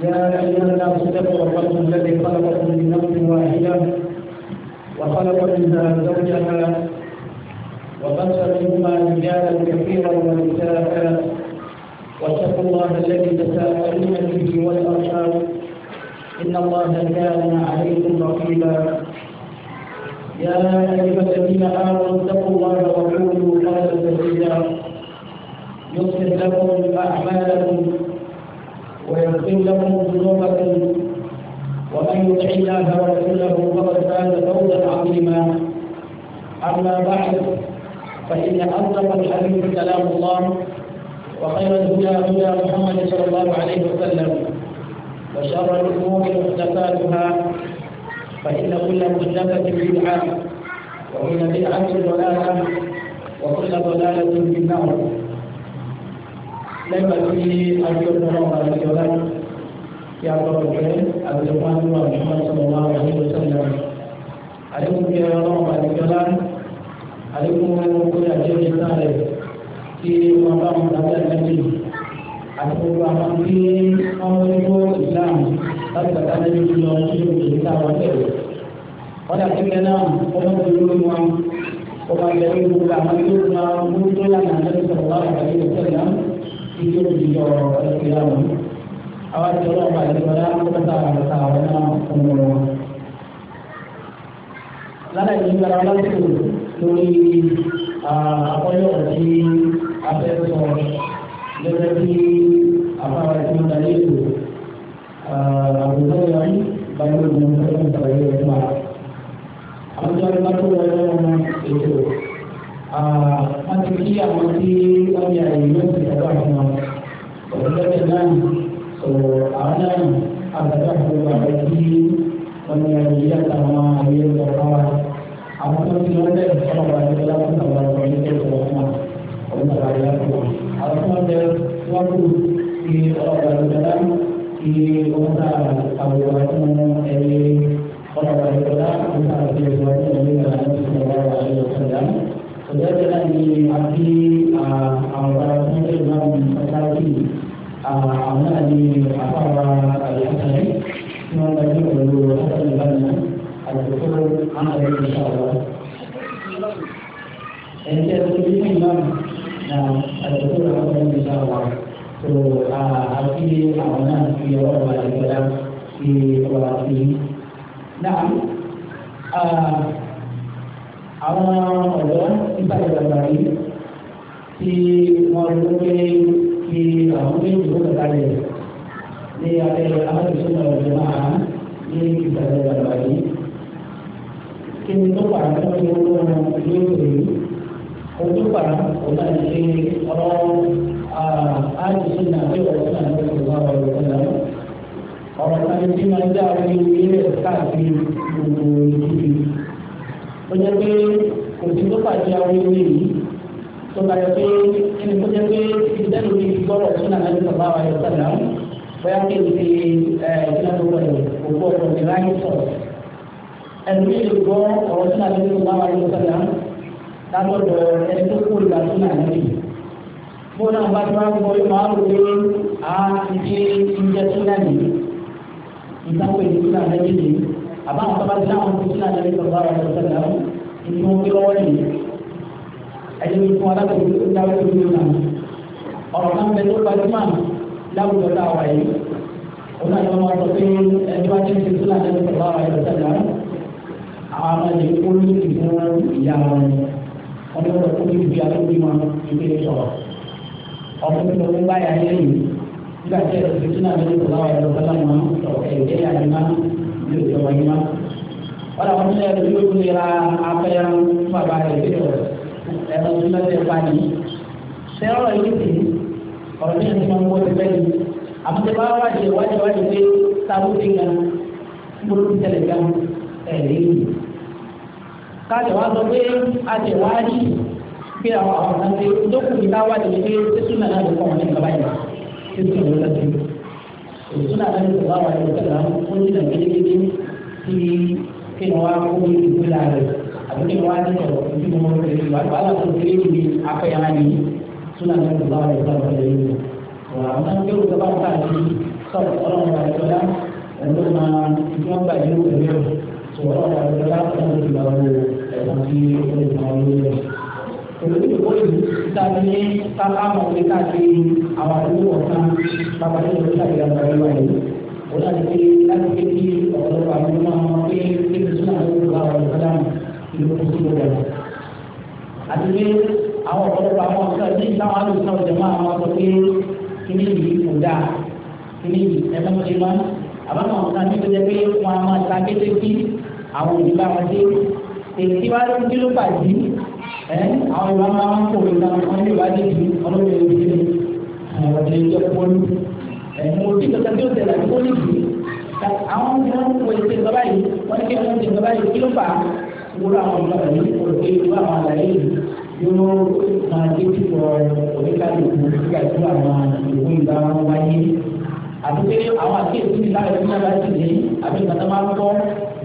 يا أيها الناس اتقوا ربكم الذي خلقكم من نفس واحدة وخلق منها زوجها وبث منهما رجالا كثيرا ونساء واتقوا الله الذي تساءلون به والأرحام إن الله كان عليكم رقيبا يا أيها الذين آمنوا اتقوا الله وقولوا قولا سديدا يصلح لكم أعمالكم ويغفر لكم ذنوبكم ومن يطع الله ورسوله فقد فاز فوزا عظيما اما بعد فان اصدق الحديث كلام الله وخير الهدى هدى محمد صلى الله عليه وسلم وشر الامور محدثاتها فان كل محدثه بدعه وكل بدعه ضلاله وكل ضلاله في النار lẹ́gbàá tí adúlọ́pọ̀ náà wà lókè ọ̀la kí a gbọ́ pẹ̀lẹ́ àgbẹ̀fọ́ àdúrà ọ̀ṣun sọ̀rọ̀ wà wà nínú sọ̀rọ̀ rẹ̀. àdéhùn kí ẹran náà wà lókè ọ̀la àdéhùn kó yàtọ̀ ní sáà rẹ̀ kí wọ́n bá wọn dábẹ́ àgbẹ̀jì àti gbogbo àwọn tí wọ́n ń kó ìlànà láti bàtà lẹ́yìn lọ nínú ìlú táwọn tẹ̀lé. wọ́n dà kí kẹ́nà ọmọ itu juga kesilapan. Awak jangan balik pada kebenaran kebenaran semua. Lada ini kalau lada itu tuli apa yang berarti apa itu soal berarti apa berarti dari itu abu tu yang baru dengan saya sebagai semua. Apa jangan itu. wọ́n ti kí àwọn tí wọ́n yà èyí ló ti dàgbà fún wọn òṣìṣẹ́ náà sọ àwọn náà àgbàdo àgbàdo àgbà tí wọ́n yà èyí àtàwọn àyè ìjọba wa àwọn tó ti lọ bẹ́ẹ̀ sọ̀rọ̀ wà ní ọlá fún àwọn ọmọ ilé ìjọba fún wọn òun náà wáyé fún àwọn tó ń bẹ wọ́n kú kí ọ̀rọ̀ àgbàdo kí wọ́n ta àwòrán fún ẹ̀yẹ ọ̀rọ̀ àgbàdo wọ́n ta àti ìwọ̀n fún ẹ̀yẹ Saudara yang dihormati Al-Quran Sunnah dan Fakulti Anak di Apara Al-Hasari Semua bagi perlu Hasan Iban Al-Quran Anak dari InsyaAllah Dan saya berkata ini Imam Al-Quran Anak dari InsyaAllah So, hati Al-Quran Di awal balik Di awal Nah, uh, àwọn ọ̀dọ́ nípa ìgbàgbà yìí tí wọ́n ló pé kí àwọn méjì ó kàkà lẹ̀ ní abẹ́ alábìsọ́nà ọ̀dọ́ máa ní ìgbàgbà ìgbàgbà yìí. kí ni tó pàrọ̀ tó ti wọ́n lọ́wọ́ ilé ìwé yìí ojú pàrọ̀ òun náà ṣe ọ̀rọ̀ alábìsọ́nà àti ọ̀dọ́ náà ló ti wá ọ̀rọ̀ ọ̀dọ́ náà ọ̀rọ̀ kan tí máa ń dá orí ilé káàkiri gbogbo ìdíje ó jẹ́ pé kò sí tó pàdé àwọn ewé yìí tó bá yẹ pé ẹni tó jẹ́ pé ìdẹ́nu mi gbọ́rọ̀ tó nà láti sọ̀rọ̀ àwọn ayọ̀ sọ̀rọ̀ àwọn bóyá kí n ti ìdílé rẹ̀ ògbó ọ̀rọ̀ mi láyé sọ̀rọ̀ ẹni mi lè gbọ́ ọ̀rọ̀ tó nà láti sọ̀rọ̀ àwọn ayọ̀ sọ̀rọ̀ àwọn látọ̀dọ̀ ẹni tó kó ìgbà tó nà láti bó náà bá tó wá gbọ́ yóò máa rò pé ti dé ìjẹ́ tó nà ìtàkùn ìdílé àbá àwọn bàbá ti láwọn ti sílẹ̀ àjẹmí sọ̀rọ̀ àwọn ọ̀dọ́ sẹ́lẹ̀ àwọn ìlú wọn gbé lọ́wọ́ nìyí ẹni mi fún alágbèbè tó dáwé tó yóò náà ọ̀rọ̀ náà bẹ tó gbajúmọ̀ láwùjọ tá a wà yìí wọn náà yọ wọn sọ pé ẹni wá jẹ́ ti sílẹ̀ àjẹmí sọ̀rọ̀ àwọn ọ̀dọ́ sẹ́lẹ̀ àwọn àwọn àjẹ kólú ìfún ìyá wọn ni wọn yóò kó ní ibi àlóbi wọn ìpele sọ̀rọ̀ ọmọ mi ló ń bá yà á yẹ yìí nígbà tí ẹ̀rọ ti sílẹ̀ àjẹmí sọ̀rọ̀ àwọn ọ̀dọ́ sẹ́lẹ̀ àwọn ọ̀rọ̀ ẹ̀jẹ̀ yà ní òjò wọn yín má. wọ́n làwọn nílẹ̀ ẹ̀rọ yóò tún lera afẹ́yàrán fún bàbá rẹ̀ bí ọ̀rọ̀ ẹ̀rọ tó náà tẹ̀ pa nìyí. sẹ́rọ̀ yìí ti ọ̀rọ̀ ní ìlú máa ń wọ́ ti bẹ́ẹ̀ ni. àmọ́tẹ́ bá wájú wájú wájú pé sábúté gan gbóló ti tẹ̀lé gan ẹ̀ léyìn. káàtẹ̀ wá sọ pé àtẹ̀ wá rí pé àwọn àwọn kan ṣe tó kù ní ká wájú pé tẹ́sùn náà òṣùnà àti ìṣòro àwọn ìṣòro ó jìnà gidigidi sí kí ni wọ́n á kó ní ìpínlẹ̀ rẹ̀ àti kí ni wọ́n á ní ọ̀rọ̀ tí mo mọ̀ pé wàhálà tó kéré ní afẹ́yàrá ni òṣùnà àti ìṣòro àwọn ìṣòro rẹ̀ yìí wà á máa ń gbé òṣùnà bá ń sọ̀rọ̀ ọlọ́run àìsọ́lá ẹ̀rọ máa tí wọ́n gbà yín òṣèlú sọ̀rọ̀ ọlọ́run àìsọ́lá ọlọ́run ti olóòtú kò lè dáná ní sábà mọ̀ ní káàkiri àwọn àdúgbò ọ̀sán bàbá tó lè ṣàlẹ̀ ìyàwó rẹ̀ wáyé o láti pé láti pé kí ọ̀rọ̀ àwọn ọmọ ọmọ pé kí ní sún àwọn olùkọ́ àwọn olùkọ́ dáhùn ìlú kò sí lórí ọ̀rọ̀. àti pé àwọn ọ̀pọ̀lọpọ̀ àwọn ọ̀sán ní ìtàwọn alùpùpù náà jẹ̀mọ́ àwọn sọ pé kí ní ìlú kò wọn dé èyí tí wàá lóun kí ló bàjẹ́ ẹ àwọn ìwà máa ń kó ìlà wọn ní ìwà dé ju ọlọ́run ẹni tí àwọn ọ̀dẹ̀ ìjọ pọ́lú ẹ mo rí kankan tí ó tẹ̀lé àti pọ́lú jù àwọn ọmọ ìwà ń wọ ìṣe ìjọba yìí wọ́n ní kí wọ́n ti ìjọba yìí kí ló fà á wúrọ̀ àwọn ìjọba yìí olùkọ́ ìlú àwọn àlàyé yìí yóò máa dé púpọ̀ oníkàlùkù nígbà tí àwọn ìlú ìgbà wọn wáyé àti pé àwọn àkéèsí ìlà ìlú náà bá ti dé àbí ìgbà tó máa ń kọ́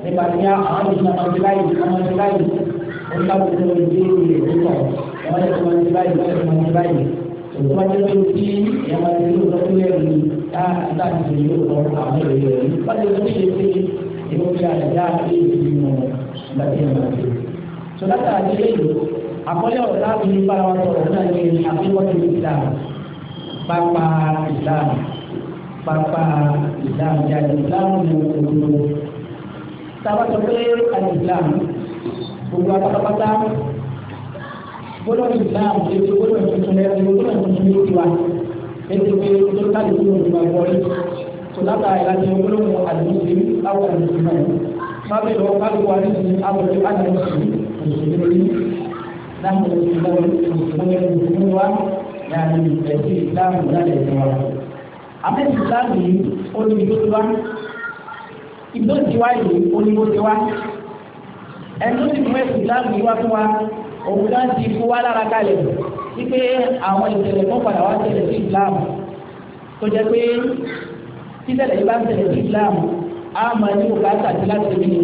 nípa tí àwọn ìlú náà máa ń ti láyè ẹ̀ka kò tó lè dé ilé ìdúkọ̀ ẹ̀ma ti máa ti báyìí ẹ̀ma ti máa ti báyìí tó wá jẹ́ pé tí ẹ̀ma ti ló lọ sílẹ̀ ní ká àtàkì tó yóò lọ àwọn èrè rẹ̀ nípa tó tó ṣe pé èmi fi àdá ilé ìdúkọ̀ nígbà tí ẹ̀ma ti. tó látara ti lé ìlú àkọlé ní bára wa sọ̀rọ̀ náà ní àfihàn ìsìlámù pápá ìsìlámù pápá ìsìlámù gbogbo apátápátá gbọ́dọ̀ ìsìláàmù ètò gbọ́dọ̀ tuntun lẹ́yìn gbọ́dọ̀ tuntun ní tiwa ètò pé tó káàdì tó lòdì máa wọlé tó látà ìlànà ìgbọ́dọ̀ àdìmọ́sí láwọn àdìmọ́sí náà sábẹ́ lọ káàdì wà ní ìsìn àwọ̀dé àdìmọ́sí mùsùlùmí láwọn mùsùlùmí mùsùlùmí wa yàrá ìfẹ̀sí ìsìláàmù láti ẹ̀sìn wa. àmẹ́sì ìsìláàmù yìí ó ní ibi ti wá ibi ti wá yìí ó ní ibi ti wá ẹni tó sì mú ẹ̀sùn láàmú yìí wá fún wa òun náà ti kó wá lára kalẹ̀ wípé àwọn ìṣẹ̀lẹ̀ kan padà wá ṣẹlẹ̀ sí Islam tó jẹ́ pé títẹ̀lẹ̀ yìí bá ṣẹlẹ̀ sí Islam á máa ní bùkátà sí láti rí ni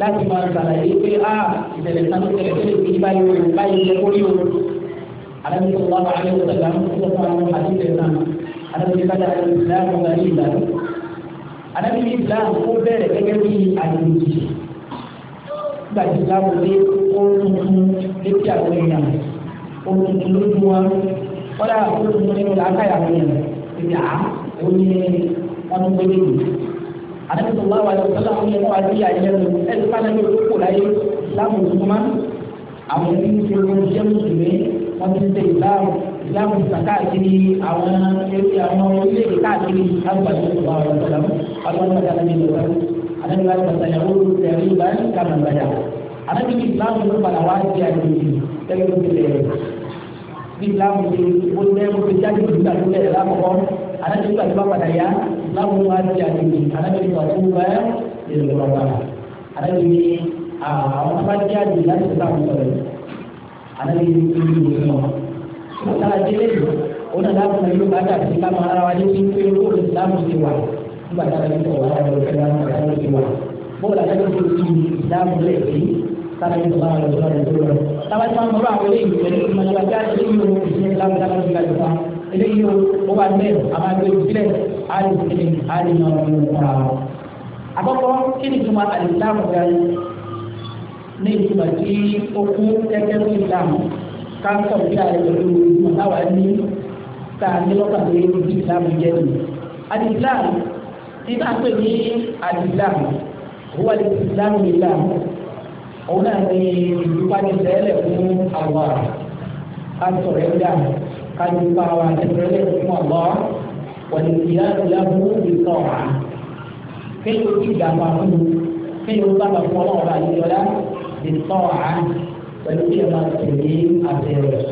láti máa ṣàlàyé pé á ah, ìṣẹ̀lẹ̀ kan tó ṣẹlẹ̀ sílẹ̀ sí báyìí o báyìí jẹ́ kórí o alábi tó wà wàhálà ó sọ̀rọ̀ àwọn tó fún àwọn àdìsẹ̀ náà alábi tó kájà Islam ọ̀gá ní ìlànà alábi Islam ó bẹ̀rẹ̀ gẹ́gẹ́ bí àdìsẹ̀ gbàdé láwùlé oorun létí àwọn èèyàn oorun lójú wọn kọ́lá oorun nínú làákàyà àwọn èèyàn ìyá òun ni wọn ń gbélé yìí. àdébùsọ̀lá wa lọ sọ́lá àwọn èèyàn wà sí àyẹ̀ lọ ẹ̀sìn fún àlejò olóko láyé láwùjọmọ́ àwọn ẹni tí wọn jẹ́ mùsùlùmí wọn ti ń tẹ ìbáwò ìyáàmù ìsàkáàkiri àwọn àwọn orílẹ̀-èdè káàkiri láwùjọ àdébùsọ̀lá wa lọ sọ́lá ọlọ́run anabi wa sasa yahudu dari báyìí kàmá bàyà anabi ní islam ló padà wá di àjòjì tẹ́lẹ̀ ló ti lẹ̀ bí islam ti ó tẹ́ ó ti juga ìlú àti ilẹ̀ lákọ̀ọ́ anabi nígbà tó bá padà yá islam ini wá di àjòjì anabi ní wàá tó báyà lè lọ bàbà anabi ní di àjòjì láti sọ àwọn sọ̀rọ̀ anabi ní kí ló ń lọ sọ̀rọ̀ sára délé yìí ó nana fún mi islam ti wà nígbà tá a lè sọ̀rọ̀ wáyà lọ sí àwọn ọ̀rẹ́ àwọn ìwà bóòlù àtẹ́kọ̀ọ́ tó ti dáàbò lẹ̀ sí sábà ní sọ̀rọ̀ àwọn ìwà rẹ̀ tó lọ. sábà tí wọ́n mọ̀ àwọn eléyìí pẹ̀lú ìmọ̀lẹ́wà tí a ti lè yọ ìṣẹ́ lábẹ́lábẹ́ ti gbàjọ fa eléyìí o ó wà ní àwọn àgbẹ̀ ìbílẹ̀ àdìsílẹ̀ àdìyàn ọ̀rọ̀ àkọ́kọ́ kí ni ìtumọ̀ àdìsílámù rẹ̀ ní ìtumọ̀ tí ó kú kẹ́kẹ́ fún ìsìlámù ká sọ̀rọ̀ bí ààrẹ pẹ̀lú ìmọ̀ táwa ní ká ní lọ́kàn pé ìsìlámù jẹ́ nù àdìsílámù tí bá pè ní al-Islam huwa al-Islam billah òun náà ní ìdúpánisẹ́ ẹlẹ̀ fún àwọn àtọ̀rẹ́ dà kájúpa àwọn àtẹ̀rẹ́ lẹ̀ fún àwọn wọ̀nyíyá ìlànà ìtọ̀ wá kéyìn ojú ìdàgbà fún mi kéyìn ojú bàbá fún ọlọ́run bá yíyọ dá ìtọ̀ wá pẹ̀lú bí máa tẹ̀lé àtẹ̀rẹ́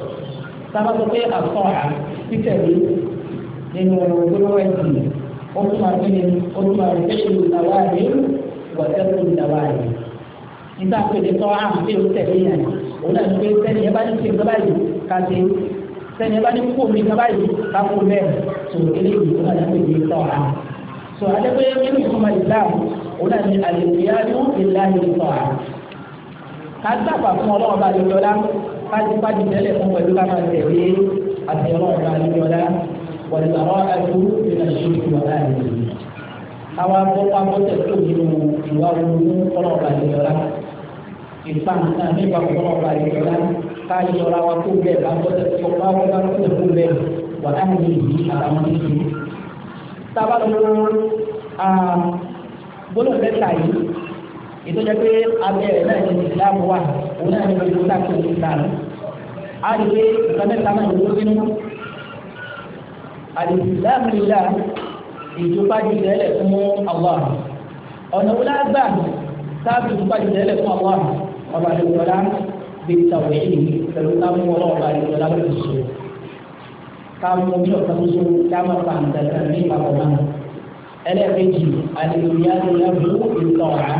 sábà tó pé àtọ̀ wá nínú gbólóhùn ẹ̀sìn ọdún àgbẹ̀lẹ̀ ọdún àgbẹ̀lẹ̀ ìdáwáàdé wọ̀tẹ́kù ìdáwáàdé. nígbà pé ní tọ́ àmì pé ó tẹ̀lé yẹn òun náà pé sẹ́ni ẹ bá ní kí n gbọ́ báyìí ká ṣe sẹ́ni ẹ bá ní kó mi gbọ́ báyìí ká kó bẹ́ẹ̀ tó eléyìí tó náà pé ní tọ́ àmì. sọ adé pé nínú ìfọmọ Islam òun náà ní àlèkùyáyó ìlànà ìtọ́ àmì. ká gbàgbà fún ọlọ́run bá lè yọlá ká ti tẹ́lẹ̀ fún pẹ̀lú ká máa tẹ̀lé àti ọlọ́run bá lè yọlá والبراءة من الشرك وأهله àwọn akọ́kọ́ akọ́tẹ̀tò nínú ìwà ronú kọ́lọ́ọ̀bà ìjọba ìfàǹtà nípa kọ́lọ́ọ̀bà ìjọba ká yọra wa tó bẹ́ẹ̀ bá kọ́tẹ̀tò bá wọ́n bá kọ́tẹ̀tò bẹ́ẹ̀ wà á ní ìdí àwọn ìdí. sábàlú gbọ́dọ̀ mẹ́ta yìí ìtọ́jà pé abẹ́rẹ́ náà ní Islam wà òun náà ní ìlú táàkì Islam. a lè gbé ìtọ́jà mẹ́ta náà ní alìsílámìlá ìjọba jùlẹ̀ fún Allah ọ̀nà wọlé àgbà sáàbì ìjọba jùlẹ̀ fún Allah ọba àdìgbọ́lá bí ìtàwé yìí pẹ̀lú káwọn ọmọ ọba àdìgbọ́lá ló ti sọ káwọn ọmọ ọba tó so káwọn ọba àǹtàlẹ́ ní ìpapọ̀ náà ẹlẹ́ẹ̀kejì àdìgbòyà ló yẹ fún ìtọ̀ọ̀rá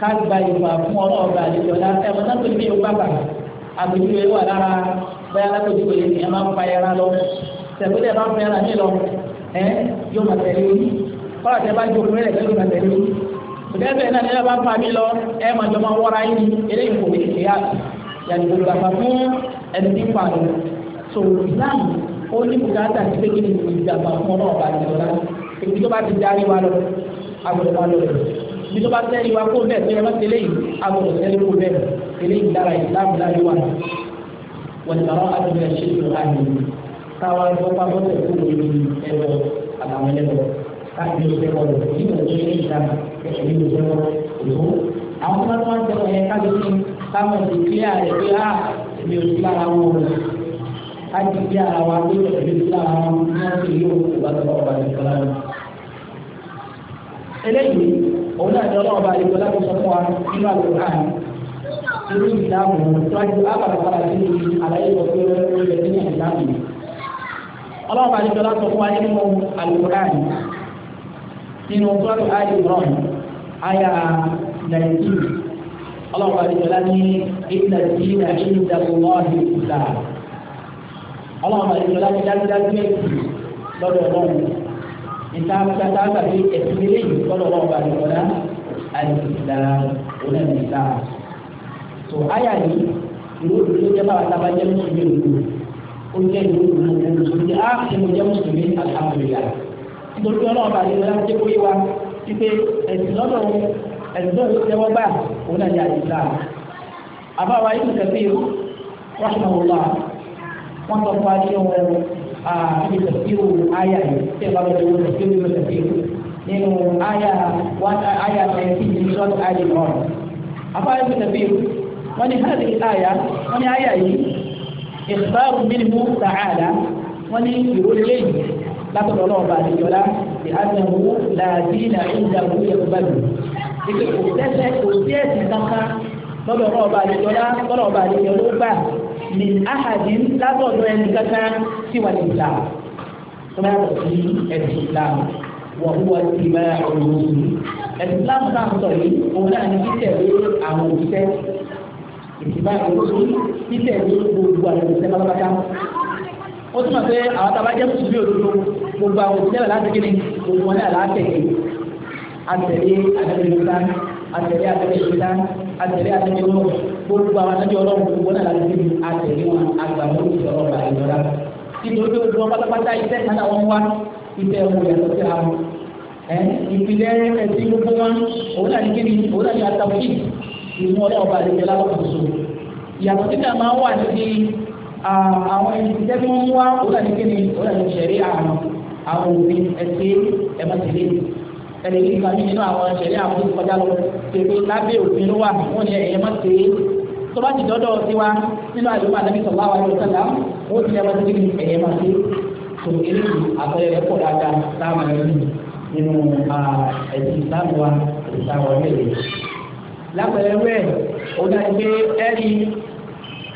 kágbá ìwà fún ọlọ́ọ̀ba àdìgbọ́lá ẹ̀wọ̀n náà tó ní ìwà bàbà àbẹ̀jú tẹ̀wélẹ̀ bá fẹ́ ara mi lọ ẹ yóò máa tẹ̀lé orí kọ́lá tẹ bá jókòó rẹ̀ yóò máa tẹ̀lé orí òtẹ́tẹ̀ náà nílẹ̀ bá fa mi lọ ẹ máa jọ máa wọ́ra yín eléyìí kò lè ṣe á yàtọ̀ gbogbo àgbà fún ẹni tí ń pa àlọ́ so islam ó ní bùkátà sí pé kí ni ìjàmbá fún ọlọ́ọ̀bá ìjọba ibi tó bá ti darí wa lọ agbọ̀dọ̀ wa lọ ibi tó bá tẹ́lẹ̀ wa kó bẹ́ẹ̀ tẹ́lẹ̀ wọ́n tẹ́lẹ̀ yìí agbọ̀dọ̀ tẹ́lẹ̀ kó bẹ́ẹ̀ tẹ́lẹ̀ yìí dára ìsìlámù láyé wa wọ́n ti bá wọn àti bẹ́ẹ̀ ṣe é lọ́wọ́ àyè káwa gbọ́ pápọ́ tẹ̀lé lórí ẹ̀rọ àtàwọn ẹlẹ́rọ káàkiri ìṣẹ́ wọn lọ sí ìwọ̀n tó yẹ ìta ẹ̀rí ìṣẹ́ wọn lọ. àwọn tó bá tó ń tẹ̀wọ̀ yẹn ká lóṣù káwọn ti kílẹ̀ rẹ̀ pé á ah, èmi ò sí lára wọn o á ti kí ara wa pé èmi ò sí lára wọn ní wọ́n ti yí òkú bá tọ́ ọba ìkọlá lọ. eléyìí òun náà ni ọlọ́ọ̀ba ìkọlá tó sọ fún wa nínú irú ìdáàbò tó á ju ábàlàbàlà sí àlàyé ìwọ̀n tó lọ́wọ́ ọlọ́run àti ìjọba sọ fún wa nínú àlùkùránì nínú sọ́ọ̀tù àìsí rọ̀n àyà nàìjíríà ọlọ́run àti ìjọba ní ìdílé ìdílé ìdílé ọlọ́ọ̀dì ìgbà ọlọ́run àti ìjọba ní dájúdájú ẹ̀sìn lọ́dọ̀ ọlọ́run níta níta tàbí ẹ̀sìn eléyìí lọ́dọ̀ ọlọ́run àti ìjọba àti ìgbà onígbà. tó àyà yìí ìlú òdòdó jẹ́ bá wa tábà jẹ́ mùsùlùmí òdòdó ó jẹ́ ìlú ìlú ìlú mùsùlùmí á ṣe mo jẹ́ mùsùlùmí alhamdulilayi nítorí ọlọ́run bá yẹ wọlé ṣe kó yé wa wípé ẹ̀sìn lọ́dọ̀ ẹ̀sìn lọ́dọ̀ tẹ́wọ́ gbà òun náà yà ìgbà àbáwá yìí kẹfì rọ́ṣùmọ̀wòlá wọ́n sọ fún adé wọn ibi tẹ̀síwò áyà yìí tẹ́ bá lọ́dọ̀ wọn tẹ̀síwò ibi tẹ̀síwò nínú áyà wọn áyà tẹ̀sí ní sọ́ọ̀tì áyà ọ̀rọ̀ àbáwá yìí kẹfì wọ́n ní hàdí áyà wọ́n ní áyà yìí ìfúbárù mímú tààlà wọ́n ní ìrólé yìí látọ̀dọ̀ ọlọ́run bá àdìjọ́lá ti àdìyàwó làdínà ìdàgbò yẹ̀kúbàdù ìpè kò tẹ́sẹ̀ kò sí ẹ̀sìn kankan lọ́dọ̀ ọlọ́run bá àdìjọ́lá lọ́dọ̀ ọba àdìjọ́lá ó gbà ní ahàdín látọ̀dọ̀ ẹni kankan tí wà ní ìlà tọ́lá yàtọ̀ sí ẹ̀sìn ìlà wọ́n wọ́n ti bá ọ̀rọ̀ òun ẹ̀sìn ìlà tó náà sọ yìí òun náà ní ìtìbá ìrọsí títẹ̀ ní gbogbo àlejò sẹ́ka lọ́pàá ó túmọ̀ pé àwọn tá a bá jẹ́ mùsùlùmí òdodo gbogbo àwọn òṣìṣẹ́ láti kí ni gbogbo wọn náà látẹ̀lé àtẹ̀lé àtẹ̀lélúta àtẹ̀lé àtẹ̀lélúta àtẹ̀lé àtẹ̀lélú gbogbo àwọn àtẹ̀lé ọlọ́run gbogbo náà láti kí ni àtẹ̀lé wọn àgbàmọ́ ìṣọ̀rọ̀ àìlọ́ra nítorí pé gbogbo pátápátá iṣẹ́ náà wọ́n wá iṣẹ́ wọn yàtọ̀ sí ara wọn ìpìlẹ̀ ẹ̀sìn gbogbo wọn òun náà ní kí ni òun inú ọlọ́run bá lè jẹ lábàkóso ìyàtọ̀ tí náà máa ń wà níbi àwọn ìṣiṣẹ́ tí wọ́n mú wá ó dàbí kí ni ó dàbí ṣẹ̀rí àwọn àwọn òfin ẹ̀sìn ẹ̀mọ́tẹ̀lẹ́ ẹ̀rẹ̀ yìí kan nínú àwọn ṣẹ̀rí àwọn tó kọjá lọ pẹ̀lú lábẹ́ òfin ló wà wọ́n ní ẹ̀yẹ mọ́tẹ̀lẹ́ tó bá ti dọ́dọ̀ tiwa nínú àdúgbò àdàbí sọ̀rọ̀ àwọn ọ̀rọ̀ sọ̀rọ̀ ó ti ẹ̀mọ́tẹ̀lẹ́ ẹ̀yẹ mọ́tẹ̀lẹ́ tó eléyìí àpẹẹrẹ rẹ pọ̀ dáadáa táwọn ẹ̀rí nínú ẹ̀sìn ìsáàmù wa ìsáàmù ọ̀rẹ́ lápẹẹrẹ rẹ ọdún àti pé ẹrí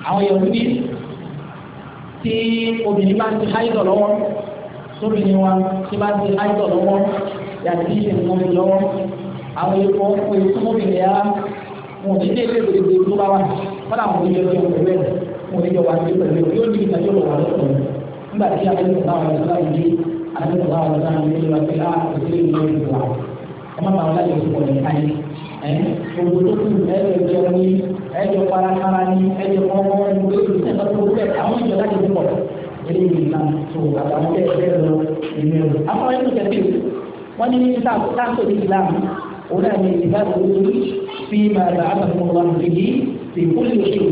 àwọn yòówù ní tí obìnrin bá ń ti háyìdọ̀ lọ́wọ́ tóbìnrin wa tí bá ń ti háyìdọ̀ lọ́wọ́ yàtí ìṣègùn lọ́wọ́ àwọn ikọ̀ ń pè fún obìnrin yá wọn ò ní dé ilé ìgbèríko tó bá wà wọn làwọn ò ní yọ ọjọ́ pẹ̀lú ẹ̀ wọn ò ní yọ wà sí pẹ̀lú ẹ̀ yóò ní ìdájọ́ lọ́wọ́ lọ́sọ̀rọ̀ nígbà tí abẹ́rẹ́ ìgbà ah, wọn lọ́sọ̀rọ̀ yìí abẹ́rẹ́ ìgbà wọn lọ́sọ̀rọ̀ yìí lọ́sọ̀rọ̀ yìí lọ́sọ̀rọ̀ yìí lọ́sọ̀rọ̀ yìí yìí lọ́sọ̀rọ̀ yìí lọ́sọ̀rọ̀ yìí yìí lọ́sọ̀rọ̀ yìí lọ́sọ̀rọ̀ yìí yìí lọ́sọ̀rọ̀ yìí lọ́sọ̀rọ̀ yìí yìí lọ́sọ̀rọ̀ yìí gbogbo tó kù ẹjọ jẹun ní ẹjọ parakara ní ẹjọ kọkọ ní gbogbo ìṣẹ̀lẹ̀ tó kù bẹ́ẹ̀ àwọn ìjọ láti dúpọ eléyìí nà tó àtàwọn bẹ́ẹ̀ bẹ́ẹ̀ lọ ìmọ ẹrù. àwọn ẹni kẹfì wọn ní táàkó ní islam òun náà ní ìbára owó fi máa ra àbàmọ wa nìyí fi kúlì oṣù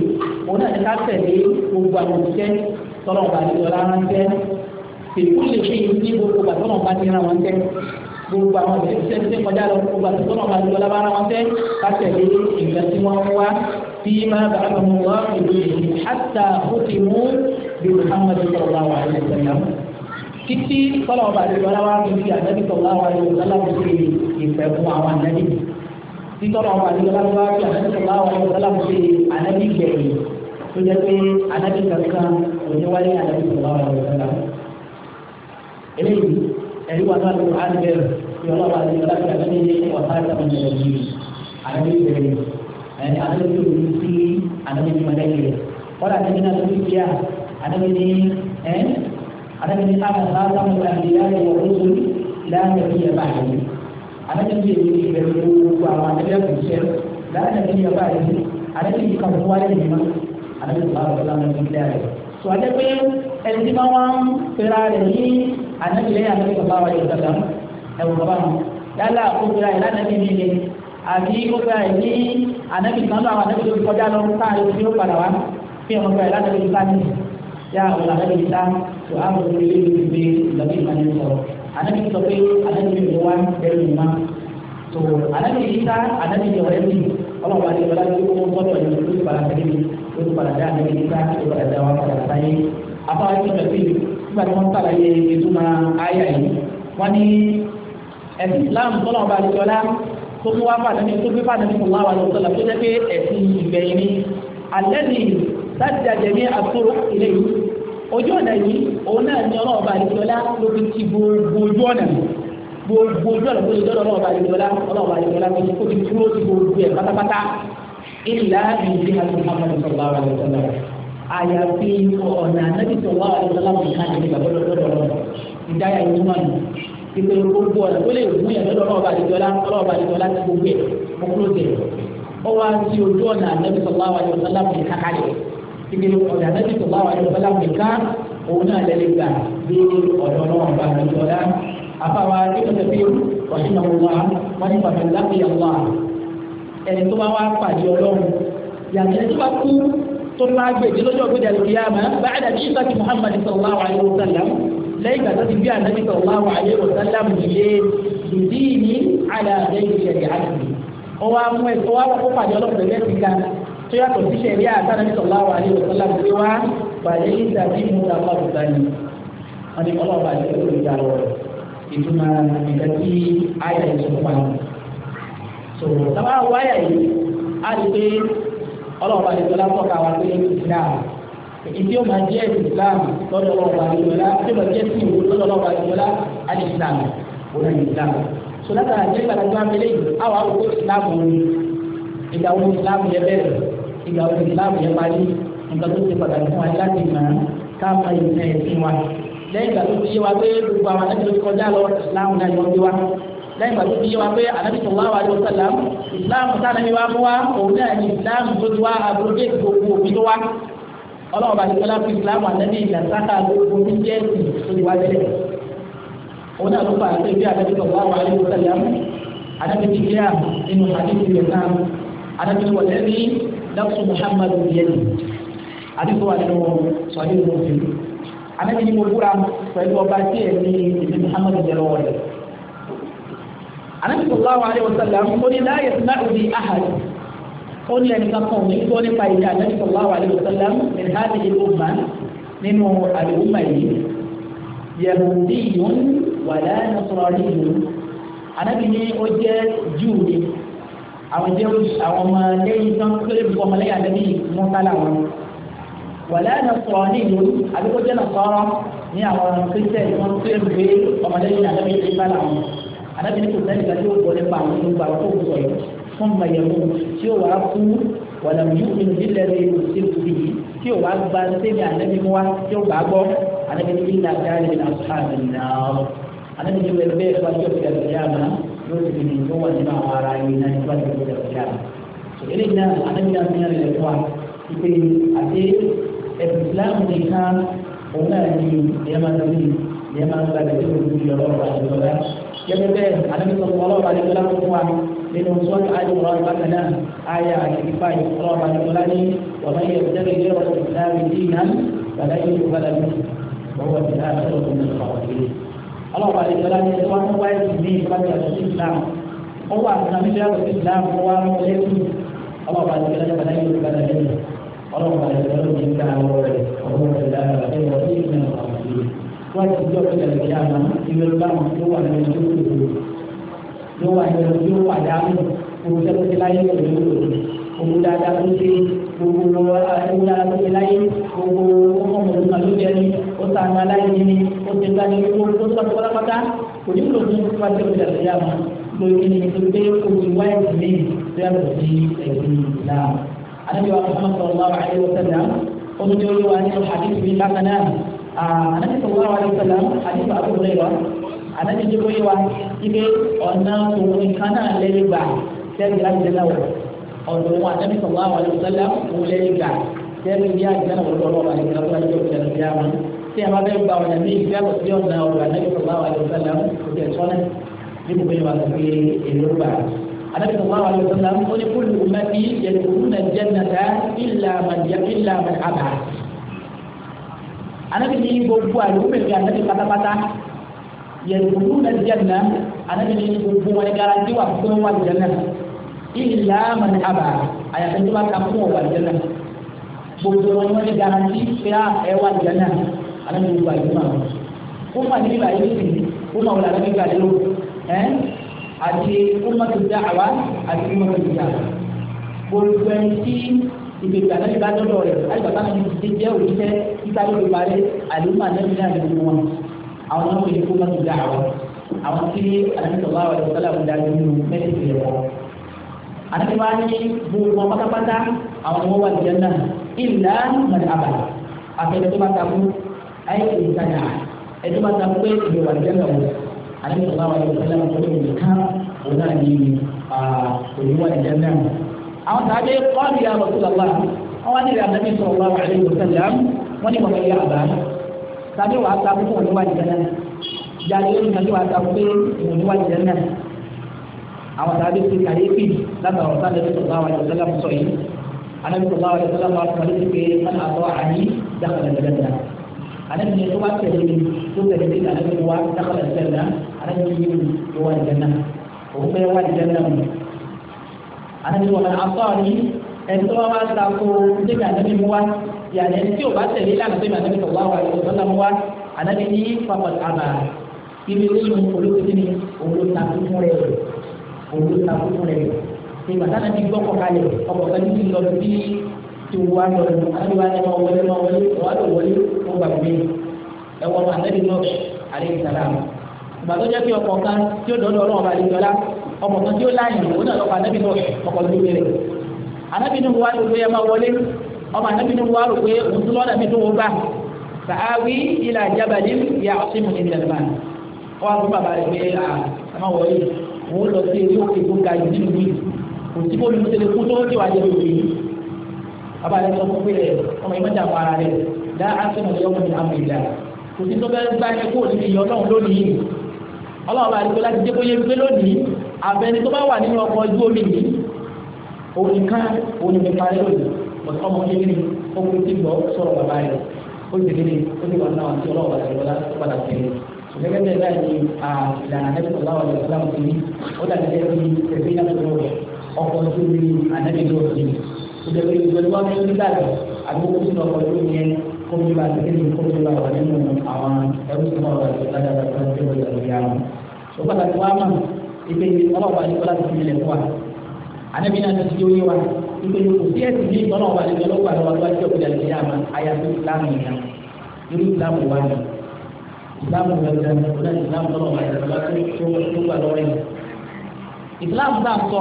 òun náà ní ká tẹ̀lé gbogbo àwọn òṣìṣẹ́ tọ́lọ̀ bá ti lọ lára ń tẹ́ fi kúlì ní gbogbo bàtọ́lọ̀ bá ti rán wọn tẹ́ gbogbo àwọn ọ̀sẹ̀ tí sẹ́ni kọjá lọ gbogbo àti tọ́nà máa lọ lábára wọn fẹ́ ká tẹ̀lé ìgbà tí wọ́n ń wá bí máa bàa bàa mú wá ìlú yìí hàtà ó ti mú bí muhammad sọ̀rọ̀ àwọn àyè ìsẹ̀lẹ̀ títí tọ́nà ọba àti ìwọlá wa fi fi ànábì sọ̀rọ̀ àwọn àyè ìsẹ̀lẹ̀ fi fi ìfẹ́ fún àwọn ànábì tí ọba àti ìwọlá wa fi ànábì sọ̀rọ̀ àwọn àyè ìsẹ̀lẹ̀ fi ànábì gbẹ̀yìn tó jẹ́ pé ànábì kankan òní wáyé ànábì sọ̀rọ̀ àwọn àyè ìsẹ̀lẹ̀ ẹ̀rí wà náà lóko á bẹ̀rẹ̀ tí ọlọ́wà ti ọlá ti àgbẹ̀ ní ọ̀sán ìtàkùn ìrẹ̀ yìí àgbẹ̀ bẹ̀rẹ̀ ẹ̀rí àgbẹ̀ tó lù sí àgbẹ̀ ní mọ̀lẹ́yìn rẹ̀ kọ́lá àgbẹ̀ náà lóko ìjà àgbẹ̀ ní ẹ̀ àgbẹ̀ ní àgbẹ̀ náà sáwọn ìgbàlódé láàyè wọ̀ lóṣù láàyè ní ẹ̀bà yìí àgbẹ̀ ní èyí ìbẹ̀rù gbogbo àwọn àgbẹ̀ kò ṣẹ́ láàyè ní ẹ̀bà yìí àgbẹ̀ ní ìkàwé wálé nìyẹn àgbẹ̀ ní ìbáwọ̀ lọ́wọ́ ní ìlẹ̀ rẹ̀ tó àjẹpẹ́ ẹni tí wọ́n wá ń pera rẹ̀ ní anabi lẹ́yìn anabi bàbá wa yóò dàgbà ẹwọ bàbá mi yálà ó gbéra ẹ lánàbí mi lẹ àbí ó gbéra ẹ ní anabi sanu àwọn anabi tó kọjá lọ káàrí tí ó padà wá fi ọmọ gbéra ẹ lánàbí tó sáni yá ọ̀la anabi tó sáni tó á bọ̀ lórí ilé ìgbé ìgbàgbé ìgbà ní sọ̀rọ̀ anabi sọ pé anabi mi wá bẹ́ẹ̀ mi má tó anabi yìí sá anabi yọ̀ ẹ́ mi ọlọ́wọ́ àti ìgbàlá tó kó tọ́tọ̀ ní olùkọ́ àtẹ́lẹ́mi olùkọ́ àtẹ́lẹ́mi sá olùkọ́ àtẹ́lẹ́mi wá padà sáyé afáwọn ẹgbẹ́ nígbà tí wọ́n sàlàyé ìtumọ̀ àyà yìí wọ́n ní ẹ̀sìn Islam tọ́lọ̀ ọba àdìsọ́lá tó mú wá fàdánù tó gbé fàdánù fún wa wà lọ́sọ̀lá tó jẹ́ pé ẹ̀sìn ìgbẹ̀yìn ni alẹ́ ni láti àjẹmí àtúrò ilé yìí ojú ọ̀nà yìí òun náà ni ọlọ́ọ̀ba àdìsọ́lá ló fi ti gbogbo ojú ọ̀nà gbogbo ojú ọ̀nà tó lè dọ́dọ̀ ọlọ́ọ̀ba àdìsọ́lá ọlọ́ọ̀ba àdìsọ́lá tó ti dúró ti gbogbo ẹ̀ pátápátá ìlà ìdí àti Muhammadu sallallahu alaihi wa sallam àyàfi ọ̀nà ànábì tó wà lọ́wọ́ láwọn ìka ní ìgbà bọ́lọ́ lọ́dọ̀ lọ́dọ̀ ìdáyà yìí wà nù ìpè gbogbo ọ̀nà tó lè mú yẹn lọ́dọ̀ ọlọ́ọ̀bà àdìjọ́lá ọlọ́ọ̀bà àdìjọ́lá ti gbogbo ẹ̀ mo kúrò tẹ̀ ọ wá sí ojú ọ̀nà ànábì tó wà lọ́wọ́ láwọn ìka kalẹ̀ ìpè ọ̀nà ànábì tó wà lọ́wọ́ láwọn ìka òun náà lẹ́lẹ́ gbà bí ọ̀dọ̀ ọlọ́ọ̀bà àdìjọ́lá afáwa ìpèsèpéyò ọ̀ṣìnàmùwà wọn ní ẹni tó bá wá pàdé ọlọ́run yàtọ̀ tó máa gbèdé lọ́jọ́ gbèdé àlùkìyàmá báyìí àti ìsàkì muhammadu sallallahu alayhi wa sallam lẹ́yìn ìgbà tó ti bí ànábì sallallahu alayhi wa sallam yìí ìdíyìí àlàyé ìṣẹ̀lẹ̀ àdùnnú. ó wá mú ẹ̀ tó wá kó pàdé ọlọ́pàá lẹ́sìn kan tó yàtọ̀ sí ṣẹ̀rí àtànábì sallallahu alayhi wa sallam gbé wá pàdé ìsàkì muhammadu sallallahu alayhi wọn ni ọlọ́pàá àti olùdíjà lọ ìtumọ̀ nǹkan tí àyà yìí sọ fún tábà wáyà yìí ọlọ́run àti ìjọba tọ́ka wa pé islam èyí tí ó máa jẹ́ islam lọ́dọ̀ ọlọ́run àti ìjọba tí ó máa jẹ́ sí ìwé lọ́dọ̀ ọlọ́run àti ìjọba islam òun ni islam sọlátà nígbà tó ń bẹ̀rẹ̀ yìí àwọn àkókò islam òun ìgbà wo islam yẹ bẹ̀rẹ̀ ìgbà wo islam yẹ parí nǹkan tó ti pàtàkì fún wa láti mọ̀ ká mọ ìsìn ẹ̀sìn wa lẹ́yìn ìgbà tó ti yé wa pé gbogbo àwọn ẹ̀sìn tó ti kọjá lọ islam náà yọ lẹ́yìn pàtó ti yé wa pé anabi sallallahu alayhi wa sallam islam sanabi wa mú wa òun náà ni islam tó ti wá aburúkẹ́ gbogbo òbí tó wá ọlọ́run bá ti gbọ́dọ̀ fi islam anabi ìlàsáka gbogbo ní jẹ́ẹ̀sì tó ti wá lẹ́lẹ̀ òun náà ló fà á pé bí anabi sallallahu alayhi wa sallam anabi ti kíyà nínú hadithi rẹ̀ náà anabi wọ̀ lẹ́ni lọ́kùsù muhammadu yẹni àdìgbò wà nínú sọ̀rọ̀ anábì sallallahu alaihi wasallam ó ní la yasma'u bi ahad ó ní ẹnì kan kàn ní tó nípa ìdá anábì sallallahu alaihi wasallam min hadhihi al-ummah nínú àdéhùnmá yìí yahudiyun wala nasraniyun anábì ní ó jẹ́ júù ni àwọn jẹ́ àwọn ọmọ lẹ́yìn tán kéré bí ọmọ lẹ́yìn anábì mọ́tálà wọn wala nasraniyun àbíkó jẹ́ nasara ní àwọn kristian wọn kéré bí ọmọ lẹ́yìn anábì mọ́tálà wọn. ànábi ní kò sẹ́ni kan tí ó wọlé pa àwọn olùgbà tó ń sọ yìí fún mayẹ̀mú tí ó wàá kú wàlà mú inú ilẹ̀ rẹ̀ ló ṣe kú yìí tí ó wàá gba sẹ́ni ànábi mú wa tí ó bá gbọ́ ànábi ní ilà dáre ní asuhàmì náà ànábi ní wẹ́n bẹ́ẹ̀ fún akíyọ̀ fìyà fìyà mà yóò ti ní ló wà nínú àwọn ará yìí náà nípa tó fìyà fìyà mà èlé náà ànábi náà fi hàn lẹ̀ fún wa ìpè àti ẹ̀sìn ìyẹn máa ń gba ìdíje olùdí ọlọ́run àdìgbọ́lá gẹ́gẹ́ bẹ́ẹ̀ anábìsọ̀ ọlọ́run àdìgbọ́lá fún wa nínú sọ́ọ̀tì àdìgbọ́lá bákan náà àyà àkìkífà ọlọ́run àdìgbọ́lá ní wàmí ẹ̀ẹ́dẹ́gbẹ̀rẹ́ ìjọba ìsìlámù dínà bàdá yìí ló bàdá mi wọ́n ti dá aṣọ òkun ní ìfọwọ́sílẹ̀ ọlọ́run àdìgbọ́lá ní ẹ̀sọ́ wọn wáyé sí ní ìfọwọ́sí àtúnṣe ìsìlámù ó wà nínú àmìṣẹ́ àtúnṣe ìsìlámù wá lẹ́kùn ọlọ́run àdìgbọ́lá ní bàdá yìí ló bàdá mi ọlọ́run àdìgbọ́lá ní ìgbà wọ́n ti jọ́ ìjà ìjà àmà ìwé báwọn tó wà ní ojú òkú ló wà ní ojú òkú àdámù owó sẹ́kọ̀tì láyé òní òkú owó dáadáa tó ṣe gbogbo owó dáadáa tó ṣe láyé gbogbo ọmọ mọ̀lú kan ló jẹ́ ní ó ta àmà láyé ní ó ti gbá ní owó tó tó pátá pátá kò ní kúrò ní wọ́n ti jọ́ ìjà ìjà àmà lórí ní tó gbé ojú wáyé tìlé rẹ́pọ̀ sí ẹ̀sìn ìlànà anabi sọ̀rọ̀ wa sọ̀rọ̀ àdìbò àbúrò rẹ̀ anabi jókòó yẹ wa ibi ọ̀nà òun nìkan náà lẹ́yìn gbà sẹ́yìn láti dẹ́nà wọ̀ ọ̀dọ̀ wọn anabi sọ̀rọ̀ wa sọ̀rọ̀ òun lẹ́yìn gbà sẹ́yìn bí àdìgbà náà wọ̀ lọ́wọ́ wa nìkan tó wájú òkè lọ́wọ́ yá wọn tí a bá fẹ́ gba ọ̀nà mí ìgbà lọ sí ọ̀nà ọ̀rọ̀ anabi sọ̀rọ̀ wa sọ̀rọ̀ òkè sọ́nà bí mo bẹ̀rẹ̀ wà lọ sí èrò gbà النبي صلى الله عليه وسلم قل كل أمتي يدخلون الجنة إلا من إلا من أبى anabi ní gbogbo àlùmọ̀ ìgbà anabi pátápátá yẹ̀dùkú náà jẹ́nà anabi ní gbogbo wọn garanti wà fún wọn jẹ́nà ìlà mọ̀nà àbà àyàfẹ́ tó bá ka fún wọn wà jẹ́nà gbogbo wọn wọn garanti fẹ́ ah, ẹ wà jẹ́nà anabi ní gbogbo àlùmọ̀ wọn fún wọn níbi àyè sí fún wọn wọn anabi gbà lérò ẹ àti ummatu da'wa àti ummatu da'wa gbogbo ẹni tí ìgbèkè àtàlẹ́ bá dọ́dọ̀ rẹ̀ àyùbáta náà yóò ti jẹ́ òṣìṣẹ́ títà lórí parí àlùmọ́ àtàlẹ́ náà lórí wọn àwọn náà wòye kó má ti dá àwọn àwọn tí àtàlẹ́sọ̀bá wà lọ sọ́lá wọn dájú nínú mẹ́tìkì rẹ̀ wọn. àtàlẹ́ bá ní gbogbo wọn pátápátá àwọn ni wọ́n wà lẹ́yìn náà ìlà mọ̀lẹ́ àbàlà àfẹ́lẹ́ tó bá ta kú ayé ìtajà ẹ̀dọ́ bá ta pé ìgbèwà lẹ́yìn náà wọ̀ àwọn tàbí kọ́ọ̀lù ya Rasulullah wọn wá nílẹ̀ ànábì sallallahu alaihi wasallam wọn ní mọ̀lẹ́ yà bá tàbí wàá ta fún òní wájú jẹ́ náà jáde lórí ìrìnàjò wàá ta fún òní wájú jẹ́ náà àwọn tàbí ti kàyéfì látàrí ọ̀sán lẹ́nu sallallahu alaihi wasallam sọ yìí anabi sallallahu alaihi wasallam wa sallam ti pe man atọ anabi ni wà janna o fẹ́ wà janna mi àti wọ̀nà àtọ́rí ẹni tó bá wá tako débi ànábi mú wa yàrá ẹni tí ò bá tẹ̀lé lánàá débi ànábi tó wá wà lọ́wọ́ tó lọ́mú wa ànábi ní pàpàtà àbà ibi nínú olókìtì ni òun ló takú fún rẹ̀ òun ló takú fún rẹ̀ ìgbà táwọn ti gbọ́ kọ̀kalẹ̀ ọkọ̀ kan ti lọ sí ti wá lọ ànábi wa ni wọ́n wọlé wọ́n wọlé wọ́n á lọ wọlé wọ́n gbàgbé ẹ̀wọ̀n ànábi náà àlẹ́ ìsàlámù ìgbà ọmọ kan tí ó láàyè ó náà lọ́kọ̀ anábì náà ọkọ̀ ló wéré anábì ní wàá ló yẹ máa wọlé ọmọ anábì ní wàá rò pé òun tó lọ́dà mi tó wọ́n gbà sàáwí ilà jábàlì yà ọtí mu ní ìjàmbá ọ wá fún bàbá rẹ pé à àmà wọlé òun lọ sí ilé òkè tó ga jù nínú yìí kò sí bó lóun tẹlẹ kú tó ó ti wà jẹ lórí yìí bàbá rẹ sọ fún pé ọmọ ìmọ̀jà fún ara rẹ dá àti mọ̀ yọ ọmọ ìmọ̀ ìlà kò sí tó fẹ́ gbá ẹ kó o ní ìyọ ọlọ́run lónìí ọlọ́run bá rí pé láti dé bóyá gbé lónìí abẹni tó bá wà nínú ọkọ̀ ojú omi yìí òun kan òun ní parí lónìí ọ̀sán ọmọ kékeré ọkùnrin ti gbọ́ sọ̀rọ̀ bàbá rẹ̀ ó ti kékeré ó ti wà náà àti ọlọ́wọ́ àti ọlá tó padà tẹ̀lé gẹ́gẹ́ bẹ́ẹ̀ náà ni ìlànà ẹ̀sìn ọ̀la ọ̀la ìsìlá ti ní ó dàbí ẹ̀sìn ẹ̀sìn ìyá tó lọ́wọ́ ọkọ̀ tó ní ànábì tó ní ó jẹ́ pé ìgbẹ́ni wọn fi ń dàgbà àgbókò sínú ọkọ̀ tó ìpè ọlọ́ọ̀bà àdìgbò láti fi ilẹ̀ fún wa ànábì náà ti yóò yé wa ìpè kò sí ẹ̀sìn ní ọlọ́ọ̀bà àdìgbò lọ́wọ́ àlọ́ àlọ́ àti ọ̀gbìn àti ìyáàmà àyàfi ìsìlámù yẹn irú ìsìlámù wa ni ìsìlámù yẹn gan ọ̀dà ìsìlámù ọlọ́ọ̀bà àdìgbò láti tó wà lọ́wọ́ yẹn ìsìlámù náà sọ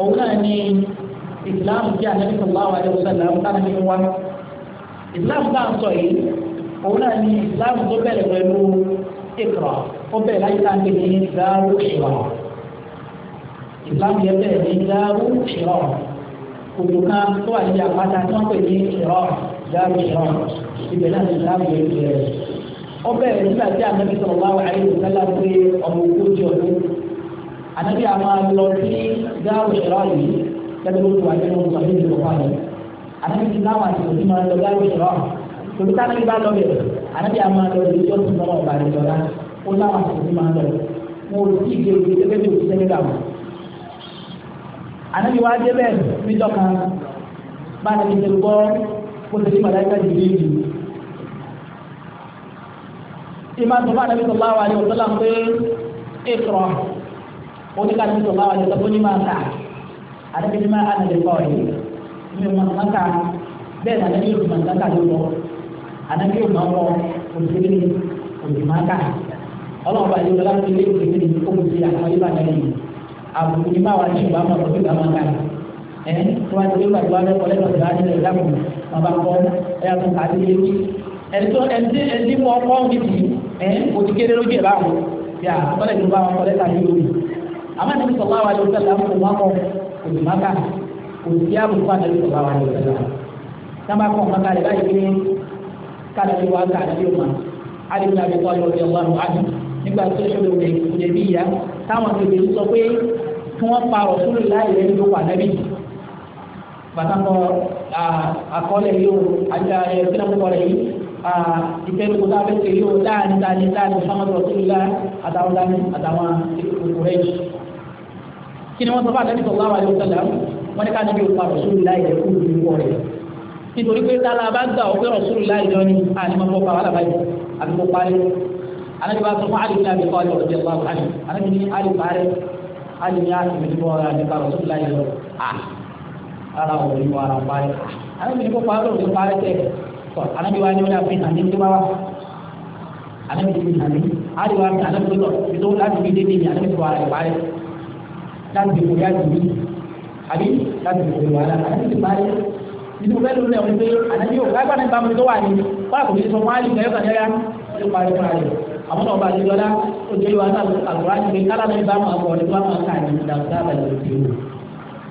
òun náà ni ìsìlámù jẹ́ ànábì sallallahu alaihi wasallam ìsìlámù náà sọ yìí òun náà ni ìsìlámù tó bẹ̀rẹ̀ pẹ̀lú ìkra ó bẹ̀rẹ̀ láyé tá à ń pè ní dáàrú ìwà ìsìlámù yẹn bẹ̀rẹ̀ ní dáàrú ìwà òdò kan tó wà ní àpáta tí wọ́n pè ní ìwà dáàrú ìwà ibẹ̀ náà ní ìsìlámù yẹn bẹ̀rẹ̀ ó bẹ̀rẹ̀ nígbà tí ànábi sọ̀rọ̀ wá wàhálà ìlú kálá pé ọmọ ogójì ọdún ànábi àmọ́ lọ sí dáàrú ìwà yìí gẹ́gẹ́ bó ti wà nínú sọ̀rọ̀ ìlú kọ́ ànábi ti láwọn àti òbí máa lọ dáàrú ìwà tòbí táwọn ibà lọ bẹ̀rẹ̀ ànábi àmọ́ lọ sí ìjọ́sìn ó láwọn àtẹ̀sí máa ń lọ mo ò tí ì gé ojú gẹ́gẹ́ bí òṣìṣẹ́ nígbà wọn. ànábi wa dé bẹ́ẹ̀ níjọ́ kan bá a ti tẹ̀lé gbọ́ kó tẹ̀lé màláìka jù ní ìlú. ìmọ̀ àtọ́fà ànábi sọ̀lá wa ni ọ̀sọ́lá pé ètò oníkàtí sọ̀lá wa ni ọ̀sọ́ ní máa ta ànábi ní máa ànàlẹ́ kọ́ yìí mi ò bẹ́ẹ̀ ni ànábi yóò máa ta ló lọ ànábi yóò máa wọ òṣèlú òṣèlú máa ta ọlọ́run bá yóò láti lé ìpínlẹ̀ ní kó ti àwọn yóò bá yẹn lè àbùkù ní báwa ní ìgbà máa lọ́sọ̀tà máa ká ẹ tó wá ti lé gbàgbọ́ abẹ́ kọ́ lẹ́nu ọ̀sẹ̀ àdìrẹ̀ ìdáàbò máa bá kọ́ ẹ yàtọ̀ káàdì lé wí. ẹ̀sọ́ ẹ̀sí ẹ̀sí mọ ọkọ mi ti ẹ o ti kéré lójú ẹ̀ báwọn yà ọlẹ́ tó bá wọn kọ́ lẹ́tà yìí lórí. àmọ́ ní sọ̀rọ̀ àwọn àlejò sẹ́lẹ̀ kò má kọ́ kò sì má ká kò sí àbùkù àlejò sọ̀rọ̀ àwọn àlejò sẹ́lẹ̀. sábà kọ́ má. alẹ́ bí nígbà tó ṣe lòdì lèbi ìyá táwọn tètè sọ pé kí wọ́n pa ọ̀tún láì lẹ́yìn ló wà lẹ́bi bàtà kọ àkọọ́lẹ̀ yìí o àjà ẹ̀ sínàkọ́kọ́ rẹ̀ yìí ìfẹ́lùkù tá a fẹ́ tẹ̀lé o láàrin tani láàrin muhammadu rasulillah àtàwọn dání àtàwọn ìkòkò rẹ̀ jù. kí ni wọ́n sọ fún àtàlẹ́ sọ̀rọ̀ àwọn àyọ̀kọ̀ là wọ́n ní ká níbi òkú rasulillah yẹ kú ìlú wọ̀ rẹ̀. nítorí pé tálá bá gbà ọ̀pẹ́ rasulillah yọ ni àní máa fọ́ pa anabi wa sọ fún ali bin abi kọ́lé ọ̀rọ̀ jẹ́pọ̀ àwọn ali anabi ní ali bàárẹ̀ ali ní àtúntò ní bọ́ọ̀rọ̀ àti bàrọ̀ tó láyé lọ à ara wọ̀ ní wàrà bàárẹ̀ anabi ní kó pàrọ̀ ní bàárẹ̀ tẹ̀ tọ́ anabi wa ní wọn àfi hàn ní nígbà wa anabi ní hàn ní ali wa hàn anabi tó tó láti fi dédé ní anabi tó wà rẹ̀ bàárẹ̀ láti fi kó yá jù àbí láti fi kó wàrà anabi ti bàárẹ̀ inú bẹ́ẹ̀ ló lẹ̀ wọ́n pé ànábi ò káyọ̀ ní bámu tó wà ní wọ́n àkùnrin sọ wọ́n á lè gbẹ́yọ̀ kàn yára ló parí parí àwọn ọba àdìgbọ́lá ojúlé wa náà àgùrá ti fi kálá náà bá máa bọ̀ ní bá máa ká ní ìdàgbà àbẹ̀lẹ̀ òbí o.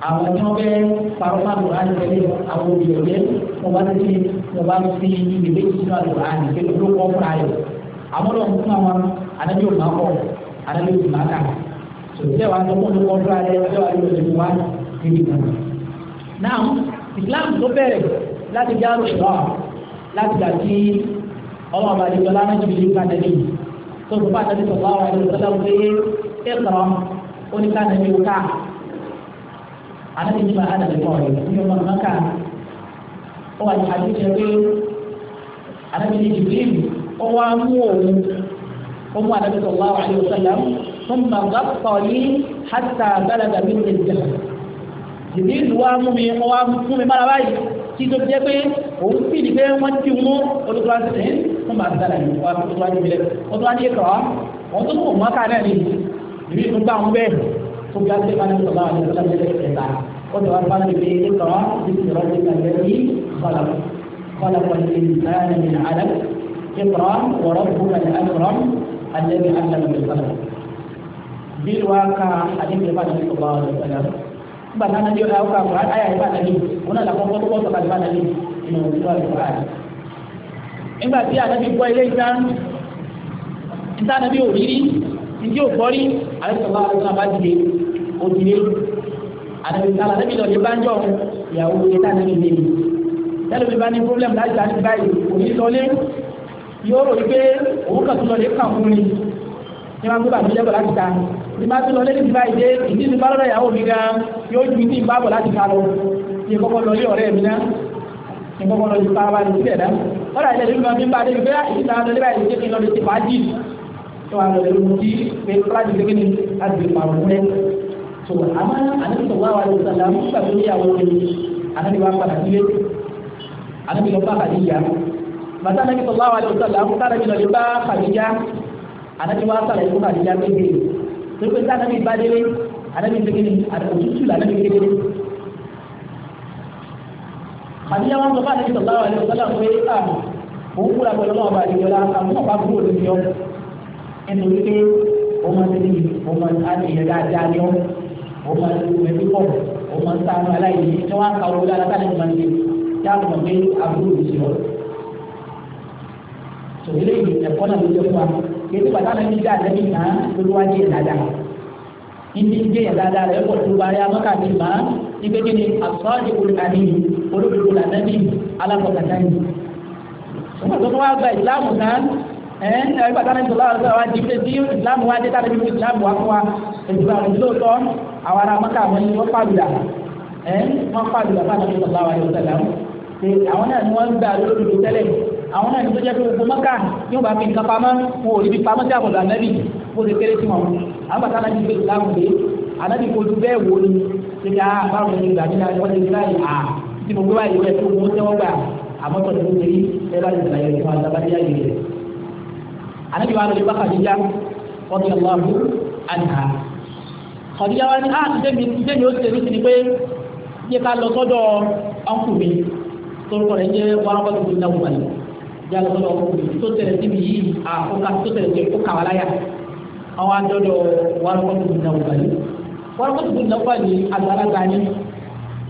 àwọn tí wọ́n fẹ́ parọ́ máa bọ̀ láti tẹ̀lé àwọn òbí òbí wọn bá ti wọn bá fi ìwé méjì sínú àgùrá ní pé ló kọ́ fúnra rẹ̀. àwọn náà ń fún àwọn anábì òmà kọ anábì òmà kà. sòtẹ́ wa tó kún ló kọ́ fúnra rẹ̀ ẹ wà lóyún ìlú wa níbi kan. náà Islam tó bẹ̀rẹ̀ láti já ọlọ́ọ̀bá àdìgbọ́lá náà ti fi lè ká tẹ̀lé yìí tó gbogbo àtàbí sọ̀rọ̀ àwọn ẹ̀rọ sọ́dọ̀ pé é kọ̀ oníkà nàbí wúkà àtàbí ní ma àdàbí kọ̀ rẹ̀ ní ọmọ mọ́kà ó wà ní àdúgbò pé àtàbí ní jìbìrìm ó wá mú òun ó mú àtàbí sọ̀rọ̀ àwọn ẹ̀rọ sọ́dọ̀ fún màgbà pọ̀lì hàtà gbàdàgbà bí ó ti jìbìrìm wá mú mi wá mú mi bára báyìí tí tó jẹ́ pé òun fìdí pé wọ́n ti mú olùkọ́ àti fún bàtí sálà yìí wà fún tó wá níbi rẹ̀ wọ́n tó wá ní ìkọ̀ wọ́n tó kò mọ́ káàdà ni ìbí ìtún gbà wọn bẹ́ẹ̀ tó bí a ti bá ní sọ̀rọ̀ àwọn ìṣẹ̀lẹ̀ ìṣẹ̀lẹ̀ ẹ̀ta ó ti wá bá ní ìbí ìkọ̀ bí ti rọ̀ ní ìgbàgbẹ́ yìí kọ́lá kọ́lá kọ́lá ìlànà ìlànà àdá ìkọ̀ wọ̀rọ̀ fúnra ní àdúrà àdébí àdàlà ìṣẹ̀lẹ̀ bí wá ká àdébí bá ní sọ̀rọ̀ àwọn ìṣẹ̀lẹ̀ bàtà náà yóò ká ọkọ̀ àyà ìbàdàn yìí wọn náà kọ́ nígbà tí ànábì gbọ́ ilé ìta níta ànábì ò rírí níbi ò gbọ́ rí ànábì sọ̀rọ̀ àwọn ọ̀sán bá dìde ó dìde ànábì sọ̀rọ̀ ànábì lọ́ọ́ lè bá ń ìyàwó ilé tá ànábì lè tẹ́lẹ̀ mi bá ní problem láti àti báyìí kò ní lọlé yóò rò wípé òun kàn tún lọlé kàn fún mi ní máa ń gbé bàbá ìjọba láti ta ní máa tún lọlé ní ti báyìí dé ìdí ti bá lọ́dọ̀ ìyàwó mi gan yóò ju ní ìbáàbọ̀ láti ta lọ ní kọ́kọ́ lọlé ọ̀rẹ́ mi náà ní kọ́kọ́ lọlé paraba ní sílẹ̀ kọ́lá ilẹ̀ lórí ọdún bá débi bẹ́ẹ̀ ìta lọ lébà ìdíje kí n lọ́dún ti fà á jì tó wà lọ́dún lórí ti pé kọ́lá ti débi ní láti fà wọ́n rẹ̀ tó àmọ́ àdébìtò wà wà lórí sàlá mú pàtó níyàwó rẹ̀ ànábi wà padà sílé ànábi lọ bá kàdíjà bàtà ànábi tó wà wà lórí sàlá mú kàdíjà lọ bá kàdíjà ànábi wà sàlẹ̀ fún àdíyá wọn sọ fún àdébí sọ̀tà wà lẹ́yìn sọ́dà pé à òun kúra pẹ̀lú ọmọ ọba àdébí ọlá àwọn ọba kúrò lórí ọ nítorí pé ọmọ tẹ́lẹ̀ ọmọ àdéhìyẹ dáadáa ni ọ ọmọ ẹbí pọ̀ ọmọ sànù aláìní tí wọ́n á ka owó dáadáa ní ìmọ̀ ní yàtọ̀ pé àbúrò lórí ọ. sòwélé yìí ẹ̀kọ́ náà ló jẹ́ fún wa kéde bàtà náà ní dáadáa ní ìmọ̀ lóluwájú ẹ̀ dáadáa ìdí ìdí ẹ̀ dáadáa rẹ̀ olódodo lànàbí alákọ̀ọ́kàtà yìí. sọ́kà tó wá gba ìsìláàmù náà ẹ̀ ẹ̀ gbàtà náà sọ̀rọ̀ àwọn àwọn àti ìfẹ́ tí ìsìláàmù wá dé tàbí nínú ìsìláàmù wá fún wa ìdìbò àwọn ìlú ọ̀tọ̀ àwọn ará mọ́kà àwọn yìí wọ́n pàdùdà ẹ̀ wọ́n pàdùdà fáwọn ìsọ̀lá wa yóò tẹ̀lé àwọn náà ni wọ́n gbà lódodo tẹ́lẹ̀ àwọn náà ní tó jẹ́ pé gbogbo mọ́kà yóò bá fi nǹkan pamọ́ wọn ò rí bí pamọ́ sí àbọ̀dọ̀ ànábì bó ṣe kéré sí wọn àwọn bàtà náà ti gbé ìsìláàmù gbé ànábì kojú bẹ́ẹ̀ wò ni ṣe ká báwọn ènìyàn gbàgbé wọ́n ti tí mo gbé báyìí wẹ̀ tó mú tẹ́wọ́ gbà àmọ́ tó ti tẹ̀lé ẹ bá lè sàyẹ̀ fún àtàbárí ayé rẹ̀. ànábi wa lórí bá kàdíjà ọdún yàrá wà fún àdìhà. kàdíjà wa ni a ti débi débi ó ti tẹ̀lé sí ni pé yẹ ká lọ sọ́dọ̀ ọkùnrin torúkọ rẹ̀ jẹ́ wàràkọ́tò tó dáwọ́ balẹ̀ yà lọ sọ́dọ̀ ọkùnrin tó tẹ̀lé síbi yìí àkókò tó tẹ̀lé sí kó kàwá láyà àwọn adọ́dọ̀ wàràkọ́tò tó dáwọ́ balẹ̀ wàràkọ́tò tó dáwọ́ balẹ̀ àgbàlagbà ni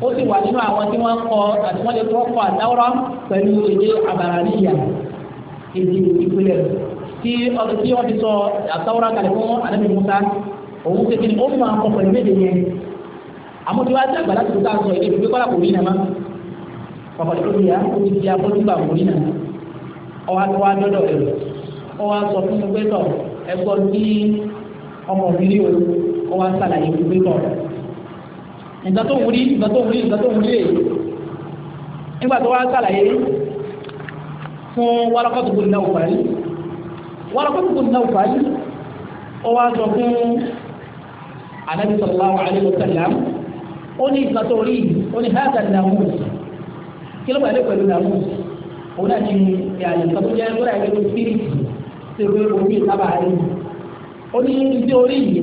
ó sì wà nínú àwọn tí wọ́n kọ àti wọ́n lè tó kọ àdáwọ́rọ́ pẹ̀lú èdè àbàràníyà èdè ìpìlẹ̀ tí ọdún tí wọ́n ti sọ àdáwọ́rọ́ kalẹ̀ fún àdàbí musa òun ṣe kí ni ó mú àwọn ọkọ̀ ìwé èdè yẹn àmọ́ tí wọ́n ti àgbà láti tó sọ èdè ìpínlẹ̀ kọ́lá kò rí nàmá ọkọ̀ tó yà ó ti di abọ́dúgba kò rí nàmá ọwọ́ àtọwọ́ àdọ́dọ̀ rẹ̀ ọwọ́ àsọ fún nǹkan tó ń wuli nǹkan tó ń wuli nǹkan tó ń wuli lè nígbà tó wá sàlàyé fún wàlọ́kọ̀tù bùn náà fàáyì wàlọ́kọ̀tù bùn náà fàáyì ó wá sọ fún anabi sallallahu alayhi wa sallam ó ní nǹkan tó rí ó ní hàtà nàmúz kí ló pàdé pẹ̀lú nàmúz òun náà ní ìyàlẹ̀ nǹkan tó jẹ́ lórí àgbẹ̀lú spirit ṣe pé omi ìsábà rí ó ní ní tí rí yìí.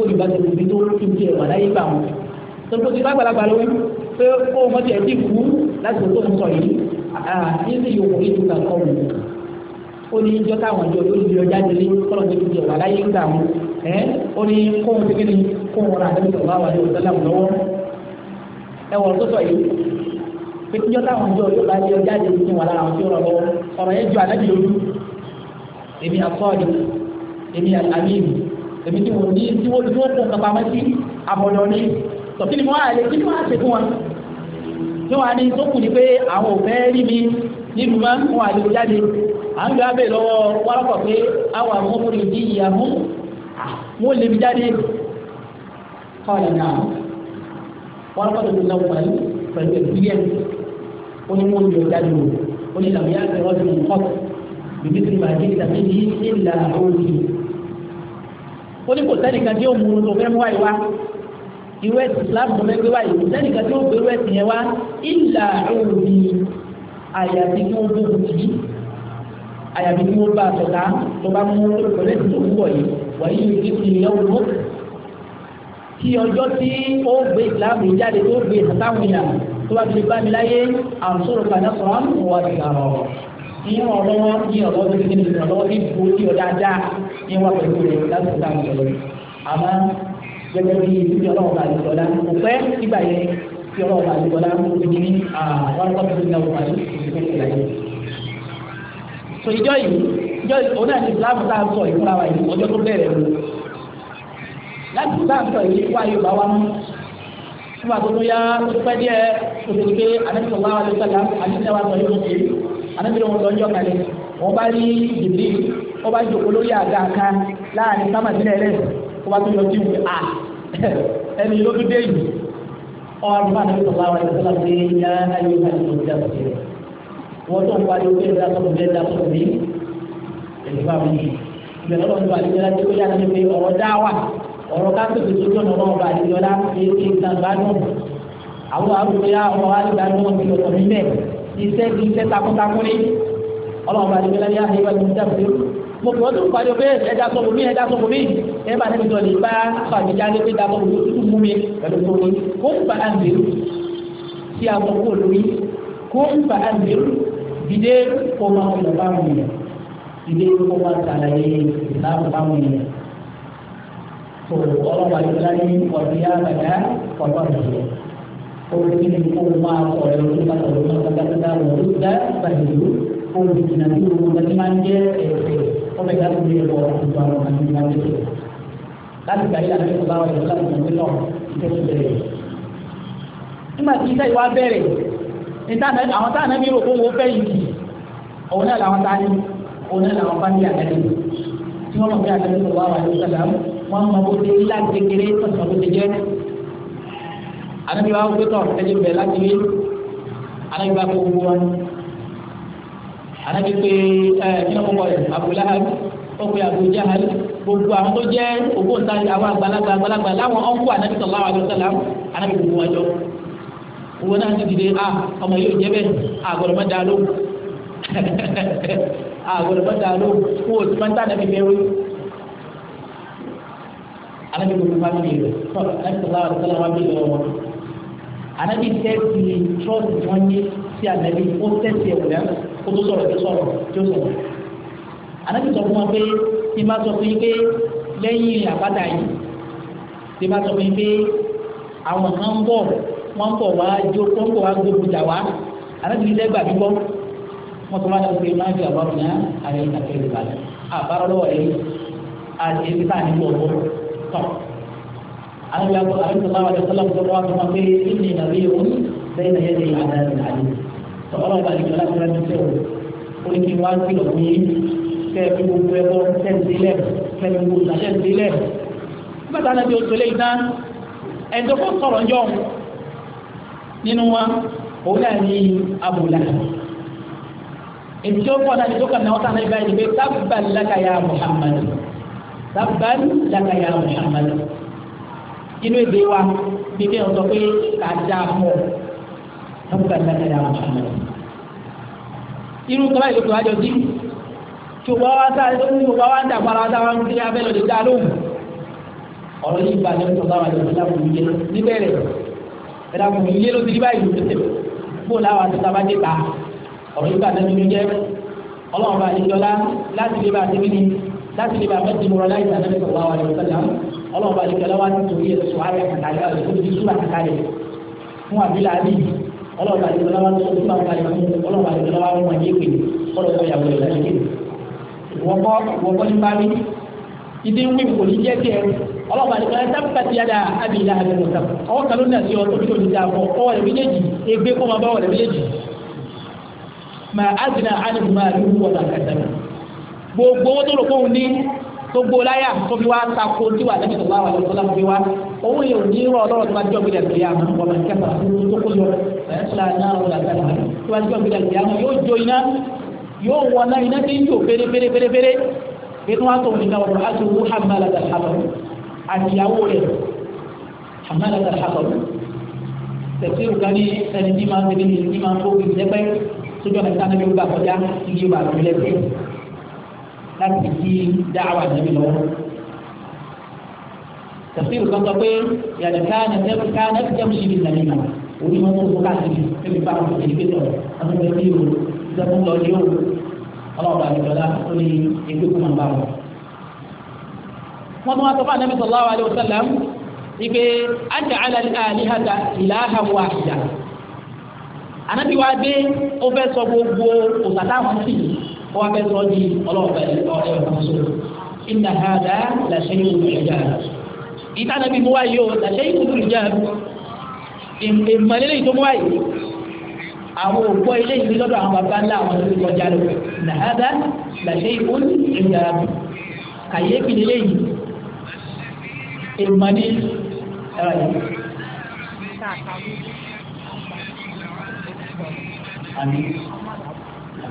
kó ìgbà tó tóbi tó kí n tiẹ̀ wà láyé gbà wọn. tòlókò ti bá gbàlagbà lórí pé kó o mọ̀tì ẹ̀ ti kú láti tó ń sọ yìí ní sì yòókù ètò kankan wò ó ní ìjọ táwọn ìjọ tó lè ọjà délé kọ́lọ̀ tó tiẹ̀ wà láyé gbà wọn. ẹ ó ní kóhun ti kíni kóhun ra àdébí sọ̀rọ̀ àwọn àdébí sọ̀rọ̀ àwọn lọ́wọ́ ẹ wọ̀ tó sọ yìí pé ìjọ táwọn ìjọ yóò bá lè ọjà délé ti wà lára àwọn tí ó rọ̀ lọ́wọ́ ọ̀rọ̀ yẹn ju àdájọ́ lójú èmi èmi tí wọ́n ní tí wọ́n dúró tó kápá mọ́ sí àbọ̀dọ̀ ni tọ̀kí ni mo wá lè kí ni wọ́n á ṣe fún wọn tí wọ́n á ní tó kù ní pé àwọn òfẹ́ rí mi nínú máa ń wọn àlejò jáde à ń gbé abẹ́ lọ́wọ́ wárọ́pọ̀ pé àwọn àwọn ọmọkùnrin yìí yìí àmú wọn lè mi jáde kọ́ọ̀lì náà wárọ́pọ̀ tó lọ́wọ́ pẹ̀lú pẹ̀lú ẹ̀dúgbìyẹ̀nsì ó ní wọn lè jáde o ó ní làwọn yàrá ó ní kò sẹ́nìkan tí ó mú un tó fẹ́ mú wáyé wá irú ẹ̀sìn Islam tó fẹ́ gbé wáyé kò sẹ́nìkan tí ó gbé irú ẹ̀sìn yẹn wá ìlà òbí àyàfi kí wọ́n gbógun tì í àyàfi kí wọ́n bá a sọ̀tà tó bá mú olùkọ́lẹ́ tó ń bọ̀ yìí wàyí yìí ti yẹ wọ́n kí ọjọ́ tí ó gbé Islam yìí jáde tó gbé ìsàtàwọn yà tó bá fi bá mi láyé àǹsọ̀rọ̀ kàdá sọ̀rọ̀ àwọn ọ̀wá ìyẹn ọ̀rọ̀ wọn yí ọ̀rọ̀ tó kékeré lórí ọ̀rọ̀ ní orí ọ̀dá dá ní wọn pẹ̀lú rẹ̀ láti fún àwọn ọ̀rọ̀ rẹ̀ àmọ́ gẹ́gẹ́ bí ibi ọlọ́wọ́ bá àdìgbò ọ̀la kò pẹ́ nígbà yẹn tí ọlọ́wọ́ bá àdìgbò ọ̀la kò ní ní àwọn ọlọ́wọ́ tó ní ọ̀rọ̀ àdìgbò ọ̀la yìí so ìjọ yìí ìjọ òun náà ti láàmú tá a sọ yìí fúnra wa yìí ọjọ́ tó bẹ̀rẹ̀ lò láti tá a sọ yìí wáyé bá wa mú fún àtúntò yá tó pẹ́ anábìrì wọn lọ́jọ́ kalẹ̀ wọn bá rí jìbìrì wọn bá jòkó lórí àga kan láàrin sámàtìlẹ̀ rẹ̀ wọn bá tún yọ sí ìwé a ẹni ló tún dé yìí ọ̀rọ̀ bá nàbí sọ̀rọ̀ àwọn ẹ̀sọ́ láti yá ayé ká ní ìjà òkè rẹ̀ wọ́n tó ń pariwo pé ìdá sọ̀rọ̀ bí ẹ̀dá sọ̀rọ̀ bí ẹ̀dá bá mi ìbẹ̀rẹ̀ lọ́wọ́ nípa àdéjọ́ láti kó yára nípa ọ̀rọ̀ dá wà ọ̀rọ̀ kápẹ́tì tó tó nọ̀rọ̀ ọba àdéjọ́ lá iṣẹ́ bí iṣẹ́ takuntakun ni ọlọ́run bá ti gbẹ́lẹ́ ní àhẹ́wà ní ìjàmbá mo kò tó pàdé pé ẹja tó mú mi ẹja tó mú mi ẹ bá níbi tó lè bá fàmì jáde pé dàbọ̀ òwò tuntun mú mi pẹ̀lú tó ní kó ń fa àmìlú tí a mọ̀ kó lórí kó ń fa àmìlú dìde kó máa ń lọ báwọn yẹn dìde kó máa ṣàlàyé ìlànà báwọn yẹn tó ọlọ́wà ìlànà ọ̀dùnyá bàdá ọ̀dọ́ ìlú olùkíni kó o máa sọ ẹ̀rọ tó bá sọ̀rọ̀ náà kàkàtà wọ̀ ló dá ìbàdìlú olùkíni àti òun ọ̀gá tí máa ń jẹ́ ẹ̀fẹ̀ ọmọ ìgbà tó lè lọ ìlú àwọn ọmọ ìgbà tó lè láti gbà yíyá lórí ọba ọ̀rẹ́ láti mọ̀ nílọ ìtẹ́sí bẹ̀rẹ̀. nígbà tí iṣẹ́ ìwà bẹ̀rẹ̀ àwọn Oh ẹbí rò kówó fẹ́ yìí òun náà làwọn táni òun náà làwọn fáńdì àtẹ́lẹ́ tí wọ́n mọ̀ bí àtẹ́lẹ́ tó wà wà ní sàlám anabi wa wuli tọn ẹdi bẹ láti wi anabi wa kó wu wọn anabi pé ẹ kí ló yẹ Abu Lahab ó pé Abu Jahal gbogbo àwọn tó jẹ ògbóǹtarì àwọn àgbàlagbà àgbàlagbà láwọn ọkọ anabi sallallahu alaihi wasallam anabi gbogbo wọn jọ wọn náà ti dìde a ah, ọmọ yìí ò jẹ bẹ àgọlọmọ dá ló àgọlọmọ dá ló kó o ti máa ń tà nàbí bẹ wí anabi gbogbo wọn bí rẹ sọ anabi sallallahu alaihi wasallam wọn bí rẹ wọn anabi tẹ́sí trọ́ọ̀sì tí wọ́n ní sí anabi ó tẹ́sí ẹ̀ wọ̀lẹ́ kó tó sọ̀rọ̀ tó sọ̀rọ̀ tó sọ̀rọ̀ anabi sọ fún wọn pé tí bá sọ fún yín pé lẹ́yìn àpáta yìí tí bá sọ fún yín pé àwọn kan ń bọ̀ wọ́n ń bọ̀ wá jó wọ́n ń bọ̀ wá gbogbo jà wá anabi ní dẹ́gbà bíbọ́ wọ́n sọ wọn pé máa fi àbárò ní àrẹ ìtàkẹ́ ìbàdàn àbárò lọ́wọ́ rẹ̀ àti ẹ̀mí àyẹ̀wò àgbà àyẹ̀wò sọ̀rọ̀ àwọn ọ̀dọ́sọ́lá tó wà fún wa pé ìní ìnàbí òun bẹ́ẹ̀ náà yẹ́dẹ̀ àdáyé àyè sọ̀rọ̀ ọba àlejò alágbára ní sẹ́wọ̀ ó ní kí wọ́n á kí lọ fún yín kẹ́ ẹ fi gbogbo ẹbọ sẹ́ǹdílẹ̀ kẹ́ ẹ fi gbogbo sàṣẹ́ǹdílẹ̀ bàtà wa òun náà ní abùlà ìjọ pọ̀ náà ìjọ kan náà wọ́n sàn pé tábàlì lákàyà Muhammad tábàlì lákàyà Muhammad inú èdè wa bí kí wọn sọ pé kàdá mọ wọn kà ní ẹ̀dá wọn sọmọ irú kọ́ báyìí ló tó wájọ sí tí òwò wa sá ní òwò wa ń dà para sá wa ń gbé abẹ́ lọ́dẹ dá lóhùn ọ̀rọ̀ yìí bá lẹ́nu tó bá wà lẹ́nu tó bá wù yé níbẹ̀rẹ̀ ẹ̀dá wù yé ló di báyìí ló tẹ̀lé bó láwa ti sábà dé ta ọ̀rọ̀ yìí bá lẹ́nu tó jẹ́ ọlọ́run bá lè jọlá bá ọlọ́run bá ṣẹlẹ̀ wá ní torí ẹ̀sọ́ ayé àkàlẹ̀ ọ̀rẹ́ tó ti súnmọ́ àkàlẹ̀ fún àbílà àbí ọlọ́run bá ṣẹlẹ̀ wá ní torí ẹ̀sọ́ àkàlẹ̀ fún ọlọ́run bá ṣẹlẹ̀ wá ní wọn yé pé ọlọ́run bá yàwó ẹ̀rọ yé wọ́pọ̀ wọ́pọ̀ ní bá mi ìdí ń wí kò ní jẹ́ tiẹ̀ ọlọ́run bá ṣẹlẹ̀ sábà ti yàda àbílà àbí mọ̀tà ọwọ́ kan ló nà sí ọtọ́ tó ti ní tó gbó láyà tó fi wá tako tí wà lẹ́yìn ìgbà wà lọ́wọ́ láti fi wá owó yẹn ò ní rọ ọlọ́rọ̀ tó bá jọ gbé dàgbé yàrá wọn bá kẹfà tó kó yọ ẹ̀ẹ́dẹ́gbẹ̀rún náírà wọn làgbà náà tó bá jọ gbé dàgbé yàrá yóò jó iná yóò wọ náà iná tí ń jò péré péré péré péré inú wa tó nìkan wọ̀rọ̀ àti owó hamalada alhabar àtìyàwó rẹ̀ hamalada alhabar tẹ̀sí òkà ní ẹni tí máa ń tẹ̀lé láti fi dáhàwá nàbí lọ́wọ́. tafsir kan sọ pé yàrá káàní káàní ẹ̀fí jẹ́ mùsùlùmí nàbí náà orí wọn kò kó káàkiri ẹ̀mí bá wọn kò kéde lọ àwọn ọmọ ẹbí o ìjọba ń lọ ní o ọlọ́ọ̀bà àgbẹ̀dọ́lá ó ní ẹgbẹ́ kó máa bá wọn. wọ́n tún wá sọ fún anabi sallallahu alayhi wa sallam ipe ajá alali alihata ilaha wahida anabi wa dé ó fẹ́ sọ gbogbo òsàtà wọn sí yìí wọ́n fẹ́ sọ di ọlọ́ọ̀bẹ ọ̀rẹ́ ọ̀kọ́sọ. inna hadha la shay'un ijab. ìtànà bí mo wá yìí o la shay'un ijab. ìmọ̀lẹ́lẹ́ yìí tó mo wá yìí. àwọn òpó ilé yìí lọ́dọ̀ àwọn bàbá ńlá àwọn tó kọjá lọ. inna hadha la shay'un ijab. kàyéfì lélẹ́ yìí. ìmọ̀lẹ́ ẹ̀rọ yìí. àmín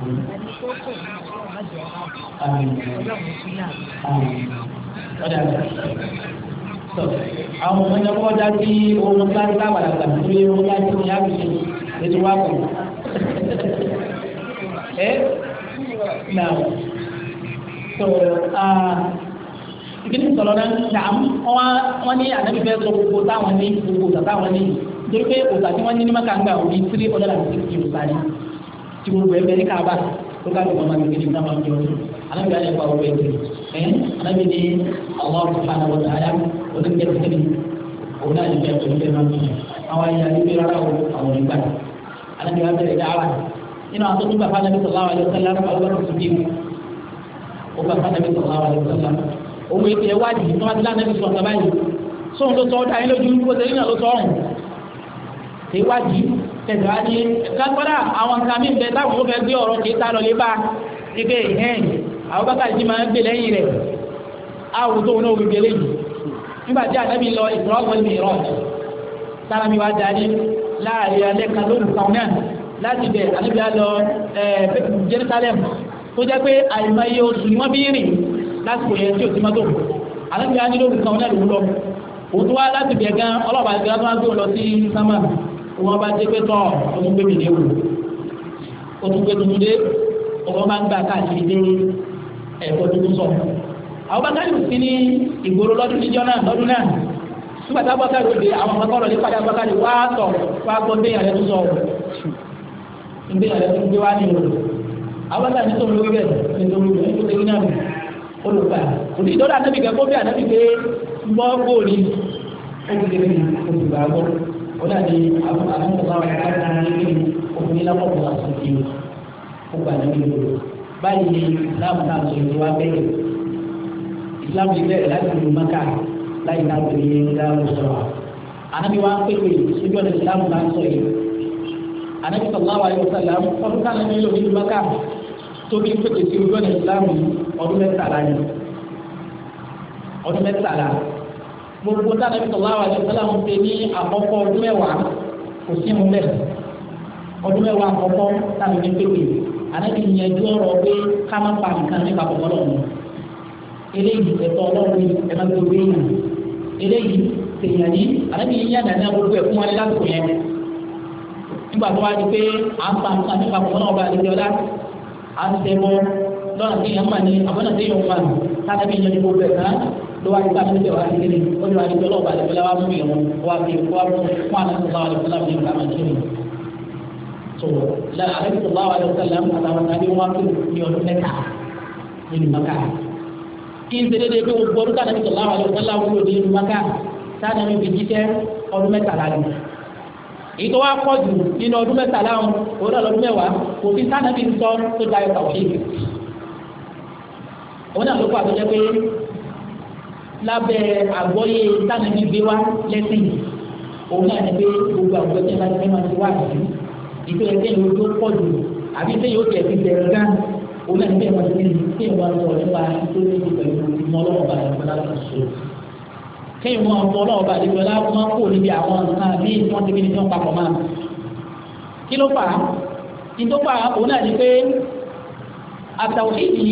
ẹni tó kù ní ọlọ́run àjọ ọlọ́run sílẹ̀ àwọn ọmọ ẹni ọkọ dájú ohun sáré lábàlá tàbí tó yẹ ohun láti ní àbíyé ètò wa kù ẹ nà tó ìdílé sọlọ náà nà wọn ní ànábi fẹẹ sọ gbogbo táwọn ní gbogbo táwọn ní nítorí pé òòtà tí wọn ní ní mẹka ń gbà òní tírí ọdọ làbí tí kì yìí tí gbogbo ẹgbẹ́ ní káàbà tó ká lùkọ́ máa kékeré náà máa ń jọ alábi ayé pa owó ẹgbẹ́ ẹ alábi ní àwọn ọ̀rùnfà náà wọ̀tá ayá onígbẹ́sẹ̀lì òun náà nígbà tó ń bẹ́ẹ̀ máa ń jọ àwọn ayé alígbé rárá o àwọn ìgbà alábi wa bẹ̀rẹ̀ dáhà nínú àwọn tó tún bàbá nàbí sọ̀lá wa lọ́sẹ̀ lára àwọn ọ̀rọ̀ tó dìbò ó bàbá nàbí sọ̀lá wa lọ́sẹ̀ lára òun ètò ẹ̀ wádìí tó wá ti lánàbí sọ̀tà báyìí sóun ló ọ́ dá yín lójú kó tẹ̀síwá ndị kápẹ́rà àwọn nǹkan mi bẹ táwọn ó fẹ́ gbé ọ̀rọ̀ kì í ta lọ lé bá i àwọn máa ń gbé lẹ́yìn rẹ̀ náà nígbà tí àtẹ́bí lọ mi rọ̀ mi wá darí láàrin alẹ́ kan lóru kan náà láti bẹ̀ Jerusalem tó jẹ́ pé àìmọye oṣù ni wọ́n bí rìn lásìkò yẹn tí ti lóru kan náà wọn bá dé pé tọ o tún gbé mi léwu o tún gbé tuntun dé ọmọ máa ń gbà káàkiri dé ẹ̀kọ́ tuntun sọ. àwọn bá káyọ̀ sí ní ìgboro lọ́dún níjọ́ náà lọ́dún náà nígbà tá a bá káyọ̀ dé àwọn ọmọ kọ́lọ̀ nípa dáa bá káyọ̀ wá tọ̀ wá gbọ́ déyàn rẹ tó sọ déyàn rẹ tó gbé wá ní o. àwọn bá káyọ̀ tó ń lórí bẹ̀ ní tó ń lórí bẹ̀ ní tó ń lórí náà olùgbà òní ìdọ́dọ̀ àtẹ́bí kẹ́kọ́ bí àtẹ́bí pé gbọ́ gbòòrì ó ti dé wọ́n dàbí àfihàn àwọn ẹ̀ka náà níbi òfin lápapọ̀ àṣìkè ó gbà níbi ìlú báyìí ni islam náà sọ ìlú wa bẹ́ẹ̀ islam ti bẹ̀rẹ̀ láti ìlú maka láì náà pè é dáhùn sọ̀rọ̀ ànábi wa ń pèpè síbi ọ̀nà islam náà sọ yìí ànábi sallallahu alaihi wasallam ọdún kan ní ìlú ìlú maka tóbi pèpè sí ojú ọ̀nà islam ọdún mẹ́tàlá ni ọdún mẹ́tàlá gbogbo tá a nàbí sọlá wa àdìsọ làwọn ń pè ní àkọ́kọ́ ọdún mẹ́wàá kò sí mu bẹ́ẹ̀ ọdún mẹ́wàá àkọ́kọ́ tàbí ní pépè ànábi ìyẹnjú ọ̀rọ̀ pé ká má pa nǹkan nípa kọkọ lọhùnún eléyìí ẹ̀tọ́ Ọlọ́run ẹ má gbé wéyìn eléyìí tèèyàn ní ànábi ìyẹn àdáni àgbogbo ẹkún wọn lásìkò yẹn nígbà tó wá di pé à ń pa nǹkan nípa kọkọ náà bá àdìsọ ọlá à ń tẹ bọ lọ́nà tí èèyàn mà ní àbọ̀nà ló wá ní ká tẹ́lẹ̀ wá nílé ó ní wá ní pẹ́lú ọ̀bà àdìgbẹ́lá wá mú ìrún wá fi wá mú fún àlùfáà àdìgbẹ́lá mi ká máa kí ni. tó la àdìgbẹ́lá wa àdìgbẹ́lá mi àtàwọn tàbí wá kí ni ọdún mẹ́ta nínú maka. kí n ṣeré dé pé o gbọ́dọ̀ ká àdìgbẹ́lá wa àdìgbẹ́lá wúlò nínú maka sáà mi fi jíṣẹ́ ọdún mẹ́ta lálẹ́ èyí tó wá pọ̀ jù nínú ọdún mẹ́ta láwọn òun náà lọ́dún mẹ́wàá lábẹ́ àgbọ́yé sànàbí gbé wá lẹ́sìn òun náà ni pé gbogbo àwùjọ tí a bá ti fẹ́ máa ti wá àbí ìfẹ́ ẹgbẹ́ yóò tó pọ̀ jù àbí ìfẹ́ yóò tẹ̀ fi bẹ̀rẹ̀ gán òun náà ni pé wọ́n ti ní kí wọ́n sọ nípa tó ní ti pẹ̀lú ìmọ̀ ọlọ́wọ́ bá yẹn fọlá lọ́wọ́ sọ. kí wọ́n mọ ọlọ́wọ́ bá yẹn fọlá máa kó níbi àwọn nǹkan bí wọ́n ti àtàwọ̀dìdì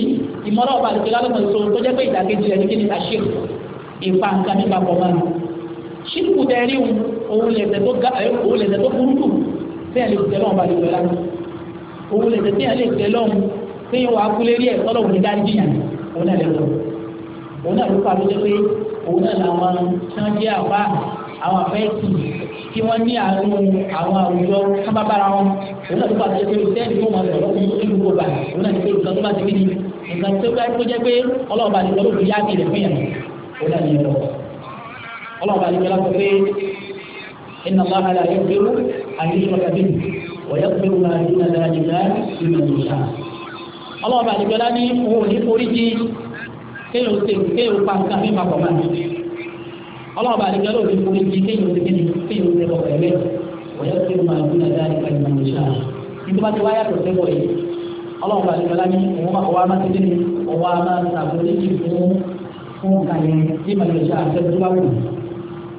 ìmọ̀lá ọba àti ìlànà ìṣòro tó jẹ́ pé ìdàkejì rẹ̀ ní kí ni àṣírí ìpa nǹkan nípa pọ̀ mọ́ni. ṣírùkù tẹ rí òun lẹ̀sẹ̀ tó burú jù tí ẹ̀ lè tẹ̀ lọ́wọ́ ọba àti ìlànà òun lẹ̀sẹ̀ tí ẹ̀ lè tẹ̀ lọ́wọ́ tí yóò wá kúlé rí ẹ̀ tọ́lọ̀ ní dárí jìyàn òun náà lẹ́tọ̀ọ́ àwọn àfẹ́sì kí wọ́n ní àánú àwọn àwùjọ kábàbára wọn òun náà tó bá ti pé sẹ́ẹ̀dì tó máa sọ̀rọ̀ fún ìlú gbogbo òun náà ti pé nǹkan tó bá ti bí ni nǹkan tó bá tó jẹ́ pé ọlọ́ọ̀bà ni lọ́dún yá bí rẹ̀ fún yàrá òun náà ni ẹ̀rọ ọlọ́ọ̀bà ni wọ́n lọ́kọ̀ pé iná máa hàlà yóò gbé wọ́n àyè ìṣọ̀kà bí wọ́yẹ́ pé wọ́n máa dín ìgbà ìgbà ìgbà ọlọ́ọ̀bà ni wọ́n ní òun ní ọlọ́ọ̀bà àdìgbà ló fi forí jí kéèyàn ti kéde kéèyàn ti bọ̀ pẹ̀lẹ́ wọ́n yẹ kí o máa gbé nàdá nípa ìmọ̀ ìṣá nítorí bá ti wáyà tó tẹ́ bọ̀ yìí ọlọ́ọ̀bà àdìgbà lá ní òun máa wá máa ti dé ní òun á máa ṣàkóso jì fún fún kàyẹ nípa ìṣá àtẹ́tù bá wù.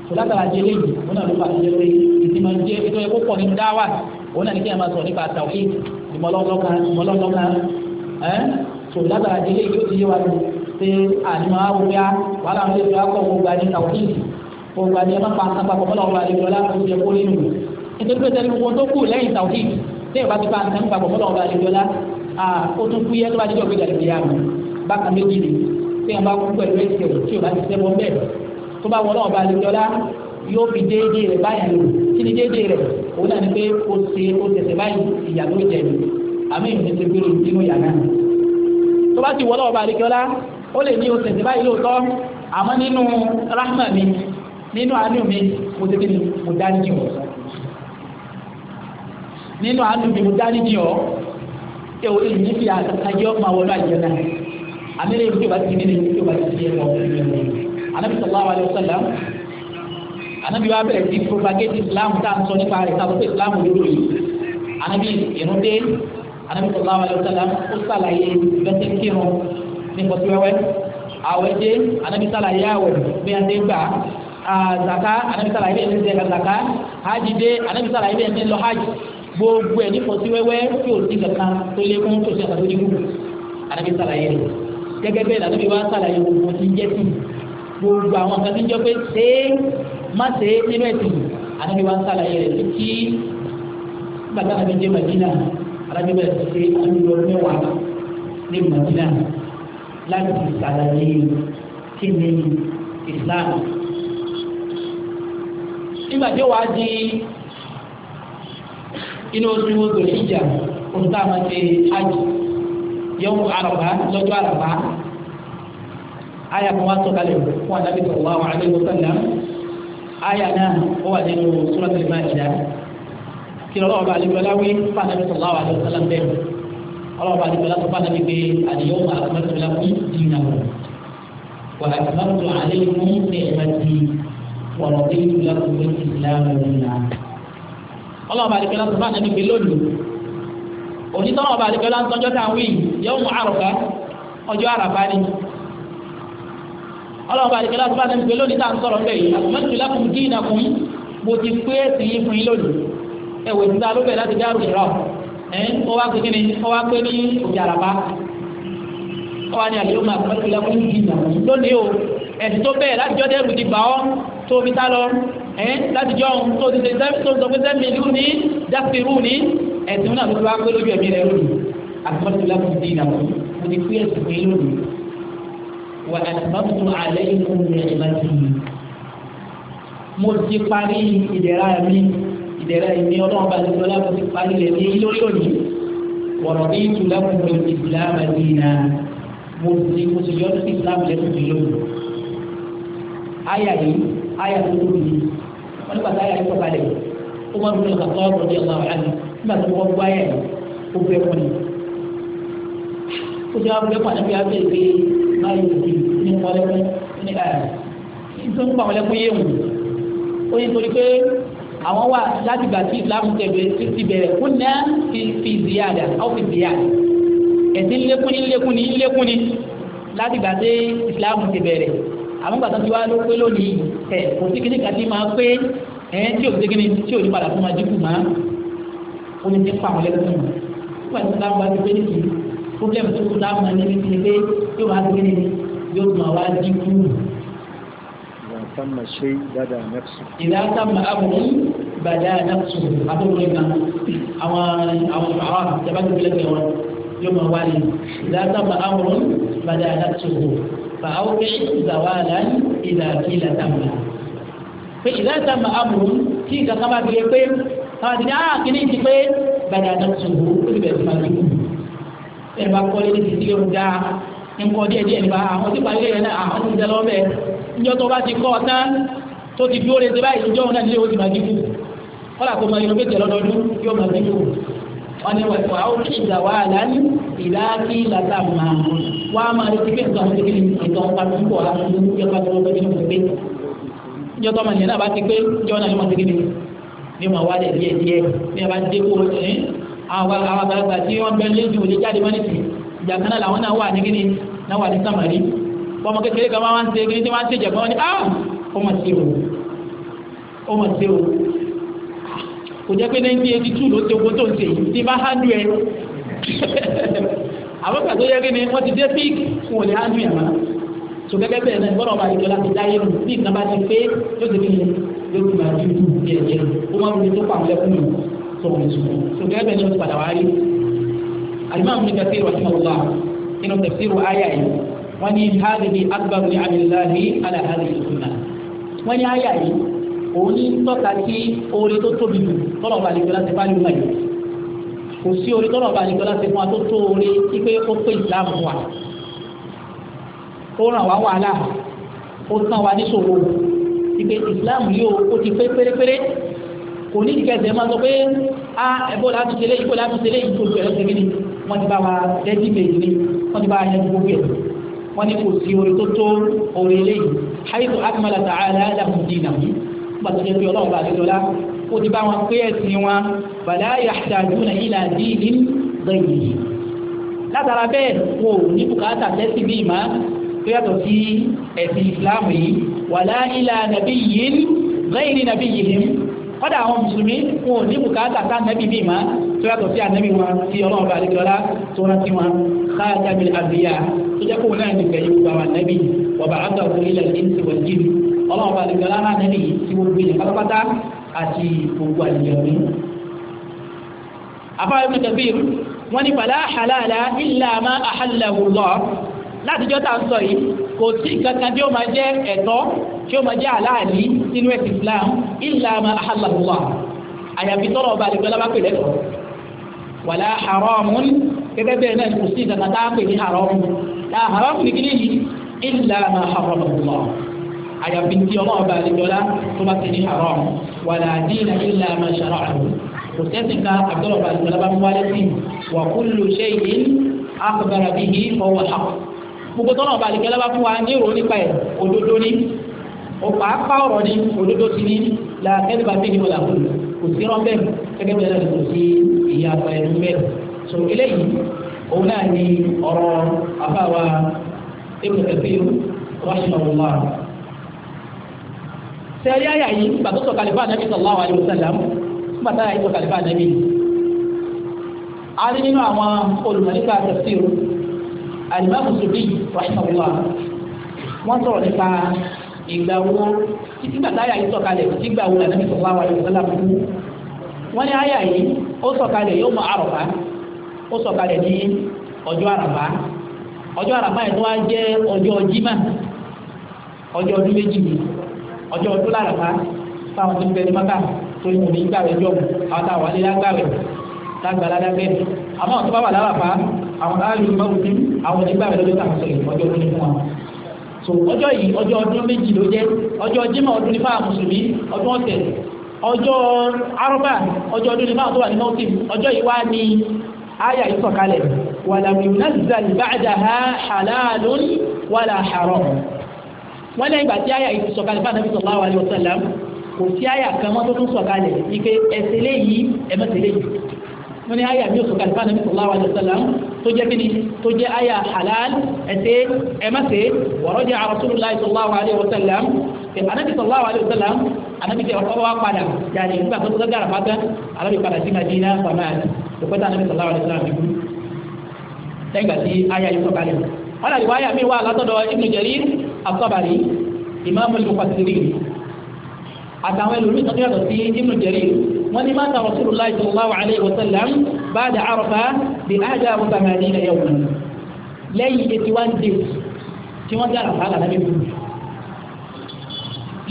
sọlátàlá jẹ léyìí òun náà ló fà jẹ pé ìdí máa jẹ ètò ẹ̀kọ́ pọ̀ nínú dáwà òun náà ní kí a máa sọ nípa òwò àti ẹ̀ má pa nǹkan papọ̀ mọ́lá ọba àlejò ọlá kó jẹ kó nínú nítorí pé sẹ́ni gbogbo tó kù lẹ́yìn tàwí tẹ́yìn bá ti pa nǹkan papọ̀ mọ́lá ọba àlejò ọlá ó tún kú yẹ tó bá jẹ́ ọ̀gbẹ́jà lè yá mi bákan méjì ni tẹ́yìn bá kú pẹ̀lú ẹsẹ̀ tí ò bá ti sẹ́wọ́n bẹ́ẹ̀ tó bá wọlé ọba àlejò ọlá yóò fi déédéé rẹ̀ báyà lò kí ni déédéé rẹ̀ òun náà ni pé o ṣe o tẹ̀sẹ̀ báyìí ìyà ló jẹ àmọ́ nínú rahman mi nínú àánú mi mo ti kíni mo dáríjì ọ nínú àánú mi mo dáríjì ọ ewu èyí ní fi àtàkàjẹ ọmọ àwọn àjẹ náà àmìlẹ ìlú tí o bá ti kíni tí o bá ti fi ẹ lọ anabi sallallahu alayhi wa sallam anabi wa bẹ̀rẹ̀ sí propagate islam tá à ń sọ nípa rẹ̀ ká ló pé islam lóru yìí anabi irun dé anabi sallallahu alayhi wa sallam ó sàlàyé bẹ́sẹ̀ kírun ní pọ̀tù wẹ́wẹ́ àwẹ̀ dé anabi sàlàyé àwẹ̀ bí a ti gbà á. Ah, zaka anabi sara ibi ẹni sẹka zaka hajj de anabi sara ibi ẹni lọ hajj gbogbo ẹni fọsí wẹwẹ tí o ti kankan tó lé fún tó ṣe àtàtò ní gbogbo anabi sara yẹn gẹ́gẹ́ bẹ́ẹ̀ lànà bí wàá sara yẹn gbogbo ti jẹ sí gbogbo àwọn kan ti jọ pé ṣé má ṣe nínú ẹsìn anabi wàá sara yẹn tí bàtà anabi jẹ madina anabi bẹ̀rẹ̀ ti ṣe anabi lọ mẹ́wàá ní madina láti sara yẹn kí ni islam nígbà tí ó wàá di inú oṣù gbòòrò ìjà òun tá a máa ṣe ájì yọ̀wù àràbà lọ́jọ́ àràbà àyà kan wá sọ̀kalẹ̀ fún ànábì sallallahu alaihi wasallam àyà náà ó wà nínú suratul Ma'idah kí lọ́wọ́ bá alẹ́ gbọ́dá wí fún ànábì sallallahu alaihi wasallam bẹ́ẹ̀ ọlọ́wọ́ bá alẹ́ gbọ́dá tó fún ànábì pé àdìyẹ́wò àkàmẹ́tò lẹ́kùn dì wọ̀rọ̀ bí lọ́kùn bí ìsìlámù nìyà. ọlọ́ọ̀bà àdìgbẹ́ lọ́sọ̀ fún àdìgbẹ́ lónìí onítọ́nà ọba àdìgbẹ́ lọ́sọ̀ ọjọ́ tá à ń wí yẹ́wò mú àrùbá ọjọ́ àràbá ni. ọlọ́ọ̀bà àdìgbẹ́ lọ́sọ̀ fún àdìgbẹ́ lónìí tá à ń sọ̀rọ̀ ńbẹ̀ yìí àtúmọ̀tì lọ́kùn dí ìnàkùn mo ti pé sí yín fún yín lónìí ẹ̀wẹ̀ ti ta ló bẹ̀ láti dárò ìrọ̀ ẹ̀ ó wá pé kíni ó wá pé ní òkè àràbá ó wá ní ẹ̀sìn tó bẹ́ẹ̀ láti jọ́ dẹ́rù ti bà ọ́ tó omi sá lọ ẹ̀ láti jọ́ ohun tó ti ṣe tó sọ pé sẹ́mi ìlú ní dákìrú ní ẹ̀sìn náà ló ti wá pé lójú ẹ̀mí rẹ̀ lónìí àtúntò láti di ìlànà mo ti pé ẹ̀sìn pé lónìí wà àtúntò alẹ́ ìlú rẹ̀ láti mo ti parí ìdẹ̀ra mi ìdẹ̀ra ìmí ọlọ́run bá ti sọlá mo ti parí rẹ̀ ní lórí òní wọ̀rọ̀ bí ìtura mo ti ìlànà mo ti mo ti yọ àyà yìí àyà tó tóbi yìí wọ́n nígbà tí àyà yìí sọ̀kalẹ̀ ó máa ń gbé ọ̀kọ̀ ọ̀rọ̀ ní ọ̀la ọ̀la ni nígbà tí wọ́n gbọ́ àyà yìí ó bẹ́ wọn ni. ó ti wá fún ẹ̀kọ́ àdébíyá bẹ́ẹ̀ pé báyìí ò di ní pọ́lẹ́pẹ́ ní àyà tó ń pàwọn lẹ́kún yéwu ó ní torí pé àwọn wà láti gbà tí Islam ti bẹ̀rẹ̀ fún náà fi ziyada aw fi ziyada ẹ̀sìn lékún ní lékún ní lékún láti gbà tí Islam ti bẹ̀rẹ̀ àmọ́ gbàtà tí wàá ló pé lónìí ẹ kò sí kíní kàtí máa pé ẹ tí ò sí kíní tí ò ní padà fún ma dínkù má ó ní ti pa àwọn ẹlẹ́sìn mọ́ nígbà tí wọ́n bá ti pé nìkì pọ́blẹ́mù tó kú láwọn máa níbi ti pé yóò máa ti kíní yóò tún àwa dínkù. ìlà sàmà àbùkù bàdá nàfṣù àbúrò nìkan àwọn àwọn àwọn àtàbàtì pẹ̀lẹ́ pẹ̀lẹ́ wọn yóò máa wá ní ìlà sàmà àbùkù bàdá nàfṣù fàáwé ìzàwálà ìdàkí ìlàtàmà pé ìlàtàmà amòrò tí nǹkan kan bá fi lè pé àwọn àti ní àá kíní ti pé bàdà àti ṣòwò ó ti bẹ̀rẹ̀ fàájú ẹ̀rọ bá kọ́lé ní ti ti lérò dáa nǹkan díẹ̀ díẹ̀ nípa àwọn tí parí rẹ̀ náà àwọn ti dẹ́lọ́ bẹ́ẹ̀ níjọ́ tó bá ti kọ́ ọ tán tó ti fi ó lè ṣe báyìí níjọ́ náà nílé ó ti máa dínkù kọ́lá kó máa yọ wọ́n ní wẹ̀tọ̀ àwọn ìjà wa àlàní ìlà kí làtà máa wá máa retí pé nǹkan ọ̀hún kékeré ìtọ́ pàtúkọ̀ àti ìjọ pàtúkọ̀ kékeré mọ̀ pé ìjọ tó ọmọ yẹn náà bá ti pé ìjọ náà ló mọ̀ kékeré ní wọn wá lẹ̀ díẹ̀ díẹ̀ ní wọn bá dé kó ẹ̀ àwọn àgbàlagbà tí wọ́n bẹ lé ju òde jáde mọ́ nìsín ìjà kan náà làwọn náà wà ní kíni náà wà ní sàmàlí ọmọ kékeré kan máa ń ṣe kíni tí wọ́n á ń ṣe ìjà kan wọ́n ní ah! kò jẹ́ pé nineteen eighty two ló ti ogun tó ń ṣe yìí ti bá hánú ẹ àwọn kan tó yẹ kí ni wọ́n ti dé pík wọn lè hánú ẹ̀ mọ́ tó gẹ́gẹ́ bẹ́ẹ̀ náà gbọ́dọ̀ bá ìjọ láti dá yẹnu bí nǹkan bá ti pé yóò ti fi yóò ti máa dúdú jẹjẹ ó máa ń tó pàmò lẹ́kùn yìí tó ń sùn tó gẹ́gẹ́ bẹ́ẹ̀ ni wọ́n ti padà wá rí mi kẹsí ìwà sínú ọlá inú kẹsí ìwà ayà yìí wọ́n ní hádìí akbar ní abilahi alahadi ìsúná wọ́n ní ayà yìí òun ní tọ́ka sí oore tó tóbi jù tọ́lọ̀ bá lè gbọ́lá ti bá lè wáyé kò sí oore tọ́lọ̀ bá lè gbọ́lá ti fún wa tó tó oore wípé ó pé ìsìlámù wa ó ràn wá wàhálà ó tán wa níṣòro wípé ìsìlámù yóò ó ti pé pérépéré kò ní ìkẹsẹ̀ máa sọ pé a ẹ̀bọ́ láti ṣe léyìí kó láti ṣe léyìí tó bẹ̀rẹ̀ ṣe kíni wọ́n ti bá wa dẹ́jú méjì ni wọ́n ti bá wa yẹn gbogbo ẹ̀ wọ́n ní kò sí oore tó tó oore léyìí haythu akmala ta'ala lahum dinahum pàtàkì pé ọlọ́run bá àdéjọ́lá ó ti bá wọn pé ẹ̀sìn wọn bàdá yahtajuna ila dinin ghayrihi látara bẹ́ẹ̀ wọn ò ní bùkátà tẹ́sí bí ìmá tó yàtọ̀ sí ẹ̀sìn ìsìláàmù yìí wàlá ila nabiyyin ghayri nabiyyihim kọ́dà àwọn mùsùlùmí wọn ní bùkátà tá nẹ́bí bí ìmá tó yàtọ̀ sí ànẹ́bí wọn tí ọlọ́run bá àdéjọ́lá tó rántí wọn khatamil anbiya tó jẹ́ kó wọn náà ní ọlọ́run bá àlejò alára nẹ́bí yìí tí gbogbo èèyàn pátápátá àti gbogbo àlejò mi. afáwọn ẹgbẹ́ tẹ̀sí wọ́n ní fala halala illa ma ahallahu Allah látijọ́ tá a sọ yìí kò sí kankan tí ó máa jẹ́ ẹ̀tọ́ tí ó máa jẹ́ àláàlí sínú ẹ̀sìn Islam illa ma ahallahu Allah àyàfi tọ́lọ̀ ọba àlejò alára pè lẹ́tọ̀ọ́ wàlá haramun gẹ́gẹ́ bẹ́ẹ̀ náà kò sí ìdàgbàtà pè ní haramun la haramun ní kíní yìí illa ma haramahu Allah àyàfi tí ọlọ́run bá lè jọlá tó bá ti ní haram wàlá dínà illa ma shara'a kò tẹ́sí ká àbúrò bá lè jọlá bá mú wálé sí wa kullu shay'in akhbara bihi fahuwa haqq gbogbo tọ́lọ̀ bá lè bá fún wa ní ìròyìn nípa ẹ̀ òdodo ni òpàápàá ọ̀rọ̀ ni òdodo ti ní la kẹ́lí bá bíi wọlé kò sí rán bẹ́ẹ̀ gẹ́gẹ́ bẹ́ẹ̀ láti kò sí ìyá àgbà ẹ̀rú bẹ́ẹ̀ sẹ́rí àyà yìí nígbà tó sọ̀kalẹ̀ fún anabi sallallahu alayhi sallam nígbà táyà yìí sọ̀kalẹ̀ fún a nínú àwọn olùmọ̀lẹ́kà tafsir alimami sufi rahimahullah bi sọ̀rọ̀ nípa ìgbà wo nígbà igba yìí sọ̀kalẹ̀ nígbà wo anabi sallallahu alayhi wa sallam kú wọ́n ní àyà yìí ó sọ̀kalẹ̀ yóò mọ àrọ̀bá ó sọ̀kalẹ̀ ní ọjọ́ àràbá ọjọ́ àràbá yẹn tó wá jẹ́ ọjọ́ ọdún láràbá táwọn tó ń bẹ ní maka tó ń ní gbàwé jọ àwọn táwọn alẹ́ lágbàwé lágbàlá dábẹ́ àmọ́ tó bá wà láràbá àwọn aráàlú máa ń fi àwọn onígbàwé lọ́jọ́ tà sọ yìí ọjọ́ ọdún ní fún wa so ọjọ́ yìí ọjọ́ ọdún méjì ló jẹ́ ọjọ́ Jímọ̀ ọdún ní fáwọn mùsùlùmí ọdún ọ̀tẹ̀ ọjọ́ arọ́bà ọjọ́ ọdún ní fáwọn tó wà ní mọ́tìm ọjọ́ yìí wá ní aya ìsọ̀kalẹ̀ wàlàmì nàzàlì ba'daha halalun wàlà haram wọ́n lẹ́yìn ìgbà tí àyà yìí ti sọ̀kalẹ̀ fún anabi sallallahu alayhi wa sallam kò sí àyà kan mọ́ tó tún sọ̀kalẹ̀ ike ẹsẹ̀ léyìí ẹ̀mẹ́sẹ̀ léyìí wọ́n ní àyà mi ò sọ̀kalẹ̀ fún anabi sallallahu alayhi wa sallam tó jẹ́ kíni tó jẹ́ àyà halal ẹsẹ̀ ẹ̀mẹ́sẹ̀ wọ̀rọ̀dì rasulullah sallallahu alayhi wa sallam anabi sallallahu alayhi wa sallam anabi tẹ ọkọ wa padà yàrá ìgbà tó tó gara pátá alábi padà sí madina famad òkúta anabi sallallahu alayhi wa sallam dìbò lẹ́yìn ìgbà tí àyà yìí sọ̀kalẹ̀ wọ́n àtọ́bàrí ìmáàmù lùpàtìrì àtàwọn ẹlòmíì tó yàtọ̀ sí ibnu jarir wọ́n ní máta rasulullah sallallahu alayhi wa sallam ba'da arafa bí ájá àwọn bàmàdì ilẹ̀ yẹ̀wò lẹ́yìn eighty one days tí wọ́n dára fàálà lábẹ́ fún mi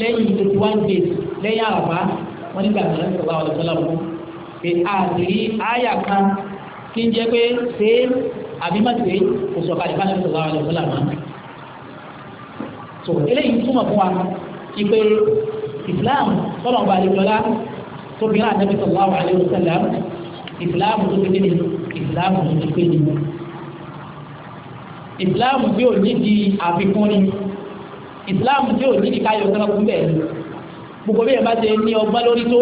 lẹ́yìn eighty one days lẹ́yìn àràfà wọ́n nígbà tó ń sọ̀rọ̀ àwọn ọ̀dọ́sọ́lá wọn pé àdìrí àyà kan kí n jẹ́ pé ṣé àbí má ṣe kò sọ̀kalẹ̀ bá ń sọ̀rọ̀ tó eléyìí túmọ̀ fún wa ìpè islam tọ́lọ̀ ọba àlejòlá tó fi hàn ànábì sallallahu alaihi wasallam islam tó fi kéde islam tó fi kéde islam tí ò ní di àfikún ni islam tí ò ní di káyọ̀ sọ́kà fún bẹ́ẹ̀ gbogbo bí ẹ bá ṣe ní ọgbọ́n lórí tó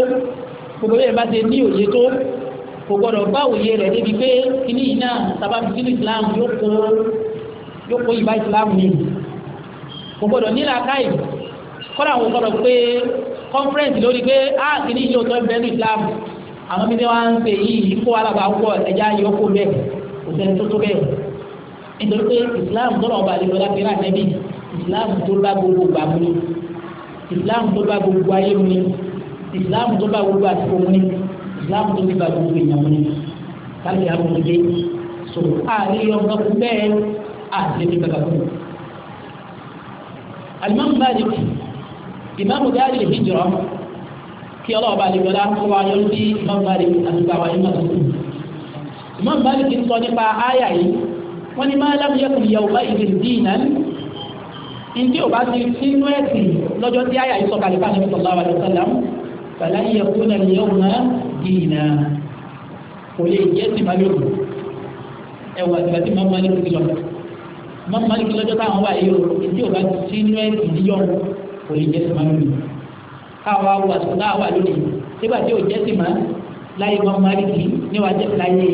gbogbo bí ẹ bá ṣe ní òye tó kò gbọdọ̀ bá òye rẹ̀ débi pé kíní yìí náà sábà sínú islam yóò kó yóò kó ìbá islam yìí kò gbọdọ̀ ní làákàyè kọ́lá àwọn gbọdọ̀ pé conference lórí pé a ah, kì ní iye òtọ́ ìbẹ́lú Islam àwọn mímí wa ń pè yìí kó alábà ń pọ̀ ẹ̀já yọ kó bẹ́ẹ̀ kò tó tó bẹ́ẹ̀ nítorí pé Islam tọ́lọ̀ ọba àlejò láti rà nẹ́bí Islam tó bá gbogbo gbà mú ni Islam tó bá gbogbo ayé mú ni Islam tó bá gbogbo àsìkò mú ni Islam tó bá gbogbo èèyàn mú ni káàkiri àwọn ọmọdé so àlejò ọmọkùnrin bẹ́ẹ̀ àti ẹ̀mí kàkàkùnrin alimami Malik ìmáàmù dáàrí lè fi jùlọ kí ọlọ́ọ̀bá àlejòlá kó wa yọ sí ìmáàmù Malik àti bàbá yìí mọ̀tò kù ìmáàmù Malik ń sọ nípa àyà yìí wọ́n ní máa lábú yẹ kò yẹ ọba ìrìn dìínà ntí o bá ti nínú ẹ̀sìn lọ́jọ́ tí àyà yìí sọ̀kalẹ̀ bá nípa sallallahu alaihi wasallam bàlá yẹ kó nà ní ẹ̀wọ̀n náà dìínà kò lè jẹ́ tìmálẹ́ òkú ẹ̀wọ̀n àtìmátì mọ́ mọ́ nípa lọ́jọ́ táwọn wà yìí o ètí ò bá ti sí inú ẹ̀ ìdíyọ̀ kò lè jẹ́ sùmọ́ lónìí káwa wà sùn káwa lónìí nígbà tí ò jẹ́ sì máa láyé mọ́ mọ́ nípa níwà jẹ́ láyé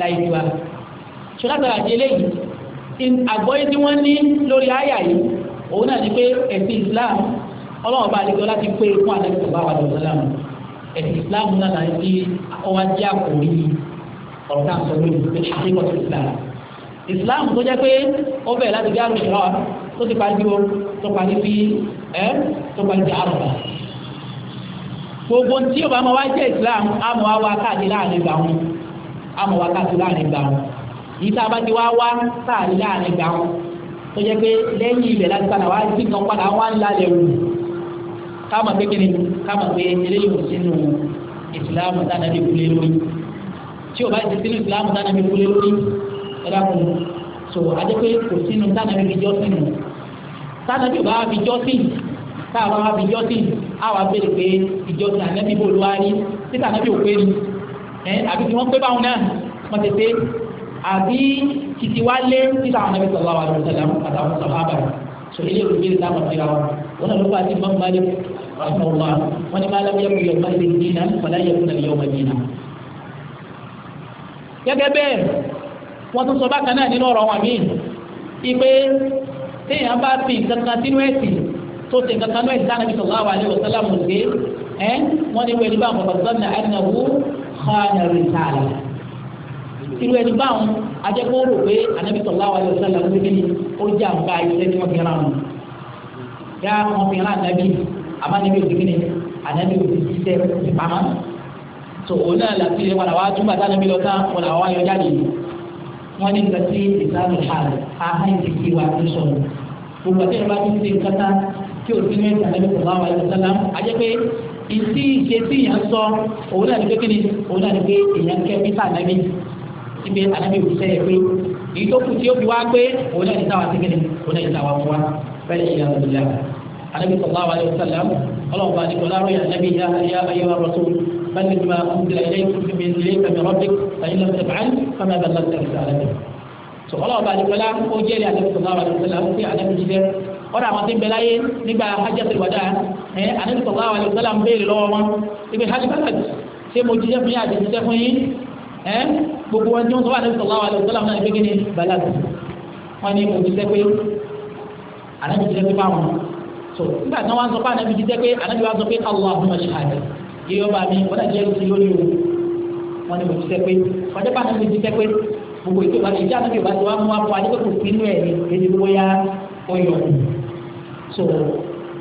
láyé tiwa. ṣọlá gbàgbà di eléyìí àgbọ́yé tí wọ́n ní lórí àyà yìí òun náà ni pé ẹ̀sìn Islam ọlọ́run bá àlejò láti pé fún àlejò bá wà lọ́wọ́ sálàmù ẹ̀sìn Islam náà láti ọwọ́ ajé àkòrí ọ̀rọ̀ náà sọ lórí Islam islam tó jẹ́ pé ó bẹ̀rẹ̀ láti bí àrùn ìrọ̀ tó ti parí o tó parí bí ẹ tó parí bí àrùn ìrọ̀ gbogbo tí o bá máa wá jẹ́ islam á mọ̀ wá káàkiri láàrin ìgbà wọn á mọ̀ wá káàkiri láàrin ìgbà wọn yìí tá a bá ti wá wá káàkiri láàrin ìgbà wọn tó jẹ́ pé lẹ́yìn ibẹ̀ láti padà wá sí kan padà wá ń lálẹ́ wù káàmọ̀ pé kíni káàmọ̀ pé eléyìí ò sínú ìsìlámù tánàbí kúlé lórí tí o bá ti sínú ìsìlámù tánàbí kúlé lórí ẹ̀dá kùn so adé pé kò sínú tánàbí fi jọ́sìn nù tánàbí bá fi jọ́sìn táàbá wá fi jọ́sìn àwọn abéèrè pé ìjọsìn ànábì bò ló wá rí títà ànábì ò pé ni ẹ àbí tí wọ́n pé báwọn náà wọ́n ti pé àbí títí wá lé títà ànábì sọ̀rọ̀ àwọn àdúgbò sọ̀rọ̀ àtàwọn sọ̀rọ̀ àbàrà so ilé olùgbé ìta àmọ̀ fira wọn wọn lọ bá ti mọ mọlẹ ọmọọba wọn ni mọlẹ yẹ kó yẹ mọlẹ dínà fọlá yẹ wọ́n tún sọ bákan náà nínú ọ̀rọ̀ wọn míì ipe téèyàn bá fi nǹkan kan sínú ẹ̀sìn tó ṣe nǹkan kan náà ìdá nàbí sallallahu alaihi wasallam gbé ẹ́ wọ́n ní wẹ́n nígbà mọ̀tò sọ́nà ẹ̀dínàwó kọ́ọ̀nà rìtàlà irú ẹni báwọn ajẹ́kọ̀ọ́ rò pé ànábì sallallahu alaihi wasallam ló ní ó jà ń bá iṣẹ́ tí wọ́n fi ra wọn yá wọn fi ra ànábì àmànábì òdì kíni ànábì òdì jíṣẹ́ ìpamọ́ tó òun náà làtí ìrẹ́wàlà wá wọn làwọn ayọ̀ jáde yìí wọ́n ní nǹkan tí ìsáàlù ṣáàlù ahán ti kí wa ní sọ̀rọ̀ gbogbo àti ìrọ̀lá ti ti nǹkan tán tí o ti ní ìtàn ẹni kò bá wà ní sálám àjẹ́ pé ìtí ìṣe tí èèyàn sọ òun náà ní pé kíni òun náà ní pé èèyàn kẹ́ pítà ànábì síbi ànábì òṣìṣẹ́ yẹ pé èyí tó kù tí ó fi wá pé òun náà ní sáwà sí kíni òun náà ní sáwà fún wa bẹ́ẹ̀ ni ìyá ọlọ́run bá dìbò láàrọ̀ yà nàbí yà yà ayé wa rọ̀tò bẹ́ẹ̀ni ma ń tilẹ̀ ilé ìkúrú mi ilé kàmi rọ́bìk ẹ̀yin lọ́sẹ̀ bàán fama bẹ́ẹ̀ lọ́sẹ̀ rẹ̀ sọ ọlọ́run bá dìbò láàrọ̀ ó jẹ́rìí àdébí sọ̀rọ̀ àdébí ọ̀rọ̀ àwọn tí ń bẹ láyé nígbà hajjatul wada ẹ̀ àdébí sọ̀rọ̀ àwọn àdébí sọ̀rọ̀ ń béèrè lọ́wọ́ wọn ibi hajj balad ṣé mo jíjẹ́ fún yín àti jíjẹ́ fún yín ẹ́ gbogbo wọn tí wọ́n sọ wà àdébí sọ̀rọ̀ àwọn àdébí sọ̀rọ̀ náà ní pé kí ni balad wọn ni mo jíjẹ́ pé àdébí jíjẹ́ pé báwọn so nígbà tí wọ́n sọ pé anabi jíjẹ́ pé anabi wa sọ pé Allahumma shahada yíyọ bá mi wọ́n dàjẹ́ ló ti lórí o wọ́n ní mo jíjẹ́ pé wọ́n dẹ́ pé anabi jíjẹ́ pé gbogbo ìjọ bá ìjọ anabi wa ti wá mú apọ̀ adé kò sínú ẹ̀ ní èdè gbogbo ya ọyọ̀ so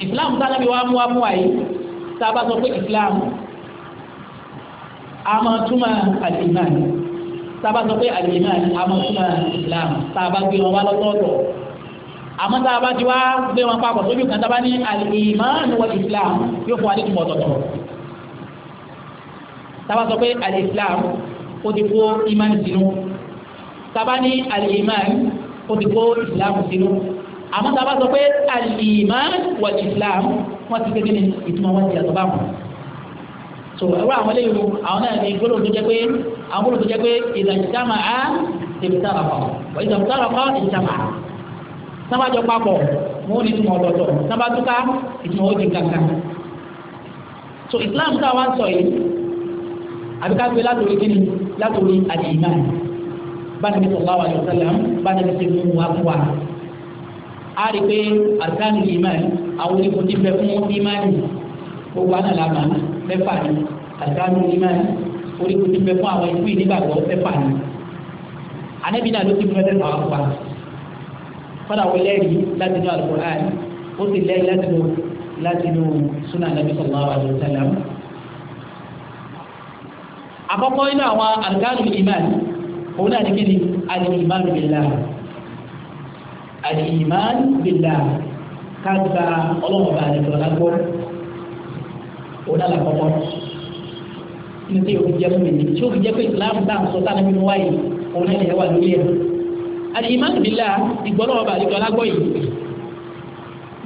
Islam tí anabi wa mú apọ̀ àyè tá a bá sọ pé Islam a máa túmọ̀ al-iman tá a bá sọ pé al-iman a máa túmọ̀ Islam tá a bá gbé wọn wá lọ́tọ̀ọ̀tọ̀ àmọ́ tá a bá ti wá gbé wọn papọ̀ sójú kan tá a bá ní al-iman wal islam yóò fún wa ní tìmọ̀ ọ̀tọ̀ọ̀tọ̀ tá a bá sọ pé al-islam ó ti kó iman sínú tá a bá ní al-iman ó ti kó islam sínú àmọ́ tá a bá sọ pé al-iman wal islam wọ́n ti kékeré ìtumọ̀ wọn ti yàtọ̀ báwọn so ẹwọ àwọn eléyìí àwọn náà ní gbólóhùn tó jẹ pé àwọn gbólóhùn tó jẹ pé ìdàgbàsíkàmà á ìdàgbàsíkàmà kọ ìdàgbàsíkàmà kọ ìdàgbàsíkàmà sábàjọ papọ̀ wọn ò ní túmọ̀ ọ̀dọ̀dọ̀ sábàtúkà ìtumọ̀ ó di kankan. so islam tá a wá ń sọ yìí àbíká gbé látòrí kíni látòrí àdìmá báyìí ní sọ̀rọ̀ àwọn àlùsálàm báyìí ní sẹ́yìn mú wa fún wa. a rí pé àrùkánu ìmáì àwọn oníkun ti fẹ́ fún ìmáì gbogbo àná làmà mẹ́fà ni àrùkánu ìmáì oníkun ti fẹ́ fún àwọn ìkú ìnígbàgbọ́ mẹ́fà ni. ànẹ́bí náà ló ti fún wa kọ́dà ó lẹ́rìí láti inú Al-Qur'an ó sì lẹ́rìí láti inú láti inú sunnah Nabi sallallahu alaihi wasallam. àkọ́kọ́ inú àwọn àlùkálù ìmán òun náà ní kí ni al-iman billah al-iman billah kágbà ọlọ́mọba àdìgbò lágbó òun náà làkọ́kọ́ ní tí o fi jẹ́ fún mi tí o fi jẹ́ pé Islam náà sọ sáà wáyé òun náà lè wà lórí ẹ̀ al-imanu billah ìgbọ́lọ́wọ́ bá àlejò alágbọ́ yìí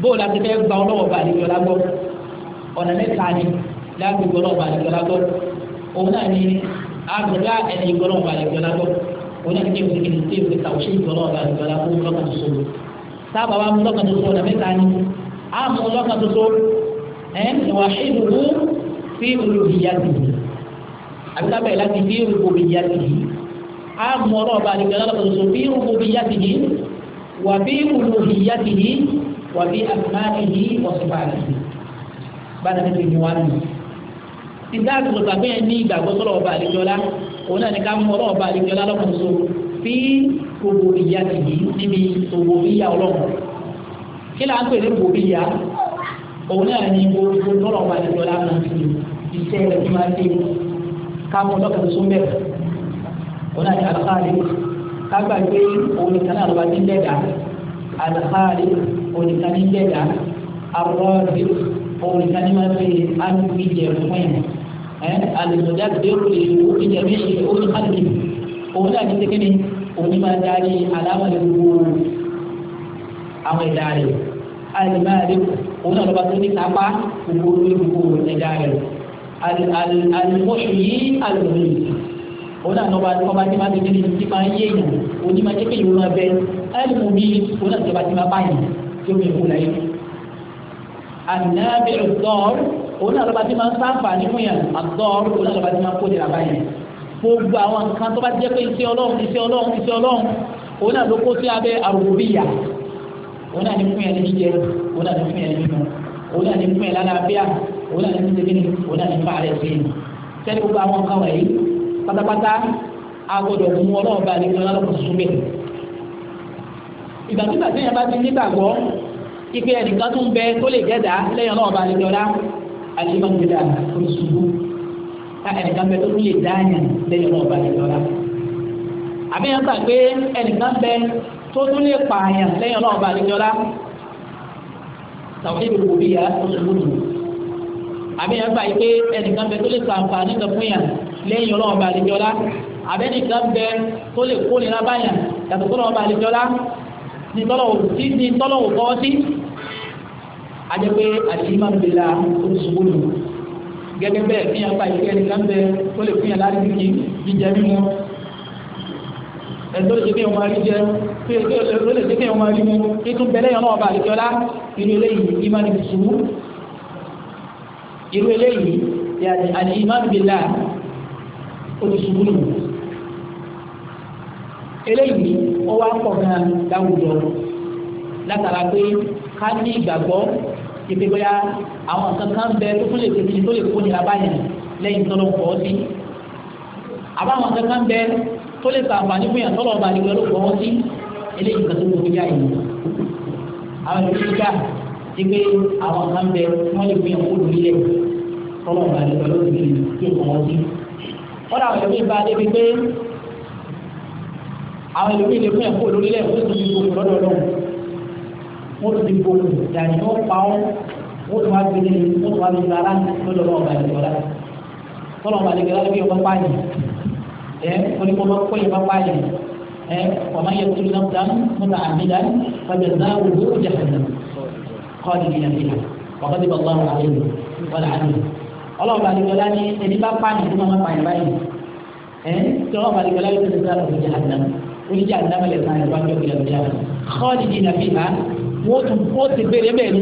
bóò la ti fẹ́ gba ọlọ́wọ́ bá àlejò alágbọ́ ọ̀nà mẹ́ta ni láti gbọ́lọ́wọ́ bá àlejò alágbọ́ òun náà ni àgbẹ̀dá ẹni ìgbọ́lọ́wọ́ bá àlejò alágbọ́ òun náà ni kéwòn kìíní kéwòn tàwọn ṣé ìgbọ́lọ́wọ́ bá àlejò alágbọ́ lọ́kàn tó so sábà wa mú lọ́kàn tó so ọ̀nà mẹ́ta ni a mú lọ́kàn tó so ẹ̀ wà ṣé fi olùdíyàtì àbí lábẹ́ láti á mọ ọlọ́ọ̀ba àdìgbẹ́ lọ́lọ́kọ̀ọ́sọ bí rububiyyatihi wà bí uluhiyyatihi wà bí asma'ihi wa sifatihi bára ní ti ní wá nù. ìdá àtúntò tàbí ẹ ní ìgbàgbọ́ sọ́lọ́ọ̀ba àdìgbẹ́lá òun náà ní ká mọ ọlọ́ọ̀ba àdìgbẹ́lá lọ́kọ̀ọ́sọ bí rububiyyatihi níbi rububiyya ọlọ́wọ́ kí là ń pè ní rububiyya òun náà ní gbogbo tọ́lọ̀ ọba àdìgbẹ́lá mọ̀ iṣẹ́ rẹ̀ tí máa ń dé ká mọ ọlọ́kọ̀ọ́sọ wọn náà ní alikali kágbà pé òun nìkan náà lọ́ba ní dẹ́dà alikali òun nìkan ní dẹ́dà arọ́ọ̀dì òun nìkan ní máa fi alùpùpù jẹ fún ẹ̀ alùpùpù dẹ́rù lè lu ìjẹ mi ṣe orí alùpùpù òun náà ní tẹ́kẹ́ni òun máa darí aláwọ̀lẹ̀ gbogbo àwọn ẹ̀dá rẹ̀ alùpùpù òun náà lọ́ba tó ní kápá gbogbo gbogbo ẹ̀dá rẹ̀ alùpùpù yìí alùpùpù òun náà lọ́ba tí wọ́n bá ti máa tẹ̀lé ní ti máa ń yé èèyàn òun ní máa jẹ́ kéèyàn máa bẹ ẹ̀lùmù bí òun náà ti máa bá yàn tó fi la láyé. àná bẹ̀rù dọ́ọ̀rù òun náà lọ́ba tí máa ń sáfà nínú yàn àdọ́ọ̀rù òun náà lọ́ba tí máa ń kó dira báyìí. gbogbo àwọn nǹkan tó bá jẹ́ pé iṣẹ́ ọlọ́run iṣẹ́ ọlọ́run iṣẹ́ ọlọ́run òun ló kó sí abẹ́ àrùbíyà òun náà ní ní fún yẹn ní pátápátá a gbọ́dọ̀ mú ọlọ́run bá nínú ọlọ́run súnmẹ́. ìgbàkúgbà tí yẹn bá ti nígbàgbọ́ ipe ẹnìkan tó ń bẹ tó lè jẹ́dá lẹ́yìn ọlọ́run bá nínú ọlá àlèmọ́gbẹ̀dá oṣùgbọ́ ká ẹnìkan bẹ tó tún lè dáàyà lẹ́yìn ọlọ́run bá nínú ọlá. àbí yẹn gbà pé ẹnìkan bẹ tó tún lè pààyàn lẹ́yìn ọlọ́run bá nínú ọlá tàwọn ìlú òbí yà oṣùgbọ́ àbí yẹn gbà pé ẹnìkan bẹ tó lè sàǹfà lẹ́yìn ọlọ́run ọba àlejòlá abẹ́nìkan bẹ tó lè kó nira báyàn yàtọ̀ tó lọ́wọ́ ọba àlejòlá ní tọ́lọ́wọ́ kọ́ sí ajẹ́pẹ́ àdìmọ́bìlà oṣùwò lò gẹ́gẹ́ bẹ́ẹ̀ fi hàn báyìí kẹ́ni kan bẹ tó lè fi hàn láti fi jíjẹ mímu ẹ̀tọ́ lè ṣe kí ọmọ àríjẹ tó lè ṣe kí ọmọ àrímu títún bẹ́lẹ̀ yọ̀ náà ọba àlejòlá irú eléyìí ìmánibìsù irú ó ti ṣubú nù. eléyìí ó wá pọ̀ gan láwùjọ látara pé ká ní ìgbàgbọ́ ìpè bóyá àwọn nǹkan kan bẹ tó tún lè tètè tó lè kó nira báyìí lẹ́yìn tọ́lọ́ pọ̀ ọ́ sí. àbáwọn nǹkan kan bẹ tó lè sàǹfààní fún yàn tọ́lọ́ ọba àdìgbẹ́ ló pọ̀ sí eléyìí nǹkan tó ń gbé jáì àwọn ìlú yíká ti pé àwọn kan bẹ wọ́n lè fi hàn kó lórílẹ̀ tọ́lọ́ ọba àdìgbẹ́ ló ti gbé kí nǹkan ọ́ sí kọ́dà àwọn ẹlòmíì bá débi pé àwọn ẹlòmíì lè fún ẹ̀kọ́ lórílẹ̀ wọ́n ti di gbogbo lọ́dọ̀ lọ́wọ́ wọ́n ti di gbogbo ìdáni wọ́n pa ọ́ wọ́n ti wá gbélé wọ́n ti wá gbélé ara lọ́dọ̀ lọ́wọ́ bá ìgbọ́ láti tọ́lọ̀ bá lè gbélé alábíyọ̀ bá pààyàn ẹ̀ oníkó bá kóyè bá pààyàn ẹ̀ ọ̀má yẹ kúrú náà dán múta àmìlá fàbẹ̀ náà wò ó jà kọ́ni ìyàgbé wàkàtí bàbá wà ọlọ́run balùwẹ̀lá ní ẹni bá pààyàn tó máa pààyàn báyìí ẹ̀ tí ọlọ́run balùwẹ̀lá yóò tẹ̀sí sára òjì àdá oníjà àdá mẹ́lẹ̀ sára ìwà tó kìlọ̀ bíyà kọ́ọ̀dì ní nàbí ha wọ́n tún ó ti bèrè bẹ́ẹ̀ ni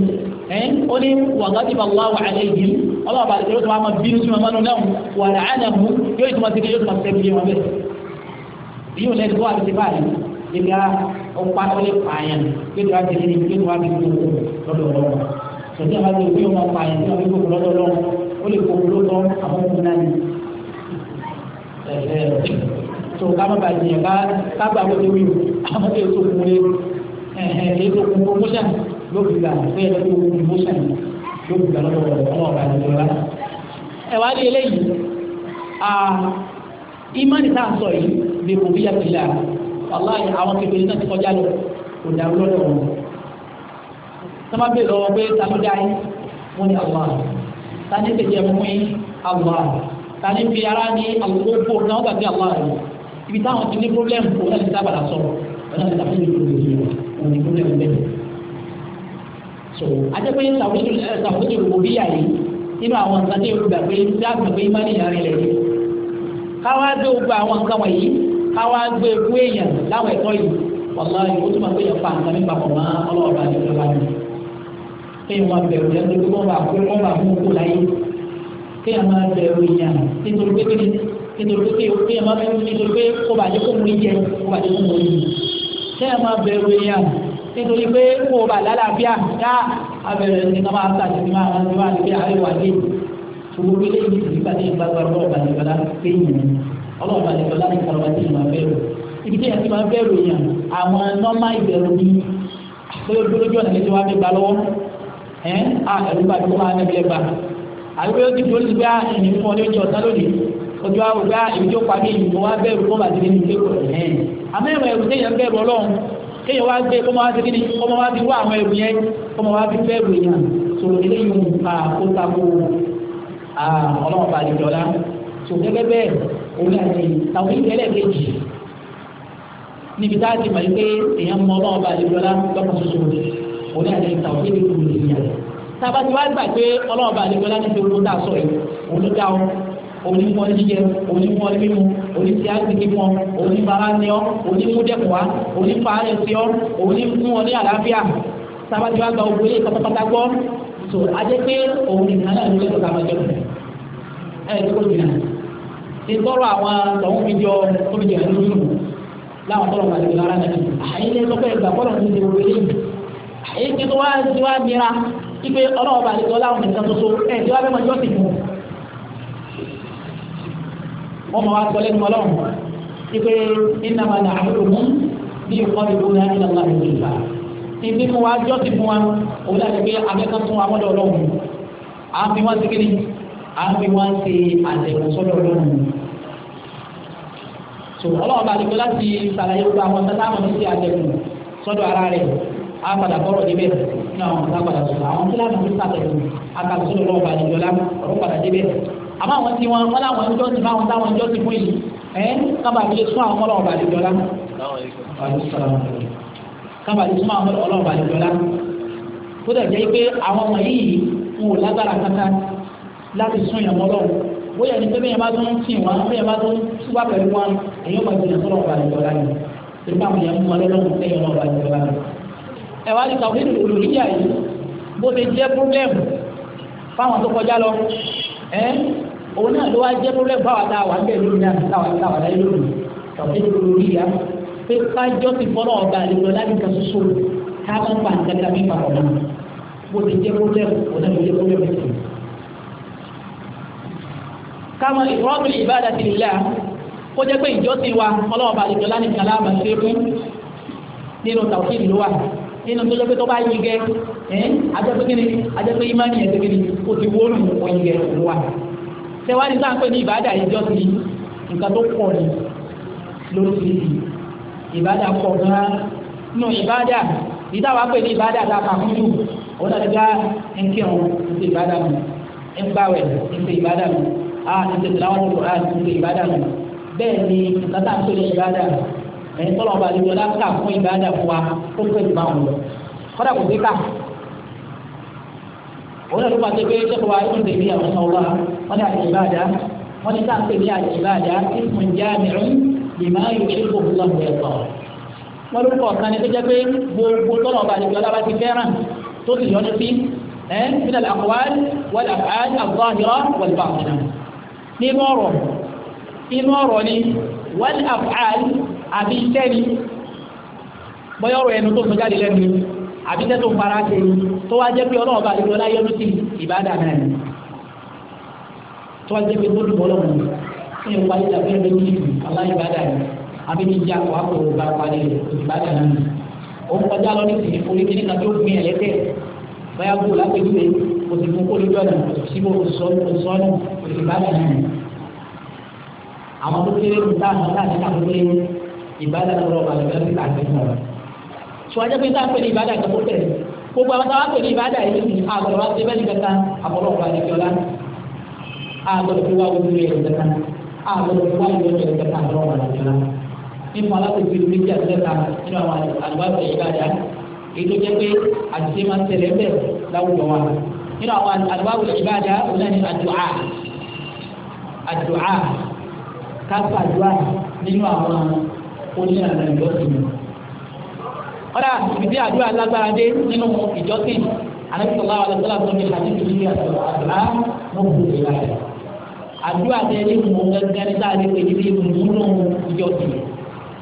ẹ̀ ó ní wàgádì bá wà wà alẹ́ yìí ọlọ́run balùwẹ̀lá yóò tún máa bínú sí wọn mọ́nú náà wà láàánà mú yóò tún máa ti yóò tún máa tẹ́bi ó lè kó owó lọ àwọn ọmọ náà ni tó ká má bàa jìyàn ká ká gbà wọlé wíwò àwọn tó tó kún lé èyí tó kún promotion ló fi gbà fẹ́ ẹ tó kún promotion ló fi gbà lọ́wọ́ ọmọ ọba ìjọba ẹ wá dé eléyìí ìmánì tá a sọ yìí lè kò bí yàtìlá wàláyé àwọn kékeré náà ti kọjá lọ kò dàrú lọ́dọ̀ wọn. sábà bẹ́ẹ̀ lọ́wọ́ pé ta ló dá yín wọ́n ní àwọn àná tani tẹ̀lé ẹ̀mú mi Allah tani fi ara ní àwòkókò náà tàbí Allah rẹ̀ ibi táwọn ti ní problem kò náà ti sábà sọ ọ̀nà ti tàbí ìlú rẹ̀ òun ni problem bẹ́ẹ̀. so ajẹ́pẹ́ ṣàwùjọ òbíyà yìí nínú àwọn nǹkan tí olùgbà pé dáàbò pé má ní ìyàrá rẹ̀ yìí káwá gbé gbogbo àwọn nǹkan wọ̀nyí káwá gbé gbé èèyàn láwọn ẹ̀kọ́ yìí wàlá yìí ó tún máa gbé yẹn fa nǹkan nípa kọ̀ọ̀mọ́ ọlọ́ọ̀rọ̀ àti ìjọba yìí kéèyàn máa bẹ̀rù yẹn nítorí wọ́n bá kó wọ́n bá mú kó láyé kéèyàn máa bẹ̀rù yẹn nítorí pé nítorí pé kéèyàn máa bẹ̀rù nítorí pé kó bá yẹ kó mú jẹ kó bá yẹ kó mú yẹ kéèyàn máa bẹ̀rù yẹn nítorí pé kó bá lálàáfíà dá abẹ̀rẹ̀ ní ká máa sàdé ní máa ní máa ní pé àárẹ̀ wà dé gbogbo eléyìí nígbà tí ìgbà gbà lọ́wọ́ balẹ̀gbẹ̀lá kéèyàn ọlọ́wọ́ balẹ̀gbẹ̀lá ní kàlọ́wọ́ ibi tí yẹn ti máa bẹ̀rù yẹn àwọn nọ́mà ìbẹ̀rù ni lórí lójú ọ̀nà ìjọba mi gbà lọ́wọ́ ẹ a ẹ̀rú bá tó máa nẹ́bí lẹ́gbà àbíkó yóò ti tó lè gbá ìní fún ọ ní ojú ọ̀tá lónìí ojú àwọn gbá ìdí ó pàdé ìdí wa bẹ̀rù fún bàtí nínú ilé kò ẹ̀ àmẹ́rọ ẹ̀rù téèyàn bẹ̀rù ọlọ́run kéèyàn wá gbé kọ́mọ wá ti kí ni kọ́mọ wá ti wá àwọn ẹ̀rù yẹn kọ́mọ wá fi bẹ̀rù èèyàn sọ̀rọ̀ eléyìí mú kó tako ọlọ́run bá lè jọlá tó gẹ́gẹ́ bẹ́ẹ̀ òun àti tàwọn ìtẹ́lẹ̀ kejì níbi tá a ti mọ̀ pé èèyàn mọ ọlọ́run bá lè jọlá lọ́kàn òní àti ìtàwọn kéde kúrò lè yíyá tába tí wàá gbà pé ọlọ́run bá àdégbọ́lá ní ti olóńtà sọ yìí olóńtà ọ òní mú ọdún jíjẹ òní mú ọdún mímu òní tí a ti kí mọ òní bàrà ní ọ òní mú dẹkùn wa òní fàárẹ̀ sí ọ òní mú ọ ní àlàáfíà tába tí wàá gbà ogun yìí pátápátá gbọ́ tó a jẹ́ pé òun nìkan náà ló lẹ́tọ̀ọ́ ká máa jẹun ẹ̀ ẹ́ tó jìnnà ti tọrọ àwọn tọ̀hún fi jọ tóbi jẹ̀ lóyún láwọn tọrọ màlẹ́ lára náà àyè lẹ́tọ́ èyí tí wá ti wá mìíràn ipe ọlọ́wọ́ bá àlejò ọláwọn nìkan tó so ẹ̀ tí wá fẹ́ mọ ìjọ sìn fún wọn mọ wá sọ lẹ́nu ọlọ́run ipe iná máa nà àbúrò mú bí ìkọ́ ìlú náà ní ọlọ́run àti ìgbà ibi mú wá jọ́ sìn fún wa òun láti pé akẹ́kọ̀ọ́ tún wa mọ́dọ̀ ọlọ́run à ń fi wọ́n ti kiri à ń fi wọ́n ti àtẹ̀kùn sọ́dọ̀ ọlọ́run so ọlọ́run bá àlejò láti sàlàyé gbogbo àwọn tata àmọ̀ ní á padà bọ́rọ̀ níbẹ̀ ní àwọn ọ̀gá padà sọ̀rọ̀ àwọn tí láti fi sàtẹ̀wò akásọ̀rọ̀ lọ́wọ́ bá nìjọlá ọ̀rọ̀ padà débẹ̀ àmọ́ àwọn tí wọn wọn láwọn ìjọ ti máwọn táwọn ìjọ ti fún yìí ẹ kábà fi lè sún àwọn ọlọ́wọ́ bá nìjọlá kábà fi sún àwọn ọlọ́wọ́ bá nìjọlá kó dẹ̀ jẹ́ pé àwọn ọmọ yìí wọn ò lágbára kankan láti sún ìyàmọ́ lọ́wọ́ bóyá ní pé bẹ́ẹ̀ bá tó ń tì wọ́n bẹ́ẹ̀ bá tó ń túbà pẹ̀lú wọn èyí ó máa jìnnà sọ́lọ́wọ́ bá nìjọlá ni ìgbà wọn yẹn mú wọn lọ́wọ́ ẹ̀wá ní tàwíìdì olùdíyà yìí bó ti jẹ́ pọ́blẹ́mù fáwọn tó kọjá lọ ẹ́ òun náà ló wá jẹ́ pọ́blẹ́mù fáwọn táwa ń bẹ̀ lónìí àti táwa táwa láyé lónìí tàwíìdì olùdíyà pé kájọ́ ti fọ́nà ọ̀gá àlejò láti kan ṣoṣo ká máa ń pa nǹkan kan mí papọ̀ mọ́ bó ti jẹ́ pọ́blẹ́mù òun náà ló jẹ́ pọ́blẹ́mù sí i. káma ìrọ́bìlì ìbáda ti lè kó jẹ́ pé ìjọ́sìn wa ọlọ́wọ́ bàlẹ̀ jọ lánìkan láàbà ṣe fún nínú tàwíìdì ló wà nínú tó jẹ́ pé tó bá yin gẹ́ ẹ́ ajẹ́pẹ́ kí ni ajẹ́pẹ́ ìmánì ẹ̀ tẹ́kẹ́ ni o ti wó lù wọ́n yin gẹ́ òun wa. sẹ́wájú sáà ń pè ní ìbádà ìjọ ti nǹkan tó pọ̀ ni lórí ìbádà pọ̀ gan-an nínú ìbádà ìdáwà pè ní ìbádà tá a kà fún jù òun náà ti gá ń kí ọ̀hún ń ṣe ìbádà mi ń gbàwẹ̀ ń ṣe ìbádà mi a ń ṣe ìlàwọ̀ ẹ̀yin tọ́lọ̀ ọba àlejò láńkà fún ìbáàdà fún wa ó pè jù báwọn lọ kọ́dà kò sí ká òun náà ló máa tẹ́gbẹ́ tẹ́kọ̀ wa ìlú tèmi àwọn ọmọ wa wọ́n ní àti ìbáàdà wọ́n ní sáà tèmi àti ìbáàdà ìfún jáàmìrín ìmọ̀ ayò ṣe kò fún lọ́wọ́ ẹ̀kọ́ wọ́n lórúkọ kan ní tó jẹ́ pé gbogbo tọ́lọ̀ ọba àlejò alábá ti fẹ́ràn tó sì yọ́nú sí ẹ́ nínú àkọ́wáàl wọ́n àfáàl àgbọ̀ àdìrọ̀ wọ́n wọ́n ní àfààní àbí iṣẹ́ ni bọ́yọ̀ ọ̀rọ̀ ẹnu tó sọ jáde lẹ́nu àbí iṣẹ́ tó ń fara ṣe tó wá jẹ́ pé ọlọ́run bá àdéhùn láyé ọdún sí ìbádà náà ni tó wá jẹ́ pé tó dùbọ̀ lọ́wọ́ ní ìwà ìjà fún ẹgbẹ́ ní ìlú aláì ìbádà ni àbí ní ìjà wà kó o bá parí ìbádà náà ni ó ń kọjá lọ nísìnyí orí kí nígbà tó gbin ẹ̀lẹ́tẹ̀ báyà kó o lápẹ́jú rẹ̀ kò fún kó lójú ọ̀nà kò àwọn tó kéré ní táwọn náà ti kàwé pé ìbádà lọ́rọ̀ wà lọ́wọ́ sí àgbẹ̀ náà. ṣùgbọ́n ajẹ́ pé táwọn pè ní ìbádà kan kó tẹ̀ gbogbo àwọn táwọn pè ní ìbádà yìí ni àgbọ̀dọ̀ wá sí bẹ́ẹ̀ nìkan àbọ̀dọ̀ wà ní kíọ́lá àgbọ̀dọ̀ fi wá ojú rẹ̀ nìkan àgbọ̀dọ̀ fi wá ìwé rẹ̀ nìkan àbọ̀dọ̀ wà ní kíọ́lá. ìlú méjì pé àṣìṣe máa ń tẹ̀lé ń wa nínú àwọn àlùbáṣe ìbádà òun náà ni àdùá àdùá kápàdúrà nínú àwọn onílànà ìjọsìn kọ́dà ìdí àdúrà lágbára dé nínú ìjọsìn alẹ́sọ̀lá alẹ́sọ̀lá tó ní àdìsí ní àdúrà mọ̀kù ìlà rẹ̀ àdúrà tẹ́ ní mọ̀ gẹ́gẹ́ ní sáà lè pè ní ìmúlò ìjọsìn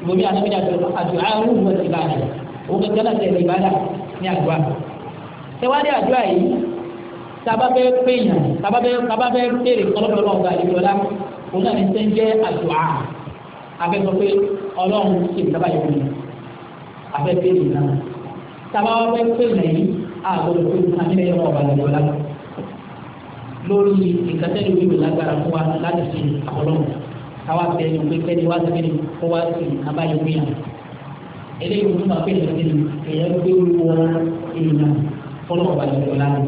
ìbomi àdúrà àdúrà rẹ̀ wọ̀ sí ìlà rẹ̀ òun gẹ́gẹ́ náà tẹ̀lé ìbádà ní àdúrà tẹwádìí àdúrà yìí tábàbẹ́ pèèyàn tábàbẹ́ tábàbẹ́ pèrè kọ́lọ́bẹ̀rẹ̀ ọ̀gá ìjọba òun náà ní sẹ́ ń jẹ́ àdùá afẹ́sọ pé ọlọ́run ṣe ìdábàá yẹn fún mi afẹ́fẹ́ yìí náà tábà wá fẹ́ pè lẹ́yìn àgbọ̀dọ̀ pé àmì ẹ̀yọ́ ọ̀bà lọ́wọ́ lára lórí ìkàtẹ́lẹ̀ wíwì lágbára fún wa láti ṣe àkọlọ́mù káwá fẹ́ ẹni pé kẹ́ni wá sí kẹ́ni kó wá sí abáyé wíyà eléyìí tó máa pèsè sí èèyàn gbé wọ èèyàn fọlọ́ ọ̀bà lọ́wọ́ lára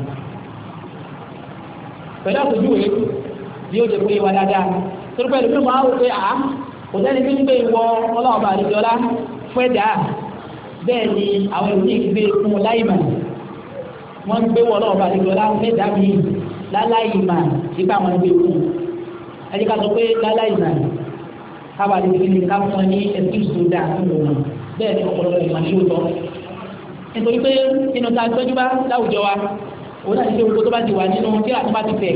pẹ̀lú àpèjúwe yóò jẹ́ pé wá dáadáa torí pẹ̀lú mi máa wò pé à kò sẹ́ni bí ń gbé ìwọ ọlọ́ọ̀bà àdìjọ́lá fẹ́ dà bẹ́ẹ̀ ni àwọn èmi gbé fún láì mà wọ́n gbé wọ ọlọ́ọ̀bà àdìjọ́lá fẹ́ dà mí láláì mà nípa àwọn gbé fún ẹ jẹ́ ká sọ pé láláì mà káwa lè fi lè ká fún ẹ ní ẹ̀sìn tó dáa fún òun bẹ́ẹ̀ ni ọ̀pọ̀lọpọ̀ ìmọ̀ ní lóòótọ́ nítorí pé nínú ta tọ́jú bá láwùjọ wa òun náà ti ṣe gbogbo tó bá ti wà nínú kí àtúbà ti fẹ̀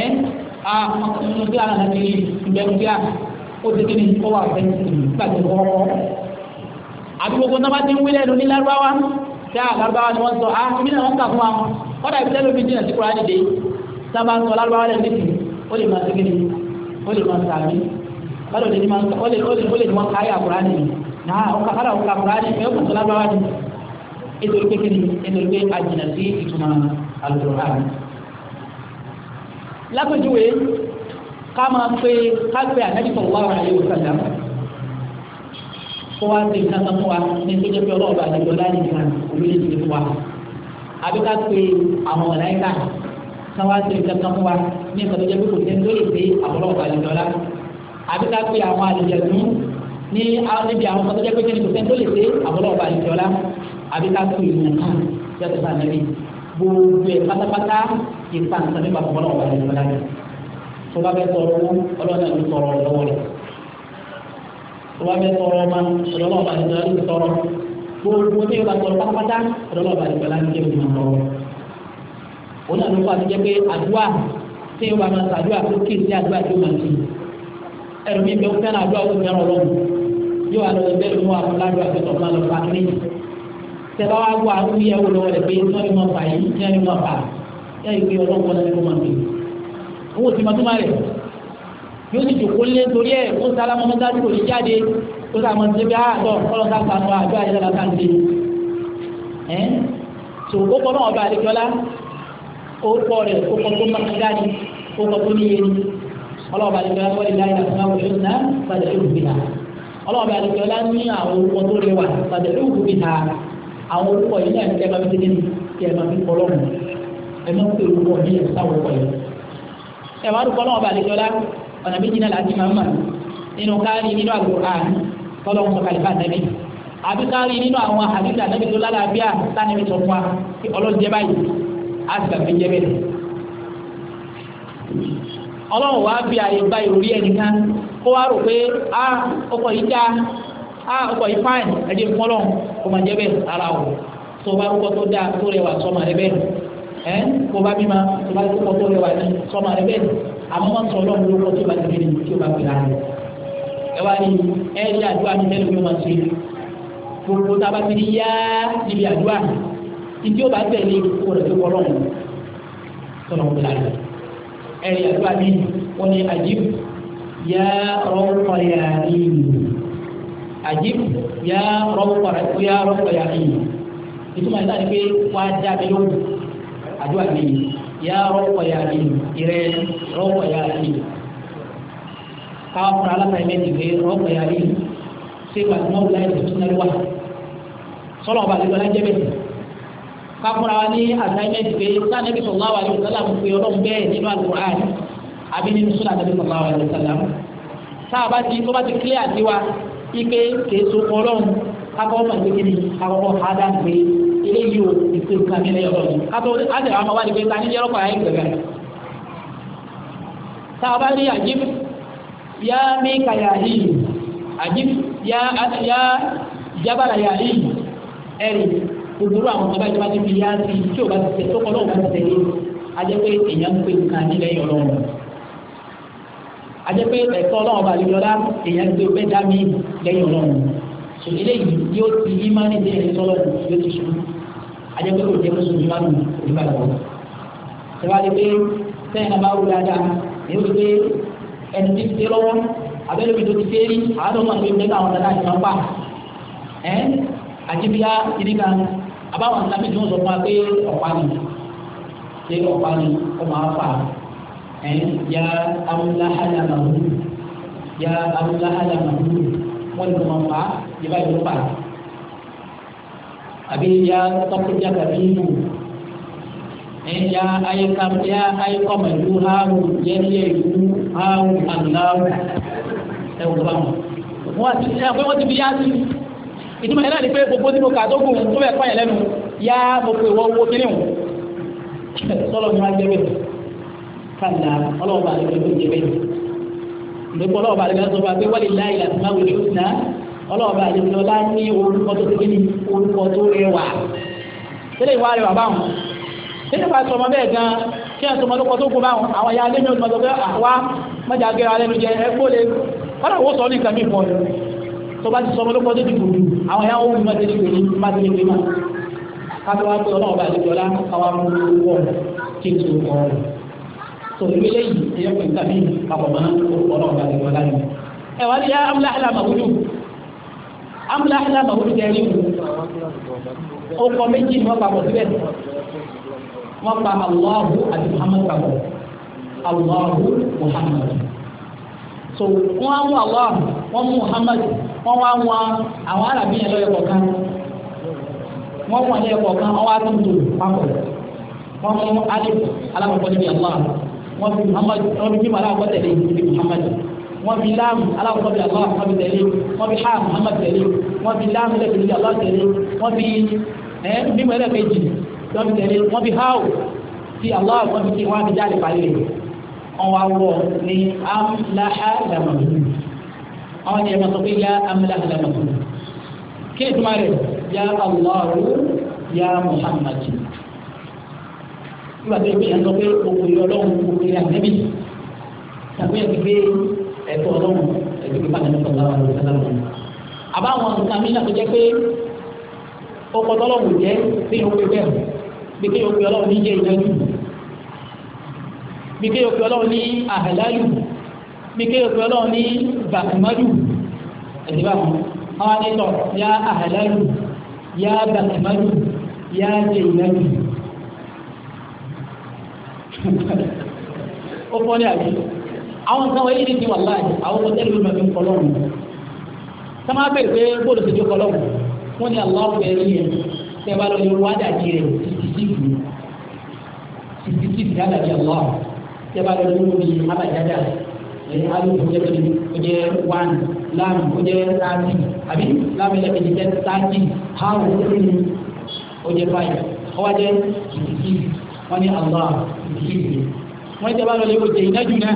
ẹ́ Ah, nínú bí ara nàbí ìgbẹ́rúgbẹ́ à ó ti kí ni ó wà fẹ́ nígbà tó wọ́ ọ́. àbí gbogbo náà bá ti ń wílẹ̀ lóní lárúbáwá tí a lárúbáwá ni wọ́n sọ á ibi náà wọ́n kà fún wa kọ́dà ibi tẹ́lẹ̀ omi jìnnà sí kúrò ádìde tí a bá ń sọ lárúbáwá lẹ́nu nìkì ó lè máa ti kí ni ó lè máa sàmì kọ́dà òde ni máa ń sọ ó lè ó lè ní wọ́n káyà kúrò ádìde náà kọ́dà òkà kúrò ádìde ẹ̀ sọ lárúbáwá ni nítorí pé ni nítorí pé lápèjúwe ká máa pe ká pe ànábì sallallahu alaihi wasallam kó wá sí nǹkan kan fún wa ní tó jẹ́ pé ọlọ́ọ̀bà àti ọlá nìkan olóyè ti fún wa àbí ká pe àwọn màláíkà ká wá sí nǹkan kan fún wa ní nǹkan tó jẹ́ pé kò sí lórí pé àwọn ọlọ́ọ̀bà àti ọlá àbí ká pe àwọn àlùjànnú ní níbi àwọn kan jẹ́ pé kí ni kò sí lórí pé pe ìlú kan ipa nǹkan nípa fún ọlọ́wọ́ bá yẹn lọ́dọ̀ tó bá bẹ tọrọ owó ọlọ́wọ́ náà ló tọrọ lọ́wọ́ rẹ̀ tó bá bẹ tọrọ ọmọ ọlọ́wọ́ bá yẹn lọ́dọ̀ tọrọ gbogbo tí yóò bá tọrọ pátápátá ọlọ́wọ́ bá yẹn lọ́dọ̀ jẹ́ òun lọ́wọ́ òun náà ló fà ti jẹ́ pé àdúrà tí yóò bá máa sàdúrà tó kí sí àdúrà tó máa ti ẹ̀rù mi bẹ́ẹ̀ fẹ́ràn àdúrà ó fẹ́ràn ọlọ́run yóò àlọ́ ẹgbẹ́ ló wà fún ládùúgbò àti ọ̀tọ̀ máa lọ fún bá wá gbọ́ àwọn yẹ̀wò lọ́wọ́ rẹ̀ pé sọ́ni mọ̀ fà yìí sọ́ni mọ̀ fà yìí yá ìwé ọlọ́wọ́ náà ló máa ń bè owó tí ma tó máa rẹ̀ yóò ti jòkó lé torí ẹ̀ ó sálámà mọ́tà tó lè jáde ó sá mọ́ tẹ́lẹ̀ àtọ̀ ah, kọ́lọ́ ká sànù àjọ àyẹ̀lẹ́ la sàn dé ẹ̀ tó o kọ́ náà ọba àdéjọ́lá ó kọ́ rẹ̀ o kọ́ tó máa dá ní ó kọ́ tó níye ní ọlọ́ọ̀bà àdéjọ́lá wọ́n lè láyé àtúnwá wọlé ọ̀nà padà ló gbé náà ọlọ́ọ̀bà àdéjọ́lá ní àwọn orúkọ tó rẹwà padà ló gbé náà àwọn orúkọ yìí náà ní kẹ́ẹ̀ máa tẹ́lẹ̀ ní ẹ má pè wọ ní ìsáwọ pẹ̀lú. ẹ wá dùkọ́ lọ́wọ́ balẹ̀ jọlá ọ̀nà méjì náà láti máa ń mà nínú káàrí nínú Al-Qur'an kọ́lọ́ ń sọ kàlífà nẹ́bí àbí káàrí nínú àwọn àdúgbò ànábì tó lálàáfíà sánẹ́bí tó fún wa kí ọlọ́run jẹ́ báyìí á sì gbàgbé jẹ́ bẹ́ẹ̀. ọlọ́run wàá fi àyè gba ìròrí ẹnìkan kó wá rò pé a ọkọ̀ yìí dá a ọkọ̀ yìí fáìn ẹ̀jẹ̀ fọlọ́run kò máa jẹ́ bẹ́ẹ̀ ara o tó o bá rúkọ tó dáa tó rẹwà ẹ kó bá mímá tó bá tó kọtó rẹwà ní sọmọ rẹ bẹ́ẹ̀ àmọ́ wọn sọ Ọlọ́run ló kọ tó bá tẹlẹ tí o bá fi ra rẹ ẹ wá ní ẹ rí àdúrà mi tẹ́lẹ̀ mi máa ṣe gbogbo tá a bá ti rí yá níbi àdúrà ìdí o bá tẹ̀lé kó rẹ tó kọlọ wọn sọlọ wọn fi ra rẹ ẹ rí àdúrà mi wọn ni àjíb yá rọpò yà yá rọpò ìtumọ̀ ìtàn ni pé wọ́n á dá àdúrà mi yá rọ́pọ̀ yá mi ìrẹ́ rọ́pọ̀ yá mi káwọn fúnra alákàyè méjì gbé rọ́pọ̀ yá mi ṣé gbàdúrà wúlá ẹ̀jẹ̀ tó náà wà sọ́lọ́ ọba àti ìgbàlá jẹ́ bẹ́ẹ̀ kakura wa ní assignment pé sanni bí sallallahu alaihi wasallam pé ọlọ́run bẹ́ẹ̀ nínú alukur'an àbí nínú sunna àti sallallahu alaihi wasallam sábà ti tó bá ti clear àti wa ike kèésù ọlọ́run kakọ́ ma gbé kini kakọ́ ada gbé ilé yìí o ìpè kàmi lẹ́yìn ọ̀rọ̀ yìí kakọ́ adé àwọn ọmọ wa di pé ta ni yẹ́rọ kọ́ ayé gbẹ̀gbẹ̀ tá a bá rí àjib yá mi ka yà hìlù àjib yá yá jábàlà yà hìlù ẹ̀rì gbogbo àwọn ọmọ bàjẹ́ ti fi yá sí tí o bá ti tẹ̀ tọkọ náà o bá ti tẹ̀lé ajẹ́ pé èèyàn ń pè kàmi lẹ́yìn ọ̀rọ̀ wọn ajẹ́ pé ẹ̀tọ́ náà ọba àlejò ọlá èèyàn ń pè bẹ́ẹ̀ dá mi lẹ́yìn ọ̀rọ̀ wọn so eléyìí yóò ti ìmánì dé ẹni sọ́lọ́ ní yóò ti sùn ajẹ́pẹ́ kò jẹ́ lóṣù ìmánì nígbà tó tẹ́wájú pé sẹ́yìn náà bá wù dáadáa èyí wò pé ẹni tí ti dé lọ́wọ́ abẹ́lẹ́bi tó ti dé rí àwọn ọmọ àti ìgbẹ́ àwọn dáadáa ti máa ń pa ẹ́ àti bíyá ìdíkà àbáwọn nàbí tí wọ́n sọ fún wa pé ọ̀pá ni pé ọ̀pá ni ọmọ afa ẹ̀ yá amúláhàlà màmúlù yá amúláhàlà màmúlù wọ́n ní mọ̀ fà yíba yóò fà àbí ya tọkọjá kàbí yìí ya ayika ya ayikọmọ ìlú haahu yẹlẹ ìlú haahu aláhu ẹ wò lọ́wọ́ wọn àti ẹ pé wọ́n ti fi yá sí ìtumọ̀ yẹn náà ni pé gbogbo tí mo kà tó gùn tó bẹ̀ kọ́ yẹn lẹ́nu yá mo pè wọ́n wo kíni o sọlọ ní wàá jẹ bẹ́ẹ̀ kàlà ọlọ́wọ́ bá a lè fi jẹ bẹ́ẹ̀. ìdókòwò ọlọ́ọ̀bà àdìgbà na fún wa pé wọ́n lè láyé láti máa wòlé òsì náà ọlọ́ọ̀bà àdìgbà ọlá ní orúkọ tó ti kíni orúkọ tó rẹwà tẹ́lẹ̀ ìwà rẹwà báwọn tẹ́lẹ̀ ìwà sọmọ bẹ́ẹ̀ gan kí ẹ̀ sọmọ lóko tó kú ya alẹ́ alẹ́ jẹ ẹ kó le sọ ní ya sọ̀rọ̀ ìwé lẹ́yìn ẹ̀yọ́ pẹ̀lú ntami àpọ̀mọ́ ọlọ́run àti ìwọ̀n láyé. ẹ wá ní yá amúláhìlá màwúlù amúláhìlá màwúlù tẹ̀rí mu ó kọ méjì ni wọ́n papọ̀ síbẹ̀ wọ́n pa aláhu àti muhammad papọ̀ aláhu muhammad so wọ́n á mú aláhu wọ́n mú wá àwọn arábí yẹn lọ́yọ̀ kọ̀ọ̀kan kọ̀ọ̀kan mú alif níbi wọ́n fi muhammad wọ́n fi jim aláwọ̀ tẹ̀lé ibi muhammad wọ́n fi láàmù aláwọ̀ bí aláwọ̀ muhammad tẹ̀lé wọ́n fi háà muhammad tẹ̀lé wọ́n fi láàmù lẹ́kẹ̀ bí aláwọ̀ tẹ̀lé wọ́n fi ẹ́ mímọ́ ẹlẹ́kẹ̀jì wọ́n fi tẹ̀lé wọ́n fi háà ti aláwọ̀ wọ́n fi kí wọ́n á fi jáde parí rẹ̀ wọ́n wá wọ̀ ní amúláhà làmàlú àwọn ènìyàn máa sọ pé yá amúláhà làmàlú kí ètò máa rẹ̀ yá aláwọ̀ yá muhammad nígbà tó yẹ sọ pé gbogbo ìlú ọlọ́run gbogbo ìlú àgbẹ̀bí tàbí ẹ̀ gbé ẹ̀tọ́ ọlọ́run ẹ̀gbẹ́ pípa ní ọ̀sán lára ló sẹ́lá lọ́run. àbáwọn nǹkan mi náà tó jẹ́ pé ọkọ̀ tọ́lọ́run jẹ́ bí o pe bẹ́ẹ̀ bí kéèyàn pe ọlọ́run ní jẹ́ ìdájú bí kéèyàn pe ọlọ́run ní àhàláyù bí kéèyàn pe ọlọ́run ní bàtìmájú ẹ̀dínwá àwọn anítọ̀ ó fọ́ ní àbí àwọn nǹkan wọ̀nyí ni ti wà láàyè àwọn ọmọ tẹ́lẹ̀ ló ń kọ́ lọ́rùn sábà bẹ̀rẹ̀ pé bóòlù ti jó kọ́ lọ́rùn wọ́n ní àwọn ọ̀pẹ̀ rí yẹn tẹ́ bá lọ yọ wádà jí rẹ̀ tìtìtìtì tìtìtìtì dáadáa bí ọlọ́ tẹ́ bá lọ yọ bí abàjáda ẹ̀yìn alùpùpù jẹ́ bẹ́ẹ̀ o jẹ́ wán láàmù o jẹ́ láàmì àbí láàmì lẹ́bi jẹ́ sáàtì háwù o jẹ́ fáyà ọwọ́ jẹ́ tìtìtìtì wọ́n ní allah ìṣègùn wọ́n ní tẹ́bá lọ́lẹ́ òjè ìnájú náà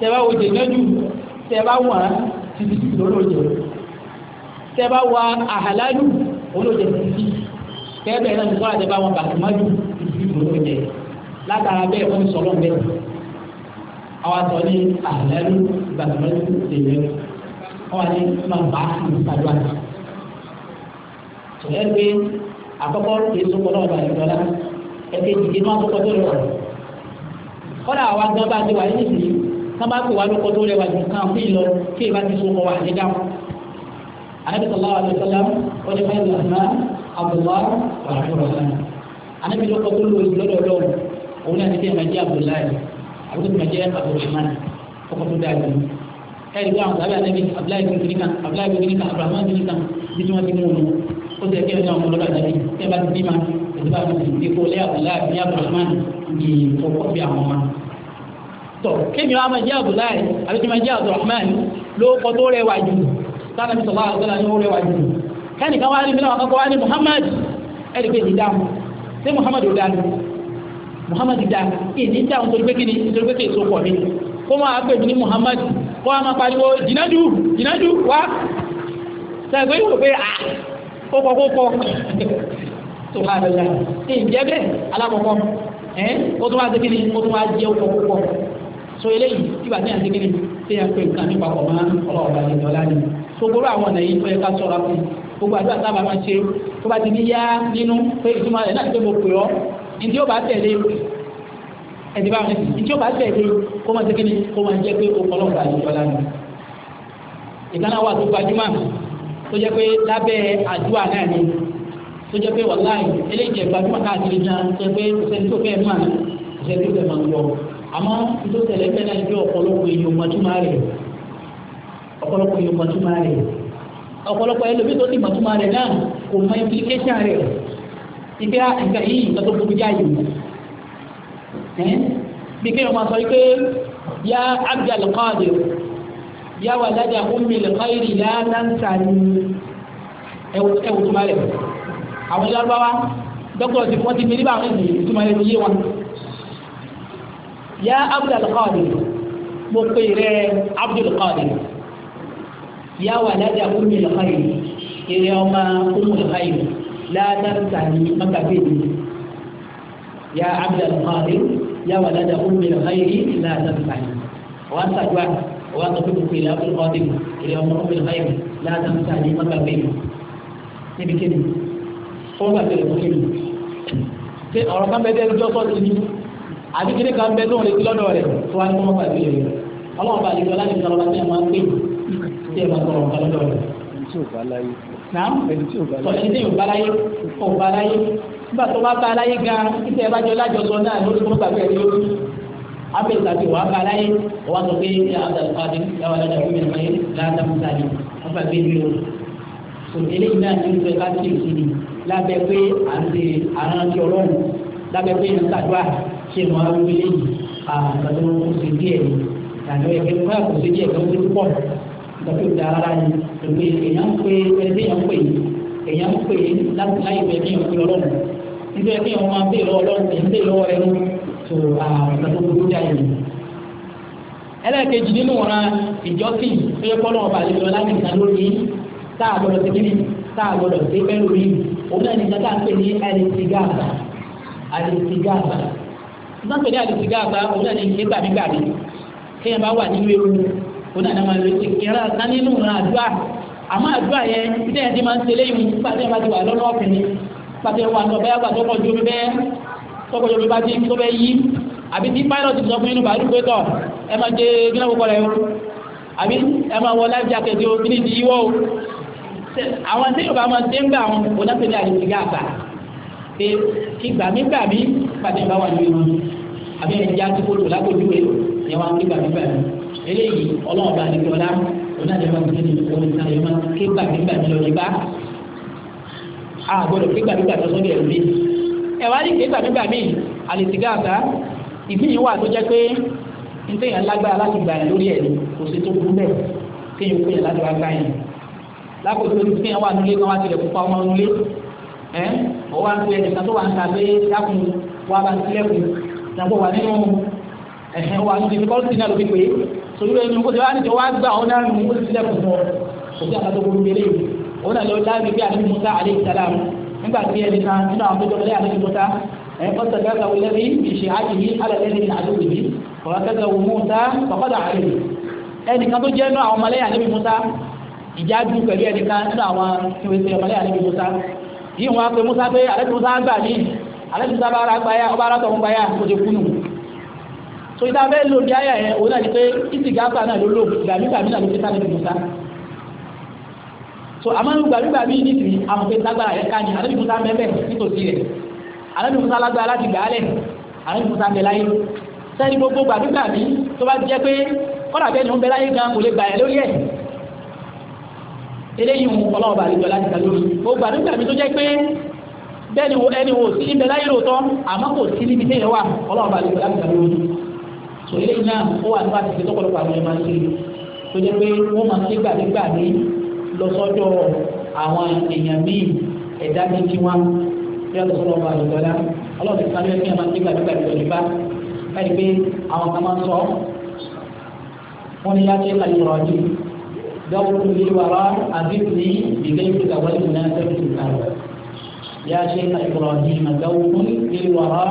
tẹ́bá òjè ìnájú tẹ́bá wà títí títí lọ́lọ́jẹ́ tẹ́bá wà àhàlálù olóòjẹ́ títí tẹ́bẹ̀ náà ní sọ́ra tẹ́bá wà bàtìmájú títí lọ́lọ́jẹ́ látara bẹ́ẹ̀ wọ́n sọ̀rọ̀ bẹ́ẹ̀ àwọn àtọ̀ ní àhàlálù bàtìmájú tẹ̀lé wọ́n wà ní màmá ìpàdé àti ẹgbẹ́ àkọ́kọ́ kìí sọ kọ́nà ọba ìjọba ẹ̀kẹ́ ìdíje máa kọ́kọ́ tó lọ. kọ́nà àwa gan bá ti wà ní ìsìn ká bá pè wá lóko tó rẹwà ju kan fún ìlọ kí ìbá ti sọ kọ́ wà ní dáhùn. anabi sallallahu alayhi wa sallam wọ́n ti fẹ́ lọ àná abdullahi wà á tó rọ̀lá. anabi lóko tó lọ ìlọ́dọ̀ lọ́wọ́ òun náà ti tẹ́ ìmọ̀jẹ́ abdullahi àbúkọ́ ìmọ̀jẹ́ abdulrahman kọ́kọ́ tó dáa jù. ẹ̀rí bí àwọn sábẹ́ anabi abdullahi bin kirika abdullahi bin kirika abrahamu bin kirika ibi tí wọ́n ti mú un ó ti ẹ̀kẹ́ náà ọmọlọ́dọ̀ àdàbí tẹ́ bá ti bí ma bá ti di kó lé àbúlá àbí abdulhaman ní ọkọ̀ bí àwọn ọmọ. tọ kémi wa máa jẹ́ àbúlá yìí àbí tí máa jẹ́ abdulhaman ló kọ́ tó rẹwà jù sáà nàbí sọ̀rọ̀ ni ó rẹwà jù kẹ́nìkan wá rí mi náà kọ́kọ́ ní muhammad ẹ̀rí pé ìdáhùn ṣé muhammad ò dáa muhammad dáa ìdí dáhùn torí pé kí ni torí pé kí èso pọ̀ mi kó máa pè mí ní muhammad kó máa pariwo jìnnàdù jìnnàdù wá sẹ́gbẹ́ yóò pé a ah, kókó kókó tó bá bẹ̀rẹ̀ yàrá ǹjẹ́ bẹ́ẹ̀ alákọ̀ọ́kọ́ ẹ̀ ó tún wá sí kíni ó tún wá jẹ́ kókó kókó so eléyìí ìgbà tí a ti kíni tí a pè nǹkan nípa pọ̀ máa ọlọ́ọ̀bà ìjọ lánìí so gbogbo àwọn ọ̀nà yìí tó yẹ ká sọ̀rọ̀ fún gbogbo àdúrà sábà máa ṣe tó bá ti ní yá nínú pé ìtumọ̀ rẹ̀ náà ti pé mo pè ọ́ ǹjẹ́ ó bá tẹ̀lé ẹ̀dí bá mi ǹjẹ́ ó bá tẹ̀lé kó máa ti kíni kó máa jẹ́ pé ọlọ́ọ̀bà ìjọ lánìí ìtàn tó jẹ́ pé lábẹ́ àdúrà náà ni tó jẹ́ pé wàláì eléyìí ẹ̀fà bí màkà àti ìjà tó jẹ́ pé òṣèlú tó fẹ́ máa òṣèlú tó fẹ́ máa ń lọ àmọ́ tó tẹ̀lé pẹ́ náà jẹ́ ọ̀pọ̀lọpọ̀ èèyàn mọ̀túmọ̀ rẹ̀ ọ̀pọ̀lọpọ̀ èèyàn mọ̀túmọ̀ rẹ̀ ọ̀pọ̀lọpọ̀ ẹlòmíì tó ti mọ̀túmọ̀ rẹ̀ náà kò mọ implication rẹ̀ ibi àgbà ah, yìí nǹkan tó yá wà dájà ummi lẹ́kọ́ìrì látàǹtà ni ẹwù tó máa rẹ̀ àwọn lárúbáwá dọ́kítọ̀ ti fọ́n ti mìíràn àwọn ènìyàn tó máa rẹ̀ yé wọn. yá Abdul Qadir mo pè rẹ Abdul Qadir yá wà dájà ummi lẹ́kọ́ìrì eré ọmọ ummi lẹ́kọ́ìrì látàǹtà ni mọ́tàbí mi yá Abdul Qadir yá wà dájà ummi lẹ́kọ́ìrì látàǹtà ni wọ́n sàgbà. وأن تكون في الأمر القادم إلى أمور بالغيب لا تنسى نعمة الغيب níbi kéde fún bàtẹ lè fún kéde ṣé ọ̀rọ̀ kan bẹ dé ẹjọ́ sọ́ọ̀tì ni àbí kéde kan bẹ ti lọ́dọ̀ rẹ̀ tó wá ní kọ́mọ́ pàdé rẹ̀ ọlọ́run bá àlejò aláìní sọ̀rọ̀ bá tẹ̀ máa ń gbé tí ẹ bá sọ̀rọ̀ nǹkan lọ́dọ̀ rẹ̀. ẹni tí ò bá láyé. náà ẹni tí ò bá láyé. ẹni tí nígbà tó bá bá láyé gan-an títẹ̀ ẹ bá jọ lájọsọ náà lórí kọ́mọ́ pàdé rẹ̀ lórí áfíríkà ti wà á bá láyé wà sọ pé ní abdulkadir yàrá lọ́dọ̀ fún mi nìkan yìí láàdá musa ni wọ́n fà gbé mi o so eléyìí náà ní ìfẹ́ ká sí ìsìn lábẹ́ pé à ń ṣe àrántí ọlọ́run lábẹ́ pé ní sàdúrà ṣe mọ́ àwọn eléyìí àgbàdo oṣù díẹ̀ ni tàbí ẹgbẹ́ kọ́ àkóso díẹ̀ kan tó pọ̀ lọ́pọ̀ ìdá ara ni èmi èèyàn pé ẹni èèyàn pè èèyàn pè láti láyé ìfẹ́ kí èèyàn pè ọlọ́run nítorí kí èèyàn máa bèèrè ọlọ́run èèyàn bèèrè ọwọ́ rẹ nínú tó uh, ọ̀nà tó burú jáde nù. ẹlẹ́ẹ̀kejì nínú ọ̀ràn ìjọsìn tó yẹ kọ́lọ́ ọba àlejò láti ìta lórí tá a gbọ́dọ̀ tẹ́kí tá a gbọ́dọ̀ lórí òun náà nìkan tá a pè ní náà pè ní òun náà ewu òun náà máa lè ti kíra ná nínú àdúrà àmọ́ àdúrà yẹn ti bá ti wà tọkọjọ bí bá ti tó bẹ yí àbí tí pilot sọ fún inú bàálù pé tọ ẹ máa jẹ gíná kókó rẹ o àbí ẹ máa wọ life jacket o kí ni ti yíwọ o àwọn tí yorùbá máa dé ń gbà àwọn onáfẹ́ ní àyèsí gá àgbà pé kí gbàmí gbàmí pàdé ìbá wà lórí wọn àbí ẹni já dúró lò lágbójú rẹ ìyẹn wà kí gbàmí gbàmí eléyìí ọlọ́run bá nígbà ọlá onáfẹ́ máa tẹ̀lé ìfowópamọ́ náà yẹn máa kí gbàmí gbàmí lọ nígbà àgbọ̀dọ̀ kí gbàmí gbàmí ẹ̀wá ní kéka nígbà míì àlètìgáàtà ìmíì wà tó jẹ́ pé ntẹ̀yìn alágbára láti gbà yẹn lórí ẹ̀ ni kò sí tó burú bẹ́ẹ̀ kéèyàn kó yẹn ládùúgbò agbá yẹn lákòókò tó kéèyàn wà nílé kan wá tilẹ̀ kópa ọmọ nílé ẹ̀ ọ̀ wá nílé ẹnìkan tó wà ń ta pé dákun wà bá tilẹ̀kùn ìyàgbọ́ wà nínú ẹ̀hẹ́ wà nínú ìdíkọ́ sí náà ló fi pé sórí ẹni kó ti wá níjọ wá gbà ọ̀nà nínú ó tilẹ̀kùn fún ọ kò sí nígbà tí ẹni kan nínú àwọn tó jọmọlẹ́ àti ìbúta ẹ̀ kọ́sọ̀ kẹ́kẹ́ wọlé bí ìṣe àjèyí alẹ́lẹ́ni ní àdúgbò yìí kọ̀ọ̀ kẹ́kẹ́ wọ mọ́ta kọ̀kọ́dà àlẹ́ ẹnì kan tó jẹ́ nínú àwọn ọmọlẹ́yà níbi mọ́ta ìjà dùn pẹ̀lú ẹnì kan nínú àwọn ìwéṣẹ ọmọlẹ́yà níbi mọ́ta yìí wọn pe musa pé alẹ́ musa gbà ní alẹ́ musa bá ara gbáyà ọba ara so amadu gbàdúgbà bíi nítorí amòfin lágbára rẹ ká ní alábi musa mẹ́fẹ̀ nítòsí rẹ alábi musa lágbára láti gbà á lẹ̀ alábi musa bẹ láyé sẹ́ni gbogbo gbàdúgbà mi tó bá jẹ́ pé kọ́nà bẹ́ẹ̀ ni ó ń bẹ láyé gan kò lè gbà ẹ̀ lórí ẹ̀ eléyìí ń ọlọ́wọ́ bàálù jọ láti kàlórí o gbàdúgbà mi tó jẹ́ pé bẹ́ẹ̀ ni ẹni wo sí ibẹ̀ láyé lóòótọ́ àmọ́ kò sí níbi téèyàn wà ọlọ́wọ́ bàálù jọ láti kàlórí so eléyìí náà ó wà nípa tètè tọ́pọ̀lọpọ̀ àwọn ẹ̀ máa ń ṣe tó jẹ́ pé wọ́n máa ń ṣe lọ sọ́dọ̀ àwọn èèyàn míì ẹ̀dá ní kí wọ́n bí wọ́n sọ̀rọ̀ ọba àlùbọ́lá ọlọ́run ti sáré kí ẹ máa gbégbá gbégbá ìjọ nípa láti pé àwọn kan máa ń sọ wọ́n ní yáké kàlùrọ̀ ní dọ́wọ́lù yìí wàrà àbíkùnrin ìgbé ìgbéga wọlé ìgbà sẹ́yìn ìgbà yáké kàlùrọ̀ ní dọ́wọ́lù yìí wàrà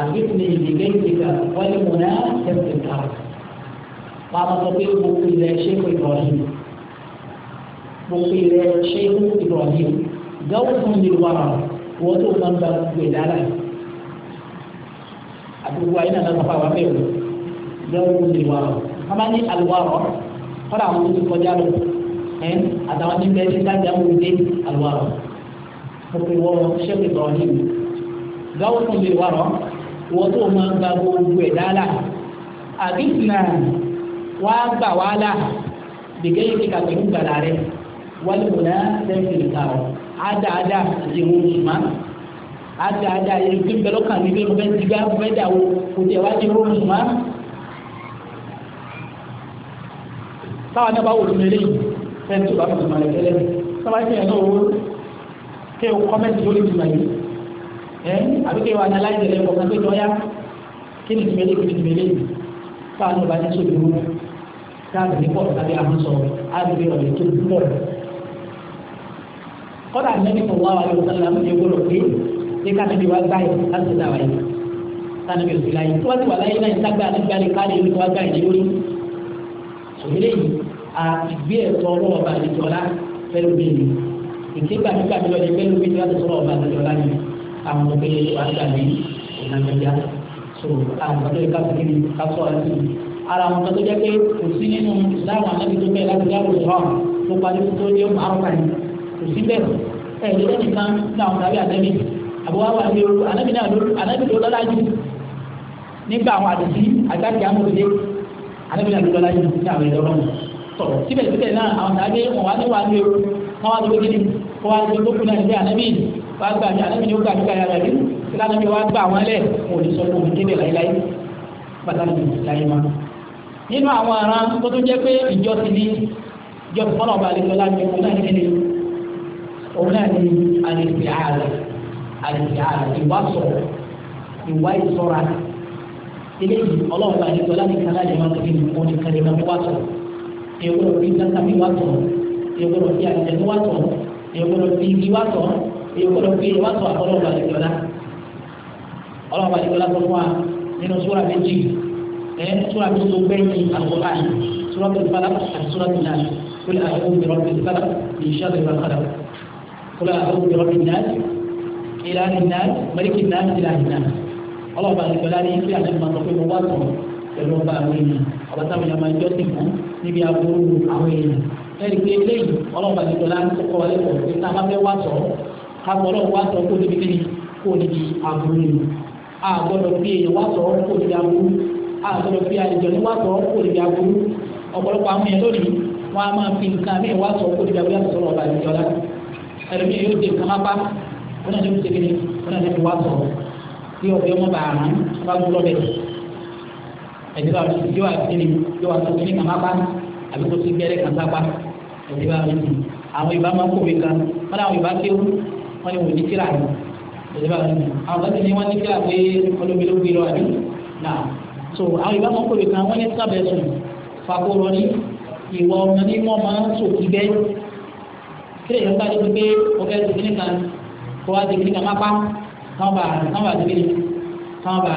àbíkùnrin ìgbé ìgbéga wọlé ìgbà sẹ́yìn ìgbà mo pe rẹ ṣéhù Ibrahim gáwó fún mi wà wọ́n tó máa ń ba gbogbo ẹ̀dá rà àdúgbò ayé nàá lọ́pàá wà bẹ́ẹ̀ gáwó fún mi wà wọ́n máa ní àlùwárọ̀ kọ́dà àwọn tó ti kọjá lọ ẹ̀ àtàwọn tí bẹ́ẹ̀ ti dájà wọ́n dé àlùwárọ̀ mo pe wọ́n ṣéhù Ibrahim gáwó fún mi wà wọ́n tó máa ń ba gbogbo ẹ̀dá rà àbí nà wàá gbà wàhálà dègé yìí kíkà pẹ̀lú gbàdá rẹ̀ wọ́n lè wọlé lẹ́yìn ada ada àti ìwọ̀n ìmá ada ada tó ń bẹ lọ́kàn mi bí mo fẹ́ ti gbá mo fẹ́ dàwọ́ kò tẹ̀ wá di ìwọ̀n ìmá. táwọn náà bá wò lóun lélẹ́yìn fẹ́ẹ́ tó bá fi tùmọ̀ rẹ̀ tẹ́lẹ̀ sábà tí yẹn náà wò kí o kọ́mẹ́ntì lórí tùmọ̀ yìí ẹ́ àbí kí o analyze rẹ̀ kọ̀ọ̀kan tó yọ kí ni tùmọ̀ yìí kí ni tùmọ̀ yìí táwọn náà bá ní sóbi wọn táwọn ní pọ̀ tàbí àmúṣọ àbí ọ̀rẹ́ tó dúró rẹ̀ kọ́dà nẹ́bí tó wá wàlúù sálà ní gbọ́dọ̀ pé ṣé ká nẹ́bí wá gbáyé láti dà wáyé sanabi òsì láyé tó wá ti wà láyé náà ìtagbá àdúgbàlè káàdì ìlú tó wá gbáyé lé lórí. sòmílẹ̀ yìí a ìgbé ẹ̀tọ́ ọlọ́wọ́ bá àlejò ọlá fẹ́lú bí mi ìkégbà nígbà mi lọ́dẹ fẹ́lú bí láti sọ̀rọ̀ ọba àlejò ọlá mi àwọn ọmọ bẹ́ẹ̀ wà gbàgbé ìnagbẹ́já so àwọn ọmọ bẹ́ẹ̀ káàkiri kásọ̀ àti ara wọn tó jẹ́ pé kò sí nínú láwọn anábì tó bẹ́ẹ̀ láti dáwọ̀ ìrọ̀ tó parí tó dé ọmọ àrùn kan kò sí bẹ́ẹ̀ ẹ̀rí ẹnìkan ní àwọn tàbí ànábì àbúwá wà ní ooru ànábì náà ló ànábì ló lọ́lá jù nígbà àwọn àdìsí àgbàkì amòdìdé ànábì náà ló lọ́lá jù ní àwọn ẹ̀rọ ọ̀hún tọ̀ síbẹ̀síbẹ̀ náà àwọn tàbí wọn wá ní wà ní ooru wọn wá lóko gidi wọn wá lóko kúnlẹ̀ nígbà ànábì wá gbà mí ànábì ni ó gbà mí káyà rẹ̀ kí lánàbì wá gbà wọn lẹ̀ wọn ò ní sọ fún mi débẹ̀ láíláí pàtàkì láyé máa nínú àwọn aràn tó tún jẹ́ pé ìjọ ti ní ìjọ ti fọ́nà ọba àlejò láti ọkùnrin náà nílé òun náà ni àlèfìàlè àlèfìàlè ìwàsọ ìwà ìṣọ́ra eléyìí ọlọ́run bá nítorí láti kálá lè máa tóbi nìkan ní kálí máa wá sọ ègbọ́dọ̀ fi dáńtà mi wá sọ ègbọ́dọ̀ fi àtẹ̀tẹ̀ mi wá sọ ègbọ́dọ̀ fi igi wá sọ ègbọ́dọ̀ fi ìwà sọ ọlọ́run bá nítorí ọ̀la ọlọ́run bá nítorí ọ̀la sọ fún wa nínú súra méjì ẹ̀ súra méjì tó gbẹ̀yìn àkókò àyè súra tó ti fara àti súra tó ti nà kúlọ̀ àwọn òbí rọ́bì náà ìlànà náà mẹ́ríkì náà ìlànà náà ọlọ́ọ̀bà àgbẹ̀lá ní ilé àti ìmọ̀ pé mo wá tọ̀ pẹ̀lú ọba àwọn èèyàn ọba táwọn èèyàn máa jọ́ sí fún níbi aburú àwọn èèyàn ẹ̀rí pé eléyìí ọlọ́ọ̀bà àgbẹ̀lá ń kọ́ wọlé pọ̀ pé tá a bá fẹ́ wá tọ̀ ká mọ̀ ọlọ́ọ̀ wá tọ̀ kó níbi kíni kó níbi aburú ni a gbọ́dọ̀ fi èèyàn wá tọ̀ kó níbi aburú a fi àlejò ní wá tọ̀ kó níbi aburú ọ̀pọ̀lọpọ̀ àwọn èèyàn lónìí wọ́n fi nǹkan mí wá tọ̀ kó níbi aburú ẹlòmíì yóò dé nǹkan lápá wọn náà ní kó segin wọn náà ní kó wá sọ̀rọ̀ tí ọbẹ wọn bá rán wọn bá mú lọbẹ ẹdí bá wọn yóò àtẹnì yóò àtẹnì ní kàn lápá àbí kó sí gbẹrẹ kàn lápá ẹdí bá wọn yìí àwọn ìbá máa ń kó mi kan wọn náà àwọn ìbá kéwù wọn ni wọn ní kíra rẹ ẹdí bá wọn yìí àwọn kan ti ní wọn ní kíra pé ọlọmọdé ló gbé lọ àbí náà so àwọn ìbá máa ń kó mi kan wọn ní sábẹ sùn fakó lọ ní ìwọ ọmọ máa ń sòkì bẹ́ẹ̀ kílè yóò sáré wípé o fẹ́ ti kíní kan kó wá ti kíní kan mápá káwọn bá káwọn bá ti kíní káwọn bá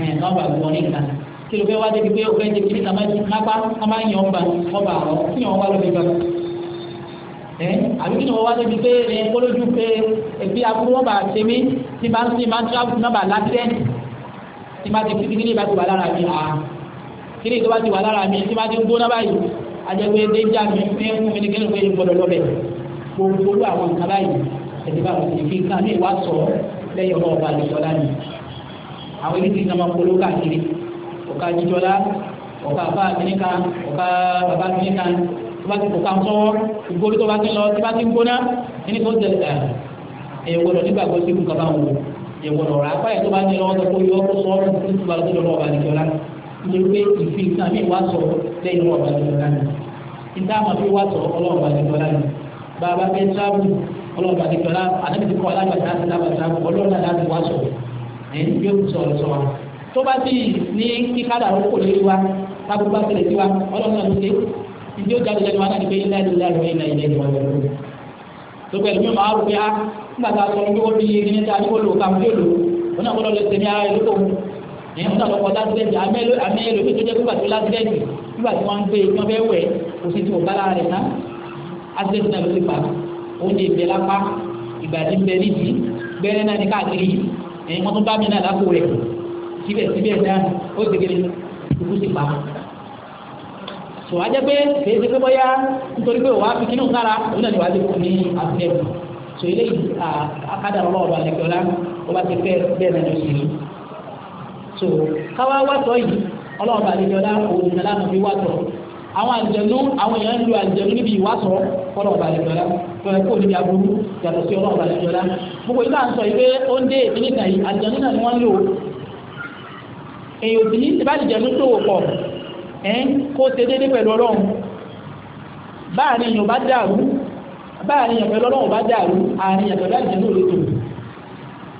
ẹ káwọn bá gbọ́ ní kan kílè o fẹ́ wá ti kíní o fẹ́ ti kíní kan mápá káwọn bá yàn ba káwọn bá rọ kí yàn wá lóbi gbà ẹ àbí kí ni wọ́n wá débi pé ẹ kólójú pé ebi aburú wọn bá ṣe mí tí bá ń sìn máa ń tíráàbù tí wọn bá lásìrẹ́ǹtì tí máa ti fi kíní bá ti wà lára mi àá kíní tó ti wà lára mi tí máa ti ń gbóná báyìí gbogbo àwọn nǹkan báyìí ẹ̀dí bá wọ̀nyí kí nǹkan ní ìwà sọ lẹ́yìn ọlọ́wọ́ bá lè sọ́lá ni àwọn ilé tí ìjọba polówó káàkiri ọ̀ka jíjọlá ọ̀ka bá àbíníkà ọ̀ka bàbá àbíníkà tó bá ti kó ká sọ́wọ́ ìgbórí tó bá ti lọ tó bá ti ń gbóná ẹni tó tẹ̀lé ẹ̀yẹ̀ gbọ́dọ̀ nígbàgbọ́ sí kú kaba wò ẹ̀yẹ̀ gbọ́dọ̀ rà apá ẹ̀ tó bá ti lọ́wọ́ tó kó yọ ọkọ̀ sọ́ọ́ fún tó bàbá bẹ tábù ọlọ́ọ̀bà ní kọ́lá àdébí ti kọ́ alágbàtà àti alágbàtà ọlọ́ọ̀dà láti wá sọ̀rọ̀ ẹ̀ yóò sọ̀rọ̀ sọ̀rọ̀ tó bá bí ní kíkádà òkò lórí wa tábù bá tẹ̀lé sí wa ọlọ́ọ̀dà ló dé ìdí ó jáde lẹ́nu wa náà ní pé ilé ìlú ìlú ìlú ìlú ìlú ìlú tó bẹ̀rẹ̀ mi máa rò pé á ah, nígbà tá a sọ pé ó di yege níta ní kó lò ká fi lò ó náà gbọ́dọ̀ lọ sẹ́mi ara rẹ̀ lóko ní ọ̀nà lọ́kọ̀ lásìlẹ̀tì àmì ẹlòmí tó jẹ́ pípàtó lásìlẹ̀tì nígbà tí wọ́n ń gbé wọ́n fẹ́ wẹ̀ kò sí ti ò bá lára rẹ̀ náà access náà ló ti fà oúnjẹ ìbẹ̀ lápá ìgbàdí ń bẹ níbi gbẹ́rẹ́ náà ní káàkiri ẹ̀yin wọ́n tún bá mi náà lápò rẹ̀ síbẹ̀síbẹ̀ náà ó ti gèrè ìlú ti fà tò wá jẹ́ pé kèé ṣe pé bóyá nítorí pé wàá fi kínú sára òun náà ni wàá lè fún ní àtẹ̀kù tò eléyìí akádà ọlọ́ọ̀bà lẹ́kọ̀ọ́lá ó bá ti fẹ́ bẹ́ẹ̀ náà ló ṣe rí tò káwá wá tọ́ yìí ọlọ́ọ̀bà lẹ́kọ̀ọ́lá òun náà láti fi wá tọ́ àwọn àjẹnú àwọn èèyàn ń lo àjẹnú níbi ìwásọ̀ fọlọ́ ọba àlejòlá fẹ́rẹ́ kó níbi aburú yàtọ̀ sí ọlọ́ọ̀ba àlejòlá gbogbo ìlú à ń sọ yìí pé ó ń dé ìpínlẹ̀ kan yìí àjẹnú náà ni wọ́n ń lò èèyàn òbí ti bá àjẹnú tó wò pọ̀ ẹ̀ kó ṣe déédé pẹ̀lú ọlọ́run báàrin èèyàn bá dàrú báàrin èèyàn pẹ̀lú ọlọ́run bá dàrú àárín èèyàn pẹ̀lú àjẹnú ò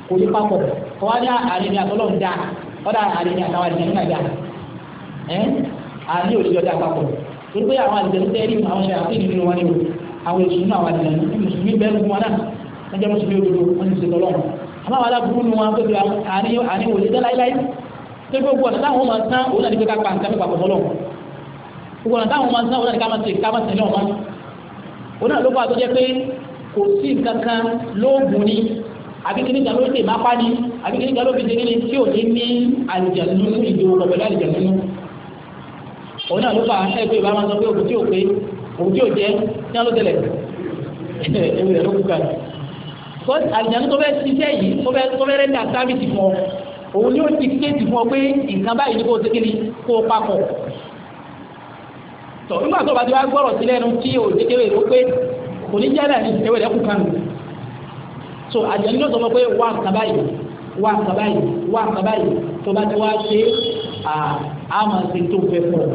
kò ní papọ̀ kọ́ wá ní àárín èèyàn àtọ́lọ́run torí pé àwọn àdìjẹ́ tẹ́ rí àwọn ṣe àti ìdílé wọn ni o àwọn èsù náà àwọn àdìjẹ́ ní mùsùlùmí bẹ́ẹ̀ fún wọn náà wọ́n jẹ́ mùsùlùmí òdodo wọ́n ti ṣe tọ́lọ́ àmọ́ àwọn aláburú ni wọn tó fi àní wòlé dá láíláí tó gbogbo ọ̀nà táwọn máa tán òun náà ní pé ká pa nǹkan nípa pọ̀tọ́lọ́ gbogbo ọ̀nà táwọn máa tán òun náà ní ká máa tẹ̀ ká máa tẹ̀ náà wọn òun náà ló bá tó jẹ́ pé kò sí nǹkan kan lóògùn ni àbí kí ni àbí kí nígbà ló fi ṣe kí ni tí òun náà ló fà ẹ pé ìbámu sọ pé òkú tí ò pé òkú tí ò jẹ ní wọn ló tẹlẹ ewu rẹ ló kú kan kó àlùjáde tó fẹ́ ṣiṣẹ́ yìí tó fẹ́ tó fẹ́ rẹ dà sábìtì fún ọ òun yóò ti kéètì fún ọ pé nǹkan báyìí ni kò ṣe kiri kó o papọ̀ tọ nígbà tó bá ti wá gbọ́rọ̀ sí lẹ́nu tí o ṣe kéwèé ló pé kò ní jẹ́ náà ní ewu rẹ kú kan so àlùjáde tó sọ fún ọ pé wà nǹkan báyìí wà nǹkan báyìí wà nǹkan báyìí tó bá ti wá ṣe àmọ̀ sí tó fẹ́ fún ọ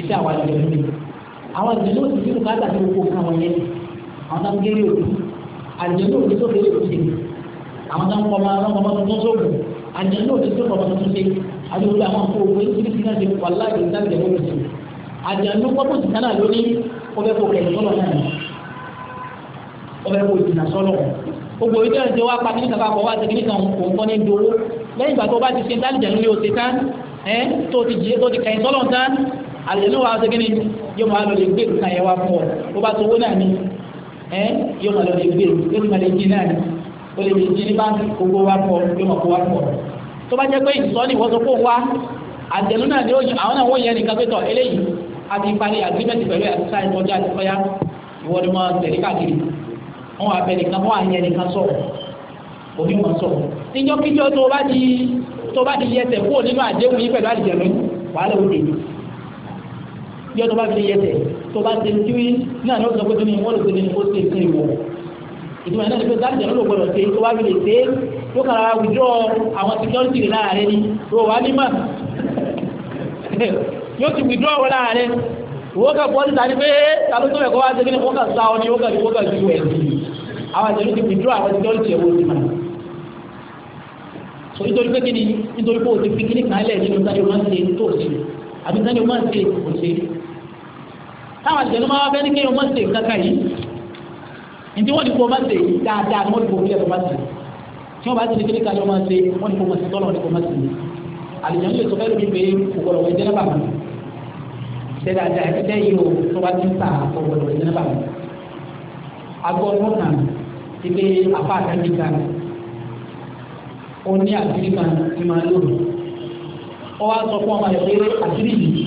iṣẹ́ àwọn àjọ ìlú àwọn àjọ ìlú ti fi bùkátà ní gbogbo nǹkan wọn yẹn àwọn náà ń géré òdu àjọ ìlú ti tó géré òdu ṣe àwọn náà ń kọ́ máa ń kọ́ máa tuntun sóògùn àjọ ìlú ti tó kọ́ máa tuntun ṣe àjọ ìlú àwọn kó owó ní kíkí náà ṣe wà láàyè ìdájọ́ ìlú ṣe àjọ ìlú pọ́pọ́ ti sáná lórí ọbẹ̀ kò kẹ̀lẹ́ sọ́lọ̀ náà ọbẹ̀ kò jìnnà sọ́lọ̀ gbogbo ìjọ ìjọ wa pa kíníkà kọ́ wá sí kíníkà òǹkọ́ ní dowó lẹ́yìn ìgbà tó bá ti ṣe dálìjà lórí òṣè tán ẹ́ tó ti jẹ́ tó ti kẹ̀yìn sọ́lọ̀ tán àlejò wa ṣe kíni yóò máa lọ lè gbé nǹkan yẹn wá fún ọ bá sọwọ́ náà ni ẹ yóò máa lọ lè gbé yóò máa lè jí náà ni o lè lè jí ní báńkì gbogbo wá fún ọ yóò máa kó wá fún ọ tó bá jẹ́ pé ìsọ́ni ìwọ́sọ kó wá àtẹnu náà ni àwọn náà wọ́n yẹn nìkan pé tọ̀ eléyìí a ti parí agreement pẹ̀lú àti sáà tẹ̀lé káàkiri wọn abẹ nìkan wọn àyẹ nìkan sọ òní wọn sọ níjọ́ kíjọ́ tó bá ti tó bá ti yẹsẹ̀ kúrò nínú àdéhùn yìí pẹ̀lú àdìjẹ́ lóyún wàhálà òde yìí bí ọtọ bá fi lè yẹsẹ̀ tó bá ti ti wí náà ní ọ̀sán pẹ́ẹ́tì ni wọ́n lè pẹ́ẹ́tì ni ó ti kiri wọ̀ ìtumọ̀ náà ni pé dáàbò ìjọba gbọdọ̀ ṣe tó bá fi lè ṣe tó kàrà wùdúrọ̀ àwọn security rẹ̀ láàárẹ̀ ni tó wà ní mà yóò ti wùdúrọ̀ wọn láàárẹ̀ wọ́n kà bọ́ọ̀lù tani pé tàbí tó ẹ̀kọ́ wá ṣe kí ni wọ́n kà sá ọ ni wọ́n kà ju wọ́n kà ju ẹ̀ àwọn àtẹ̀lé ti wùdúrọ̀ àwọn security ẹ̀ wọ́n ti mà so nítorí pé kí ni nítorí pé òtún fi kíní kan lẹ̀ nínú táyọ̀ máa ń tó ṣe àbí sẹ́ni o máa ń ṣe kò ṣe táwọn àjẹnú máa fẹ́ ní kéèyàn máa ṣe kankan yìí ǹjẹ́ wọ́n ní kó máa Se dáadáa ni wọ́n ní kó wúlẹ̀ kó máa ṣe tí wọ́n bá ti ní kékeré kan ní wọ́n máa ṣe wọ́n ní kó máa ṣe tọ́lọ̀ ní kó máa ṣe àlùjọ́n lè sọ fẹ́ lómi pé ògbọ́dọ̀ wẹ̀ jẹ́nẹ́bà mi ṣe dáadáa ẹ̀ fẹ́ yìí o tó bá ti ń ta ògbọ́dọ̀ wẹ̀ jẹ́nẹ́bà mi agbọ́ kan ti pé apá àtàkì kan ó ní àbírí kan ti máa lóòrùn ó wá sọ fún ọmọ rẹ̀ pé àṣírí yìí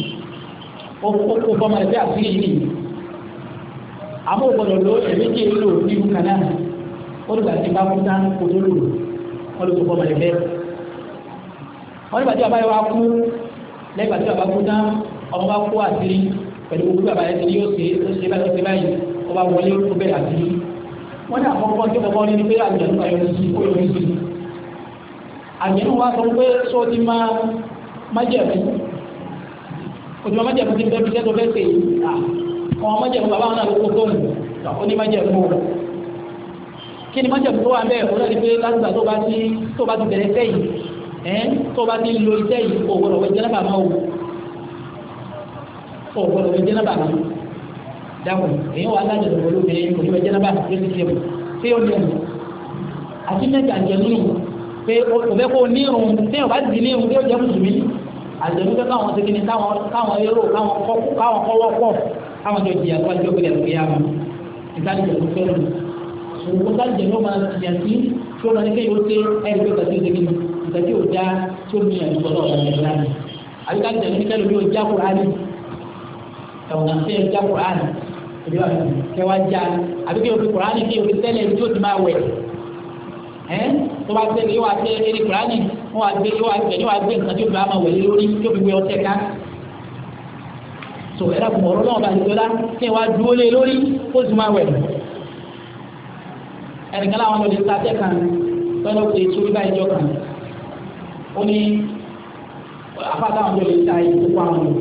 ó kó fọmọ rẹ̀ pé àṣírí yìí àbó gbọdọ̀ lọ ẹ̀mí kí èlò nínú kanáà ó dùgbà tí bá kú tán kó tó lò wọ́n ló sọ fọmọ rẹ̀ bẹ́ẹ̀. wọ́n nígbà tí bàbá yẹn wá kú lẹ́gbàá tí bàbá kú tán ọmọ bá kú àṣírí pẹ̀lú gbogbo bàbá yẹn ti yóò ṣe ó ṣe bá ṣe báyìí ó bá wọlé ó bẹ̀rẹ̀ àṣírí. wọ́n ní àkọ́kọ́ tí kọ́kọ́ ní pé àjẹ̀nú májẹ̀mú òtún májẹ̀mú ti bẹ́ẹ̀ fi sẹ́tọ̀ fẹ́ sèyí àwọn májẹ̀mú bàbá wọn náà ló kó tóun ó ní májẹ̀mú o kí ni májẹ̀mú tó wà ń bẹ́ẹ̀ ọlọ́ọ̀dì pé lásìgbà tó bá ti tó bá ti bẹ̀rẹ̀ sẹ́yìn ẹ̀ tó bá ti lo iṣẹ́ yìí kò gbọdọ̀ wẹ̀ jẹ́nàbà máa o kò gbọdọ̀ wẹ̀ jẹ́nàbà máa dáhùn èyí wà lájẹ̀ lọ́wọ́ lóbìnrin kò ní wẹ̀ jẹ́nàbà ló ti ṣe mọ̀ tí ó lẹ̀ mọ̀ àti mẹ́ta jẹ́ nínú pé òfẹ́ kó nírun tí ó bá ti nírun tí ó jẹ́ mùsùlùmí àjẹmí pé káwọn segin ní káwọn èrò káwọn kọ́wọ́ pọ̀ káwọn jọ jìyà tó wájú òkèlè lórí àmọ́ ìdánilẹ̀ tó fẹ́ lò ṣùgbọ́n ìdánilẹ̀ ló máa jìyà sí tí ó máa ní kéèyàn ó ṣe ẹ̀rí pé kàtí segin ìtàkì ò já tí ó ní àdúgbò náà ọ̀gá ìgbà náà àbí ká ìdánilẹ̀ ní kẹ́lò bí ó já kúránì ẹ̀wọ̀n àti ẹ̀ já kúránì ìdíwà kẹwàá já àbí kéèyàn ó fi kúránì kéèyàn ó fi tẹ́lẹ̀ tí ó ti máa wẹ̀ tó bá gbé yóò wá gbé eré kúránì yóò wá gbé yóò wá gbé yóò wá gbé nǹkan tó bá máa wẹ̀lé lórí tó fi gbé ọtẹ ká tó ẹ̀rọ kùn ọ̀rọ̀ náà bá ti dọ́lá kí wàá dúró lé lórí kó sì máa wẹ̀ ẹnìkan láwọn lọ lè ta tẹ́ kan lọ́dọ̀ pé sórí bá ìjọ kan ó ní afáàtà àwọn lọ lè ta ìkókó àwọn lò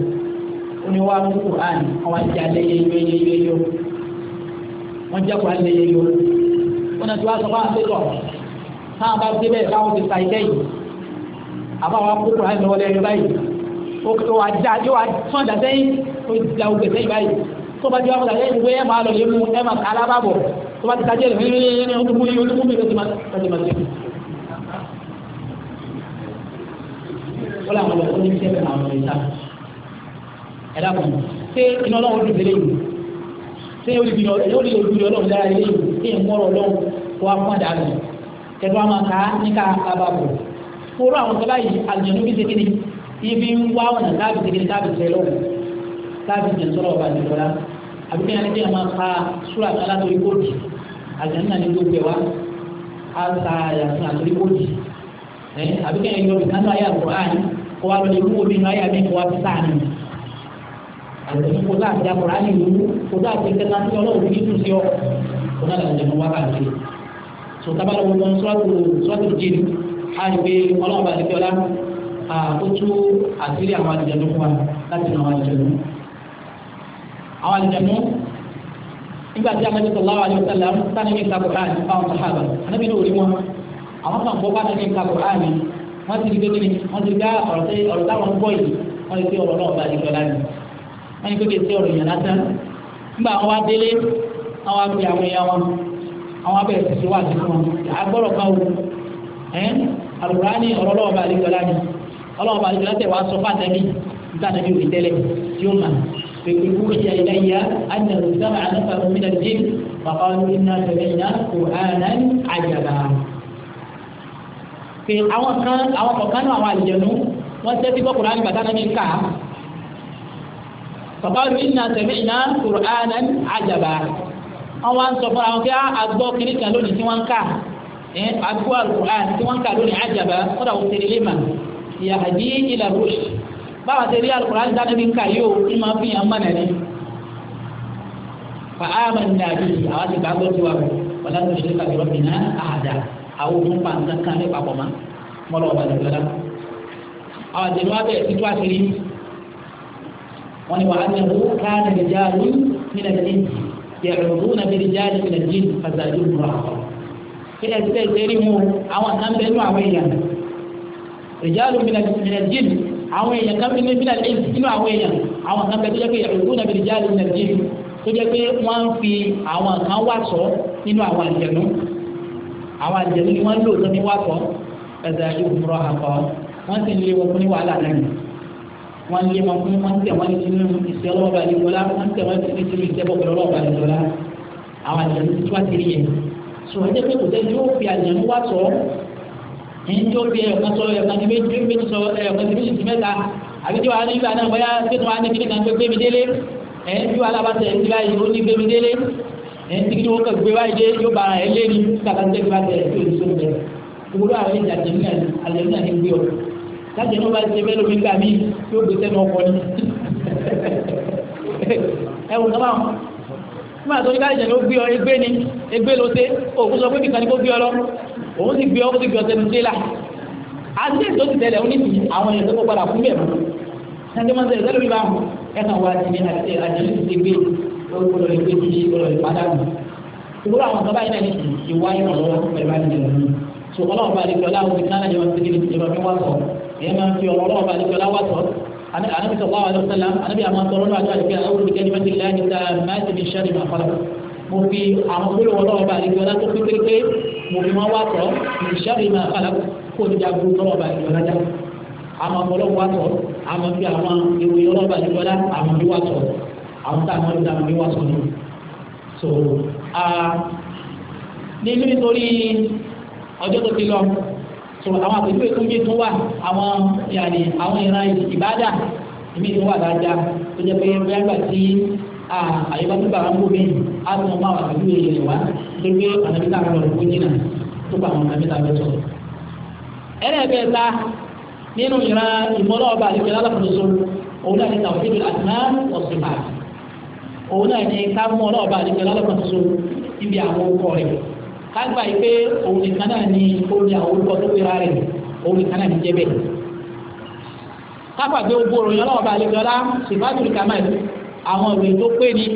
ó ní wàá mú kùrán àwọn àti alẹ́ yẹyẹyẹyẹ wọn jẹ́ kùrán lẹ́yẹyẹ wọn náà ti wá sọ fún àwọn àti tọ̀ táwọn bá débẹ̀ báwọn ti ta ilé yìí àbáwọn kókò láti lọ́wọ́ lẹ́yìn báyìí ó wà já yóò wà fún ọ̀dà sẹ́yìn ó da ògbè sẹ́yìn báyìí tó bá jẹ́ wọn kọ̀dà sẹ́yìn wé ẹ̀ máa lọ lé mu ẹ̀ máa kà á lábàbọ̀ tó bá ti tajú ẹ̀ lẹ́yìn olúkú mi olúkú mi lọ́sẹ̀ máa ṣe. wọ́n làwọn lọ fún iṣẹ́ bẹ̀rẹ̀ àwọn ìta ẹ̀ dàpọ̀ ṣé iná ọlọ́run ti délé yìí ṣé yóò lè olùdíje ọlọ́run dára ilé yìí ṣé ìmọ̀ràn ọlọ́run wà fún àdá tẹ̀lé wa máa ká ní ká bàbá bò fúru àwọn tó báyìí àlùjẹ̀nu bí segin ibi ń wá ọ̀nà táàbì segin táàbì tẹ̀lé ọ̀nà táàbì jẹ̀ sọ̀rọ̀ ọ̀bà nìjọba àbí kí ẹni máa ka súrà kan látòrí kóòtù àlùjẹ̀nu náà ní gbogbo ẹ̀ wá á ta àyàfún àtòrí kóòtù ẹ̀ àbí kí ẹni yọ ìdáná ayé àgbọ̀ áyì kó wá lọ́ọ́ ikú omi ayé àmì kó wá fi sáà nì àlùjẹ̀nu kó sáà ti àkùrá nìlú sọtaba lọ wọn sọtò sọtò jìn àyè pé ọlọ́run bá dìkẹ́ ọlá ó tú àtìrí àwọn àlùjànnú fún wa láti nà àwọn àlùjànnú. àwọn àlùjànnú nígbà tí anabi sallallahu alayhi wa sallam sani mi kakọ ààyè fáwọn sahaba anabi ní orí wọn àwọn kan gbọ́ bá anabi kakọ ààyè wọ́n ti di kékeré wọ́n ti dá ah, ọ̀rọ̀ táwọn gbọ́ yìí wọ́n ti fi ọ̀rọ̀ náà bá dìkẹ́ ọlá ni wọ́n ti kékeré sí ọ̀rọ̀ yẹn lásán nígbà wọn wá délé wọn wá pe wọn àwọn abẹ́rẹ́ ti ṣe wá sí fún wọn agbọ́dọ̀ kan wò ẹ́ alukurani ọ̀rọ̀ lọ́wọ́ bá àlejò aláàbí ọlọ́wọ́ bá àlejò aláàbí wàá sọ fún àtẹ́bí níta àtẹ́bí òní tẹ́lẹ̀ tí ó mà pèpè kúrò jẹ́ ilé yá ánàlù sábà ànáfà omínà jẹ́ bàbá olórí náà tẹ̀lé iná kò àná àjàlá. pé àwọn kan àwọn kọ̀ọ̀kan náà àwọn àlejò wọ́n tẹ́tí gbọ́ kùránì bàtà náà ní ká bàbá olórí náà tẹ̀lé iná kò àná àjàlá wọn wá ń sọ fún àwọn kí àgbọ̀ kiri kan lónìí tí wọ́n ń kà ẹ̀ àgbọ̀ alukur'an tí wọ́n ń kà lónìí àjàbá kọ́dà wọ́n tẹ̀lé lẹ́mà yahdi ila rushd báwa tẹ̀lé alukur'an dáná bí ń kà yóò ń máa fi hàn mọ́nà ni. fa amanna bihi àwọn ti gbàgbọ́ ti wà wọ́n láti ṣe kàbí rabbina ahada àwọn ohun pàǹkan kan ní papọ̀ mọ́ mọ́lọ́ ọ̀bà lọ́dọ́dá àwọn àjẹmí wa bẹ̀rẹ̀ títú àṣírí wọn ni wàhálà ìlú káàdì yẹ̀rọ̀dún nàbí rìjáde ní nàìjíríà fàzàdé òmùrà kí ẹ tẹ́ ìtẹ́rí mu àwọn kan bẹ́ẹ̀ nù àwọn èèyàn rìjáde ní nàìjíríà àwọn èèyàn kan bẹ́ẹ̀ nínú nínú àwọn èèyàn àwọn kan bẹ́ẹ̀ tó jẹ́ pé yẹ̀rọ̀dún nàbí rìjáde ní nàìjíríà tó jẹ́ pé wọ́n ń fi àwọn kan wà sọ nínú àwọn àjẹ̀nú àwọn àjẹ̀nú ni wọ́n lò tó ní wà sọ fàzàdé òmùrà wọ́n sì ń lé wọn fún ní wàhálà náà wọ́n lé wọn fún wọn tẹ̀ wọ́n ní sínú ìṣẹ́ ọlọ́wọ́ balẹ̀ ìjọba wọ́n tẹ̀ wọ́n ní sínú ìṣẹ́ bọ̀ pẹ̀lú ọlọ́wọ́ balẹ̀ ìjọba àwọn àjẹ̀lú tí wọ́n ti rí yẹn. sọ wọ́n jẹ́ pé kò sẹ́ni yóò fi àjẹ̀lú wá sọ ẹni tó fi ẹ̀kan sọ ẹ̀kan ti méjì sọ ẹ̀kan ti méjì ti mẹ́ta àbí tí wàá nígbà náà bóyá tẹ́tù wàá ní kíni kan gbé mi délé ẹni tí wàá lábàtẹ̀ ẹni tí báyìí ó ní gbé mi délé ẹni tí kí ni wọ́n kàn gbé báyìí dé yóò bára ẹ lé ní kàkà tẹ́tù bá tẹ̀ ẹ̀ tó lè sọ bẹ́ẹ̀. gbogbo àwọn ìjà àjẹ̀lú náà ni gbé ọ tájẹ náà bá ti ṣe bẹ́ẹ̀ lómi gbà mí tí ó gbèsè náà kọ ni ẹ wò sábà wọn nígbà tó ní ká ìjẹ̀lẹ̀ ó gbé ọ egbé ni egbé ló ṣe òkú sọ pé nìkan ni kó gbé ọ lọ òun ti gbé ọ ti gbé ọ sẹnu tẹ́lá àti èso ti tẹ̀lẹ̀ oníbi àwọn èèyàn tó kó padà fún bẹ́ẹ̀ mọ́ ẹni máa ń sẹ́yìn sẹ́lẹ̀ bá wọn ẹ̀ka wa ti ní àjẹlẹ̀ ti gbé olùkọ́ ìgbé ti olùkọ́ ìpàdánù ìwúrọ̀ àwọn kan báyìí náà ní ìwáyé ọ̀lọ́wọ́ ìyẹn máa ń fi ọ̀rọ̀ ọlọ́wọ́ bá nípa láwá sọ anabi sallallahu alaihi wasallam anabi àwọn sọ̀rọ̀ náà àjọ àdìgbẹ́ àwọn olùdíkẹ́ nípa tìlẹ̀ àti ta máàtì ní sẹ́rì máa fọlọ́ mo fi àwọn gbólóhùn ọlọ́wọ́ bá nípa ọlá tó pé kékeré mo fi wọn wá sọ ní sẹ́rì máa fọlọ́ kó níjà gbólóhùn ọlọ́wọ́ bá nípa ọlá àmọ́ ọlọ́wọ́ wá sọ àmọ́ fi àwọn ìròyìn ọlọ́wọ́ bá nípa ọlá àmọ́ àwọn tá wà sọ so nínú nítorí ọjọ́ tó ti so àwọn àpèjúwe tó yé tó wà àwọn yàrá àwọn ìran ìbádà ìmí tó wà dáadáa tó jẹ́ pé bí wọ́n gbà tí àyíká tó bàrà ń á tún mọ àwọn àpèjúwe rẹ̀ wá gbégbé ànàbíkà rẹ̀ tó àwọn sọ̀rọ̀. nínú ìran ìmọ̀lá ọba àti ìpínlẹ̀ alákòóso òun náà ní náà kágbà yìí pé òun nìkan náà ni omi àwọn orúkọ tó pera rẹ̀ òun nìkan náà ni jẹ́ bẹ́ẹ̀. kápá gbé gbogbo òròyìn ọlọ́wọ́ bá àlejò ọlá sèpáàtì kamal àwọn ìròyìn tó pé ni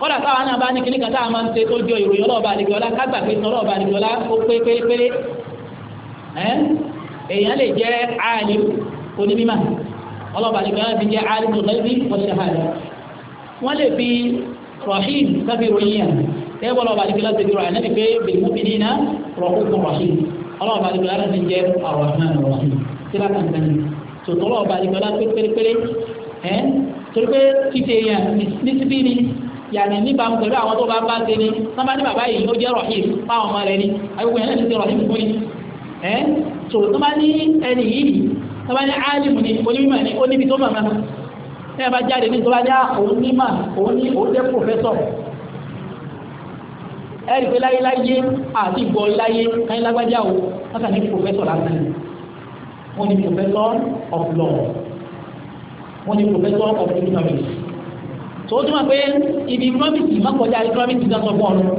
kódà táwọn náà bá ní kíní kan táwọn máa ń ṣe tó jọ ìròyìn ọlọ́wọ́ bá àlejò ọlá kágbà pé bá àlejò ó pé pérépéré èèyàn lè jẹ́ alim onímọ̀ ọlọ́wọ́ àlejò ti jẹ́ alim tó lẹ́bí ọ̀ṣẹ̀ tẹ́ bọ́lá ọba àdìgbẹ́lá ti dúró ànábì pé bilmu'minina ra'ufun rahim ọlọ́ọ̀ba àdìgbẹ́lá ti jẹ́ ar-rahman ar-rahim sílá kankan ni tòtọ́lọ́ ọba àdìgbẹ́lá pé pérépéré ẹ́ torí pé títẹ yẹn ní síbí ni yàrá níbàámu pẹ̀lú àwọn tó bá bá ṣe ni sábà ní bàbá yìí ó jẹ́ rahim fáwọn ọmọ rẹ ni àgbègbè yẹn náà ti ṣe rahim fún yìí ẹ́ tó sábà ni onímọ̀ ni ó níbi tó mọ̀ mọ́ ẹ ẹ̀rí pé láyéláyé àti ìbọ̀ láyé káyé lágbájá o wọ́n kà ní pòfẹ́sọ̀ lásán wọ́n ní pòfẹ́sọ̀ of law wọ́n ní pòfẹ́sọ̀ of economics tó o túmọ̀ pé ibi economics má kọjá economics náà sọ fún ọ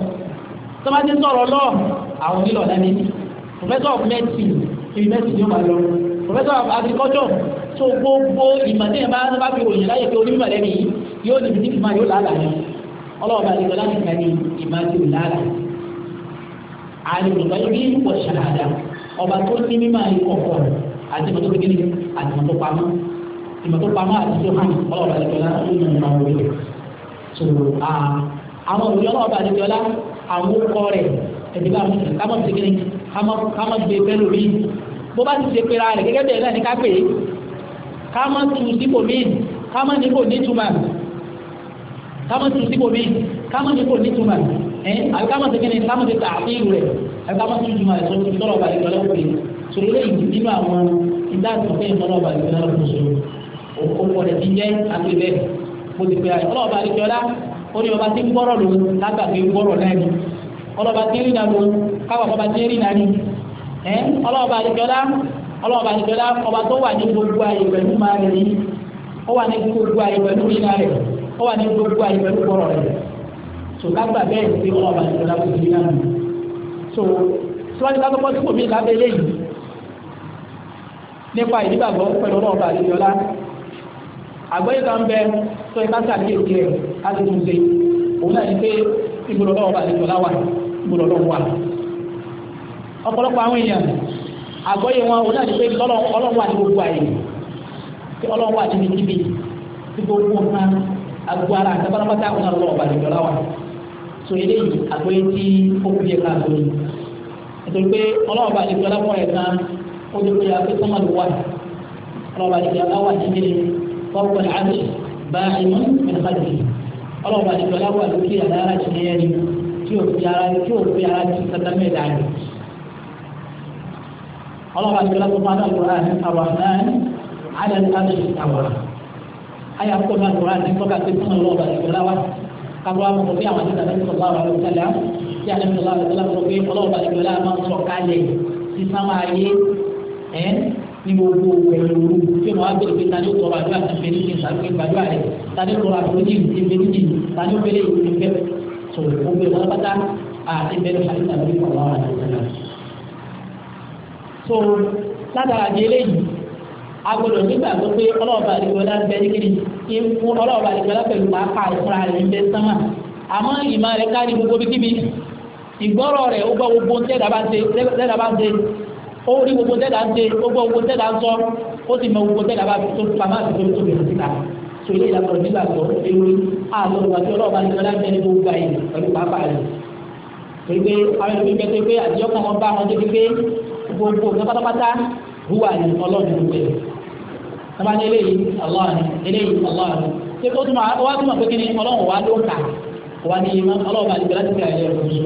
tọ́ba ti sọ̀rọ̀ lọ àwọn onílọ̀ lẹ́ni professor of medicine ibi medicine ni ó máa lọ professor of agriculture tó gbogbo ìmọ̀ tí ẹ bá fi ròyìn láyé pé onímọ̀ lẹ́ni yìí yóò níbi tí kì máa yóò lálàá yẹn ọlọ́wọ́ bá nígbà láti ka ní ìmáàtì òláàlà àlùbọ̀tà ibi wọ̀ ṣàlàdà ọba tó ní mímọ́ ìkọ̀kọ̀ àti ìmọ̀tò kékeré àti ìmọ̀tò pamọ́ ìmọ̀tò pamọ́ àti tó hàn ọlọ́wọ́ bá nígbà láti ní ìmọ̀ òwe tó a àwọn òwe ọlọ́wọ́ bá nígbà lá àwọn kọ́ rẹ̀ ẹ̀dí bá kámọ́ sípò míì kámọ́ nípò nítumọ̀ kámọ́ tún síbò mí kámọ́ ní kò ní túmọ̀ ẹ̀ àbí kámọ́ tó kéde kámọ́ tó tà àbí rẹ̀ àbí kámọ́ tún jùmọ̀ ẹ̀ tó ti tọ́lọ̀ ọba ìgbà lọ́wọ́ pé sòrò lẹ́yìn nínú àwọn ìdá àtúntò yẹn tọ́lọ̀ ọba ìgbà lọ́wọ́ sòrò òkòkò rẹ̀ ti jẹ́ àti bẹ́ẹ̀ mo ti pè é ọlọ́ọ̀ba àdìjọ́lá ó ní ọba tí ń gbọ́rọ̀ lòun lágbàgbé gbọ́rọ̀ náà ni ọlọ́ọ̀ba tí ń rìnà lòun káwọn ọba tí ń rìnà ni ẹ ọlọ́ọ̀ba àdìjọ́lá ọlọ́ọ̀ba o ọba tó wà ní gbogbo ayé pẹ̀lú máa rẹ̀ ni ó wà ní gbogbo ayé pẹ̀lú rìnà rẹ̀ ó wà ní gbogbo àyè pẹ̀lú kọ̀rọ̀ rẹ̀ so kágbà bẹ́ẹ̀ pé wọn ọba ìjọba kò sí ọrụ so síwájú kágbà pọ́ sípò mi lábẹ́ eléyìí nípa ìdígbàgbọ́ pẹ̀lú ọba àdéjọlá àgbẹ̀yìn kan bẹ tó ipá sàkíyèsí rẹ̀ láti tún ṣe òun náà ní pé wà wà ọ̀pọ̀lọpọ̀ àwọn èèyàn wọn náà ní pé agbo ara àti pátápátá àwọn arọ ọba àdìjọ láwà so eléyìí àgbóyé tí ó fi ẹ̀ka àgbó yìí nítorí pé ọlọ́wọ́ ọba àdìjọ láwà ẹ̀ka ó ti kóyà pé sọ́mà ló wà ọlọ́wọ́ ọba àdìjọ láwà ti kéde fọ́ọ̀kọ̀ àti bá ẹnu ẹ̀fàdì ọlọ́wọ́ ọba àdìjọ láwà ló kí àdára ti ní ẹni tí ò fi ara tí ò fi ara ti tata mẹ́ta rẹ̀ ọlọ́wọ́ àdìjọ láwà tó máa dá ayé akọlù àkùrá àti kọ́ka pé fún ọlọ́wọ́ bàtà ìgbàlá wa kábọ̀ wa mọ̀ bí àwọn àti tàbí sọ̀rọ̀ àwọn àlọ́ ìtàlẹ̀ tí àti sọ̀rọ̀ àwọn ìtàlẹ̀ sọ pé ọlọ́wọ́ bàtà ìgbàlá máa ń sọ kálẹ̀ sí sáwọn ayé ẹ̀ ní gbogbo ẹ̀rù tí mo wá bèrè pé tani ó tọrọ àdúrà ti fẹ́ níbi ìsàlùkè gbàdúrà rẹ̀ tani ó tọrọ àforíjì ti fẹ́ níbi tani ó fẹ́lẹ́ ìwé fẹ́ sọ̀rọ̀ gbogbo ìwọ́n pátá àti bẹ́ẹ̀ fàlẹ́ tàbí ọ̀rọ̀ àwọn àti ìtàlẹ̀. so látara di eléyìí agbọ́dọ̀ nígbà tó pé ọlọ́ọ̀bà àdìgbọ́lá ń bẹ nígiri fún ọlọ́ọ̀bà àdìgbọ́lá pẹ̀lú pàápàá ìfúnra rẹ̀ ń bẹ sánmà àmọ́ ìmọ̀ rẹ̀ kárí gbogbo bí kíbi ìgbọ́rọ̀ rẹ̀ ó gbọ́ gbogbo tẹ́lá bá ń ṣe ó rí gbogbo tẹ́lá ń ṣe ó gbọ́ gbogbo tẹ́lá ń sọ ó sì mọ gbogbo tẹ́lá bá tó pamọ́ àti tó tóbi síta tó ilé ìlànà nígbà tó ewu àlọ́ọ̀bà tí ọlọ́ọ̀bà àdìgbọ́lá ń bẹ ní gbogbo àyè pẹ̀lú pàápàá rẹ̀ pé àwọn ẹni pé pé sábà ní eléyìí Allah ni eléyìí Allah ni ṣé ó túmọ̀ wá túmọ̀ pé kíni ọlọ́run wá ló kà wá ní ìmọ̀ ọlọ́run bá dìbò láti kàlẹ́ ẹ̀rọ oṣù.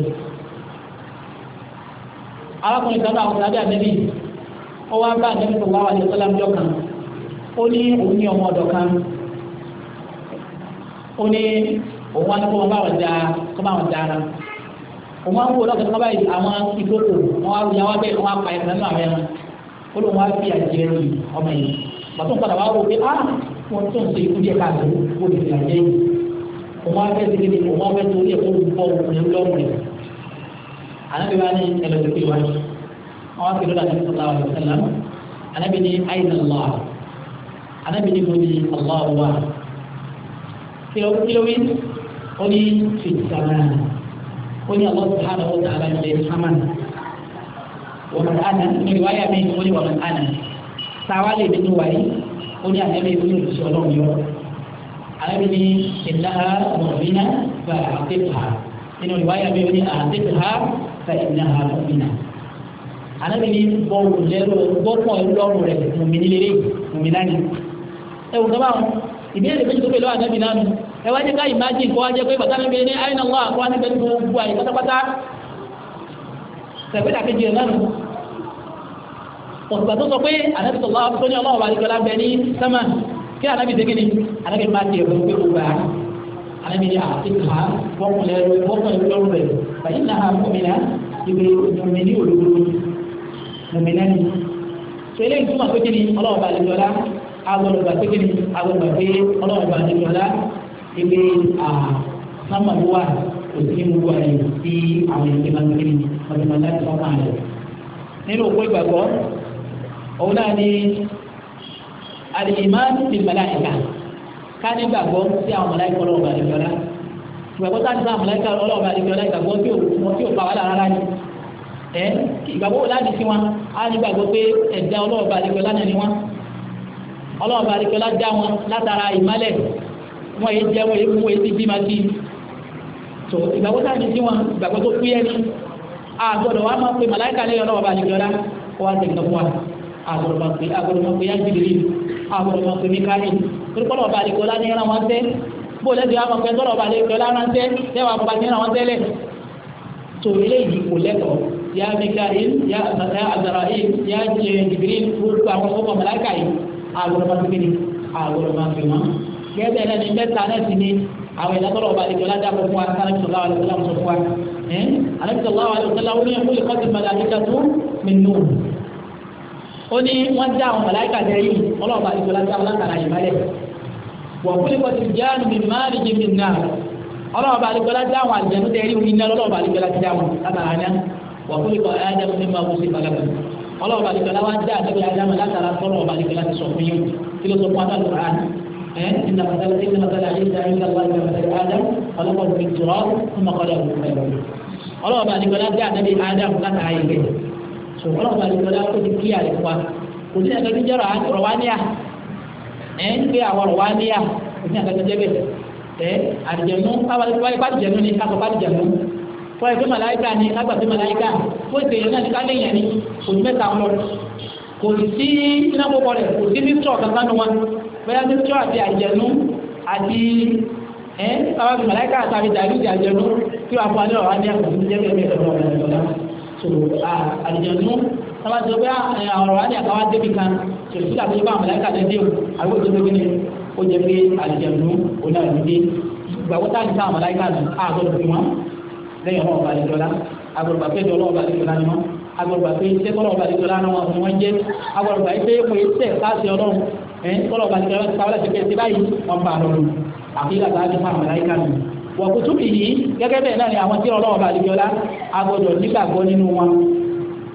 arákùnrin kan náà àwọn sábẹ́ àdébí ó wá bá àdébí tó wá wà ní ọ̀sálàmjọ́ kan ó ní òun ní ọmọ ọ̀dọ̀ kan ó ní òun wá ní kó wọn bá wọn dáa kó bá wọn dáa òun wá ń wò lọ́kàn sábà yìí àwọn ìkókò wọn wá wíyá wá bẹ́ẹ̀ wọn wá pa ẹ̀sán pàtó padà wá wò pé á wọn tó ń ṣe ikú díẹ̀ káàdì ó lè fìlà jẹ́ yìí òun á fẹ́ síbi ni òun á fẹ́ torí ẹ̀ kó bọ́ òun lọ́rùn rẹ̀ ànábi wa wo ẹlẹ́dẹ̀ pé wá wọn á fi lọ́dà ní sọ̀tà wà sẹ́lá ànábi ní àyìnà lọ́ ànábi ní mo ní ọ̀lá wa kílówí ó ní fìtìsára ó ní àwọn sàánà ó sàánà ilé sámánà wọ́n mọ̀ ánà ní ìwáyà mi ó ní wọ́n ánà. táwa lè nínú wa yìí ó ní àlẹ́ mi ìwé olùsọ náà yọ àlẹ́ mi ìlà mọ̀bínà bá àtẹ̀pà nínú ìwáyà mi ní àtẹ̀pà bá ìlà mọ̀bínà àlẹ́ mi ní bọ́ọ̀lù lẹ́rù gbọ́pọ̀ lọ́rùn rẹ̀ mùmí nílé mùmí lánìí ẹ̀wù kaba ìbéèrè méjì tó pè lọ́wọ́ ànábì nánu ẹ wá jẹ́ ká ìmájì kọ́ wájẹ́ pé bàtà níbi ní àyìnà lọ́wọ́ àkọ́ níbi gbogbo àyè pátápátá tẹ̀wé dàkejì ẹ̀ nánu òṣùpá tó sọ pé ànábì sọ̀rọ̀ àwọn tó ní ọlọ́wọ́ bá dìgbọ́lá bẹ ní sẹ́mà kí ànábì dé kíni ànábì bá tiẹ̀ fún pé òwúrọ̀ ànábì ní àtìkà wọ́pọ̀lẹ̀ wọ́pọ̀lẹ̀ lọ́rùn rẹ̀ bàyí náà mọ̀mìnà ibi mọ̀mìnì olódodo mọ̀mìnà ni. sẹ́lẹ̀ ìtumọ̀ pé kíni ọlọ́wọ́ bá dìgbọ́lá agbọ̀dọ̀gbà pé kíni agbọ̀dọ̀gbà pé ọlọ́wọ́ bá dìgbọ́lá ibi sàmàlúwà òsínmúwà yìí sí àwọn ìgbìmọ̀ nínú ọdún ọ̀la ìfọ̀mọ́ àlẹ́ nínú òkú ìgbàgbọ́ òun náà ni alìmán ti màláíkà ká ní gbàgbọ́ sí àwọn màláíkà ọlọ́ọ̀bà àdìgbọ́lá ìgbàgbọ́ tá a ti sá màláíkà ọlọ́ọ̀bà àdìgbọ́lá ìgbàgbọ́ tí ò bá wà lára ní ẹ ìgbàgbọ́ wò láti sí wọn á gbàgbọ́ pé ẹ̀dá ọlọ́ọ̀bà àdìgbọ́lá náà ni wọn ọlọ́ọ̀bà àdìgbọ́lá dá wọn látara ìmálẹ̀ wọn yé jẹ́ wọn yé mú etí bí ma ti tó ìgbàgbọ́ tá a ti sí wọn ìgbàgbọ́ tó ni àgbọ̀dọ̀ wa máa pe màláíkà lẹ́yìn agbọdọmọpẹ agbọdọmọpẹ yá jìbìrì agbọdọmọpẹ mikali torípọlọ ọba àlekọlá ní ẹran wọn tẹ bóòlù ẹsẹ wà pẹ tọrọ ọba àlekọlá rán tẹ tẹwà ọba ní ẹran wọn tẹlẹ tó eléyìí kò lẹ́tọ̀ọ́ yá mikali yá azarahi yá jìbìrì gbogbo àwọn ọmọ mọláka yìí agbọdọmọpẹ kiri agbọdọmọpẹ wọn gẹ́gẹ́ bẹ́ẹ̀ náà ni mẹ́ta náà ti ní àwọn ìlànà tọrọ ọba àlekọlá dá fún wa sáré wa lọsọlá wa sọ fún wa ẹ alẹ́ sọlá wa lọsọlá wa ní ẹkú lè ó ní wọ́n dá àwọn màláìkà jẹ yìí ọlọ́ọ̀bà àti ìjọba dá wọn kàrà ìbálẹ̀ wọ́n kúlẹ̀ kọ́ ti jẹ́ àmì máàlì jẹ́ mi nà ọlọ́ọ̀bà àti ìjọba dá wọn àlùjẹ́ níta ẹ̀rí iná lọ́ọ̀bà àti ìjọba dá wọn látara iná wọ́n kúlẹ̀ kọ́ ẹ̀ẹ́dẹ́ mi máa wọ́n sí balaba ọlọ́ọ̀bà àti ìjọba wá dá àti ìjọba látara tọ́lọ́ọ̀bà àti ìjọba ti sọ fún الله كمثل آدم خلقه من تراب ثم قال له كن فيكون. الله آدم لا تعيين so ọlọ́run bá dùgbọ́dá kó ti kíyà rẹ̀ wá kò sí ẹ̀ka tó jẹ́ rọ̀wánìyà ẹ̀ ń gbé àwọn rọ̀wánìyà kò sí ẹ̀ka tó jẹ́ bẹ́ẹ̀ ẹ̀ àdìjẹ̀nu wáyé pàdìjẹ̀nu ni kakọ̀ pàdìjẹ̀nu fọ ẹgbẹ́ màláyíkà ni lágbàgbé màláyíkà fún ètò ìyẹn náà ní kálẹ̀ yẹn ni kò ní mẹ́ta lọ kò sí iná púpọ̀ rẹ̀ kò sí mísọ̀ kankan wọn bẹ́ẹ̀ mísọ̀ àti àdìjẹ̀nu àti ẹ̀ sábàbí màláyíkà àtàbí dàrú ìdí àdìjẹ̀nu kí wàá fún adé ọ̀rọ̀ adé àkùnrin jẹ́ bẹ́ẹ̀ bẹ́ẹ̀ lọ́wọ́ so àlìjẹ̀nu sábà tó bá ah, ọ̀rọ̀ wa ni àtàwọn débi kan so síta tó bá àmàlẹ́kà lè dé o àbí òtún tóbi ni ó jẹ pé àlìjẹ̀nu òun náà ló dé ìgbàgbọ́ tá a ti sá àmàlẹ́kà nù àgọ́dọ̀ bí wọn lẹ́yìn ọmọ ọba àlejòlá agbọ̀dọ̀gba pé ìjọ ọlọ́ọ̀ba àlejòlá ni wọn agbọ̀dọ̀gba pé iṣẹ́ ọlọ́ọ̀ba àlejòlá ni wọn wọn jẹ́ agbọ̀dọ̀gba yìí pé mo tẹ̀ káàsì ọlọ́run ẹ̀ ọlọ́ọ̀ba àlejòlá ti sáwọ́lá ti pẹ́ ti báyìí wọn bá a lọ́rùn àbí ìlànà àti fún àmàlẹ́kà nù wọ̀kútùbì yìí gẹ́gẹ́ bẹ́ẹ̀ náà ni àwọn tí ọlọ́wọ́ bá àlejòlá agbọ́dọ̀ nígbàgbọ́ nínú wọn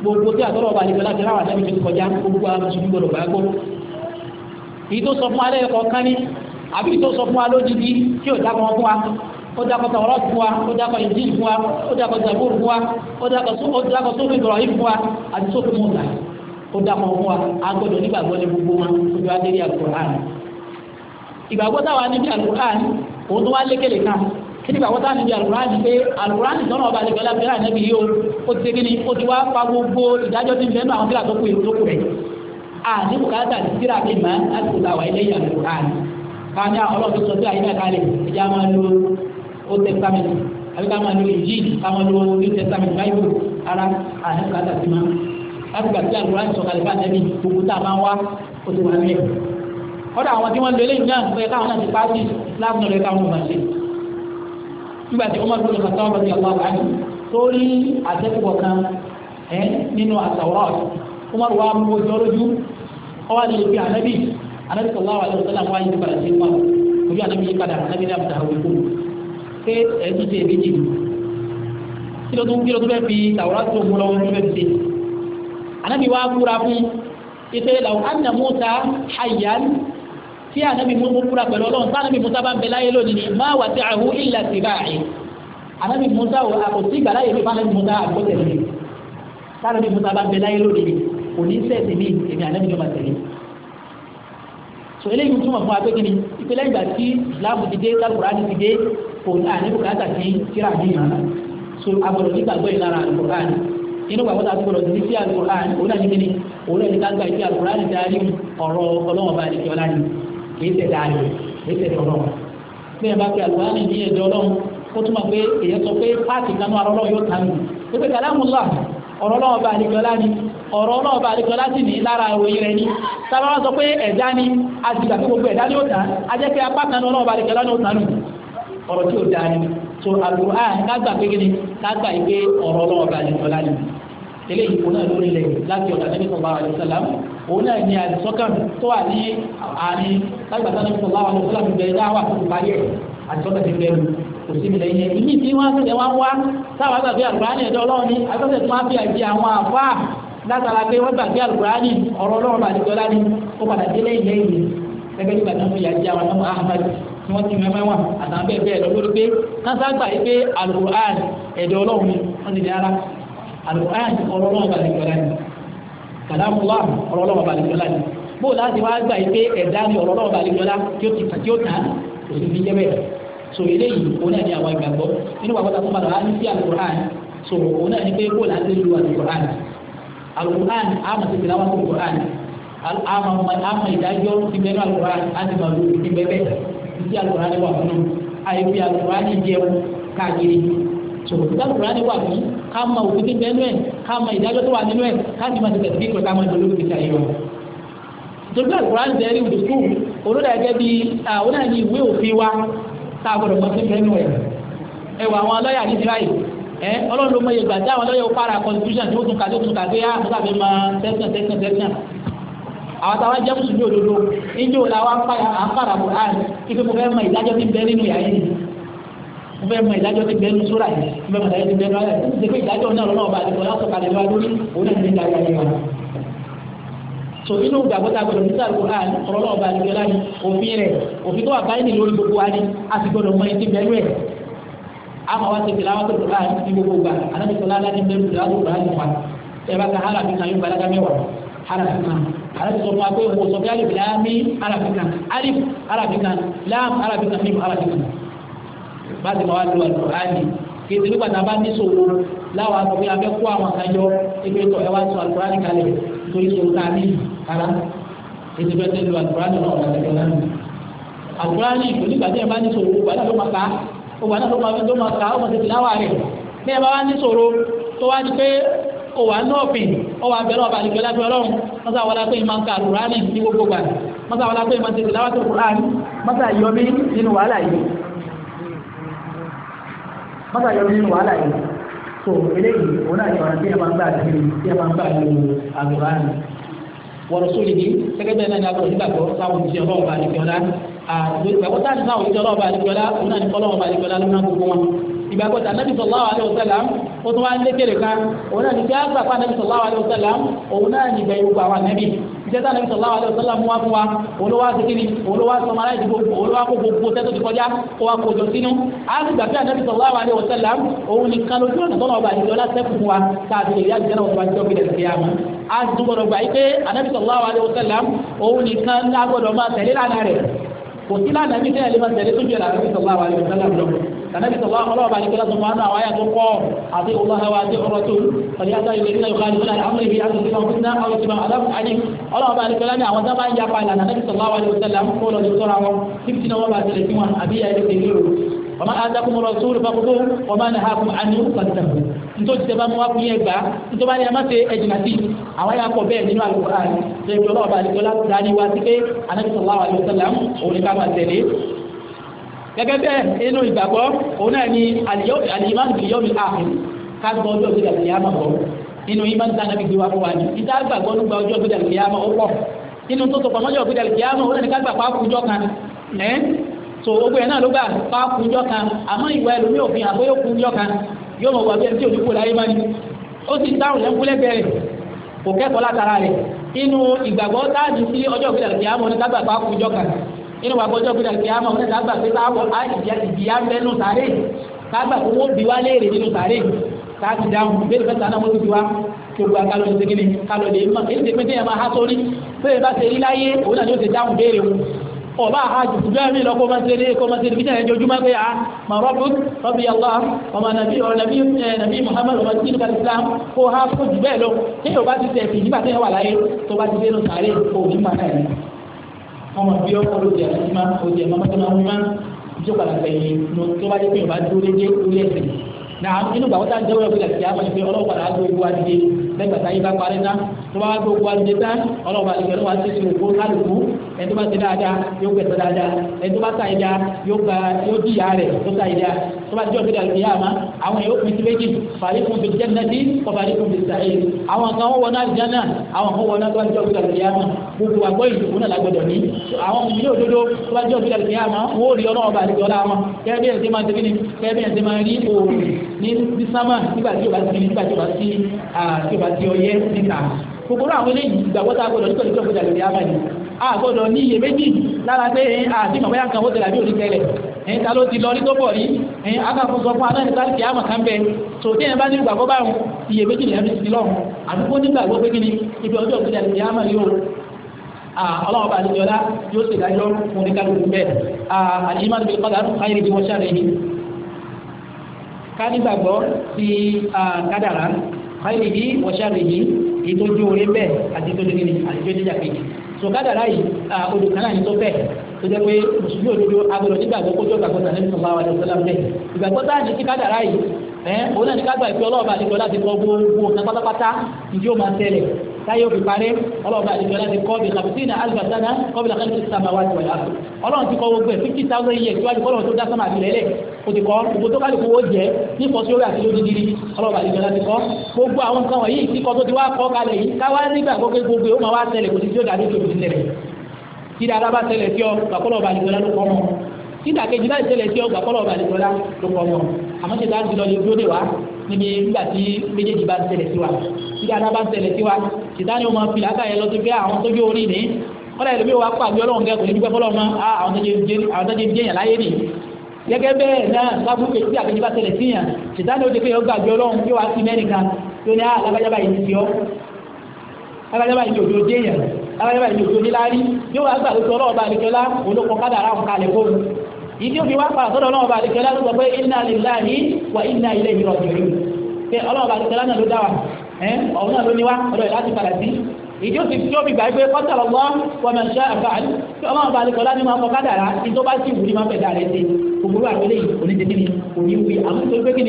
gbogbo tí àtọ́lọ́wọ́ bá àlejòlá ti ráwà dábìtì kọjá gbogbo àwọn mùsùlùmí gbọdọ̀ bá gbọ́. èyí tó sọ fún alẹ́ ẹ̀kọ́ kan ní àbí tó sọ fún alódìdí tí ò dákọ̀ fún wa ó dákọ̀ tọ̀rọ̀ fún wa ó dákọ̀ ìdíl fún wa ó dákọ̀ zabur fún wa ó dákọ̀ sófin ìdọ̀rọ̀ yìí fún wa àti sófin mọ̀tà ó dákọ̀ fún wa agbọ́dọ̀ nígbàgbọ́ ní gbogbo wọn ojú adé ní Al-Qur'an ìgbàgbọ́ táwa níbi Al-Qur'an òun tó wá lékele kan níbi àwọn táwọn níbi alukurani pé alukurani tọ́nà ọba àlejò alábẹ́rẹ́ ànẹ́bí yìí o ó ti segin ni ó ti wá pa gbogbo ìdájọ́ ti bẹ́ẹ̀ nù àwọn kíláà tó kù èrò tó kù rẹ̀ à ní bùkátà ti síra mi mà láti kò tàwa ilé yàrá alukurani káwọn ní ọlọ́run tó sọ sí àyíká kalẹ̀ ìjà máa lo old testament àbí ká máa lo injil ká máa lo new testament bible ara à ní bùkátà ti mà láti gbà sí alukurani sọ̀kalẹ̀ bá ànẹ́bí gbogbo tá a máa wá ó ti wà nílẹ̀ kọ́dà àwọn tí wọ́n lo eléyìí náà pé káwọn náà ti pàṣẹ láàbùnà nígbà tí Umar bin Khattab radiyallahu anhu torí àtẹ́kùbọ̀ kan ẹ̀ nínú àtàwọ̀rọ̀ Umar wa mú ojú ọlójú ọwọ́ àti ìpè ànábì ànábì sallallahu alaihi wasallam wáyé nípa àti ìpà ojú ànábì yí padà ànábì ní àbùdá àwọn ìkú pé ẹ̀jú ti èmi jì kí ló tún kí ló tún bẹ́ẹ̀ fi tàwọ̀rọ̀ tó mú lọ́wọ́ tó bẹ́ẹ̀ fi ṣe ànábì tí anabi musa kúra pẹ̀lú ọlọ́run tí anabi musa bá ń bẹ láyé lónìí má wà sí àhú ilà sí báyìí anabi musa wò àkòtí ìgbàláyè mi fanabi musa àgbọ̀tẹ̀ mi tí anabi musa bá ń bẹ láyé lónìí kò ní sẹ́ẹ̀ tèmi èmi anabi yóò máa tẹ̀lé so eléyìí túmọ̀ fún abẹ́kí ni ìpínlẹ̀ ìgbà tí islam ti dé kálukùránì ti dé kò ní àníbùkátà sí kíra mi màmá so agbọ̀dọ̀ nígbàgbọ́ yìí lára alukùránì inú gbàgbọ́ tá a ti gbọdọ̀ sí sí alukùránì òun náà ní kíni òun náà ní ká gba ìdí alukùránì dárí ọ̀rọ̀ ọlọ́wọ́n bá àdìkẹ́ ọlá ni kìí ṣe dáadé kìí ṣe tọ́lọ́ bí ẹ bá pe àlùwárì ní ẹ̀dọ́ ọlọ́run ó túmọ̀ pé èèyàn sọ pé páàkì kanú ara yóò tán ní pé kàlámùlá ọ̀rọ̀ ọlọ́run bá àdìgbọ́lá ni ọ̀rọ̀ àdìgbọ́lá sì ní lára rẹ ni sábà wọn sọ pé ẹ̀dá ni a ti gbogbo ẹ̀dá ni ó tán jẹ́ pé apá kanú àdìgbọ́lá ni ó tán nù ọ̀rọ̀ eléyìí kò náà lórí ilẹ̀ láti ọ̀dà níbi sọ̀rọ̀ àwọn àdìsálàm òun náà ní àdìsọ́kàn tó wà ní àárín lágbàtà níbi sọ̀rọ̀ àwọn àdìsálàm bẹ̀rẹ̀ dáwà tó parí ẹ̀ àdìsọ́kàn ti bẹ̀rù kò sí ilẹ̀ yẹn ìyí tí wọ́n ṣẹ̀ṣẹ̀ wá wá táwọn àgbàgbé àlùbáàní ẹ̀dọ́ ọlọ́ọ̀ni àgbàgbé tó wá bí àgbé àwọn àfá látara pé wọ́n gbàgbé àlùbáàní ọ̀rọ̀ ọlọ́run àdìjọ́lá ni ó padà délé ìyẹ́ ìyẹ́ gẹ́gẹ́ nígbà tí wọ́n yà àwọn ọmọ ahmed tí wọ́n ti mẹ́mẹ́ wọn àtàwọn bẹ́ẹ̀ bẹ́ẹ̀ lọ kánsá gbà yí pé àlùbáàní ẹ̀dọ́ ọlọ́run ni wọ́n ti di alukur'an ọlọ́lọ́ balẹ̀kọ́lá ni kàlámùlá ọlọ́lọ́ balẹ̀kọ́lá ni bó láti wá gbà yìí pé ẹ̀dá ni ọlọ́lọ́ balẹ̀kọ́lá tí ó ti tà o ó o òsì fi jẹ́ bẹ́ẹ̀ so eléyìí òun náà ni àwọn ìgbàgbọ́ nínú wàá pátá tó padà wá ní sí alukur'an so o náà ni pé bó láti lu alukur'an alukur'an àmọ̀ ti tẹ̀lé àwọn alukur'an àmọ̀ ìdájọ́ ti bẹ́ẹ̀ ní alukur'an àti màlúù ti bẹ́ẹ̀ bẹ́ẹ̀ ti alukur'an wà fún un àyè fi alukur'an jẹun káàkiri sòkòtò alukurani wà ní ká mọ òfin tí bẹ́ẹ̀ nú ẹ̀ ká mọ ìdájọ́ tó wà nínú ẹ̀ ká sì máa tẹ̀sí kíkọ̀ ká máa lò lórí ìgbésí ayé wọn. torí alukurani tẹ̀ rí ìdòkú olódà gẹ́gẹ́ bí àwọn náà ní ìwé òfin wa tá a gbọ́dọ̀ mọ sí bẹ́ẹ̀ nú ẹ̀. ẹ wọ àwọn lọ́ọ̀yà ní tíráì ẹ ọlọ́run ló mọ iye gbà tí àwọn lọ́ọ̀yà ó para constitution tí ó tún kàdé tún kàdé yá tó ah, kàdé máa tẹ́sán tẹ́sán tẹ́sán àwọn táwọn jẹ́ mùsùlùmí òdodo ìjọ làwọn apára àpárá bùhárì kí fífún fẹ́ mọ ìdájọ́ bí bẹ́ẹ̀ nínú yàrá yìí mo fẹ́ mọ ìdájọ́ ti bẹ́ẹ̀ ní sóra yìí mo fẹ́ mọ ìdájọ́ ti bẹ́ẹ̀ ní ọ̀rẹ́ yìí ṣe pé ìdájọ́ náà lọ́nà ọba àdìgbò láti sọ̀kalẹ̀ lọ́wọ́ lórí òun náà ti darí ayé wa. so inú gbàgbọ́ ta gbọdọ̀ nígbà tó hàn ọ̀rọ̀ ọba àdìgbò láti òfin rẹ̀ òfin tó wà báyìí ní lórí gbogbo wa ni a ti gbọdọ̀ mọ etí bẹ́ẹ̀ rẹ̀ ama wa ti filawa tó tóra ní gbogbo gbà anabi sọlá láti bẹ́ẹ̀ lórí àwọn ọ̀rọ̀ àdìgbò wa ẹ bá ka alif laami alif kan alif alif kan laam alif kan mim alif kan bá ti máa wá lu alukurani kéde nígbà tá a bá ní sòwò láwọn àgbẹ̀ abẹ́ kó àwọn àjọ ebi tó ẹ wá sọ alukurani kalẹ̀ torí sòwò tá a ní ara ètò ìfẹ́ tẹ́ lu alukurani náà wà lẹ́yìn náà alukurani kò nígbà tí ẹ bá ní sòwò wà lọ́dọ̀ máa ká ó wà lọ́dọ̀ máa fi tó máa ká ó máa tètè láwà rẹ̀ bí ẹ bá wá ní sòwò tó ọba àlejò lábẹ́ ọlọ́run mọ́tà wọlé pé ìmọ̀ nǹkan alukurani ní gbogbo gbà mọ́tà wọlé pé ìmọ̀ tètè láwà tó mọ́tà yọ mí nínú wàhálà yìí mọ́tà yọ nínú wàhálà yìí so eléyìí òun náà yọ ọ̀nà tí ẹ máa ń gbà àti tí ẹ máa ń gbà nínú àgbọ̀rá ni wọ̀rọ̀ sórí ni gẹ́gẹ́ bẹ́ẹ̀ náà ni agbọ̀rọ̀ nígbàgbọ́ sáwọn ìṣẹ́ ọlọ́run bá àdìgbẹ́ ọlá ìgbàgbọ́ táà ní sáwọn ìṣẹ́ ọlọ́run bá àdìgbẹ́ òun náà ní kọ́ bá àdìgbẹ́ ló ná ó tún wá ń lékèrè ká òun náà ní kí á gbà pa anabi sallallahu alayhi wa sallam òun náà ní bẹ̀rù gbà wà nẹ́bí ìjẹta anabi sallallahu alayhi wa sallam wá fún wa òun ló wá sí kíni òun ló wá sọ ọmọ aláìsí gbogbo òun ló wá kó gbogbo tẹ́tọ́ ti kọjá kó wa kó jọ sínú á sì gbà pé anabi sallallahu alayhi wa sallam òun nìkan lójú ọ̀nà tọ́nà ọba ìjọ lásẹ̀kù fún wa káàdì lè rí àjẹjẹ náà wọ́n ti lè máa tẹ̀lé kànábì sọ̀rọ̀ ọlọ́wọ́ bá ní kílásù fún àwọn àyà tó kọ́ àti olóhàwá àti ọ̀rọ̀ tó ọ̀dí àti àyè lẹ́yìn ìgbà ìgbà àwọn ibi àti ìgbà òfin náà àwọn ìgbà àdáfún àní ọlọ́wọ́ bá ní kílá ní àwọn sábà ń ya pa ìlànà nàbì sọ̀rọ̀ àwọn ìwòsàlà kó lọ sí sọ́ra wọn níbi tí wọ́n bá tilẹ̀ sí wọn àbí ìyá ilé ìlú wọ́n máa dákun mọ́ lọ́sùn olùfàkùnkù wọ́n máa nà ha kún àní òkùnkùn nítorí tẹ bá mú wá fún yẹn gbà nítorí wọ́n ní a máa ṣe ẹ̀jìnà sí àwọn yà kọ bẹ́ẹ̀ nínú àlùkò àrùn ṣe ìjọba ọba àdìgbò láti dání wá sí pé anábìsọ̀lá àwọn àlùkò sọ̀lá òun ní ká máa tẹ̀lé gẹ́gẹ́ bẹ́ẹ̀ inú ìgbàgbọ́ òun náà ni alìyáwó bìlíọ̀mù ààfin ká gbọ́ ọjọ́ gbé dàbí yàmà bọ̀ inú yìí máa ń dáná gbígbé wa fún wa ni ìdá gbàgbọ́ nígbà ọjọ́ gbé dàbí yàmà ó pọ̀ inú tó tó pamọ́jọ́ gbé dàbí yàmà òun náà ni ká gbà pàápù jọ kan ẹ́ so gbogbo ẹ̀ náà ló gbà pàápù jọ kan àmọ́ ìwà ẹlòmíì òfin àbóyó kú jọ kan yóò mọ̀ wà bí ẹni nínú wa gbọ́dọ̀ gbọ́dọ̀ kí á mọ̀ ní ká gbà pé káwọ́ á ìjìyà ń bẹ́nu sáré ká gbà pé wọ́n bí wá léèrè nínú sáré ká ti dáhùn bẹ́ẹ̀ fẹ́ sànà mọ́tò bí wá gbogbo akálọ̀ ṣe kíni kálọ̀ lè mọ̀ èyí ti pété yẹn máa há sórí bẹ́ẹ̀ bá ṣe rí láyé òun náà ni ó ti dáhùn béèrè wọn ọba àjùkù bẹ́ẹ̀ mi lọ́kọ́ máa ṣe lé kọ́ máa ṣe níbi náà ẹjọ́júmọ́ pé a ma rọ́bù rọ́bì allah ọmọ nàbí ọ̀nàbí nàbí muhammad ọmọ tí nípa islam kó ha kó jù bẹ́ẹ̀ lọ tí yóò bá ti tẹ̀ wọn mọ̀ bí ọkọ̀ ló jẹ àmọ́tímá ó jẹ àmọ́tímá mímá ìjọ padà gbẹ̀yìn ló tó bá dé pé ìbá dúró dédé lórí ẹ̀sìn na inú gbàgbọ́ tá a jẹ́ wọ́n gbẹ̀dẹ̀ kíá wọ́n ti ọlọ́wọ́ padà gbé ewu adìyẹ lẹ́gbàtà yìí bá parí ná tó bá gbé ewu adìyẹ tán ọlọ́wọ́ adìyẹ ló wà á tẹ̀sí òkú kálukú ẹni tó bá ti dáadáa yóò gbẹ̀sẹ̀ dáadáa ẹni tó bá ta ìdá yóò gba yóò di ìyá rẹ̀ tó ta ìdá tó bá jọ gbẹdà ìyá àmà àwọn yóò pin sí méjì fàlẹ́ fún fi jannati kọ̀bàlẹ́ fún fi sàyè àwọn kan wọ́n náà jẹ́nà àwọn kan wọ́n náà tó bá jọ gbẹdà ìyá àmà gbogbo àgbọ̀ ìdìbò náà lágbọ̀dọ̀ ní àwọn ilé òdodo tó bá jọ gbẹdà ìyá àmà wọ́n ò rí ọlọ́wọ́ bá àdìgbọ́ láwọn kẹ́ẹ́bí ẹ̀ ṣe máa ṣe kíni kẹ́ẹ́bí ẹ̀ ṣe máa rí òòrùn ní sísámà nígbà tí ò bá ti nígbà tí ò bá ti tí níta kòkòrò àwọn eléyìí ìgbàgbọ́ta gbọdọ̀ nítorí pé òkúta lòdì àmà yìí a gbọ́dọ̀ ní iyèméjì lára pé àti mọ̀ bóyá nǹkan ó tẹ̀lé àbí òdìtẹ̀lẹ̀ ẹ̀yìn ta ló ti lọ ní tó bọ̀ rí ẹ̀yìn akáfọ́sọ fún anáyẹ̀ tá kì í àmọ̀ kan bẹ tó tí ẹ̀yìn bá ní ìgbàgbọ́ báyìí iyèméjì lè fi sí lọ́rùn àdúgbò nígbàgbọ́ pé kí ni ibi ọjọ́ òkúta lè fi àmọ̀ yóò ọlọ́run bá àlejò ọlá yóò ṣe ìdájọ́ fún oníkálukú bẹ́ẹ̀ àlìyímọ́ níbi ìpàdé àrùn káyìrì bí wọ́n ṣàlẹ̀ yìí ká nígbàgbọ́ sí kádàrá káyìrì bí wọ́n ṣàlẹ̀ yìí èyí tó jó orí bẹ́ẹ̀ àti tó dé nílé àti tó dé jàkejì sọ̀kadàrá yìí olùkànnà ni tó fẹ́ tó jẹ́ pé mùsùlùmí òdodo agbọ̀dọ̀ nígbàgbọ́ kójú ọ̀gbàgbọ́ sàn nínú bá wà ní ọ̀sán lábẹ́ ìgbàgbọ́ tá à ní kíkadàrá yìí ẹ̀ òun náà ní ká gbà ìpè ọlọ́ọ̀bà àti ìpè ọlá ti kọ́ gbogbo nǹkan pátápátá ní tí ó máa tẹ̀lé táyé òfin parí ọlọ́ọ̀bá àti ìjọba ti kọ́ bí kàbísínà alùpàdánà kọ́bìlà kẹ́kẹ́ sàmà wájú wájú àpò ọlọ́run ti kọ́ gbogbo ẹ̀ fifty thousand years síwájú kọ́lọ́run tó dá sọ́mà àtìlẹ́lẹ̀ kò ti kọ́ gbogbo tó kálukú ó jẹ́ nípò sí orí àti lójú dídí ọlọ́ọ̀bá àti ìjọba ti kọ́ gbogbo àwọn nǹkan wọ̀nyí kíkọ́ tó ti wá kọ́ kalẹ̀ yìí káwá nígbà gbogbo gbogbo ó máa wá tẹ̀lé kò sí tí ó dàbí tó ti tẹ̀lẹ̀ kí dáadáa bá tẹ̀lẹ̀ sí ọ gbàkọ́lọ́ọ̀bá àti ìjọba ló kọ́ mọ́ kí dàkejì náà tẹ̀lẹ̀ sí ọ gbàkọ́lọ́ọ̀bá àti ìjọba ló kọ́ mọ́ àmọ́ ṣe dáa ti lọ lè dúró níbi nígbà tí méjèèjì bá ń ṣẹlẹ̀ sí wa tí dáadáa bá ń ṣẹlẹ̀ sí wa ṣètánì ó máa fi làákàyè lọ sí pé àwọn tó gbé orí ni kọ́lá ìlú bí wàá pàdé ọlọ́run kẹ́kọ̀ọ́ ní dúpẹ́ fọlọ́run náà ah, àwọn tó jẹ jẹyàn láyé nì gẹ́gẹ́ bẹ́ẹ̀ náà sábú kejì àkejì bá ṣẹlẹ̀ síyàn ṣètánì ó ti pé ọgbà àjọ ọlọ́run yóò wá sí mẹ́nìkan tó ní alábàjábà ah, yìí ti ọ́ alábàjábà yìí òjò jẹyàn alábàjábà yìí òjò níláárí yóò wá ìdí òfin wá padà sọ́dọ̀ ọlọ́run ọba àdìkẹ́lá ló sọ pé inna lillahi wa inna ilayhi raji'un pé ọlọ́run ọba àdìkẹ́lá náà ló dá wa ẹ ọ̀hún náà ló ní wa ọ̀dọ̀ ẹ̀ láti padà sí ìdí òfin tí ó fi gbà pé qadara Allah wa ma sha'a fa'al pé ọlọ́run ọba àdìkẹ́lá ní máa fọ kádàrá tí tó bá sì wù ní máa fẹ̀dá rẹ̀ ṣe òmùrú àgbélé onídìkíni òní fà kí n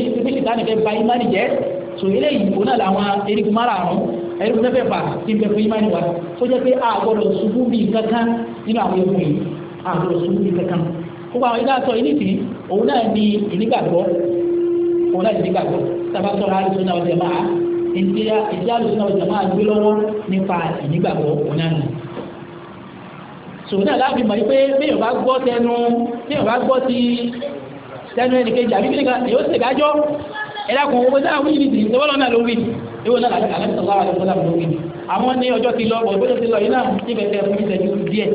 fẹ́ fún imáni wa tó jẹ́ pé a ṣubú bíi kankan nínú àwọn ewu yìí a ṣubú bíi kankan gbogbo àwọn ilé àtọ ilé ìtì òun náà ní ìnígbàgbọ́ òun náà ní ìnígbàgbọ́ sábà sọ̀rọ̀ àlùsọ náà ọ̀jẹ̀ máa ìdíyà ìdíyà àlùsọ náà ọ̀jẹ̀ máa gbé lọ́wọ́ nípa ìnígbàgbọ́ òun náà nù. sòwò náà láàbì mọ̀ pé bẹ́ẹ̀ bá gbọ́ tẹnu bẹ́ẹ̀ bá gbọ́ ti tẹnu ẹnìkejì àbí bíi kan èyí ṣèdájọ́ ẹ̀dá kan owó sáà wíyìí nìyí ìṣèwọ́ lọ́nà lórí ewu náà láti àlẹ́ sọ̀rọ̀ àlùsọ náà lórí àwọn ní ọjọ́ ti lọ ọ̀gbọ́dọ̀ ti lọ yìí náà níbẹ̀ tẹ fún ìṣẹ́jú díẹ̀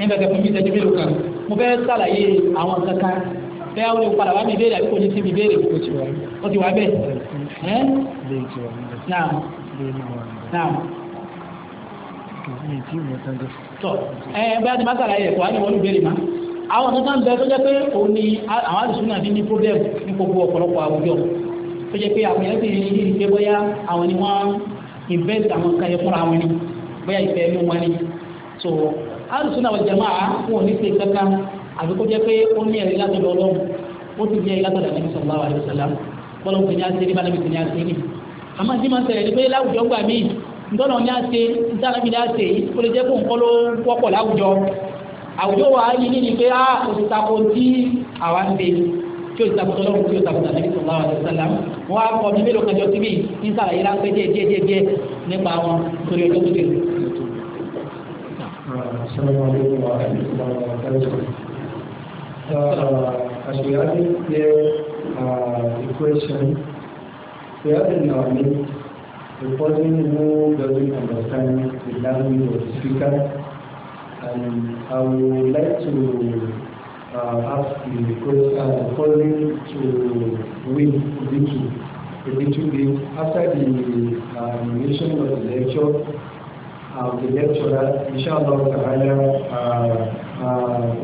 nígbà tẹ fún mi ìṣẹ́jú mélòó kan mo fẹ́ sàlàyé àwọn kankan bẹ́ẹ̀ àwọn olùkọ́ padà wà mí ìbéèrè àbíkò ní sí mi ìbéèrè o ti wà bẹ́ẹ̀ ẹ́ náà náà tọ ẹ bẹ́ẹ̀ ni masala yẹ kó a ní wọ́n lùbẹ́rẹ̀ ma àwọn kankan bẹ́ẹ̀ tó jẹ́ pé òun ni àwọn àdùsùn náà ní ní problem ní gbogbo ọ̀pọ̀lọpọ̀ àwùjọ tó jẹ́ pé àwọn yẹn ti rí rí pé bóyá àwọn ni wọ́n invest àwọn kan yẹ fúnra wọn ni bóyá ìfẹ́ ẹnu wọn ni alùsùn náà jẹ̀mọ́ à fún òní ṣe kankan àbí kó jẹ́ pé ó ní ẹ̀rí látọ̀dọ̀ ọlọ́run ó sì ní ẹ̀rí látọ̀dọ̀ àlẹ́ sọ̀rọ̀ báwa àlẹ́ sọ̀rọ̀ bọ́lá òkè ní àṣírí bá lẹ́mìtì ní àṣírí àmọ́ ìdí máa ń ṣẹlẹ̀ ní pé láwùjọ gbà míì ntọ́nà ní àṣe ntàlábì ní àṣe yìí ó lè jẹ́ kó nǹkan ló wọ́pọ̀ láwùjọ àwùjọ wa yìí ní ni pé á òṣìṣàkó tí àwa ń ṣe tí òṣìṣàkó tó lọ́wọ́ tí òṣìṣàkó السلام عليكم ورحمة الله وبركاته. Uh, as we are here, the uh, question, we are in our midst, the person who doesn't understand the language of the speaker, and I would like to uh, ask the request, uh, calling to win the little, a little after the uh, of the lecture uh, the lecturer, inshallah ta'ala,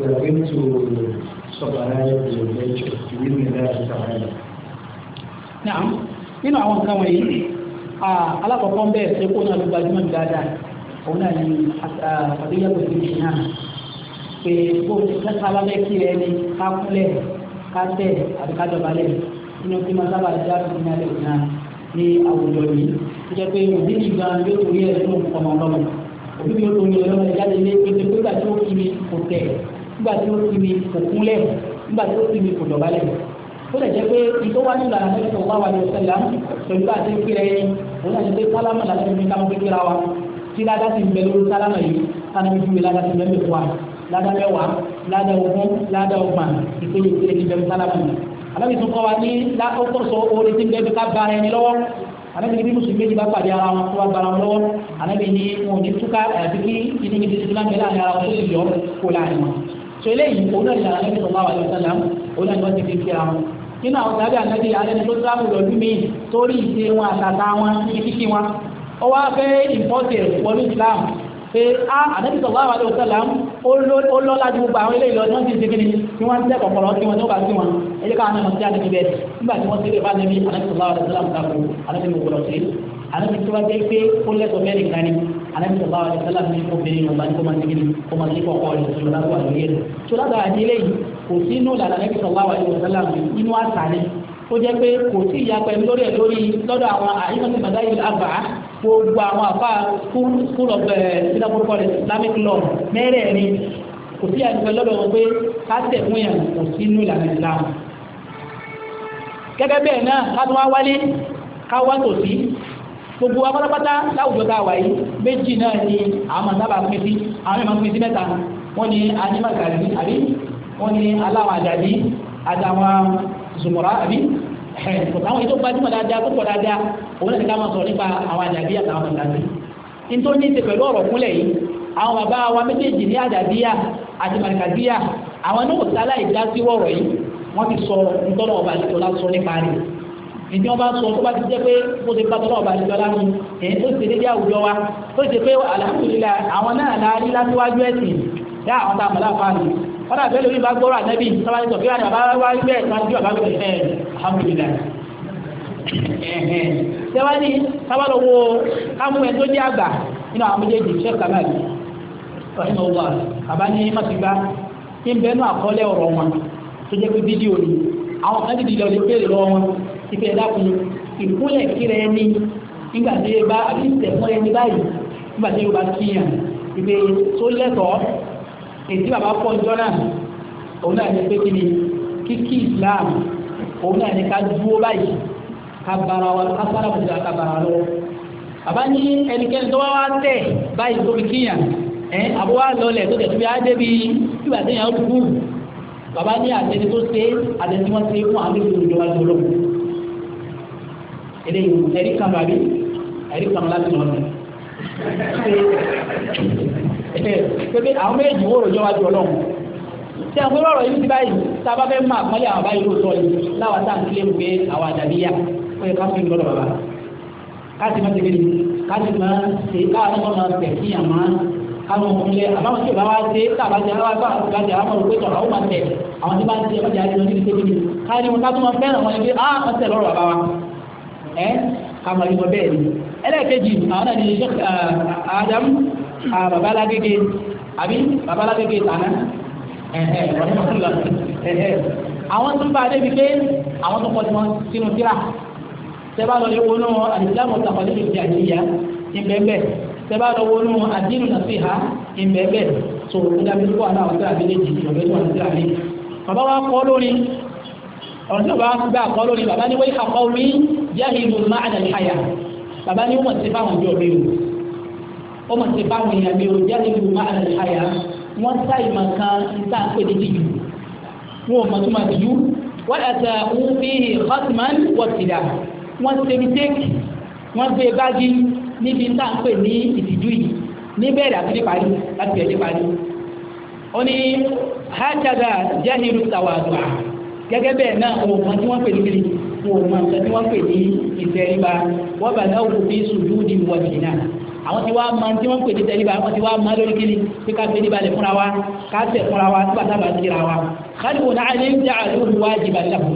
we are going to summarize the lecture in Allah ta'ala. Now, nínú àwọn nǹkan wọ̀nyí alákọ̀ọ́kọ́ ń bẹ̀ ṣe kó náà ló gbajúmọ̀ jù dáadáa òun náà ni àbíyá kò sí ìṣìn náà pé bó ti kẹ́kọ̀ọ́ alábẹ́ kí ẹ ní ká kúlẹ̀ ká tẹ̀ àbí ká dọ̀bálẹ̀ nínú kí máa sábà jáde ní alẹ́ òun náà ní àwùjọ yìí tó jẹ́ pé òbí mi gan yóò torí ẹ̀ fún ọmọ ọlọ́mọ òbí mi yóò torí ẹ̀ lọ́mọ ìjáde ilé pé nígbà tí ó kí mi kò tẹ̀ nígbà tí ó kí mi kò kúnlẹ̀ nígbà tí ó kí mi kò dọ̀bálẹ̀ ó lè jẹ́ pé ìtọ́ wá nílò àlàfẹ́ tó wá wà ní ọ̀sẹ̀lá pẹ̀lú àti kíra ẹni òun náà ti pé sálámà làti fi ká mọ́ kíkíra wa tí ládá ti bẹ lórí sálámà yìí sálámà yìí ju ládá ti bẹ mẹ́fọ́ wa ládá mẹ́wàá ládá ogún ládá ọgbọ̀n ìpele ìpele ti bẹ sálámà yìí. alábìsùn kọ́ wa ní ó orin ti bẹ bí ká ba ẹni lọ́wọ́ anabi níbi mùsùlùmí méjì bá pàdé ara wọn tó wá gbara wọn lọ́wọ́ anabi ní wọn ò ní túká àti kí ìdíbi títí máa ń bẹ láàrin ara wọn tó sì yọ kó láàrin wọn. so eléyìí òun náà ìlànà anabi sọ̀rọ̀ àwọn àlejò sálám òun náà ni wọ́n ti fi fi ara wọn. nínú àwọn sábẹ́ anabi alẹ́ni tó sáàmù lọ́dún mi torí ìṣe wọn àtàtà wọn ní kíkí wọn. ó wá fẹ́ ìfọ́sẹ̀ wọlé ìsìlámù pé a ah, ànábì sallallahu alaihi wasallam ó lọ́lá ju gbogbo àwọn ilé ìlọ tí wọ́n ti ń segin ni tí wọ́n ń tẹ́ kọ̀kọ̀rọ̀ tí wọ́n tó bá sí wọn ẹ jẹ́ ká àná ọ̀sẹ̀ àti ibẹ̀ nígbà tí wọ́n tẹ́lẹ̀ bá nẹ́bí ànábì sallallahu alaihi wasallam dàpọ̀ ànábì mọ̀ gbọ́dọ̀ sí ànábì tí wọ́n jẹ́ pé ó lẹ́tọ̀ mẹ́rin kan ni ànábì sallallahu alaihi wasallam ní obìnrin yorùbá ní kó máa segin ni kó máa sí kọ̀kọ̀ rẹ̀ tó lọ́dọ̀ wà lórí ẹ̀ tó lọ́dọ̀ àti ilé yìí kò sí inú ìlànà ànábì sallallahu alaihi wasallam inú àṣà ni ó jẹ́ pé kò sí ìyapẹ́ lórí ẹ̀ lórí lọ́dọ̀ àwọn àyíkọ́sí bàdá yìí àgbà gbogbo àwọn àfa school of singapore eh, college islamic law mẹ́rẹ̀ẹ̀rin kò sí àdúgbò lọ́dọ̀ wọn pé kásẹ̀ fún yàn kò sí inú ìlànà ìlànà gẹ́gẹ́ bẹ́ẹ̀ náà ká tún wá wálé ká wá tòsí gbogbo wa láwùjọ tá a wà yìí méjì náà ni àwọn sábà pín sí àwọn mẹ́ta pín sí mẹ́ta wọ́n ní animakari àbí wọ́n ní aláwọ̀ àjàdí àtàwọn zùmọ̀rá àbí ẹ̀ kò táwọn ètò gbajúmọ̀ dáadáa tó pọ̀ dáadáa òun náà ti ká máa sọ nípa àwọn àjàbíyà táwọn bàbá mi nítorí ní ti pẹ̀lú ọ̀rọ̀ kúnlẹ̀ yìí àwọn bàbá wa méjèèjì ní àjàbíyà àti màrìkàbíyà àwọn náà sálà ìdásí wọ̀rọ̀ yìí wọ́n ti sọ nítorí ọba àlejòlá sọ nípa rẹ̀ ìdí wọn bá sọ tó bá ti jẹ́ pé bó ti bá tọ́lọ́ ọba àlejòlá mu èyí tó ti dédé àwùjọ wa tó ti pé àlàkùnrinlá àwọn náà sẹ́wájú sábàlọ́ wo kámú ẹ̀ tó jẹ́ àgbà nínú àwọn méjèèjì sẹ́kù kàmáàlì ọ̀hìn ọ̀wà bàbá ní màtìgbà ní bẹ́ẹ̀ náà àkọọ́lẹ̀ ọ̀rọ̀ wọn tó jẹ́ pé fídíò ni àwọn kan dìde lọ lè béèrè lọ́wọ́ wọn ti fẹ́ dákun ìkúnlẹ̀ kíra ẹni nígbà tí ẹ bá àbí tẹ̀fún ẹni báyìí nígbà tí yorùbá kíyàn ìgbé tó lẹ́tọ̀ọ́ èdè bàbá pọ̀ ọjọ́ náà òun náà ní pé kí ni kíkí Islam òun náà ní ká dúró báyìí kabara wa kabara mo jira kabara lọ baba ní ẹnikẹ́ni tó bá wá tẹ̀ báyìí tó fi kíyàn ẹ àbó wa lọlẹ̀ tó Tu tó fi adé bi ìgbà tó yàn ó dùkú baba ní a tó ṣe àtẹni tí wọ́n ṣe fún àwọn ìlú ìjọba tó lọ eléyìí ẹ̀rí kan bàbí ẹ̀rí kan láti lọ sí pépé àwọn méjì wò lójọ́ wájú ọlọ́run tí àwọn ọ̀rọ̀ yìí ti báyìí tá a bá fẹ́ máa pọ́nlé àwọn báyìí lóòótọ́ yìí láwa tá à ń kílẹ̀ pé àwọn àdàbíyà pé ká fi lọ́dọ̀ bàbá káàtì máa tẹ̀lé káàtì máa ṣe káàtì máa tẹ̀ sí àmọ́ káwọn ọmọ ilé àbáwọn tí o bá wá dé káàbá jẹ àwọn àgbà àgbà jẹ àwọn olùkọ́ ìtọ̀ àwọn máa tẹ̀ àwọn tí máa ń tẹ ọjà àti oníbi tẹ́lẹ̀ káàtì wọn káàtì máa fẹ́ràn wọn ẹgbẹ́ ah wọ́n tẹ̀ lọ́rọ̀ bàbá wa ẹ káàmà yìí wọ bẹ́ẹ̀ ni ẹlẹ́ẹ̀kejì àwọn náà ni Adam babalágége àbí babalágége tàná ẹ̀ẹ́ àwọn tó ń bá a débi pé àwọn tó kọ́ tẹ́bá lọ lé wọnú àdìsílámù tàkọ́lé ní jàdíyà ìbẹ̀bẹ̀ tẹ́bá lọ wọnú àdínù nàfíhà ìbẹ̀bẹ̀ tó ìdábí kó aláwọ̀ sí àbílẹ̀ jì ìjọba tó wà sí àbílẹ̀. bàbá wa kọ́ lórí ọ̀rọ̀ tí bàbá gbà kọ́ lórí bàbá ní wáyé àkọ́ mi jáde ìlú máàdà ìhàyà bàbá ní wọ́n ti fáwọn ìjọ mi o wọ́n ti fáwọn ìyà mi o jáde ìlú máàdà ìhàyà wọ́n sáì mà kan níta pé dídì wọ́n mọ̀ tó máa dì wọ́n àtà òun fi hàn wọ́n ṣe mistake wọ́n gbé báàgì níbi tá à ń pè ní ìtìjú yìí níbẹ̀rẹ̀ àti níparí láti ẹ̀ níparí. ó ní hajjada jahiru tawadua gẹ́gẹ́ bẹ́ẹ̀ náà òun kan tí wọ́n pè ní kiri òun kan tí wọ́n pè ní ìtẹríba wọ́n bá náà wò fi sùdúdì wọ̀nyí náà àwọn tí wàá máa tí wọ́n pè ní tẹríba àwọn tí wàá máa lórí kiri bí ká fẹ́ níbalẹ̀ fúnra wa ká tẹ̀ fúnra wa tí wàá sábà kíra wa. kálíwò náà ní ìjà àlùwò wájiba lahu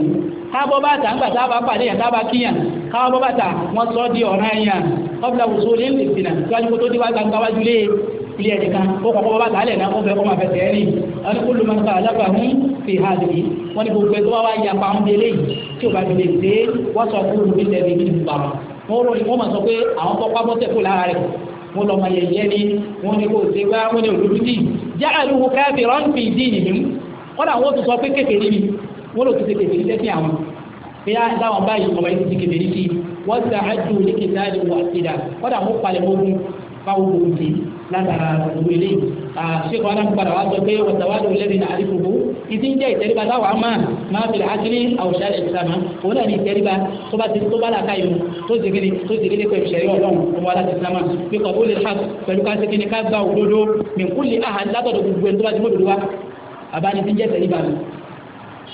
káàbọ̀ bàtà ńgbà tábà pàdé yàn tábà kíyàn káàbọ̀ bàtà wọ́n sọ di ọ̀ràn yàn ọ̀bùdà wùsùn ní ìsìnà síwájú kó tó dé wájú gbáwájú lé ilé ẹ̀dẹ̀ kan ó kọ̀kọ́ bàtà alẹ̀ náà ó fẹ́ kọ́ máa kúlù máa ń délé tí ò bá lè dé wọ́n sọ fún rọ ni wọ́n máa sọ pé àwọn kọ́ lára rẹ̀ ni kò ṣe jáàlú wọ́n lò ti ṣe kèfèrí sẹ́sìn àwọn bí a dáwọn báyìí ọba yìí ti kèfèrí sí wọ́n ti àjò ní kìtà ní wọ́n ti dà kọ́dà wọ́n palẹ̀ ogun báwo ló ń ti látara òwe lé ṣéèkì wọn náà padà wá sọ pé wọ́n tàwádìí olórí náà àdìgbò ìdí ń jẹ́ ìtẹ́ríba táwọn àmà máa fi àkíní àwòṣà ìsàmà òun náà ní ìtẹ́ríba tó bá ti tó bá làkà yìí tó ti gidi tó ti gidi pẹ̀lú ìṣẹ̀rí ọlọ́run ọmọ aláṣẹ ìsàmà bí kò bó lè ha pẹ̀lú ká sékìní ká gba òdodo mìkúlì àhà látọ̀dọ̀ gbogbo ẹni tó bá ti mọ̀ òdodo wa àbáni ti ń jẹ́ ìtẹ́ríba mi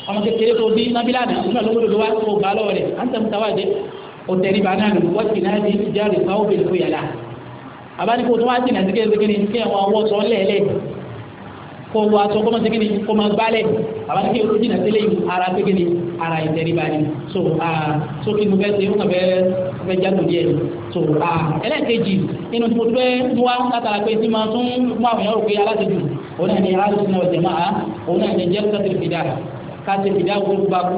ọmọ kékeré tó bí nábìlà náà nígbà lówó lòlówó wa kó gbà lọ́wọ́ rẹ̀ à ń tẹ̀mú tàwa jẹ́ òtẹ̀rí bá náà lòlówó wọ́n ti náà di jáde fáwọn bèèrè fún yàrá àbáníkó tó wá ti nà síkẹ́ síkẹ́ ni kí àwọn ọwọ́ sọ lẹ́ẹ̀lẹ́ kó wọ aṣọ kó má síkẹ́ ni kó má gbálẹ̀ àbáníkó tó ti nà sílẹ̀ yìí ara síkẹ́ ni ara ìtẹ̀rí bá ni so so kí mo fẹ́ ṣe mo fẹ́ fẹ́ jáde díẹ̀ so ẹlẹ́ẹ̀kejì inú tí fẹ́ wá látara pé tí máa tún mú àwọn èèyàn rò pé òun náà ni aláṣẹ náà jẹ̀ káṣe fìdí àwòrán gbàgbó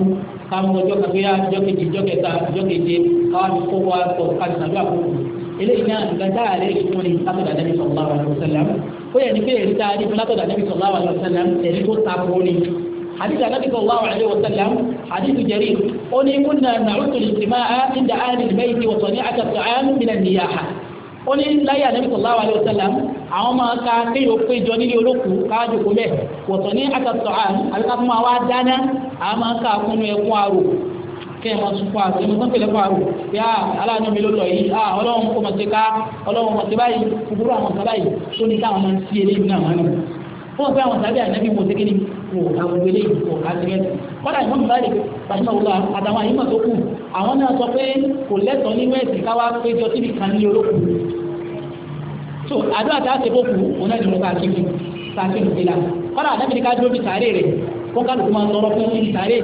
káwọn ọjọ́ kàfíà ọjọ́ kejì ọjọ́ kẹta ọjọ́ keje káwọn àti kókó àtọ̀ káṣe nàdúrà kókó eléyìí náà nǹkan tá a lè rí fún ni látọ̀dà nẹ́bí sallallahu alaihi wasallam ó yẹ ní pé èyí tá a rí fún látọ̀dà nẹ́bí sallallahu alaihi wasallam èyí tó ta kó ni حديث النبي صلى الله عليه وسلم حديث جرير أني كنا نعد الاجتماع عند أهل البيت وصنيعة الطعام من النياحة أني لا يا نبي صلى الله عليه وسلم àwọn máa ka kéèyàn péjọ nílé olókùú káwájú kó bẹ́ẹ̀ wọ̀tọ̀ ní àtàtọ̀ àbí ká fún wa dáná àwọn máa ka kúnnú ẹkún arò kẹ́ ẹ̀ máa tún fún àti ẹ̀mọ́tán tẹ̀lé fún àrùn yá aláàánú mi ló lọ yìí á ọlọ́run kò mọ̀ sí ká ọlọ́run mọ̀ sí báyìí kúkúrú àwọn kan báyìí tó ní táwọn máa ń sí eléyìí náà máa ń fún ọ̀pẹ àwọn sábẹ́ ànábì mo tẹ́kẹ́ ni wò àwọn eléyìí wò ká ti rẹ́sì kọ́dà ìmọ̀ nígbà rẹ̀ pàṣẹ wò àtàwọn àyímọ̀ tó kù àwọn náà sọ pé kò lẹ́tọ̀ọ́ nínú ẹ̀sìn káwá péjọ síbi kan ní olókùn so àdó àti àti ìbòkù òun náà ni mo ká kí mi ká kí mi dìlà kọ́dà àdábìnrin ká dúró bí sàárè rẹ̀ kó kálukú máa tọrọ fún mi sàárè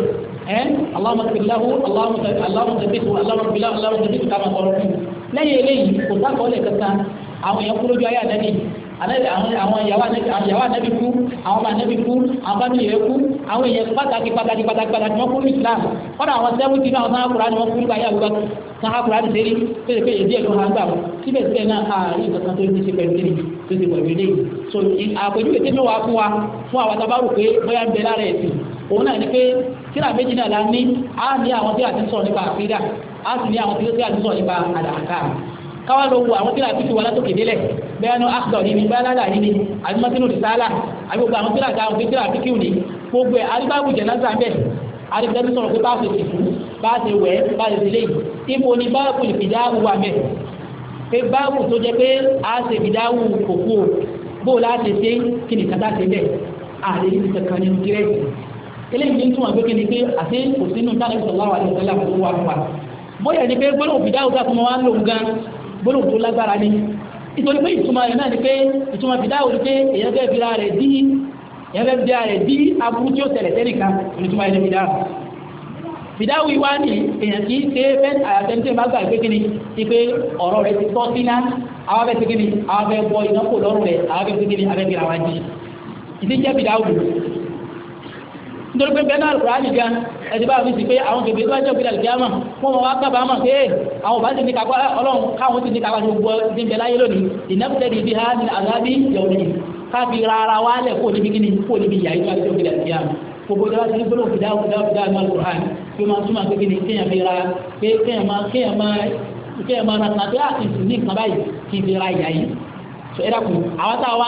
ẹ́ Allahumma sàbíláhu Allahumma sàbíláhu Allahumma sàbíláhu Allahumma sàbíláhu ká máa tọrọ fún lẹ́yìn eléyìí kò sákọ̀ọ́lẹ̀ kankan àwọn èèyàn kúrò ju ayé àdáni àwọn ìyàwó ànábì kú àwọn ọmọ ànábì kú àwọn fámìlì rẹ kú àwọn èèyàn pàtàkì pàtàkì pàtàkì pàtàkì wọn kú ní Islam kọ́nà àwọn sẹ́wọ́ntì náà sáà kúrò ní wọn kú nígbà yà wúwa sáà kúrò ní sẹ́rí pèsè pé èdè ẹ̀dùn hàn gbà wọn síbẹ̀síbẹ̀ náà àárín ìtọ́sán tó ti ṣe pẹ̀lú tó ti pẹ̀lú ilé yìí so àpèjúwe tí mi wà fún wa fún àwọn tabaru pé bóyá ń bẹ lára ẹ̀sìn òun náà ni pé kíra méjì náà la ní á ní àwọn tí a ti sọ nípa àfídà á sì ní àwọn tí a ti sọ nípa àdàkà káwá ló wo àwọn tíra tuntun wa látòkè délẹ̀ bẹ́ẹ̀ ni akhdọ̀ ni ni bálálà ni ni àbí mọ́tínú rìsálà àbí gbogbo àwọn tíra táwọn fi tíra fíkìw ni gbogbo ẹ̀ alibábù jẹ̀nàsà ń bẹ̀ alibẹ́ni sọ̀rọ̀ pé báà ṣe ti fún báà ṣe wẹ̀ báà ṣe lé ibo ni báàbù ìfìdáwù wà mẹ́ pé báàbù tó jẹ pé a ṣe ìfìdáwù òkú o bó o láti ṣe kí ni kàtà ṣe bẹ́ẹ̀ àlè ní kankan nínú kírẹ́ẹ̀tì eléyìí ní túmọ̀ pé kí ni pé àti kò sínú tánàbí sọ̀lá wà ní ìṣẹ̀lá fún wa bóyá ni pé gbọ́dọ̀ òfìdáwù tó àtúmọ̀ wa ń lò gan gbólóhùn tó lágbára ni nítorí pé ìtumọ̀ rẹ̀ náà ni pé ìtumọ̀ fìdá òní pé èyàn fẹ́ fi ra rẹ̀ dí èyàn fẹ́ fi ra rẹ̀ dí aburú tí ó tẹ̀lẹ̀ tẹ́nìkan ìtumọ̀ rẹ̀ fìdá fìdá wí wá ní èyàn kì í ṣe fẹ́ àyàtẹ̀ntẹ̀ bá gbà pé kíni ti pé ọ̀rọ̀ rẹ̀ ti tọ́ síná àwọn fẹ́ ti kíni àwọn fẹ́ bọ ìnáwó lọ́rùn rẹ̀ àwọn fẹ́ ti kíni àwọn fẹ́ fi ra wá ìdíjẹ́ fìdá òní nítorí pé bẹ́ẹ̀ náà Kùránì gan ẹ̀dí bá mi sì pé àwọn bèbè tó bá jẹ́ òkè dàlùkì àmọ̀ fún wọn wá kábàá mọ̀ pé àwọn òbá sì ní kakọ́ ọlọ́run káwọn sì ní kakọ́ àti gbogbo ti ń bẹ láyé lónìí ìnáfẹ́lẹ́ ibi ha ni àgbábí yọ̀ọ̀lì káfí rárá wálẹ̀ kó níbi kíni kó níbi yàrá ìgbà tó òkè dàlùkì àmọ̀ gbogbo ìjọba ti ah, ní gbólóhùn fìdá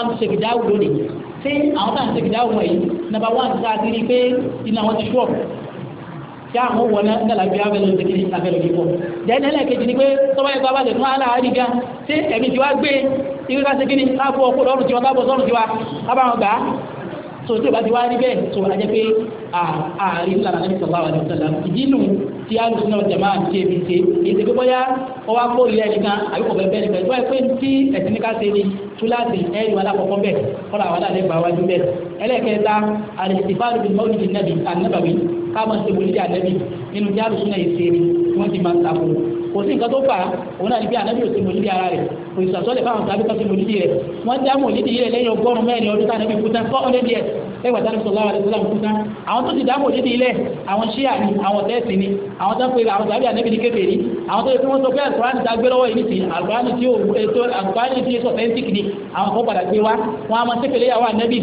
fìdá fìdá ní ni pé àwọn náà ń ṣe ìdáhùn wọ̀nyí nàbà wà nígbà tí rí pé iná wọn ti ṣú ọ̀pọ̀ tí àwọn wọ̀ náà nígbà bí abẹ́lẹ̀ ti kiri abẹ́lẹ̀ yìí pọ̀. jẹ́ni ẹlẹ́kejì ni pé tọ́wọ́ ẹgbẹ́ abájẹ fún aláàárí gan ṣé ẹ̀mí ti wá gbé irú ká ṣe kí ni ká bọ́ ọkọ̀ lọ́rùn tiwa ká bọ́ sọ́rùn tiwa ká bá wọn gbà á so tí o bá ti wá rí bẹ́ẹ̀ so a jẹ́ pé ààrí ńlá nàbí sallallahu alaihi wasallam ìdí nù tí a lù sínú jama àti ebi ṣe èdè pé bóyá ó wá kó ilé ẹnìkan àbí kò bẹ́ẹ̀ bẹ́ẹ̀ bẹ́ẹ̀ pé tí ẹ̀sìn ní ká ṣe ni túláàsì ẹ̀rí wa lákọ̀ọ́kọ́ bẹ́ẹ̀ kọ́ra àwọn aláàlẹ́ gbà wájú bẹ́ẹ̀ ẹlẹ́ẹ̀kẹta àlèsìfáàlù bíi mọ́lì ti nàbì ànábàbí káàmọ́ ṣe wòlíì ànábì nínú tí a lù sínú èsì ni wọ́n ti máa ń takò kò sí nǹkan tó fà á òun náà ní bí anabi ò sí mòlídìí ara rẹ̀ kò sì sàtọ́lẹ̀ fáwọn tàbí kan sí mòlídìí rẹ̀ wọ́n dá mòlídìí rẹ̀ lẹ́yìn ọgọ́rùn mẹ́rin ọdún tánàbí kúta four hundred years ẹgbà tánàbí sọlá wa lẹ́sọ̀lá kúta àwọn tó ti dá mòlídìí rẹ̀ àwọn ṣíà ni àwọn tẹ́sì ni àwọn tó ń pe àwọn tàbí anabi ní kébèrè àwọn tó yẹ kí wọ́n sọ pé àkùránì tá a gbé lọ́wọ́ yìí nìsín àkùránì tí àkùránì tí yẹsọ̀ fẹ́ntìkì ni àwọn kan padà gbé wa wọn a máa ṣe pẹ̀lẹ́ yàwó anabi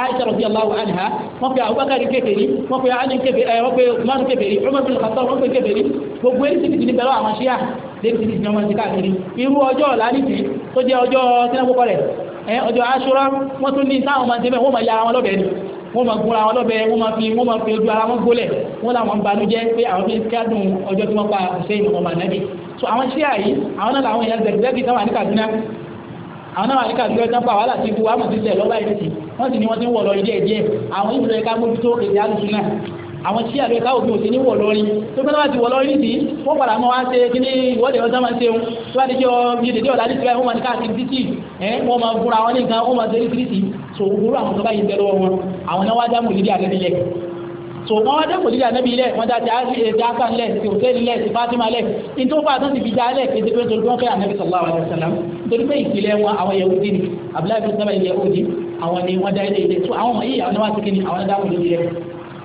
aisha rabi allahu anha wọn pe abubakar kébèrè wọn pe ali kébèrè eh, wọn pe usman kébèrè wọn pe kébèrè gbogbo èyí tìbìtì ní bẹ̀rẹ̀ àwọn ṣíà lẹ́yìn tìbìtì ọmọ ti káàkiri irú ọjọ́ ọ̀la nìkì tó jẹ́ ọjọ́ sínagókọ rẹ̀ ẹ ọjọ́ aṣọra wọ́n tún ní táwọn máa ń tẹ́lẹ̀ wọ́n máa yára wọn lọ́bẹ̀ẹ́ ni wọ́n máa gúnra wọn lọ́bẹ̀ẹ́ wọ́n máa fi wọ́n máa fi ojú ara wọn gbólẹ̀ wọ́n làwọn ń banújẹ́ pé àwọn fi ń kádùn ọjọ́ tí wọ́n pa Hussein ọmọ ànábì so àwọn ṣíà yìí àwọn náà làwọn èèyàn zẹ̀gbẹ́gì táwọn àníkà dúná àwọn náà àníkà dúná tán pa wàhálà tí ikú wa mọ̀ sí ilẹ̀ lọ́wọ́ àìsí wọ́n sì ní wọ́n ti ń wọ̀ lọ ilé ẹ̀jẹ̀ àwọn ìbùdó ẹ̀ka mójútó èdè àlùsùn náà àwọn tí àbẹ káwọ bí o ti ní wọ lọrin tó gbé náà ti wọ lọrin sí wọn padà mọ wá ṣe kíní ìwọde ọjọ́ máa ṣe òun tó bá ti jẹ ọ bí dèdè ọ̀la ní tìrẹ wọn máa ní káàkiri títì ẹ wọn máa gúnra wọn ní nǹkan wọn máa ṣe títì so gbogbo àwọn tó bá yìí bẹ̀rẹ̀ wọn àwọn náà wá dá mòlì bí àgẹ́bí lẹ̀ so wọn wá dá mòlì bí àgẹ́bí lẹ̀ wọn dá ti eh, asan lẹ̀ ti hòtẹ́ẹ̀lì lẹ̀ ti Fatima lẹ̀ nítorí wọn bá tán ti fi já lẹ̀ kéde pé nítorí wọn fẹ́ ànábì sallallahu alaihi wasallam nítorí pé ìpìlẹ̀ wọn àwọn Yahudi ni Abdullahi bin sábà Yahudi àwọn ni wọn dá ilé ilé so àwọn ọmọ yìí àwọn náà wá ti kí ni àwọn náà dá mòlì bí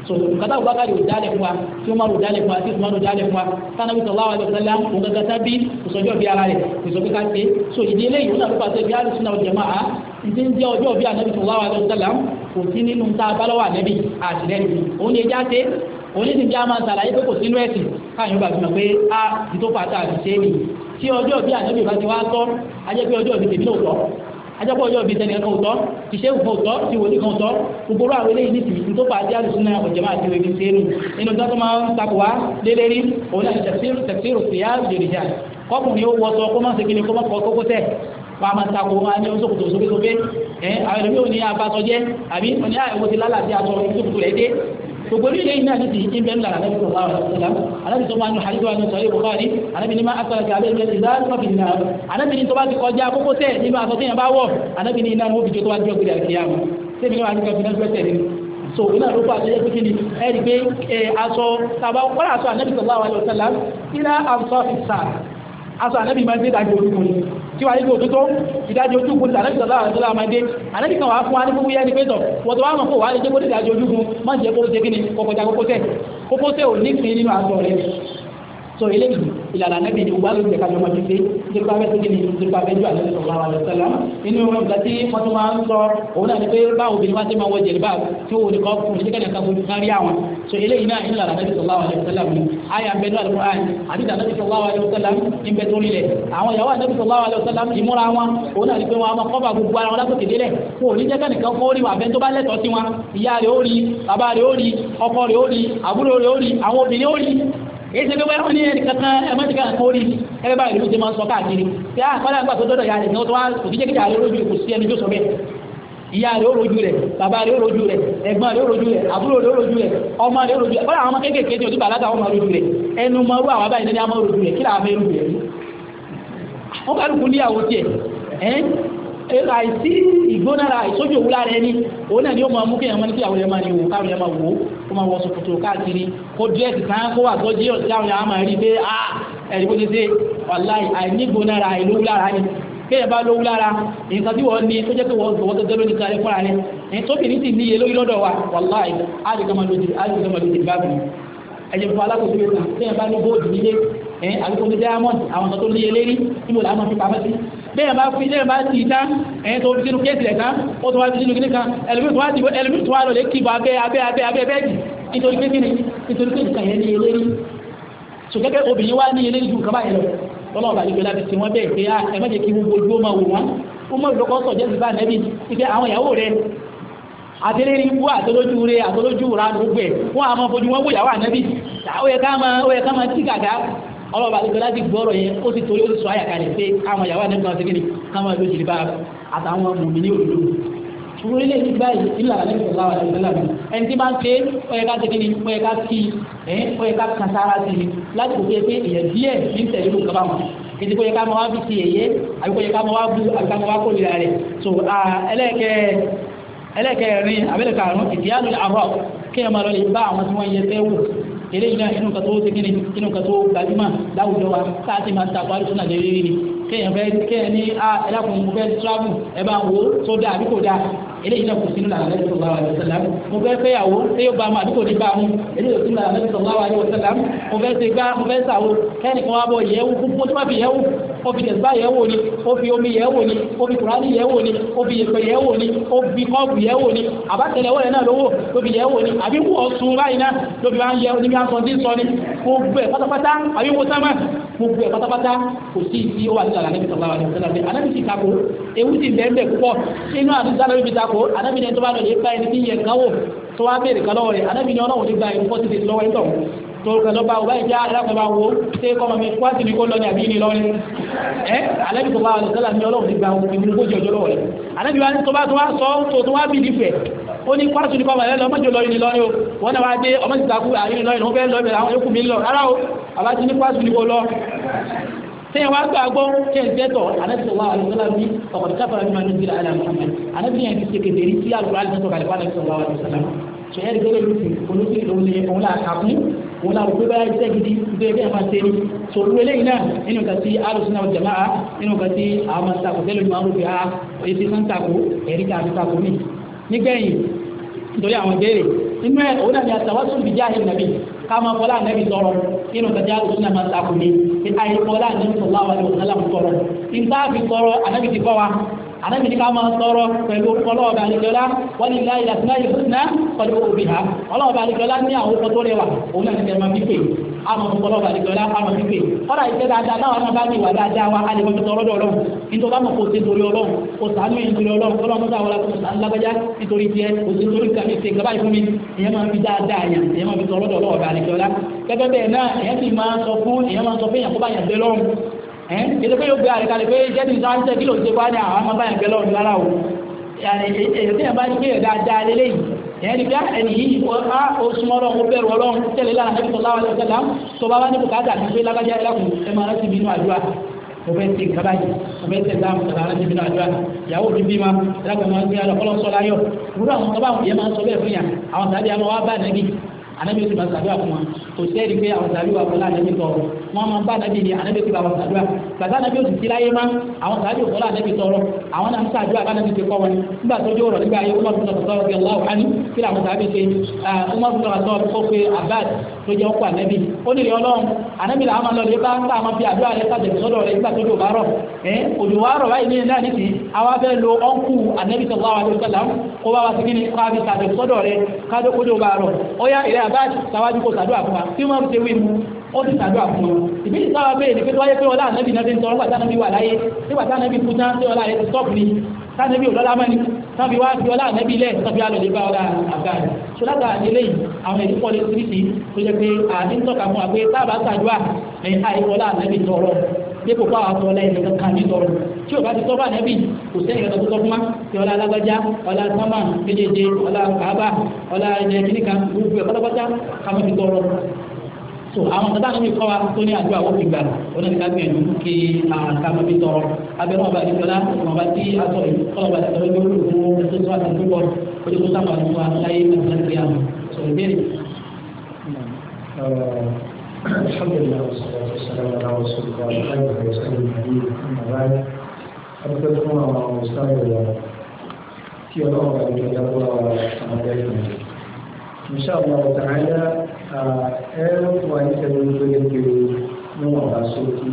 so kata Abubakar yóò dálẹ̀ fún wa tí Umar yóò dálẹ̀ fún wa tí Usman yóò dálẹ̀ fún wa sanabi sallallahu alayhi wa sallam òun kankan sábì ìsọjọ́ bí ara rẹ̀ ìsọjọ́ ká ṣe so ìdí eléyìí wọn nàbí pàṣẹ bí alùsùn náà jẹ̀mọ́ a ìdí ń jẹ́ ọjọ́ bí anabi sallallahu alayhi wa sallam kò sí nínú ta balọ̀wà nẹ́bí àtìlẹ́yìn òun ni ẹja ṣe onídìbí a máa ṣàlàyé pé kò sínú ẹ̀sìn káàyàn bá fi mọ̀ pé ah, a ìtòpàtà àti ṣe é nìyí tí ọjọ́ bí ànábì bá ti wá tọ́ ajẹ́ pé ọjọ́ ìbí tèmi náà tọ́ ajẹ́pọ̀ ọjọ́ bíi tẹnìkan òtọ́ ti ṣe nǹkan òtọ́ ti wòlé kan òtọ́ gbogbo àwọn eléyìí ní tìbí tó fà á díàlù sínú àwọn jẹ̀mọ́ àti ìwé bíi sẹ́nu nínú tó tó máa ń takò wá lélẹ́rí òun náà tẹ̀síìrù tẹ̀síìrù fìyà jèrìjà kọ́kùnrin ó wọ sọ kó má ṣe kíni kó má kọ kókó tẹ̀ wọ́n a máa takò wọn ní oṣooṣù tó sókè sókè ẹ̀ àwọn ẹlòmíràn ní abatọ́jẹ́ àbí oní àìwọ́ ah, ti lálàá sí aṣọ ìṣòkòtò rẹ̀ dé gbogbo ní lẹ́yìn náà ní ti ìjìn bẹ́ẹ̀ lára alábi sọ̀rọ̀ àwọn ọ̀sẹ̀lá alábi sọ máa ń hajj wa ní sọ̀rọ̀ Bukhari alábi ní máa asọ̀rọ̀ kàbẹ́ ìjẹ́ ìlà tọ́bi nìyà alábi ní tó bá ti kọjá kókó tẹ̀ nínú aṣọ tẹ̀yàn bá wọ̀ alábi ní iná mọ́bi jó tó bá jẹ́ òkúta ìkẹyà mọ́ sẹ́mi náà wà ní kẹfìnà gbẹ́sẹ̀ nínú so iná ló fà lẹ́yìn pínpín ẹ̀rí pé aṣọ tàbá kọ́lá aṣọ anábì sọ̀rọ̀ àwọn ọ̀sẹ̀lá ilá àǹsọ̀ ìsà aṣọ anábì máa ń dé dájú orúkọ tí wàá níbi òtútọ́ ìdájọ́ ojúgun ti ànábì sọ̀rọ̀ àti àmàdé ànábì kan wàá fún wa ní fúnfún yẹn ni pétọ̀ wọ́n tó wá mọ̀ kó wàá lè jẹ́ kó dídájọ́ ojúgun má jẹ́ kó ló ṣe kí ni kọ̀kọ̀jà kókósẹ̀ kókósẹ̀ ò ní kí nínú àtọ̀ rẹ̀ so eléyìí ìlànà anabi ni wàá lóye kájọ máa fi ṣe nípa abẹ́ tó kíni nípa abẹ́ ju àlejò sọ̀rọ̀ àwọn àlejò sẹ́lẹ̀ inú ìgbà tí wọ́n tún máa ń sọ òun náà ni pé báwo obìnrin máa ṣe máa wọ jẹ̀lẹ̀ báwo tí òun nìkan kùn sí kẹ́kẹ́ kan kárí àwọn so eléyìí náà ìlànà anabi sọ̀rọ̀ àwọn àlejò sẹ́lẹ̀ mi àyà ń bẹ ní àlùkò àyè àti anabi sọ̀rọ̀ àwọn àlejò sẹ́lẹ̀ ń bẹ tó nílẹ̀ àwọn ìyàwó anabi sọ̀rọ̀ àwọn àlejò sẹ́lẹ̀ ìmúra wọn òun náà ni pé wọn a máa kọ́ bá gbogbo ara wọn lásòkè délẹ̀ wọn ò ní jẹ́ kẹ́nìkan kó rí wọn àbẹ́ tó bá lẹ́tọ̀ọ́ sí wọn ìyá rẹ̀ ó rí bàbá rẹ̀ ó rí ọkọ rẹ̀ èyí ṣe pé wọ́n ní ẹnì kankan ẹmọ́déka kórì ẹgbẹ́ báyìí ló ti máa ń sọ káàkiri tí a kọ́lá gbà tó dọ́dọ̀ ya rẹ̀ ní wọ́n tó wá kò sí jẹ́kíjà rẹ̀ kò sí ẹni tó sọ bẹ́ẹ̀ ìyá rẹ̀ ó rẹ̀ bàbá rẹ̀ ó a rẹ̀ ẹ̀gbọ́n rẹ̀ ó rẹ̀ àbúrò rẹ̀ ó rẹ̀ ọmọ rẹ̀ ó rẹ̀ kọ́lá àwọn kéékèèké tí o ti bàlágà àìsí ìgbónára àìsójú òwúlá rẹ ní òun náà ni ó máa mú kéèyàn máa ní kí àwọn èèyàn máa ní òun káwọn èèyàn máa wò ó kó máa wọ ṣòkòtò káàkiri kó dírẹ́sì kan kó wà gọ́jí ọ̀sí àwọn èèyàn máa rí pé a ah, ẹ̀rí bó ti ṣe wàláì àìní ìgbónára àìlówúlára ni kéèyàn bá lówú lára nǹkan tí wọ́n ní tó jẹ́ pé wọ́n gẹ́gẹ́ lónìí kan fúnra rẹ̀ ní tóbìnrin sì níye lórí lọ́dọ̀ wa wàláì àdìgbàmọ́ lójì àdìgbàmọ́ lójì báàbù ẹ̀jẹ̀ fún alákòóso yẹn kan kéèyàn bá ní bóòdù nílé àdìgbò ní diamond àwọn kan tó níye lérí níbo làwọn fi pamọ́ sí bẹ́ẹ̀ bá fi bẹ́ẹ̀ bá ti dá ẹ̀yìn tó fi sínú kéèsì rẹ̀ tán ó tó wá fi sínú kíní kan ẹlòmíì tó wá dìbò ẹlòmíì tó wá lọ lè kíbo abẹ́ abẹ́ abẹ́ abẹ́ bẹ́ẹ̀dì nítorí pé kíni nítorí pé nǹkan yẹn ní eléyìí sọ gẹ́gẹ́ obìnrin wá ní eléyìí ju kaba yẹn lọ ọlọ́ọ̀bà yìí gbẹ́lá fi ti wọ́n bẹ́ẹ̀ pé ah, ẹ má jẹ́ kí gbogbo ojú ó máa wò wọ́n ó mọ̀ lọ́kọ́ sọ̀ jẹ́ sísá nẹ́bí ìfẹ́ àwọn ìyàwó rẹ̀ àtẹ́lẹ́rí wú àtọ́lójú rẹ̀ àtọ́lójú rà gbogbo ẹ̀ wọ́n á máa fojú wọn wò ìyàwó ànẹ́bí ó yẹ ká máa ó yẹ ká máa tí gàgá ọlọ́run bá gbẹgbẹ láti gbọ́ ọ̀rọ̀ yẹn ó ti torí ó ti sọ àyàkálẹ̀ pé káwọn yàrá nípa ọ̀sẹ̀ kìíní káwọn ìlú jìlì bá àtàwọn mùmí ní òdodo ṣùgbọ́n ilé ní báyìí ìlànà ní ìfọ̀lá wà lẹ́yìn lọ́la ẹni tí bá ń ṣe ó yẹ ká ṣe kí ni ó yẹ ká kí ẹ ó yẹ ká kan sára sí i láti kò pé pé èèyàn díẹ̀ ní tẹ̀lé ló kaba wọn ètò kò ká máa wá fi ti èyẹ àbí kò ká máa wá bu àbí ká máa wá kórìíra rẹ̀ so ẹlẹ́kẹ̀ ẹlẹ́kẹ̀rin àbẹ́lẹ̀kàrún ìdíyàlú àrọ̀ kí ẹ máa lọ lè bá àwọn tí wọ́n yẹ fẹ́ wò eléyìí náà inú kàtó ṣe kíni inú kàtó gbajúmọ̀ láwùjọ wa káàtì máa ń ta àpárí sún àdé rírì kéèyàn fẹ́ kéèyàn ní a ah, ẹlẹ́kùn mo fẹ́ travel ẹ bá wo tó dáa àbí kò dáa eléyìí náà kò sínú làwọn ẹlẹ́sìn sọ̀rọ̀ àwọn ẹlẹ́sìn sọ̀rọ̀ mo fẹ́ fẹ́yàwó ṣé yóò bá mu àbí kò ní bá mu eléyìí sínú làwọn ẹlẹ́sìn sọ̀rọ̀ àwọn de sọ̀rọ̀ mo fẹ́ ṣe gbá mo fẹ́ ṣàwo kẹ́nìkan wá bọ̀ yẹ̀wò fún mo tí wọ́n fi yẹ̀wò ó fi ẹ̀sùbá yẹ̀ wò ni ó fi omi yẹ̀ wò ni ó fi kùránì yẹ̀ wò ni ó fi yẹ̀pẹ̀ yẹ̀ wò ni ó fi kọ́ọ̀bù yẹ̀ wò ni àbátẹ̀lẹ̀wọ́ rẹ̀ náà lówó ló fi yẹ̀ wò ni àbí wù ọ́ sun báyìí náà ló fi máa ń yẹ ní bí wọ́n sọ ní sọ ni gbogbo ẹ̀ pátápátá àbí wo sámà gbogbo ẹ̀ pátápátá kò sí ti ó wà ní àlàyé mi sọ̀rọ̀ àwọn ọ̀sẹ̀ anábì ti tako ewu bẹ́ẹ̀ púpọ̀ inú àdúgbò anábì ti tako ẹni tó bá lọ lè bá ẹni tí yẹ kánwò tó wá béèrè kan lọ́wọ́ rẹ̀ anábì ni ọlọ́run gba ẹni fọ́sítì lọ́wọ́ ẹ̀ tọ̀hún tórúkọ lọ́ba ọba ìjà alákọ̀ọ́ba ah, wo ṣé kọ́mọ mi kwásì ní kó lọ ní àbí ní lọ́rin ẹ alẹ́bí tó bá wà lọ́sọ́lá ní ọlọ́run nígbà ìmúlùkójì ọjọ́ lọ́wọ́ rẹ̀ alẹ́bí wa tó bá tó wá sọ tó tó wá bì nífẹ̀ẹ́ ó ní kwásì ní kọ́mọ ẹ lọ́mọdé lọ́rin ní lọ́rin o wọ́n náà wá dé ọmọ ti takú àyìn lọ́rin ó fẹ́ lọ́ àwọn yòókù mi lọ rárá o àbá ti ní kwásì ní kó lọ sẹ́yìn wá gbà gbọ́ kẹ́ńtẹ́tọ̀ anẹ́sọ̀wá alùsọ́lá bí ọ̀kọ̀dé káfàrà bí máa ń gbé àlà mọ́hàmmed anẹ́bíyàn ti ṣe kékeré sí alùpàá alùsọ́lá bí ọ̀kọ̀dé káfàrà bí máa ń gbé àlà mọ́hàmmed sẹ́yìn gẹ́gẹ́ bí olùsí olùsí lè òun òun náà wọ́n pé báyà iṣẹ́ gidi ìgbé ẹgbẹ́ máa ṣe ni tó wú eléyìí náà nínú nǹkan tí alùsùn náà jẹ̀má a nínú nǹkan tí àwọn máa takò tẹ́lẹ̀ máa ń rò pé a èsì sàn takò ẹ̀rí ká fi takò mí. nígbẹ̀yìn nítorí àwọn béèrè inú ẹ̀ òun náà ni àtàwásùn bìí jáde nàbí ká máa fọlá nàbí sọ̀rọ̀ nínú nǹkan tí alùsùn náà máa takò mí àyè fọlá nàbí sọ̀rọ̀ àwọn àlè ànábì ní ká máa tọrọ pẹ̀lú orúkọ ọlọ́ọ̀bà àlejòlá wọ́n ní láyé láti láyé fúnná pẹ̀lú òbí ha ọlọ́ọ̀bà àlejòlá ní àwọn orúkọ tó rẹwà òun náà ní kẹ́ máa fi pè àmọ́ orúkọ ọlọ́ọ̀bà àlejòlá àmọ́ fi pè kọ́dà ìṣe dáadáa náà náà bá ní ìwà dáadáa wa alẹ́ mọ́tò tọrọ dọ̀ ọlọ́run nítorí bá mọ̀ kó ṣe torí ọlọ́run kó sàánú ẹ̀ nítorí ọlọ́run kó lọ́mọ́tò àwọn alágbájá nítorí tiẹ̀ kó ṣe torí kàmí ṣe gbábà ìfún mi ìyẹn máa fi dáadáa yàn ìyẹn máa fi tọrọ dọ̀ ọlọ́ọ̀bà àlejòlá gẹ́gẹ́ ẹ ètò pé yóò gbé àrẹ kalẹ̀ pé jẹ́ni sáà ń tẹ̀ kí ló ń ṣe bá ní àwọn ọmọ báyìí bẹ́ẹ̀ lọ́rùn lára o èyí tí yẹn bá ní pé ẹ̀dá dáa lélẹ́yìí ẹni bí ah, ẹni yìí ọ̀há ah, osùmọ́ ọlọ́run bẹ̀rù ọlọ́run tẹ̀lé lára níbi tó láwọn ẹ̀sẹ̀ lám tó bá wá ní bùkátà ní pé lágbájá ẹlẹ́kùn ẹ máa rántí mi nínú àdúrà mo fẹ́ ti nǹkan báyìí mo fẹ́ tẹ̀ láàmú tẹ̀lé rántí mi nínú àdúrà ìyàwó mi bí ma ẹlẹ́kùn máa ń gbé alọ́ kọ́lọ́ sọ láyọ̀ ìwúrọ̀ àwọn ọba àwọn yẹn máa ń sọ bẹ́ẹ̀ fún yà anabi yóò ti ba sàdúrà fún wa kò sẹ́ẹ̀rì pé àwọn sàdúrà wà lọ́la anabi tọrọ wọn máa bá anabi ni anabi yóò ti ba àwọn sàdúrà bàtà anabi yóò ti ti láyé má àwọn sàdúrà wà lọ́la anabi tọrọ àwọn náà ń sàdúrà bá anabi ti kọ́ wọn nígbà tó jọrọ nígbà yẹ umar bin abdul rahman kí làwọn sàbí ṣe ah, umar bin abdul rahman kó pe abad tó jẹ́ ọkọ̀ ànábì ó nílé ọlọ́run ànábì làwọn máa lọ lè bá ń ká àwọn bí àdúrà rẹ sàtẹ̀lẹ̀ sọ́dọ̀ rẹ nígbà tó dò bá rọ̀ ẹ́ òdò wa rọ̀ báyìí nílẹ̀ ní ti àwa fẹ́ lo ọ́nkù ànábì sọ̀rọ̀ àwọn àdúrà sọ̀rọ̀ kó bá wa sí kíni kó a fi sàtẹ̀lẹ̀ sọ́dọ̀ rẹ kó dò bá rọ̀ ó yá ìrẹ́ àbáàdì ó ti sàdó àfún wọn ìbílẹ̀ sábà bẹ́ẹ̀ ni pé tó wáyé pé ọlá ànábì náà ti ń tọrọ nígbà tánábì wà láyé nígbà tánábì kú tán tí ọlá rẹ ti stop ni tánábì òlọ́lá mọ́ ni tánábì wá fi ọlá ànábì lẹ̀ tánábì wá lọ́dẹ bá ọlá àgbà rẹ̀ ṣọlága àdélé yìí àwọn èdè pọ̀ lẹ́sìrìsì tó jẹ́ pé àdín tọ́ka fún wa pé tábà sàdó à ní àìwọlá ànábì tọrọ dípò fáwọn àtọ lẹ́yìn nìkan kan ní tọrọ tí o bá ti tọ́ba ànábì kò sẹ́yìn kan tó tọ́ tí ọlá alágbájá ọlá sánmà méjèèjì ọlá kàábà ọlá ẹ̀jẹ̀ kìnnìkan gbogbo ẹ̀ pátápátá kàmọ́ ti tọrọ so àwọn kan táwọn mi kọ́ wa tó ní àdúrà wọ́n fi gbà wọn ní ká gbìyànjú kí àkàmọ́ mi tọrọ abẹ́rẹ́ ọba àdìsọ́lá ọba tí a sọ yìí kọ́lọ́ ọba àdìsọ́lá yóò lò fún ẹ̀sọ́ tó wà tó púpọ̀ ó ti kó sábà ní wa láyé àtúntàkìyà wọn sọ̀rọ̀ ìbéèrè. alhamdulilayi wa sallallahu alaihi wa sallam wa rahmatulahi wa sallam adúgbò fún àwọn ọ̀sán ìwà tí ọlọ́run insha Allah ta'ala ẹ ẹ wà ní tẹ̀lé gbẹgbẹgbẹ níwọ̀n bá sókè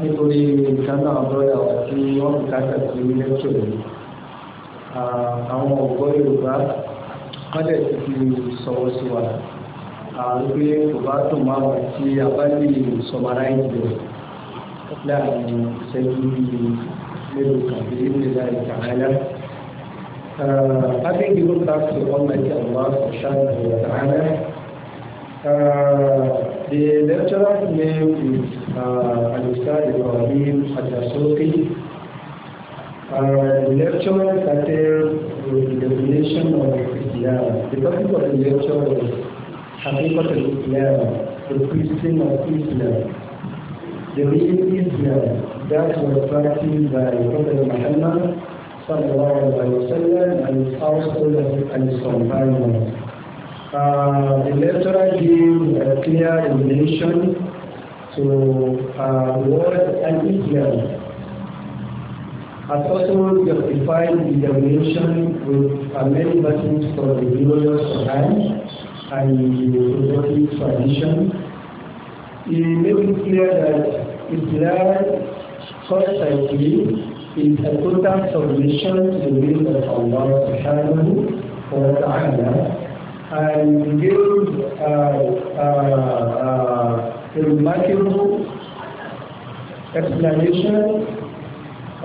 nítorí nǹkan náà lọ́yà wà tí wọ́n fi káàkiri sí lẹ́tọ̀ yìí àwọn ọ̀gbọ́n Yorùbá wọ́n dẹ̀ ti fi sọ̀rọ̀ sí wa àgbẹ̀ Yorùbá tó máa wà tí a bá lè sọmara ìgbẹ́ láàrin ìṣẹ́jú mélòó kàbí nílẹ̀ ìtàn ẹlẹ́rìí. Uh, I think you look back to Almighty Allah subhanahu wa ta'ala. Uh, the lecturer's name is uh, Al-Ustad Ibrahim Al-Dasuki. Uh, the lecturer started with the definition of Islam. The topic of the lecture was Hakikat al-Islam, the Christian of Islam. The real Islam that was practiced by Prophet Muhammad sallallahu alayhi wa sallam and his household and his companions. Uh, the letter gives a clear invitation to uh, what an Islam has also justified the definition with uh, many verses for the glorious Quran and the Prophetic tradition. He made it clear that Islam, constantly is a total submission to the will of Allah subhanahu wa ta'ala and gives uh, uh, a uh, remarkable explanation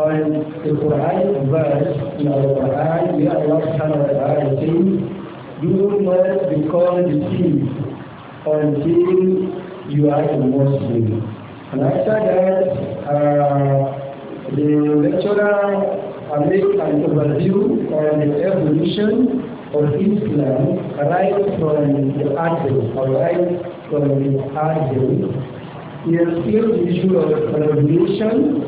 on the Quran verse in our Quran where Allah subhanahu wa ta'ala says, You will not become deceived until you are a Muslim. And after that, uh, The lecturer make an overview on the evolution of Islam right from the Adam, right from the Adam. Here still the issue of revolution.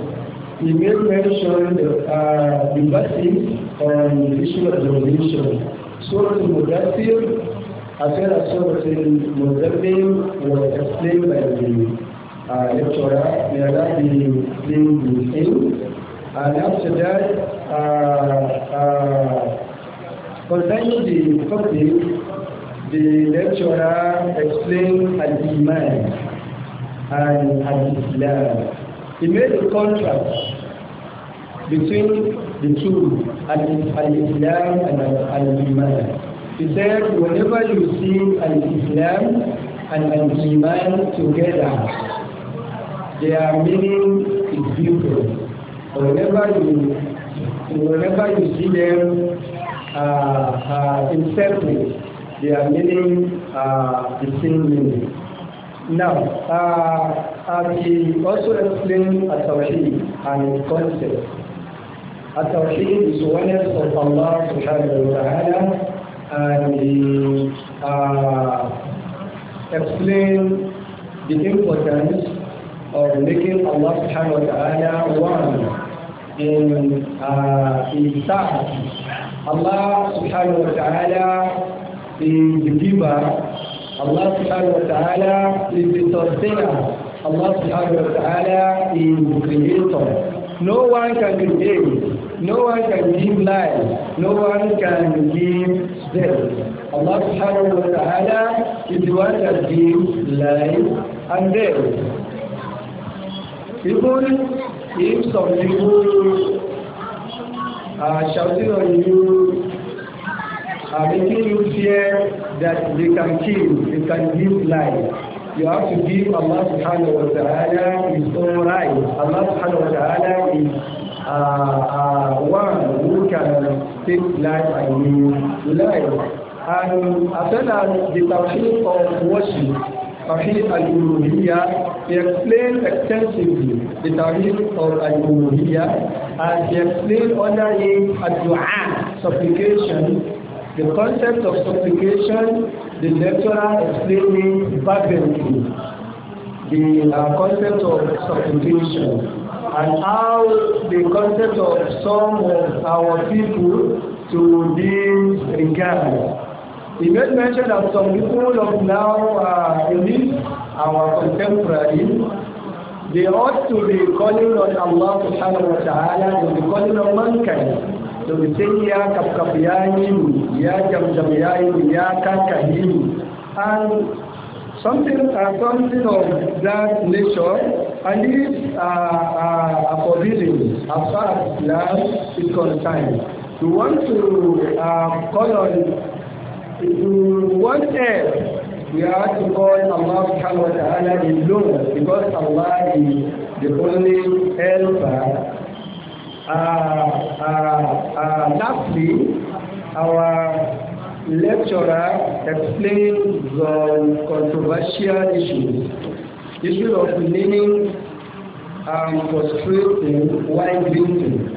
He may mention the, uh, the on the issue of revolution. Surah Al-Mudathir, as well as Surah Al-Mudathir was explained by the lecturer. May Allah be pleased with him. And after that, uh, uh, concerning the topic, the lecturer explained Al-Iman and al learn. He made a contrast between the two, Al-Islam and Al-Iman. He said, whenever you see an Islam and an Iman together, their meaning is beautiful. Whenever you whenever you see them uh, uh, in their meaning uh, the same meaning. Now, uh, we also explain Atawheed and concept. Atawheed is oneness of Allah subhanahu wa ta'ala and he uh, explained the importance or making Allah subhanahu wa ta'ala one in uh, in ta'at. Allah subhanahu wa ta'ala is the giver. Allah subhanahu wa ta'ala is the sustainer. Allah subhanahu wa ta'ala is the creator. No one can create, no one can give life, no one can give death. Allah subhanahu wa ta'ala is the one that gives life and death. People, if some people are shouting on you, are making you fear that they can kill, they can give life. You have to give Allah subhanahu wa ta'ala his own right. Allah subhanahu wa ta'ala is uh, uh, one who can take life and give life. And after that, the tawheed of worship Tawheed al-Uluhiyya, he explained extensively the Tawheed of al-Uluhiyya and he explained under it ad-du'a, supplication, the concept of supplication, the lecturer explaining fervently the uh, concept of supplication and how the concept of some of our people to be regarded. He made mention that some people of now are uh, elite, our contemporary, they ought to be calling on Allah subhanahu wa ta'ala and be calling on mankind. So we say, Ya Kapkapiyani, Ya Jamjamiyani, Ya Kakahini. And something uh, something of that nature and these uh, uh, are forbidden as far as Islam is concerned. We want to uh, call on to worship, we are to call Allah subhanahu wa ta'ala alone because Allah is the only helper. Uh, uh, uh, lastly, our lecturer explains the controversial issues. Issue of leaning and prostrating while drinking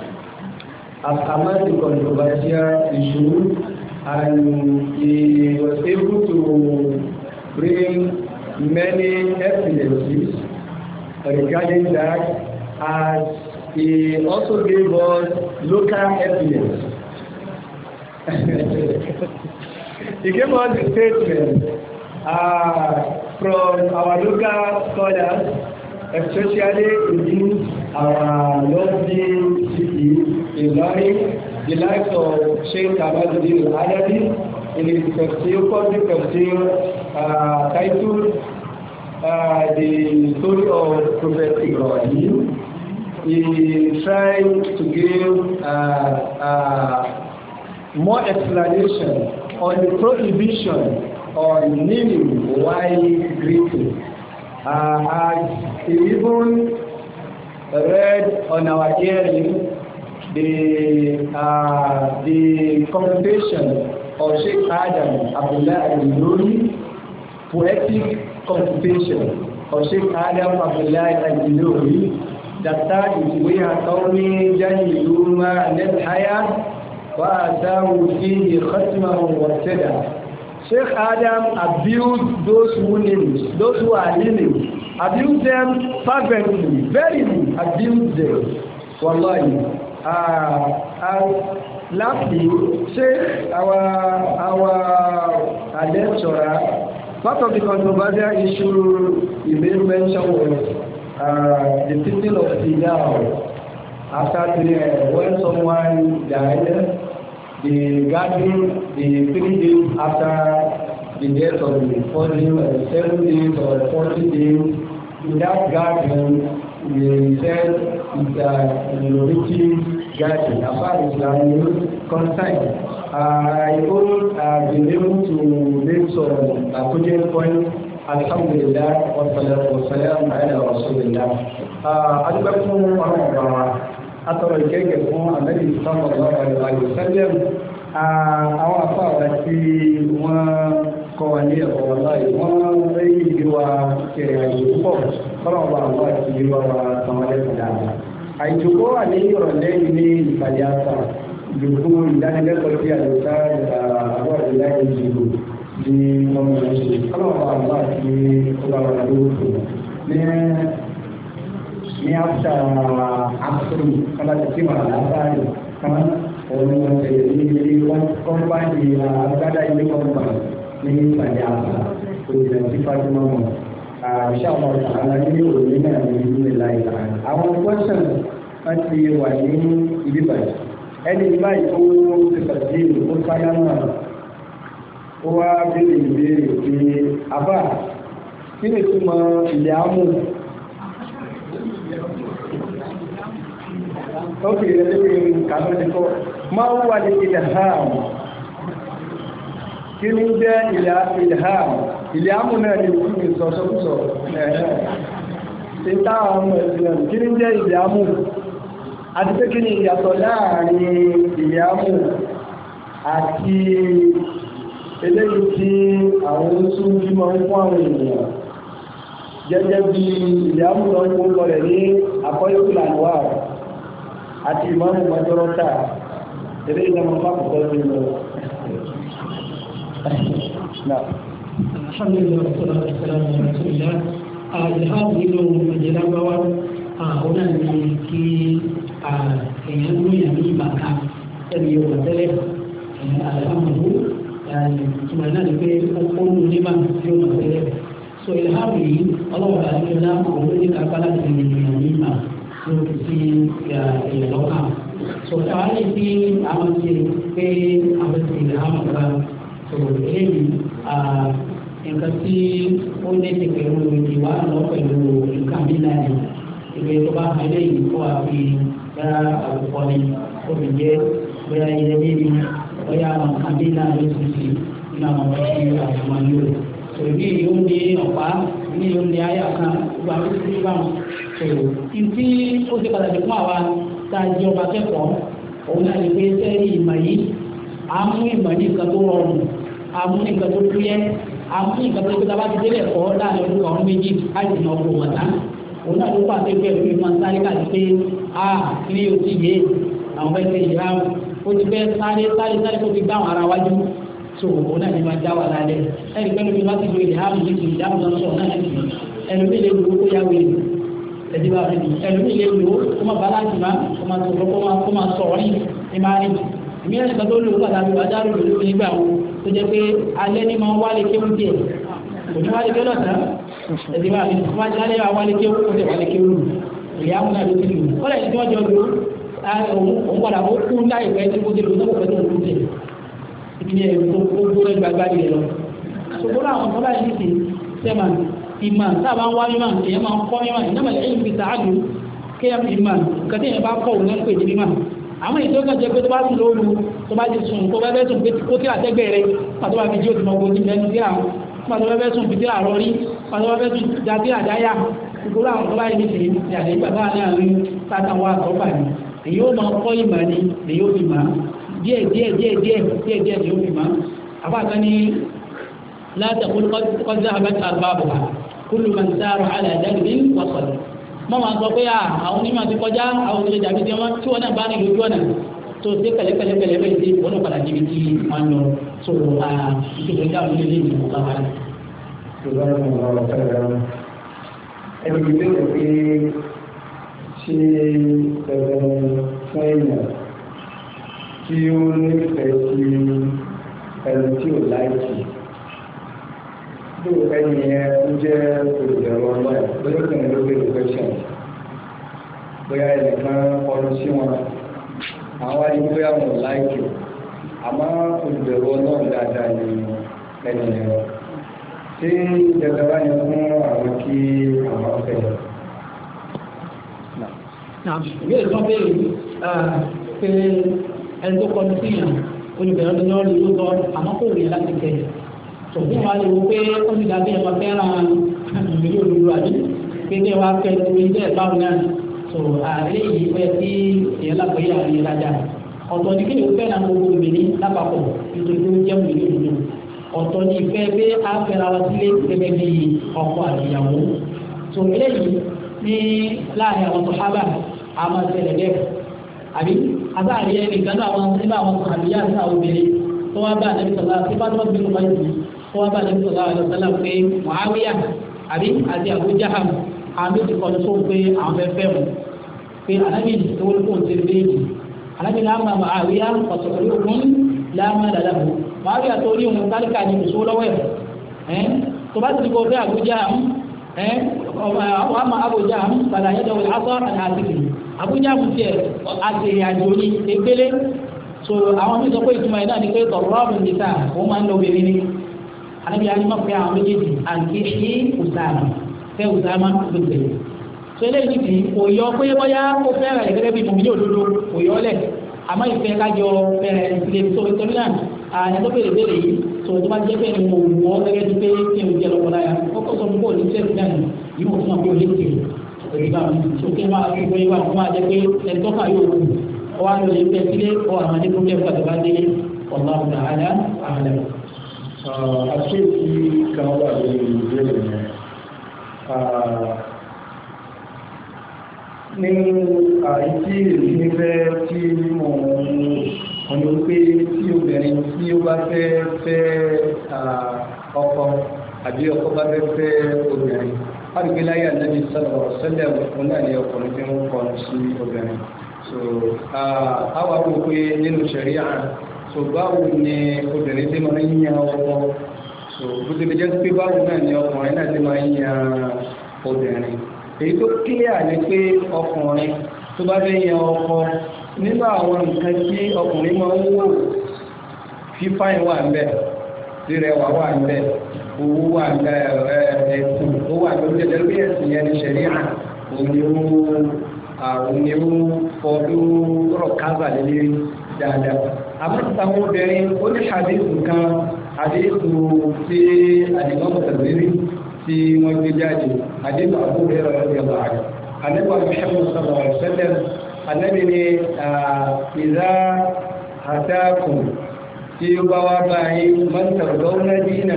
As among the controversial issues and he was able to bring many evidences regarding that as he also gave us local evidence. he gave us a statement uh, from our local scholars, especially in our lovely city in London the likes of Sheikh Ahmaduddin Al-Adadi in his tafsir, public tafsir uh, titled uh, The Story of Prophet Ibrahim. He tried to give uh, uh, more explanation on the prohibition on naming while greeting. Uh, as he even read on our hearing the uh, the computation of Sheikh Adam Abdullah al-Nuri, poetic computation of Sheikh Adam Abdullah al-Nuri, that time we are قومي جهلوا ما نبحيا وآتاه فيه ختمه وابتدى Sheikh Adam abused those who live, those who are living, abused them fervently, very abused them. Wallahi. Ah, ah, láti ṣe our our lecturer part of the controversial issue you made mention was uh, the teaching of Tidal after three uh, when someone died the gathering the three days after the death of the fourteen uh, seven days or forty days in that gathering there is an innovative garden, apart from new content. I would have been able to make some cogent points. Alhamdulillah, wa salatu wa salam ala rasulillah. Adúgbò fún ọmọ ọ̀gá wa, atọ̀rọ̀ ìkẹ́kẹ̀ fún Amẹ́lì Sọ́mọ̀ lọ́wọ́ àlùfáà sẹ́lẹ̀m. Àwọn afọ àwọn tí wọ́n kọ́ wa ní ẹ̀kọ́ wọn láì wọ́n rí ìdíwà kẹrìn àjò púpọ̀ kọ́lọ́n bá wà kí wá wá sanwó-ẹ̀lẹ́ padà. àìjókòó wà ní ìrọ̀lẹ́ ilé ìpàdé àṣà ìjókòó ìdánilẹ́kọ̀ọ́ sí àjọṣà àwọn ìlà ìjìbò ní ọmọ ìṣe kọ́lọ́n bá wà kí wá wá lóòótọ́ ní ní àṣà àṣírí kọ́láṣí tí wà lábáyé kan òun ni wọ́n tẹ̀lé ní ilé kọ́ńpáàdì àgbádá ilé kọ́ńpáàdì ní ìpàdé àṣà òun ìrẹsì fájúmọ́ wọn àṣà ọmọdé àwọn ní òní náà ní ìlú ìlà ìlà àwọn kwẹsàn wọn ti wà ní ibi bàjẹ́ ẹni báyìí ó ti bàjẹ́ ó sáyà náà ó wá béèrè ìbéèrè pé àbá kí ni túmọ̀ ilẹ̀ amú ok ẹni pé kàánú ti kọ́ máa ń wà ní ilẹ̀ hàn kí ni jẹ́ ilẹ̀ ilẹ̀ hàn ìlé àmú náà ni òkú mi sọ sọkúsọ ṣe táwọn ọmọ ẹ̀sìn náà kí ni jẹ́ ìlé àmú àti pé kí ni ìyàtọ̀ láàrin ìlé àmú àti eléyìí tí àwọn oṣù bí máa ń fún àwọn ènìyàn gẹ́gẹ́ bí ìlé àmú náà ń lọ rẹ̀ ní àkọ́yọ́kùlà àlùwà àti ìmọ̀ọ́mù mọ́jọ́rọ́tà eléyìí náà máa ń kọ́kọ́ sí i الحمد لله والصلاة والسلام على رسول الله ìhàbù nínú ìjẹ́lágbáwá àwọn àmì kí èèyàn lóyún ní ìbàká ẹ̀mí yorùbá tẹ́lẹ̀ àlàmùhù ìtumọ̀ náà ni pé ọkùnrin onímọ̀ tí ó mọ̀ tẹ́lẹ̀ so ìhàbù yìí ọlọ́wọ́ àdéhùnlá òun ní kápá láti lè yàn ní ìmọ̀ ló ti sí ìyàlọ́kà so káwá lè fi àwọn ti pé àwọn ti ìhàbù kan so eléyìí nǹkan tí ó lé ti pẹ̀lú ìwà lọ pẹ̀lú nǹkan nílá ni ìwé tó bá fẹ́ lẹ́yìn kó a fi dára àwòkọ́ ni ó fi jẹ́ bóyá ilé níbi bóyá àwọn nǹkan nílá ló ti fi nínú àwọn ọmọ tí àwọn ọmọ yóò tòbí yóò ní ọ̀pá ní yóò ní ayé àkàn gba ó ti bá wọn tòrò ìdí ó ti pàtàkì fún àwa tá a jẹ ọba akẹ́kọ̀ọ́ òun náà lè gbé sẹ́yìn ìmọ̀ yìí àmú ìmọ̀ ní nǹkan tó rọrùn àmú ní nǹkan tó kúyẹ́ àmì ìgbàgbọ́ ìgbà tá a bá ti délé ẹ̀kọ́ láàrin ọdún ọ̀rún méjì láti ní ọkọ̀ wọn tán òun náà ló pàṣẹ pé ẹ̀rù ìmọ̀ sáré káàdì pé a kiri o ti yé àwọn fẹ́ ṣe ìyá o ti fẹ́ sáré sáré sáré kó ti gbá àwọn ara wájú tó òun náà ní máa dá wà lálẹ́ ẹ̀rì pẹ́ẹ́lú mi bá ti lo ìlẹ̀ àmì yìí ìdáhùn náà sọ̀ náà nìyí ẹlòmíì lè lo kó yá wẹ̀lì ẹ̀dí bá rẹ̀ tó jẹ́ pé alẹ́ ní máa ń wálé kéwú tiẹ̀ kò ní wálé kéwú lọ́sàn án ẹ̀sìn máa fi wá jẹ́ alẹ́ wálé kéwú kó tẹ̀ wálé kéwú ìyá múná ló ti lù ó lẹ́yìn tí wọ́n jọ lu òun padà ó kú láì pẹ́ tí kò tẹ̀ lù sọ́kò pẹ́ tó lù tẹ̀ ìpínlẹ̀ èkó ó gbóná gbàgbá rẹ̀ lọ. ṣùgbọ́n àwọn tó báyìí ti sẹ́mà ìmọ̀ sábà ń wá mímọ̀ èèyàn máa ń kọ́ mímọ̀ ìnáwó àwọn èyí tó kàn jẹ́ pé tó bá sùn lóru tó bá ti sùn tó bá fẹ́ sùn pé kó kí àtẹ́gbẹ́ rẹ pàtó bá fi jí òtún ọgbọ́n jùlọ ẹnu díà pàtó bá fẹ́ sùn fi díà rọrí pàtó bá fẹ́ sùn da díà dáyà ìgbóró àwọn tó bá yẹ níṣẹ́ ìyàdé bàbá ní àárín tátàwọn àtọ́fà ni èyí ó máa kọ́ ìmọ̀ ni èyí ó fi mọ̀ díẹ̀ díẹ̀ díẹ̀ díẹ̀ díẹ̀ díẹ̀ ni ó fi mọ̀ àbáta mọ́ máa sọ pé àwọn onímọ̀ ti kọjá àwọn onílé jàbí tí wọ́n tí wọ́n náà bá ní lójú ọ̀nà tó ṣe pẹ̀lẹ́pẹ̀lẹ́pẹ̀lẹ́ bẹ́ẹ̀ ṣe wọ́n padà níbi tí wọ́n lọ tó ìṣòro dáhùn nílé ní ìwọ̀n báwa rẹ̀. ẹni ìgbé rẹ̀ pé ṣe ẹ̀rọ fún èèyàn tí ó nífẹ̀ẹ́ sí ẹni tí ò láìsí tó ẹni yẹn ń jẹ́ olùdarí ọlọ́ọ̀ bóyá ó kàn ló béèrè question bóyá ẹnìkan kọlu sí wọn àwọn ayé bóyá wọn láìkì àmọ́ olùdarí ọlọ́ọ̀ dáadáa ni ẹni yẹn ṣé ìjọba yẹn fún àwọn kí àwọn fẹ́ yẹn ìwé ìtọ́ béèrè pé ẹni tó kọjú sí yàn olùbẹ̀rẹ̀ tó yọ ọ́ lè lóòótọ́ àmọ́ kò rí láti tẹ̀ tòkí wa lè wo pé ó ti dàbí ẹ̀ma fẹ́ràn àtùnbílẹ̀ olùdó àbí kéde wa fẹ́ lórí ilé ẹ̀fọ́ náà tó àárẹ̀ yìí fẹ́ sí ìyẹn lágbèé àárín ìrajà ọ̀tọ̀ ni kí ni o fẹ́ na gbogbo obìnrin lápapọ̀ nítorí pé ó jẹ́ obìnrin olùdó ọ̀tọ̀ ni ìfẹ́ pé a fẹ́ra wa sílé gẹ́gẹ́ bí ọkọ àtìyàwó tó eléyìí ní láàrin àwọn sọ̀hábà àmọ́ ṣẹlẹ̀ bẹ́ẹ̀ àbí àbáàrí ẹnì kan náà àwọn nígbà àwọn sọ̀hábìyà àti àwọn obìnrin tó wá bá àdébìtàn láti bá tó bá gbé tó wá bá ní sọlá àlọ́sálà pé Muawiya àbí àti Abuja ham, àwọn méjì kọ́ ló tó ń pé àwọn fẹ́ fẹ́ mu pé alábì tó wọ́n kó ti rí èyí alábì náà máa Muawiya ọ̀sọ̀rọ̀ yóò fún láàmú àdàdà mu Muawiya tó rí òun kálíkà ní kò sówó lọ́wọ́ ẹ̀ tó bá ti di kó Abuja ham, Jaham wà á ma Abu Jaham padà yẹ dọ̀wọ̀ asọ́ àti àtìkì Abu Jaham tiẹ̀ àti ìrìnàjò ní egbélé so àwọn mi sọ pé ìtumọ̀ yẹn náà ni pé tọ̀rọ̀ ọ̀bùn ni anabi alima fẹ́ àwọn méjèèjì àti ṣe Usama fẹ́ Usama gbèsè so eléyìí ti fi òyọ pé bóyá ó fẹ́ràn ẹ̀ gẹ́gẹ́ bí mòmílì òdodo òyọ lẹ̀ àmọ́ ìfẹ́ kájọ fẹ́rẹ̀ ilé tó torí náà àyàn tó béèrè béèrè yìí tó tó bá jẹ́ bẹ́ẹ̀ ni mo wù ọ́ gẹ́gẹ́ bí pé kí n jẹ lọ́kọ́ láyà ó kọ́ sọ fún bóòlù sẹ́ẹ̀sì náà nù yìí mo fún ọ pé o lè tè òbí bá mi tó kí n máa fi bóyá wà fún wa jẹ́ pé ẹ̀ńtọ́fà yóò wù ọ wá lọ lè fẹ́ sílé ọ àwọn adé àkíyèsí kan wà lórí ìbéèrè yẹn nínú àìsí èyí nífẹ̀ tí mo ọ̀nà pé tí obìnrin tí ó bá fẹ́ fẹ́ ọkọ àbí ọkọ bá fẹ́ fẹ́ obìnrin àdùgbé láyé ànábi sọ̀rọ̀ sọ́lẹ̀ ọ̀hún náà ni ọkùnrin tí ń kọ́ sí obìnrin so àwọn àwọn pé nínú ṣẹ̀ríà so báwo ni obìnrin ti máa ń yan ọkọ so bó ti fi jẹ́ pé báwo náà ni ọkùnrin náà ti máa ń yan obìnrin èyí tó kílíà ni pé ọkùnrin tó bá fẹ́ yan ọkọ nínú àwọn nǹkan tí ọkùnrin máa ń wò fífáìn wà ń bẹ̀ rírẹwà wà ń bẹ̀ owó wà ń bẹ̀ ẹ̀kú owó wà ń bẹ̀ lójú ẹ̀dẹ́gbẹ́ ẹ̀sìn yẹn ní sẹ̀ríà òníwó òníwó fọdún rọ̀ kábàlélẹ́rí dáadáa àmọ́tàwọn obìnrin ó ní àdéhùn kan àdéhùn tí àdìgbọ́n tẹ̀lérí tí wọ́n gbé jáde àdéhùn àbúrò ẹ̀rọ ẹ̀rọ ẹ̀rọ àjọ àdéhùn àbúrò sọ̀rọ̀ ṣẹlẹ̀ àdébì ni ìdá àtàkùn tí ó bá wá báyìí mọ́tàlọ́wọ́ náà dínà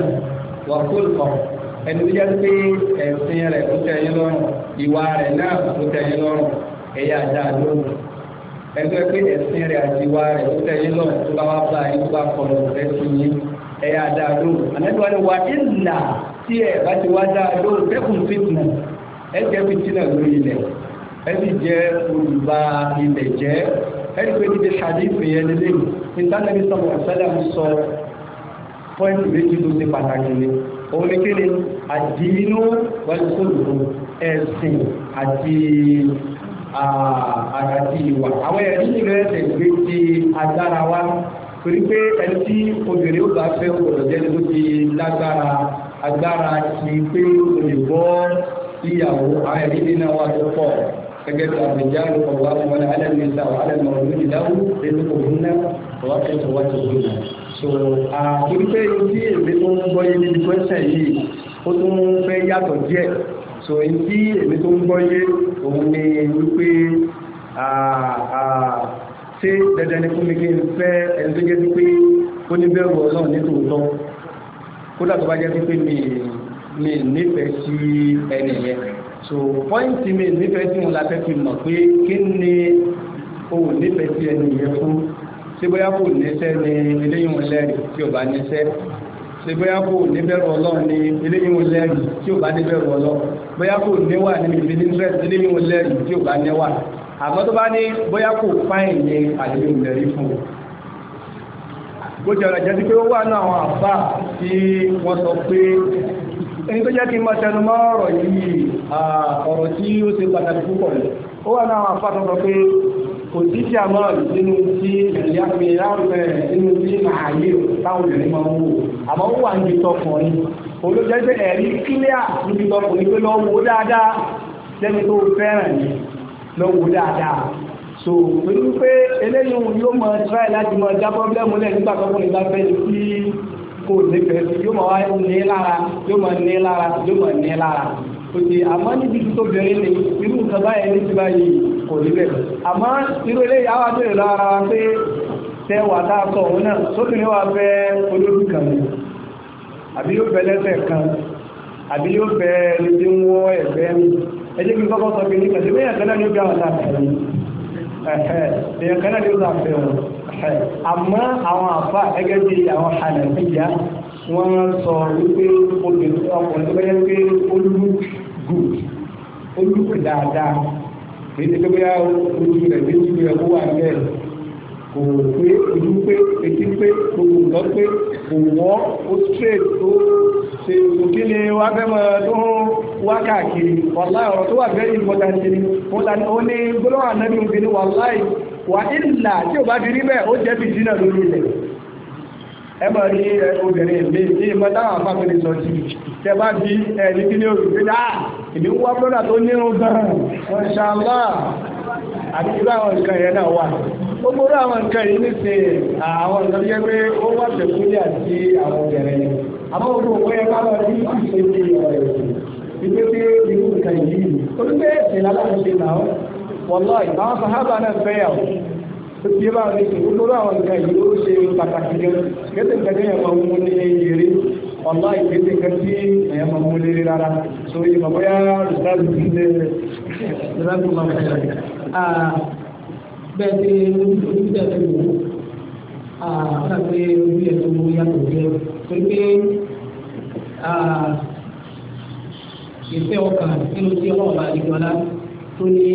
wà kólkọ̀ọ́ ẹni tó yẹ pé ẹ̀sìn rẹ̀ kó tẹ̀yìn lọ́rùn ìwà rẹ̀ náà kó tẹ̀yìn lọ́rùn ẹ̀yà dáa ẹgbẹ́ pé ẹ̀sìn rẹ̀ àtiwá rẹ̀ ó tẹ̀lé lọ́wọ́ tó bá wá bá yín tó bá kọ̀ lọ́wọ́ rẹ̀ sí yín ẹ̀yà dáa lóhùn ànẹ́tọ́wá ni wà ìlà tí ẹ̀ bá ti wá dáa lóhùn fẹ́kùn fìtìnà ẹ̀ jẹ́ fìtìnà lórí ilẹ̀ ẹ̀ sì jẹ́ olùbá ilẹ̀ jẹ́ ẹ̀ rí pé níbi hadith yẹn lélẹ̀ ìtànàbí sọ̀rọ̀ sẹ́lẹ̀ ń sọ pọ́ìntì méjì ló ti pàtàkì ni òun ni kéde àdínú wàlúkọ̀lù ẹ̀sìn àti àgàtì ìwà àwọn ẹ̀rí ìlú ẹ̀sẹ̀ gbé ti agbára wa torí pé ẹni tí obìnrin ó bá fẹ́ ọ̀rọ̀ jẹ́ ló ti lágbára agbára ti pé olùbọ́ ìyàwó àwọn ẹ̀rí ìlú náà wà tó pọ̀ gẹ́gẹ́ bí àbẹ̀já ló kọ̀ wá wọn alẹ́ mi ta wà alẹ́ mi ọ̀rọ̀ mi dáwó lẹ́nu kò ní ná wọ́n fẹ́ tó wá tó wọ́n so torí pé ibi tí èmi tó ń gbọ́ yé níbi pẹ́sẹ̀ yìí ó tún fẹ́ yàtọ̀ díẹ̀ so tí èmi tó ń gbọ́ yé òun ni wípé ṣé dandan ni fún mi kí n fẹ́ ẹni tó jẹ́ wípé ó ní bẹ́ẹ̀ wọ ọlọ́run ní tòótọ́ kódà tó bá jẹ́ wípé mi mi nífẹ̀ẹ́ sí ẹni yẹn so pọ́ìntì mi nífẹ̀ẹ́ sí wọn la fẹ́ fi mọ̀ pé kí ni o nífẹ̀ẹ́ sí ẹni yẹn fún ṣé bóyá kò níṣẹ́ ni eléyìí wọn lẹ́rìí tí ò bá níṣẹ́ ṣe bóyá kò ní bẹ̀rù ọlọ́run ní eléyìí wọn lẹ́rìí tí ò bá ní bẹ̀rù ọlọ́run bóyá kò níwà níbi ìfẹ́ interest eléyìí wọn lẹ́rìí tí ò bá níwà àmọ́ tó bá ní bóyá kò fáìn ní àlejò ìlẹ̀rí fún un. bó jẹ́ ọ̀rọ̀ jẹ́sí pé ó wà náà àwọn àbá tí wọ́n sọ pé ẹni tó jẹ́ kí n máa tẹnu mọ́ ọ̀rọ̀ yìí ọ̀rọ̀ tí ó ṣe pàtàkì púpọ̀ kò sí sí àmọ́ nínú tí ẹ̀yà mi láwùjọ nínú tí màá yé o táwọn obìnrin máa ń wò àmọ́ ó wà níbi tọkùnrin olójẹ́ pé ẹ̀rí kílíà níbi tọkùnrin pé lọ́ọ́ dáadáa lẹ́nu tó fẹ́ràn ni lọ́ọ́ dáadáa so pẹ̀lú pé eléyìí yóò mọ tíráì láti mọ já pọ́blẹ́mù lẹ̀ nígbà tọkùnrin bá fẹ́ sí kò nífẹ̀ẹ́ sí yóò mọ wá ní lára yóò mọ ní lára yóò mọ ní lára òkè àmọ́ níbi tó bẹ̀rẹ̀ kò rí bẹ́ẹ̀ àmọ́ irú eléyìí àwọn àti ìlú ara wa pé tẹwàá tá a sọ òun náà sóbìnrin wa fẹ́ olójú kan ni àbí yóò fẹ́ lẹ́sẹ̀ kan àbí yóò fẹ́ lédè ń wọ́ ẹ̀fẹ́ mi ẹ jẹ́ kí n kọ́kọ́ sọ pé ní kàdé bẹ́ẹ̀ kan náà yóò gbé àwọn tá a fẹ́ mi èèyàn kan náà yóò gbà fẹ́ wọn àmọ́ àwọn àfa ẹgẹ́ bí àwọn Hanafiya wọ́n sọ wípé obìnrin ọkùnrin tó bẹ́ẹ̀ dáadáa èyí tó bóyá ojú rẹ̀ ní ojú rẹ̀ kó wà nílẹ̀ kò pé ojú pé etí pé gbogbo nǹkan pé kò wọ́n ó straight tó ṣe òkè ni wọ́n fẹ́ mọ tó ń wá káàkiri wàlá ọ̀rọ̀ tó wà very important ṣe ni wọ́n ta ni ó ní gbólóhàn náà ní oge ni wàlá wà ìlà tí ò bá fi rí ó jẹ́ bìtì lórí ilẹ̀. ẹ mọ̀ rí obìnrin mi ní ìmọ̀ táwọn afáfẹ́lẹ́ sọ sí tẹ bá bí ẹni tí ní òrùlé O ìdí wá bọ́dà tó nírun gan-an ṣàlá àti irú àwọn nǹkan yẹn náà wà ó gbọ́dọ̀ àwọn nǹkan yìí nísìn àwọn nǹkan yẹn pé ó wà pẹ̀kúlẹ̀ àti àwọn obìnrin àmọ́ yẹn bá wọn ní ọ̀rẹ́ ìgbé pé irú nǹkan yìí olùgbé ẹ̀sìn náà wọ́n sàhábà náà tó ti yé báwọn ní ìsìn gbogbo àwọn nǹkan yìí ó ṣe pàtàkì gan gẹ́gẹ́ gẹ́gẹ́ yẹn máa mú ní èrè ọ̀la ìgbésẹ̀ kan tí èèyàn máa mú lérè rárá so ìmọ̀ bóyá ìdájú ti lé ìdájú máa fẹ́ rẹ̀. bẹ́ẹ̀ ni olùdíje ti wò ó káàpẹ́ olùdíje tó mú yàtọ̀ jẹ́ torí pé ìfẹ́ ọkàn nínú tí ọlọ́ọ̀bá àdìgbọ́lá tó ní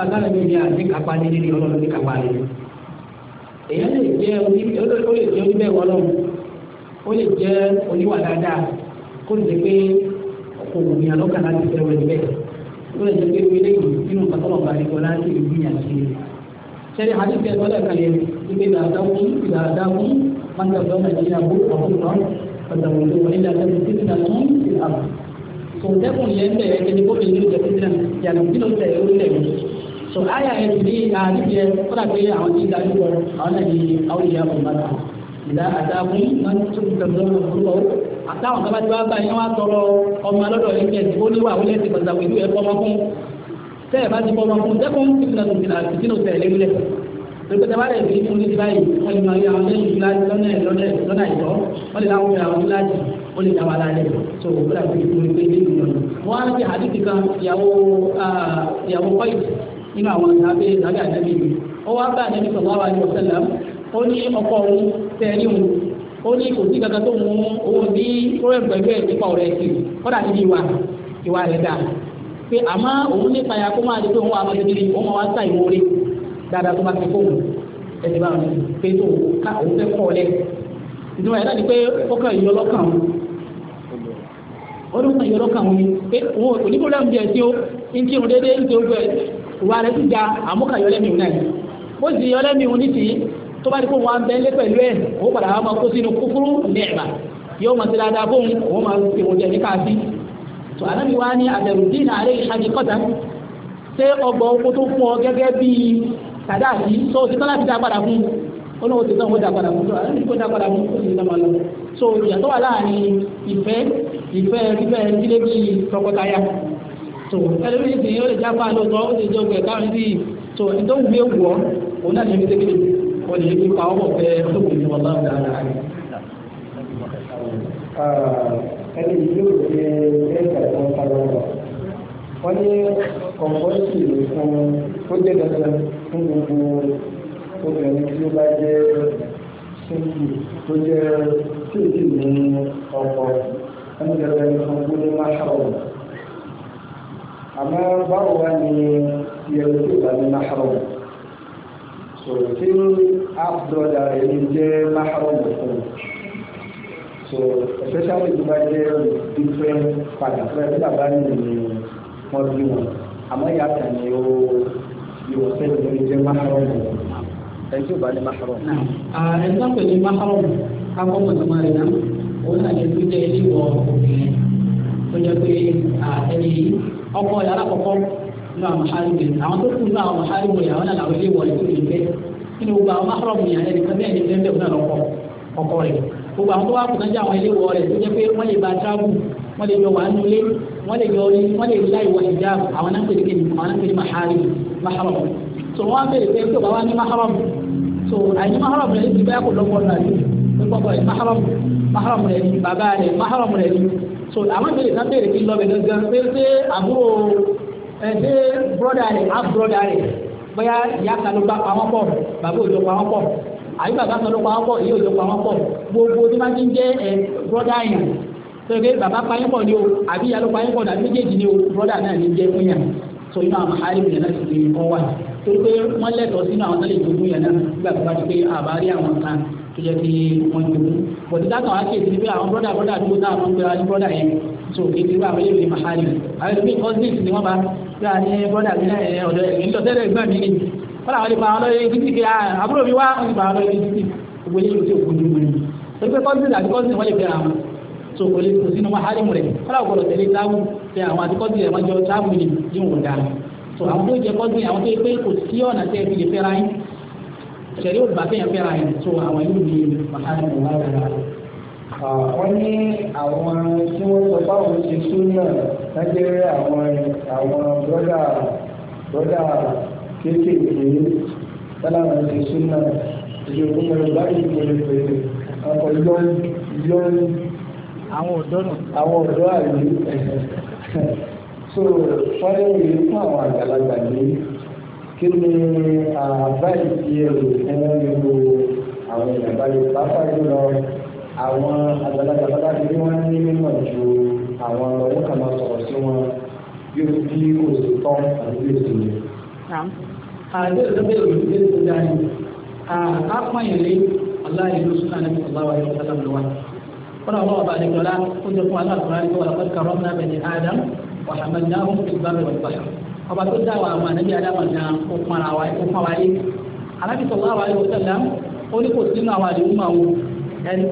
agbára mi ni àti kápá ní nílé ọlọ́run ní kápá rẹ̀. èèyàn lè jẹ́ ó lè jẹ́ oníbẹ̀ ọlọ́run ó lè jẹ́ oníwà dáadáa kó lè pé kò wù ní alọ́kà láti fẹ́ wẹ̀ níbẹ̀ ó lè jẹ́ pé wílé yìí nínú pàtàkùn ọ̀gá ìjọ láti ìlú ìyànjú. sẹ́ni àdìsẹ́ tọ́lẹ̀ kan yẹn ibi ìdàdàkùn ìdàdàkùn máa ń tẹ̀sán nàìjíríà bó ọ̀hún ọ̀dàwọ̀n tó wọlé so àyà yẹn ti ní àdìsí yẹn kó dà pé àwọn tí ń darí lọ àwọn náà ní àwọn ìyá kò bá tà ìdá àdàkùn máa ń tún tẹ̀lé ọ̀rọ̀ òwúrọ̀ àtàwọn kan bá ti wá bá yín wá tọrọ ọmọ alọ́dọ̀ yín kẹ́sì ó níwà ó lẹ́sìn pàtàkì ìlú ẹ̀kọ́ ọmọkún tẹ́ ẹ̀ bá ti bọ́ ọmọkún dẹ́kun tìpínlẹ̀ tòmìnira tìpínlẹ̀ òtẹ̀ lẹ́gbẹ̀lẹ̀ pẹ̀lú tẹ́wá rẹ̀ fi fún ní báyìí wọ́n lè máa yọ àwọn lẹ́yìn fúláàtì lọ́nà lọ́nà lọ́nà ìtọ́ wọ́n lè láwọn àwọn fúláàtì ó lè dáwà lálẹ́ tó o gbọ́dọ̀ fi fún ní pé ní ìlú lọ́nà. wọ́n á rí àdìsí kan ìyàwó ìyàwó kọ́ìtì nínú àwọn ìdábẹ́ ìdábẹ́ àjẹbí mi ó wá bá àjẹbí sọ̀rọ̀ àwọn àjẹbí ọ̀sẹ̀lẹ̀ ó ní ọkọ òun tẹ̀lé òun ó ní kò sí kankan tó mú òun ní kúrẹ́ pẹ̀lú ọ̀rẹ́ kọ́dà níbi ìwà ìwà rẹ̀ dà pé àmọ́ òun nípa ya kó máa di pé òun wà lọ́jọ́ kiri òun wá sá ìmúre dáadáa tó bá ti fóun ẹ̀sìn bá wọn pé tó ká òun fẹ́ kọ́ ọ̀lẹ́ ìdúró ẹ̀ láti pé ó kàn yọ lọ́kàn ìwà rẹ̀ ti ga àmúkàyọ́lẹ́mì náà bó sì yọlẹ́mì òun ní tìí tó bá di kó wọn bẹ́ńlẹ́ pẹ̀lú ẹ̀ òun padà wà máa kó sínú kúkúrú ní ẹ̀bà yóò máa ti dáadáa bóun òun máa ti wọ́n jẹ́ ní káàbí. tó anábì wá ní àbẹ̀rùdínà alẹ́ ìhàjì kọ́ta ṣé ọgbà oko tó fún ọ gẹ́gẹ́ bíi sàdáàbí tó ti tán láti dá padà fún ó náà ti tán ó dá padà fún tó anábì kó dá padà fún ó sì tán máa lọ. so ìyàtọ̀ wà láàrin ìfẹ́ ìfẹ́ ìfẹ́ ìdílé bíi tọkọtaya tó ẹlẹ́mìí ti yóò lè jápa lóòótọ́ ó lè jọ gbẹ káwọn sí tó ìdóhùn gbé wọ̀ òun náà lè fi tẹ́kẹ̀ wọ́n lè fi pa ọmọ fẹ́ tóbi ní wọn láwọn dáadáa. ẹni yóò ṣe ẹ̀ka ìwọ̀n sára lọ wọ́n ní kọ̀ǹpọ́sì fún ó jẹ́ dandan fún gbogbo obìnrin tí ó bá jẹ́ sínkì tó jẹ́ sínkì ní ọkọ̀ ẹni dandan fún gbogbo máṣáwọ̀ àmọ́ báwo wá ní ìyẹ̀wò tí ìgbà ní mahrum sọ̀rọ̀ tí àbúdọ̀dà ẹni jẹ́ mahrum fún so especially tó bá jẹ́ different padà fún ẹbí bàbá ní ìlú bí wọn àmọ́ ìyá kan ni ó yóò sẹ́yìn lórí jẹ́ mahrum ẹni tí ó bá ní mahrum. ẹ̀ka pẹ̀lú mahrum akọ́mọ̀tàmọ́ rẹ̀ náà ó náà lè tún jẹ́ ilé ìwọ̀ obìnrin tó jẹ́ pé ẹni ọkọ rẹ̀ alákọ̀ọ́kọ́ nínú àwọn maharimu yẹn àwọn tó kù nínú àwọn maharimu yẹn àwọn náà làwọn ilé wọlé tó lè fẹ́ nínú gbogbo àwọn maharamu yẹn ẹni kan bẹ́ẹ̀ ni bẹ́ẹ̀ bẹ́ẹ̀ náà lọ́kọ ọkọ rẹ̀ gbogbo àwọn tó wà kùnà jẹ́ àwọn ilé wọ rẹ̀ tó jẹ́ pé wọ́n lè ba tábù wọ́n lè yọ wàá nulẹ̀ wọ́n lè yọ orí wọ́n lè láì wọ hijab àwọn náà ń pèlè kéde àwọn náà ń pèlè maharimu maharamu so wọ́n á bèrè pé tó bá wà ní maharamu so àyè maharamu rẹ̀ ti bẹ́ẹ̀ kó lọ́kọ̀ọ́ náà ní pọ́pọ́ rẹ̀ maharamu maharamu rẹ̀ bàbá rẹ̀ maharamu rẹ̀ so àwọn ìbéèrè kan béèrè kí lọ́ọ̀bì gangan pé ṣé àbúrò ẹ ṣé rẹ̀ half bọ́dà rẹ̀ bóyá ìyá kan ló bá pa wọ́n pọ̀ bàbá òjò pa wọ́n pọ̀ àbí bàbá kan ló pa wọ́n pọ̀ ìyá òjò pa wọ́n pọ̀ gbogbo tó bá ti ń jẹ́ ẹ bọ́dà yẹn pé bàbá pa yín pọ̀ ni o àbí ìyá ló pa yín pọ̀ ni àbí méjèèjì ni o bọ́dà náà ní jẹ́ fún yàn so inú àwọn àárín yẹn láti fi kọ́ wà torí pé wọ́n lẹ́tọ̀ọ́ sínú àwọn tó lè dùn náà nígbà tó bá ti pé àbárí àwọn kan tó jẹ́ kí wọ́n jogún bọ̀dé dákan wá kéèké pé àwọn bọ́dà bọ́dà tó náà wọ́n gbéra ní bọ́dà yẹn tó kéèké pé àwọn eléyìí mahali àwọn ẹlòmíì cousins ni wọ́n bá gbéra ní bọ́dà mi náà ẹ̀ ọ̀dọ̀ ẹ̀ ńlọtẹ́rẹ̀ gbọ́n mi ni wọ́n làwọn lè pa àwọn lọ́yẹ̀ títí kí àbúrò mi wá wọ́n pa àwọn lọ́yẹ̀ títí gbogbo eléyìí tó kún jùmọ̀ ni torí pé cousins àti cousins wọ́n lè fẹ́ra wọn so kò lè kò sínú mahali mu rẹ̀ wọ́n làwọn gbọ́dọ̀ tẹ̀lé táwù tẹ àwọn àti cousins rẹ̀ wọ́n jọ táwù ni yíwọ̀n dáa so àwọn tó jẹ cousins àwọn tó yẹ pé kò sí ọ̀nà tẹ́ fi lè fẹ́ra yín sẹ̀rí òdùbà kéèyàn fẹ́ra ẹ̀ tó àwọn ìlú mi màhánà ìlà ìlà. wọ́n ní àwọn tí wọ́n sọ báwọn ṣe súnà lájẹ́ àwọn àwọn bọ́dà bọ́dà kéékèèké láláwọn ṣe súnà ìṣe òkúta yorùbá yìí kò lè pèsè ọkọ̀ yọ́n yọ́n. àwọn ọ̀dọ́ náà. àwọn ọ̀dọ́ àìní. so wọ́n lè rí fún àwọn àgbàlagbà yìí. Kini ni ah, àbáyé ti èrò fún irú àwọn ìjàmbá yìí pàápàá jùlọ àwọn àgbàlagbà bàbá tí wọ́n ní mímọ̀ ju àwọn ọlọ́wọ́ kan máa sọ̀rọ̀ sí wọn bí o bí o sì tọ́ àti bí o sì lè. àdé ìdókè òyìnbó ti ń darí àpọ̀nyẹ̀lé aláìlú sùnà ní ìfọ̀láwà yóò tẹ́lẹ̀ mi wá. قال الله بعد كلا كنت قال القرآن ولقد كرمنا بني آدم وحملناهم في البر والبحر ọba tó dá wa àwọn ànábì adama gan kó kumara wa kó kuma wa yé ànábì sallallahu alaihi wasallam ó ní kò sínú àwọn àdéhùn máa wò ẹni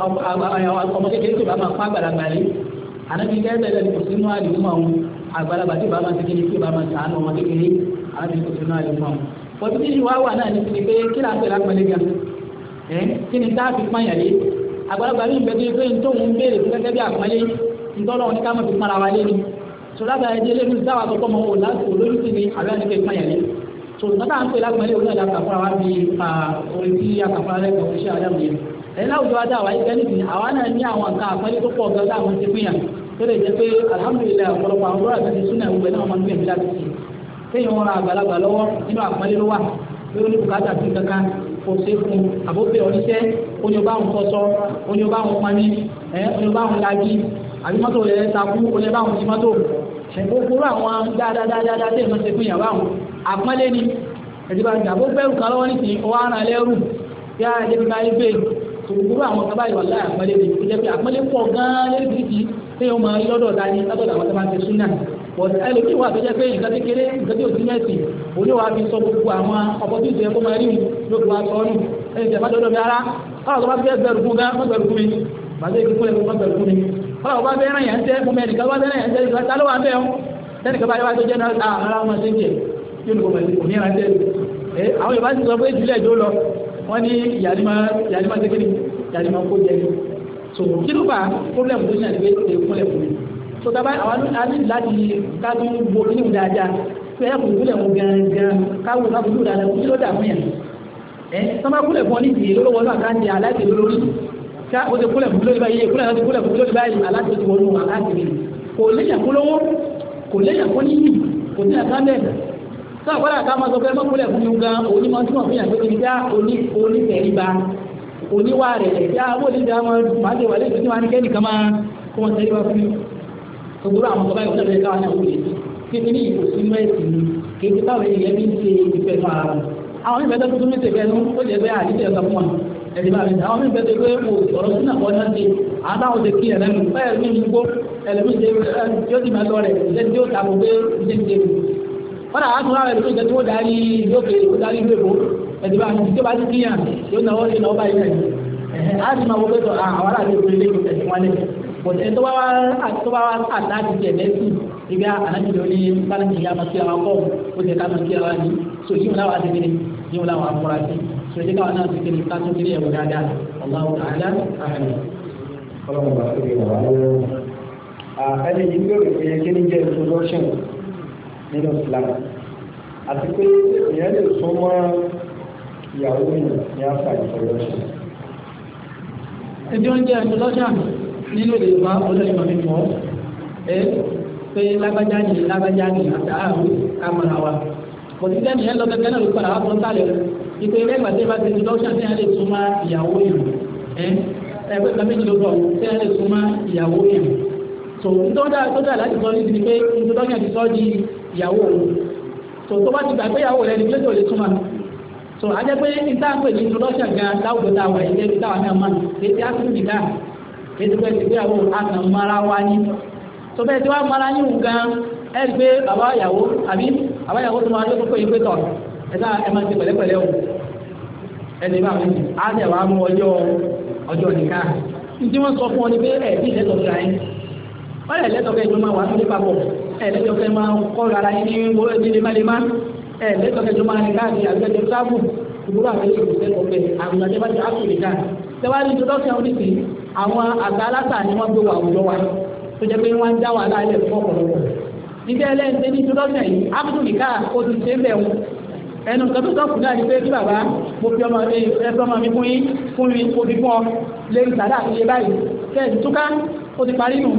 ọmọ kékeré tó bá máa kó àgbàlagbà lé ànábì kẹ́kẹ́ bẹ́ẹ̀ ni kò sínú àdéhùn máa wò àgbàlagbà tó bá máa kékeré tó bá máa sàánù ọmọ kékeré ànábì kò sínú àdéhùn máa wò. bọ́dún tí ìwà wà náà ní ti pé kí là ń pè lápẹ́lẹ́ gan ẹ̀ kí ni sọlábà ẹdí eléyìí dáwà tọkọ mọ òun láti olórí ti ní àbí àti kékeré yẹn ni tó nígbà tá à ń pè lágbàlẹ òun náà yàtọ̀ fúnra wa bí orí tí yàtọ̀ fúnra rẹ kàn ṣe àdámù yẹn ẹ̀yìn láwùjọ wa dáwà yìí kẹ́ni tì àwa náà ní àwọn nǹkan àpẹẹrẹ tó pọ̀ gan láwọn ti pínyà tó lè jẹ́ pé alihamudulilayi ọ̀pọ̀lọpọ̀ àwọn bọ́lá ti sún náà wù bẹ́ẹ̀ náà máa ń gbìyànjú láti ṣe kéèyàn wọn ra àgbàlagbà lọ́wọ́ nínú àpẹẹrẹ gbogbo àwọn dáadáa tẹ̀ mọ́ ṣe fún ìyàwó àwọn àpọ́nlé ni ẹ̀dìbà ìjà bó bẹ́rù kan lọ́wọ́ nìsín ọwọ́ ara lẹ́rù bí a jẹ́ bí báyìí bẹ́ẹ̀ tó gbogbo àwọn kan báyìí wà láì àpọ́nlé ni ó jẹ́ pé àpọ́nlé pọ̀ gan-an lẹ́rù títí tí yóò máa rí lọ́dọ̀ dání lọ́dọ̀ àwọn tó máa ń ṣe súnà bọ̀dọ̀ ẹlòmíì wà tó jẹ́ pé nǹkan kékeré nǹkan tí ò sí mẹ́sì òní wàá fi sọ gbogbo àwọn ọkọ̀ tó jẹ́ kó máa rí lóko wa sọ nù ẹni tẹ̀ bá dọ́dọ̀ mi ara báwo tó bá fẹ́ bẹ̀rù fún gan mọ́ bẹ̀rù fún mi màá kọ́lá ọba bẹ́ẹ̀ ràn yẹn tẹ́ mo mẹ́rin kọ́lá ọba bẹ́ẹ̀ ràn yẹn tẹ́ ìgbà tá ló wà bẹ́ẹ̀ o tẹ́nì kan bá yẹn wá tó jẹ́ náà ta ah, ara ọmọ sí jẹ yóò ní kò mẹ́rin kò ní ìrántí ẹ àwọn yorùbá ti sọ pé ìjùlẹ̀ ìjó lọ wọ́n ní yàrìmọ́ yàrìmọ́ tẹ́kẹ́lì yàrìmọ́ kó jẹ so kí ló fà problem tó ṣe àdìgbé ṣe kúnlẹ̀ fún mi so taba àwọn àti láti kájú bo ní ìwé dáadáa pé ẹ kò kúnlẹ̀ wọn gangan káwọ ká kúnlẹ̀ dáadáa kúnlẹ̀ lọ́dà fún yẹn ẹ sọ́mọ́ kúnlẹ̀ fún ọ ní ìdíyẹ lọ́wọ́ ṣá o ti kúlẹ̀ kúlẹ̀ báyìí iye kúlẹ̀ láti kúlẹ̀ kúlẹ̀ báyìí aláṣẹ ti wọnú aláṣẹ mi kò léyàn kó lówó kò léyàn kó níyì kò sí àkàndẹ̀ sọ àgbàdo àká máa sọ pé mọ́kúlẹ̀ fún mi gan òní máa túmọ̀ fún yàn pé kí n ah, dá onífẹ̀ẹ́ríba oníwà rẹ̀ yá wọ́n ti dá wọn máa ṣe wà lẹ́yìn tí wọ́n á ní kẹ́nìkan máa kó wọn tẹ́lẹ̀ wá fún mi òwúrọ̀ àwọn ọba ìwọ́n lẹ́yìn káwọn náà wọlé títí ní ìkòsí mẹ́sì ni kéde báwọn ènìyàn bí ń ṣe ìfẹ́ fún ara wọn àwọn ìfẹ́ tó tuntun ní ìṣèfẹ́ ló ń jẹ́ bẹ́ẹ̀ àdíjẹ́ ọ̀sán fún wọn ẹ̀dí bá mi ní àwọn mẹ́fẹ́ tó gbé wò ọ̀rọ̀ sínú àwọn náà ti àwọn táwọn ti kí ẹ̀rẹ́ mi báyẹ̀ mi ní gbó ẹlẹ́mi ṣe yóò ti máa lọ rẹ̀ ṣe tí yóò tàbí gbé ṣe ń ṣe. wọ́n náà wọ́n àwọn ẹlẹ́mi ṣe tí wọ́n darí lókè wọ́n darí lóko ẹ̀dí bá mi tí ó bá ti kíyàn yóò náwó ṣe náwó báyìí náà á sì máa wọ pé ah, àwọn aráàlú ìgbélé kò tẹ̀sí wọn lé pọtẹ tó bá wá tó bá wá àdá ti tẹ lẹsí ibi ànábi ló ní bá ní ìyá ma kí ara kọ ó ti ká ma kí ara ní so yìí wọn làwọn àti kéde yìí wọn làwọn àmúra sí sọjí káwọn náà ti kéde ká tó kéde ẹ̀wọ̀ dáadáa Allahu ta'ala àhàlẹ̀. ọlọ́run bá tó kéde wà lọ́wọ́ ẹni yìí bẹ̀rẹ̀ pé kí ni jẹ́ introduction nínú Islam àti pé ìyẹn lè sún mọ́ ìyàwó èèyàn ní àṣà introduction. ẹjọ́ ń jẹ́ introduction nínú èdè Yorùbá olóyìnbó mi mọ́ ẹ pé lágbájá ni lágbájá ni àtàwọn kàmọ́ra wa kò sí sẹ́ni ẹ lọ gẹ́gẹ́ náà ló padà wá fún sálẹ̀ rẹ̀ ìpè ẹgbà tẹ́ bá ti di lọ́ṣà tẹ́ ẹ lè súnmọ́ ìyàwó yẹn ẹ ẹgbẹ́ kan méjì ló bọ̀ tẹ́ ẹ lè súnmọ́ ìyàwó yẹn tó ntọ́jà tọ́jà láti sọ níbi pé ntọ́jà ti sọ di ìyàwó òun tó tó bá ti gbà pé ìyàwó rẹ ni pé tó lè súnmọ́ tó a jẹ́ pé níta pè ní introduction gan láwùjọ tá a wà ilé ibi táwọn náà mọ̀ ní a ákùn nìkan ètò pé ìgbéyàwó àgbà mara wa ní tó bẹ́ẹ̀ tí wàá mara yín gan ẹ̀ rí pé bàbá ìyàwó àbí bàbá ìyàwó ẹ̀dá ẹ máa ti pẹ̀lẹ́pẹ̀lẹ́ o ẹni bá mi á dẹ̀ wá mú ọjọ́ ọjọ́ nìka ntí wọ́n sọ fún ọ ni pé ẹ̀ bí ìlẹ́tọ̀ fúnra yín wọ́n lẹ̀ lẹ́tọ̀ kẹjọ máa wà ní papọ̀ ẹ̀ lẹ́tọ̀ kẹ máa kọ́ rárá yín ní wọ́n ẹni lè má lè má ẹ̀ lẹ́tọ̀ kẹjọ máa rìn káàkiri àgbẹ̀jọ táàbù ìgbúrò àwọn èèyàn ìṣẹ́ ọ̀bẹ àwọn àjẹbájẹ áfíríkà tẹwárí introduction oníṣìí àwọn àgbà aláta ni wọ́n gbé wà àwùjọ wa tó jẹ́ pé wọ́n ń dá wàhálà ilẹ̀ fún ọ̀pọ̀lọpọ̀ níbi ẹlẹ́yìn tẹ́ ní introduction yìí áfíríkà ó ti ṣe é bẹ̀rù ẹnu tọ́tọ́ sọ́ọ̀kù náà ni pé kí bàbá mo fi ọmọ mi ẹgbẹ́ ọmọ mi fún yín fún mi kò fi fún ọ lérí sàdá àti iye báyìí kẹ́ẹ̀dì túká ó ti parí nù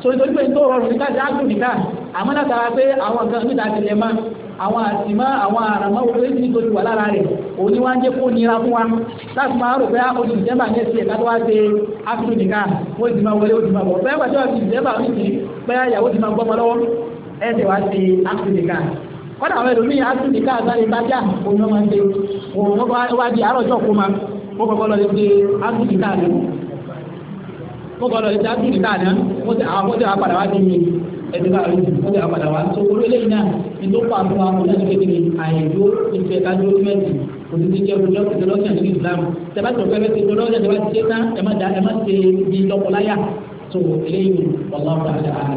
sórí torí pé n tó rọrùn níta ti ágùn níta àmọ́ látara pé àwọn nǹkan níta ti lẹ̀ máa àwọn àtìmọ́ àwọn àràmọ́ orílẹ̀-èdè ní tojú wà lára rẹ̀ òun ni wọ́n á jẹ́ kó nira fún wa láti máa rò pé ah, oṣù dìjẹ́mbà ní ẹ̀sìn ẹ̀ka tó wá ṣe áfíríkà nìkan wọ́n ti máa wọlé ó ti máa bọ̀ bẹ́ẹ̀ pàṣẹ oṣù dìjẹ́mbà ní ti pé ìyàwó ti máa gbọ́mọ lọ́wọ́ ẹ̀sẹ̀ wá ṣe áfíríkà nìkan kọ́dà àwọn ẹlòmíì asìnì káàkiri ìtajà òun náà máa ń ṣe òun wá di àárọ̀ ọjọ́ kó ma ó kọ́kọ́ lọ lè ṣe asìnì káàkiri ó kọ́kọ́ lọ lè ṣe asìnì káàkiri ó ti àwọn ọmọdé wa padà wá sí mi ẹni bá rí ó ti àpàdà wá tó orí eléyìí náà ní tó pa fún wa kò lẹ́nu kékeré àyẹ̀dó ìfẹ́ kájú mẹ́tì kò ti jẹ́ ojú lọ́sẹ̀ ní Islam tẹ̀bá tó fẹ́ ti tọ́lọ́ ọ̀sẹ̀ tẹ̀bá ti ṣe tán ẹ̀ má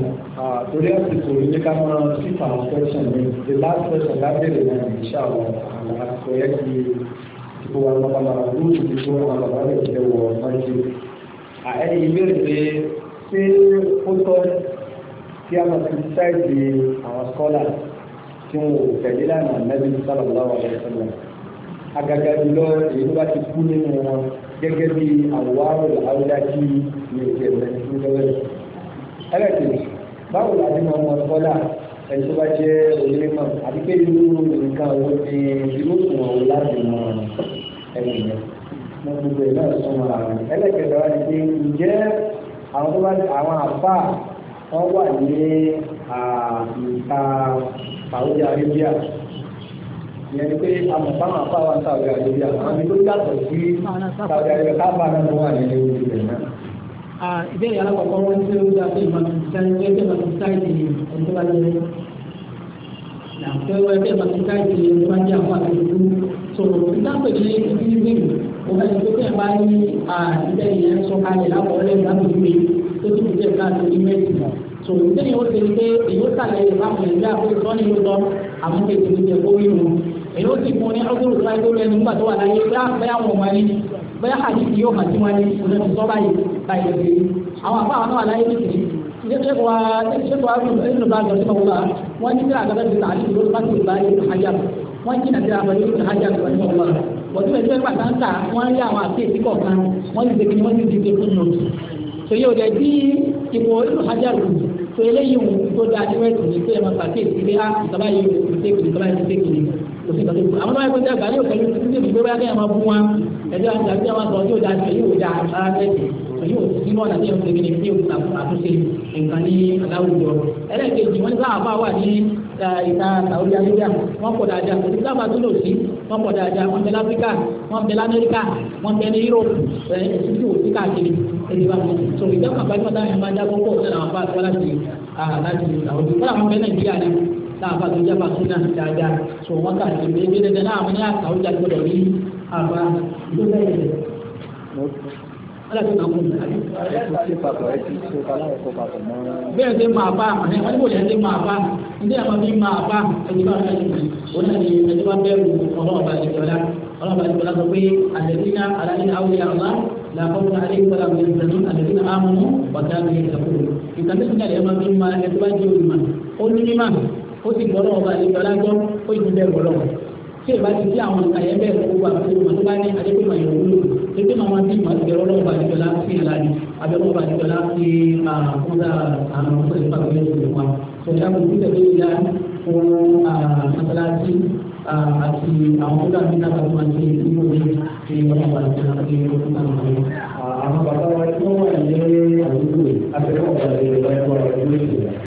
da torí àsìkò yìí ká máa síta àwọn question mi the last question lábẹ́rẹ̀ náà ní iṣẹ́ àwọn àwọn àṣọ yẹ kí ìbò wa lọ́pàá máa ló ju ìbò wa lọ́pàá lè jẹ́ wọ ọ̀pájú. àyẹ̀ ìbéèrè pé ṣé ó tọ́ kí a máa criticize àwọn scholar tí wọn ò tẹ̀lé lánàá Ànábì sallallahu alaihi wasallam àgàgà jùlọ èyí tó bá ti kú nínú wọn gẹ́gẹ́ bí àwòrán àwòrán tí mi ò tẹ̀lé nígbà wẹ́rẹ́. ẹlẹ́kìnrin báwo la ti máa mọ sọ́dà ẹni tó bá jẹ́ onímọ̀ àbí pé irú nǹkan wo ni irú ìwọ̀n wo láti mọ ẹni yẹn mo gbogbo ẹ̀ náà sọ wọn àwọn ẹlẹ́kẹ̀ẹ́ta wá ní pé ǹjẹ́ àwọn tó bá àwọn àbá wọn wà ní ìta Saudi Arabia ìyẹn pé amọ̀fáwọn àbá wa ń Saudi Arabia àwọn ibi tó yàtọ̀ sí Saudi Arabia ká bá náà wà nínú ìlú rẹ̀ náà ìbéèrè alákọ̀ọ́kọ́ wọn tí ó dá sí ìmọ̀tòsáì ẹgbẹ́ ìmọ̀tòsáì ti ẹ̀jẹ̀ bá lẹ́yìn làpẹ́wọ́ ẹgbẹ́ ìmọ̀tòsáì ti ẹ̀jẹ̀ bá jẹ́ àwọn àgbẹ̀dùkú tó ìdápẹ̀ ní ibi ìwéyìn mo fẹ́ tó bẹ́ẹ̀ bá ní ìbẹ́ ìyẹn sọ kalẹ̀ lápọ̀ọ́lẹ̀ ìdápẹ̀lúwe tó ti bẹ̀rẹ̀ káàkiri mẹ́sì tó ìbéèrè ó ti pé èyí ó sàlẹ̀ ìbámu ẹ̀jẹ̀ àkókò ní lọ àwọn ètò ìjẹ̀kọ́ wíwọ̀n èyí ó ti fún ní ọdún ìfúráìtó lẹ́nu nígbà tó wà láyé pé àpẹ́ àwọn ọmọ ẹni bóyá àti kí yóò hàtí wọn ní ìṣẹ̀lẹ̀ tó báyìí báyìí lè rí àwọn àpá àwọn aláyé ní kìí ṣéṣe wa ṣéṣe wa ẹnu bá lọ síbẹ̀ wọlá wọn ní kíra àgbàdo ìta àti ìlú bá ti bá ìlú hajar wọn ní kíra àgbàdo ìta hajar lọ síbẹ̀ wọlá bọ̀dú ẹgbẹ́ pàtàkà wọn rí àwọn àkéèsí kọ̀ọ̀kan wọn ti dèkì wọn ti dìde fún un tòyí ò dẹ̀ bí ipò ìlú hajar lù tó eléyìí wù tó dáa ní wẹ́ẹ̀sì ní pé ẹ kò sí ìtọ́jú àwọn ọmọ ẹgbẹ́ ìgbà yóò pẹ̀lú títí ìdìbò bá kẹ́yìn máa bú wọn ẹjọ́ àti àti àwọn àtọ̀ yóò da èyí ò da ara tẹ̀sí sí lọ́nà tí yóò tẹ̀lé ní òkúta àtúnṣe nǹkan ní aláwùjọ ẹlẹ́ẹ̀kejì wọ́n ní sáà bá wà ní ìta sàwùjọ àríwá wọ́n pọ̀ dáadáa kò sí sábà tún lò sí wọ́n pọ̀ dáadáa wọ́n bẹ láfíríkà wọ́n bẹ lamẹ́ríkà wọ́n bẹ ní yúròpù ẹ̀ láàbà tó jẹ́ bàtúnà dáadáa tó wọ́n kà sí pé ebi dandan náà wọ́n ní àkàwé jágbọ́dọ̀ ní àbá ló bẹ́ẹ̀ rẹ̀. bẹ́ẹ̀ ṣe máa bá àwọn ẹni wọ́n ní kò lẹ́yìn ṣe máa bá ndé àwọn bí máa bá ẹni bá fẹ́ lùmí òun náà ni ẹni bá bẹ́ẹ̀ lu ọlọ́ọ̀bà ìjọba ọlọ́ọ̀bà ìjọba sọ pé àdẹ̀sínà aláìní àwòyà ọ̀la làkọ́kọ́ àdéhùn kọ́lá ọ̀gbìn ìgbàlódé àdẹ̀sínà àmọ́ ọ̀gá mi ìjàkúrò ìtàkùn ìjàlẹ̀ ẹ̀ máa ó sì gbọ́ lọ́wọ́ bá àlejò alágbọ́ ó yìí bẹ́ẹ̀ gbọ́ lọ́wọ́ tí ìbá ti di àwọn nǹkan yẹn bẹ́ẹ̀ kó wà fún ìmọ̀ tó bá ní adékò máa yọ̀ wúlò pépé máa máa bí ìmọ̀ ti bẹ̀rẹ̀ lọ́wọ́ bá àlejò alá fi ìlà ni abẹ́ lọ́wọ́ bá àlejò alá fi àkúndà àwọn ọmọ ìfà tó lè tẹ̀lé wa sọ̀rọ̀ àwọn ìdílé tó yẹ fún àtàlájú àti àwọn ọ̀gá mi náà tó máa ń ṣe ìdúró ní ṣe ọlọ́wọ́ bá àlejò alá fi ìlà àwọn bàbá wa tí wọ́n wà ní àdúgbò